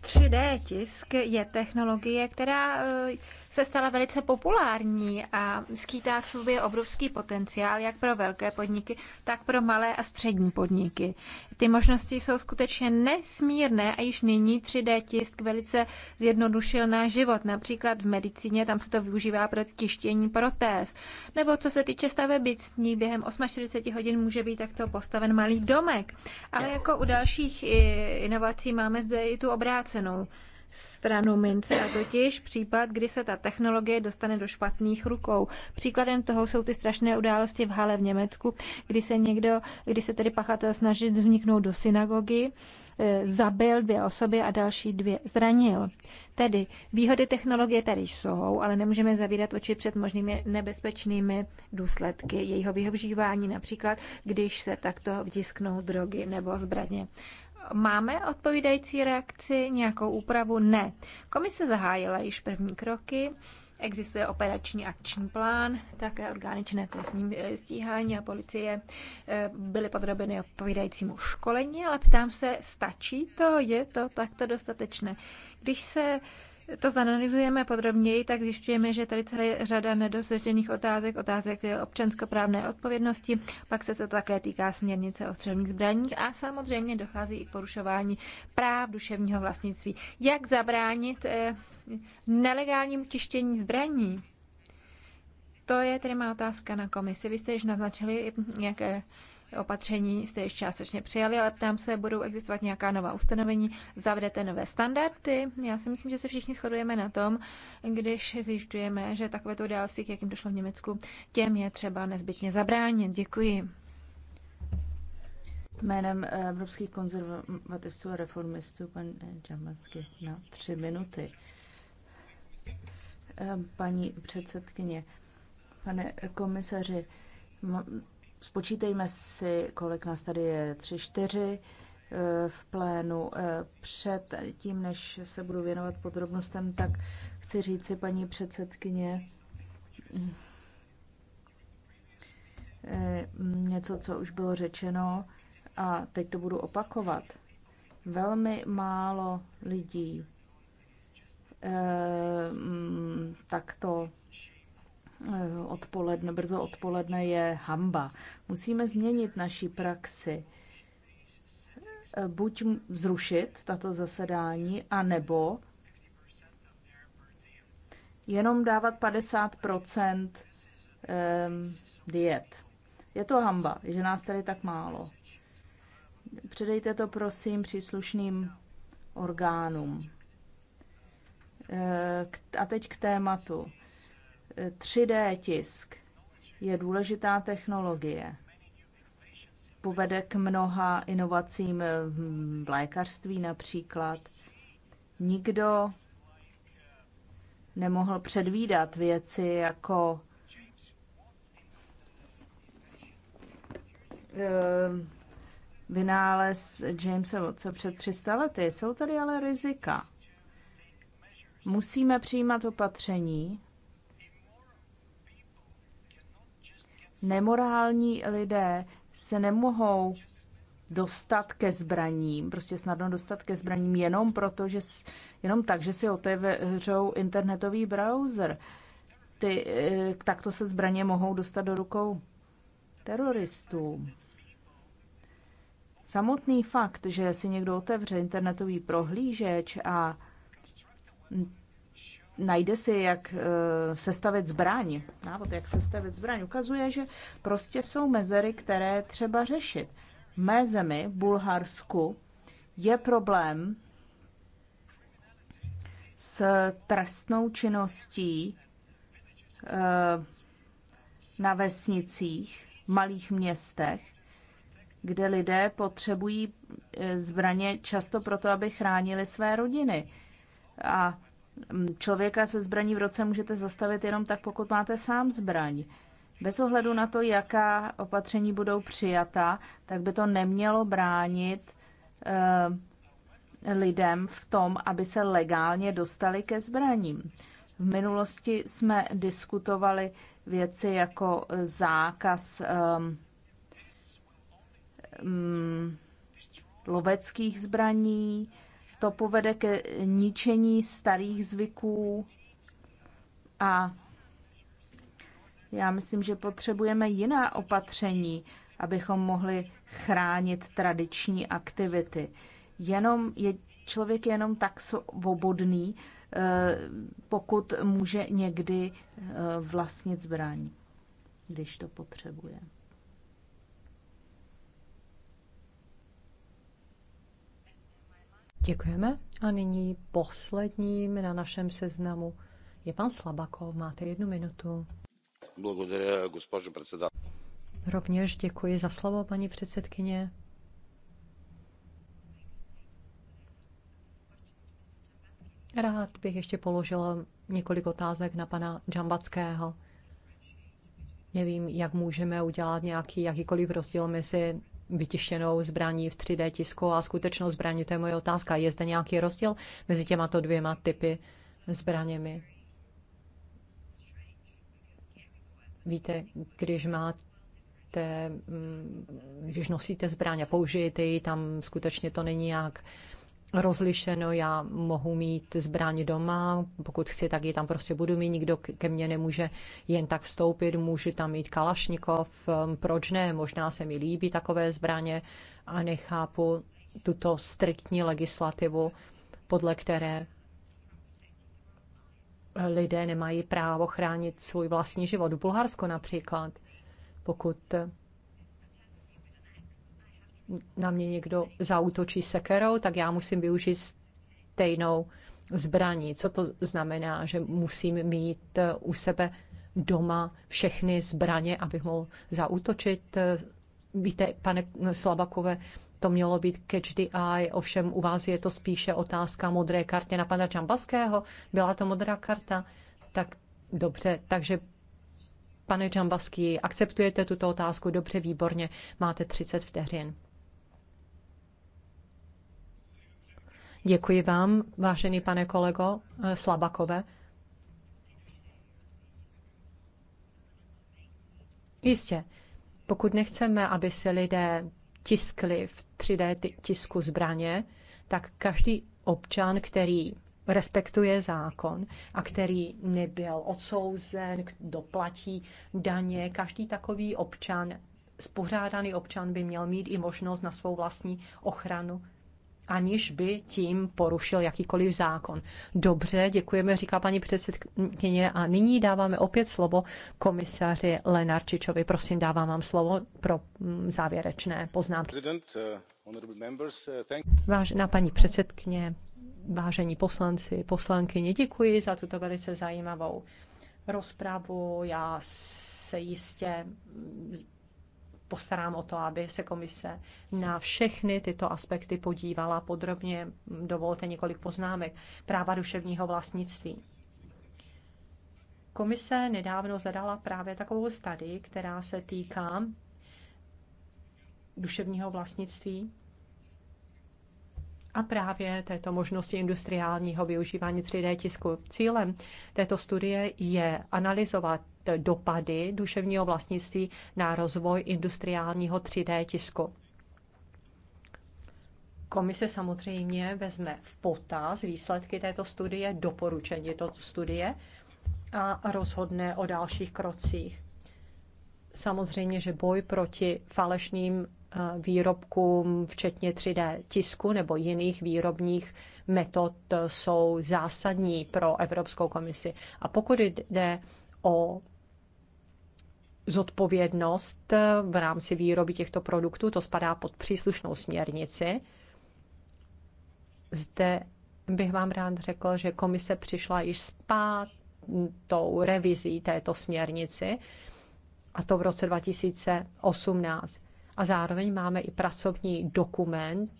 3D tisk je technologie, která e, se stala velice populární a skýtá v sobě obrovský potenciál jak pro velké podniky, tak pro malé a střední podniky. Ty možnosti jsou skutečně nesmírné a již nyní 3D tisk velice zjednodušil náš život. Například v medicíně tam se to využívá pro tištění protéz. Nebo co se týče stavebnictví, během 48 hodin může být takto postaven malý domek. Ale jako u dalších inovací máme zde i tu obrácenou stranu mince, a totiž případ, kdy se ta technologie dostane do špatných rukou. Příkladem toho jsou ty strašné události v Hale v Německu, kdy se někdo, kdy se tedy pachatel snaží vniknout do synagogy, e, zabil dvě osoby a další dvě zranil. Tedy výhody technologie tady jsou, ale nemůžeme zavírat oči před možnými nebezpečnými důsledky jejího využívání, například když se takto vtisknou drogy nebo zbraně. Máme odpovídající reakci, nějakou úpravu? Ne. Komise zahájila již první kroky, existuje operační akční plán, také orgány činné trestní eh, stíhání a policie eh, byly podrobeny odpovídajícímu školení, ale ptám se, stačí to? Je to takto dostatečné? Když se to zanalizujeme podrobněji, tak zjišťujeme, že tady celá řada nedosažených otázek, otázek občanskoprávné odpovědnosti, pak se to také týká směrnice o střelných zbraních a samozřejmě dochází i k porušování práv duševního vlastnictví. Jak zabránit eh, nelegálnímu tištění zbraní? To je tedy má otázka na komisi. Vy jste již naznačili, jaké eh, opatření jste již částečně přijali, ale ptám se, budou existovat nějaká nová ustanovení, zavedete nové standardy. Já si myslím, že se všichni shodujeme na tom, když zjišťujeme, že takovéto události, k jakým došlo v Německu, těm je třeba nezbytně zabránit. Děkuji. Jménem eh, Evropských konzervativců a reformistů pan Džamacky eh, na tři minuty. Eh, paní předsedkyně, pane komisaři, Spočítejme si, kolik nás tady je, tři, čtyři eh, v plénu. Eh, před tím, než se budu věnovat podrobnostem, tak chci si, paní předsedkyně eh, něco, co už bylo řečeno a teď to budu opakovat. Velmi málo lidí takto Eh, odpoledne, brzo odpoledne je hamba. Musíme změnit naší praxi. Eh, buď zrušit tato zasedání, anebo jenom dávat 50 ehm, diet. Je to hamba, že nás tady tak málo. Předejte to prosím příslušným orgánům. Eh, a teď k tématu 3D tisk je důležitá technologie. Povede k mnoha inovacím v lékařství například. Nikdo nemohl předvídat věci jako ehm, vynález Jamesa Wattsa před 300 lety. Jsou tady ale rizika. Musíme přijímat opatření, nemorální lidé se nemohou dostat ke zbraním, prostě snadno dostat ke zbraním jenom proto, že, jenom tak, že si otevřou internetový browser. Ty, eh, takto se zbraně mohou dostat do rukou teroristů. Samotný fakt, že si někdo otevře internetový prohlížeč a najde si, jak eh, sestavit zbraň, návod, jak sestavit zbraň, ukazuje, že prostě jsou mezery, které třeba řešit. V mé zemi, Bulharsku, je problém s trestnou činností eh, na vesnicích, malých městech, kde lidé potřebují eh, zbraně často proto, aby chránili své rodiny. A Mm, člověka se zbraní v roce můžete zastavit jenom tak, pokud máte sám zbraň. Bez ohledu na to, jaká opatření budou přijata, tak by to nemělo bránit eh, lidem v tom, aby se legálně dostali ke zbraním. V minulosti jsme diskutovali věci jako zákaz um, um, loveckých zbraní, to povede ke ničení starých zvyků a já myslím, že potřebujeme jiná opatření, abychom mohli chránit tradiční aktivity. Jenom je, člověk jenom tak svobodný, eh, pokud může někdy eh, vlastnit zbraň, když to potřebuje. Děkujeme. A nyní posledním na našem seznamu je pan Slabakov. Máte jednu minutu. Rovněž děkuji za slovo, paní předsedkyně. Rád bych ještě položila několik otázek na pana Džambackého. Nevím, jak můžeme udělat nějaký jakýkoliv rozdíl mezi vytištěnou zbraní v 3D tisku a skutečnou zbraní, to je moje otázka. Je zde nějaký rozdíl mezi těma to dvěma typy zbraněmi? Víte, když máte mm, když nosíte zbraň a použijete ji, tam skutečně to není jak. uh, rozlišeno, já mohu mít zbraň doma, pokud chci, tak ji tam prostě budu mít, nikdo ke mně nemůže jen tak vstoupit, můžu tam mít Kalašnikov, um, proč ne, možná se mi líbí takové zbraně a nechápu tuto striktní legislativu, podle které lidé nemají právo chránit svůj vlastní život. V Bulharsku například, pokud na mě někdo zautočí sekerou, tak já musím využít stejnou zbraní. Co to znamená, že musím mít eh, u sebe doma všechny zbraně, abych mohl zautočit? Eh, víte, pane Slabakové, to mělo být catch the eye, ovšem u vás je to spíše otázka modré karty na pana Čambaského. Byla to modrá karta? Tak dobře, takže pane Čambaský, akceptujete tuto otázku? Dobře, výborně, máte 30 vteřin. Děkuji vám, vážený pane kolego eh, Slabakové. Jistě, pokud nechceme, aby se lidé tiskli v 3D tisku zbraně, tak každý občan, který respektuje zákon a který nebyl odsouzen, doplatí daně, každý takový občan, spořádaný občan by měl mít i možnost na svou vlastní ochranu aniž by tím porušil jakýkoliv zákon. Dobře, děkujeme, říká paní předsedkyně. A nyní dáváme opět slovo komisaři Lenarčičovi. Prosím, dávám vám slovo pro mm, závěrečné poznámky. Uh, uh, Vážená paní předsedkyně, vážení poslanci, poslankyně, děkuji za tuto velice zajímavou rozpravu. Já se jistě postarám o to, aby se komise na všechny tyto aspekty podívala podrobně. Dovolte několik poznámek. Práva duševního vlastnictví. Komise nedávno zadala právě takovou studii, která se týká duševního vlastnictví a právě této možnosti industriálního využívání 3D tisku. Cílem této studie je analyzovat dopady duševního vlastnictví na rozvoj industriálního 3D tisku. Komise samozřejmě vezme v potaz výsledky této studie, doporučení této studie a rozhodne o dalších krocích. Samozřejmě, že boj proti falešným eh, výrobkům, včetně 3D tisku nebo jiných výrobních metod, eh, jsou zásadní pro Evropskou komisi. A pokud jde o zodpovědnost eh, v rámci výroby těchto produktů, to spadá pod příslušnou směrnici. Zde bych vám rád řekl, že komise přišla již s pátou revizí této směrnici, a to v roce 2018. A zároveň máme i pracovní dokument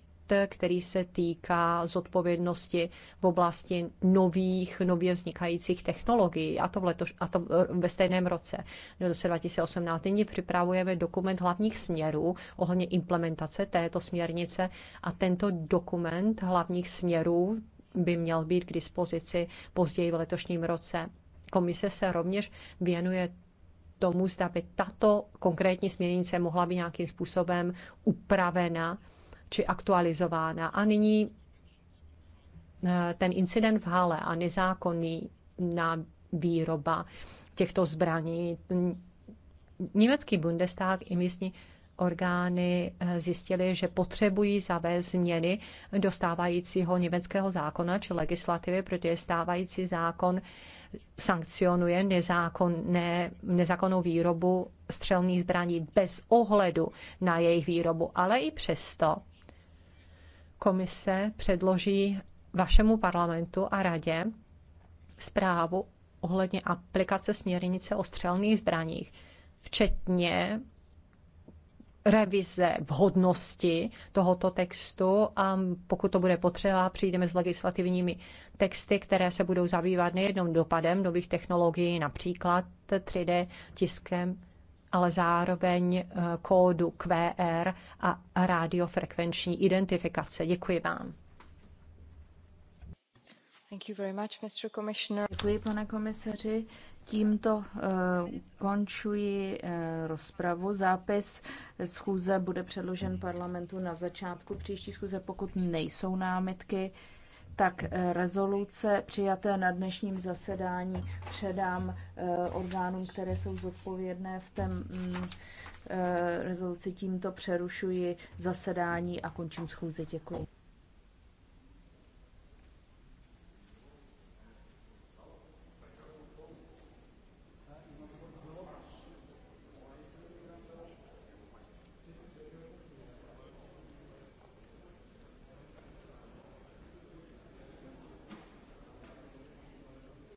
který se týká zodpovědnosti v oblasti nových, nově vznikajících technologií, a to, v letoš, a to eh, ve stejném roce, v roce 2018. Nyní připravujeme dokument hlavních směrů ohledně implementace této směrnice a tento dokument hlavních směrů by měl být k dispozici později v letošním roce. Komise se rovněž věnuje tomu, zda by tato konkrétní směrnice mohla být nějakým způsobem upravena či aktualizována. A nyní eh, ten incident v Hale a nezákonný na výroba těchto zbraní. Německý Bundestag i místní orgány eh, zjistili, že potřebují zavést změny dostávajícího německého zákona či legislativy, protože stávající zákon sankcionuje nezákonné, nezákonnou výrobu střelných zbraní bez ohledu na jejich výrobu, ale i přesto komise předloží vašemu parlamentu a radě zprávu ohledně aplikace směrnice o střelných zbraních, včetně revize vhodnosti tohoto textu a pokud to bude potřeba, přijdeme s legislativními texty, které se budou zabývat nejenom dopadem nových technologií, například 3D tiskem, ale zároveň eh, kódu QR a radiofrekvenční identifikace. Děkuji vám. Thank you very much, Mr. Commissioner. Děkuji, pane komisaři. Tímto uh, eh, končuji uh, eh, rozpravu. Zápis schůze bude předložen parlamentu na začátku příští schůze, pokud nejsou námitky tak eh, rezoluce přijaté na dnešním zasedání předám eh, orgánům, které jsou zodpovědné v té mm, eh, rezoluci. Tímto přerušuji zasedání a končím schůzi. Děkuji.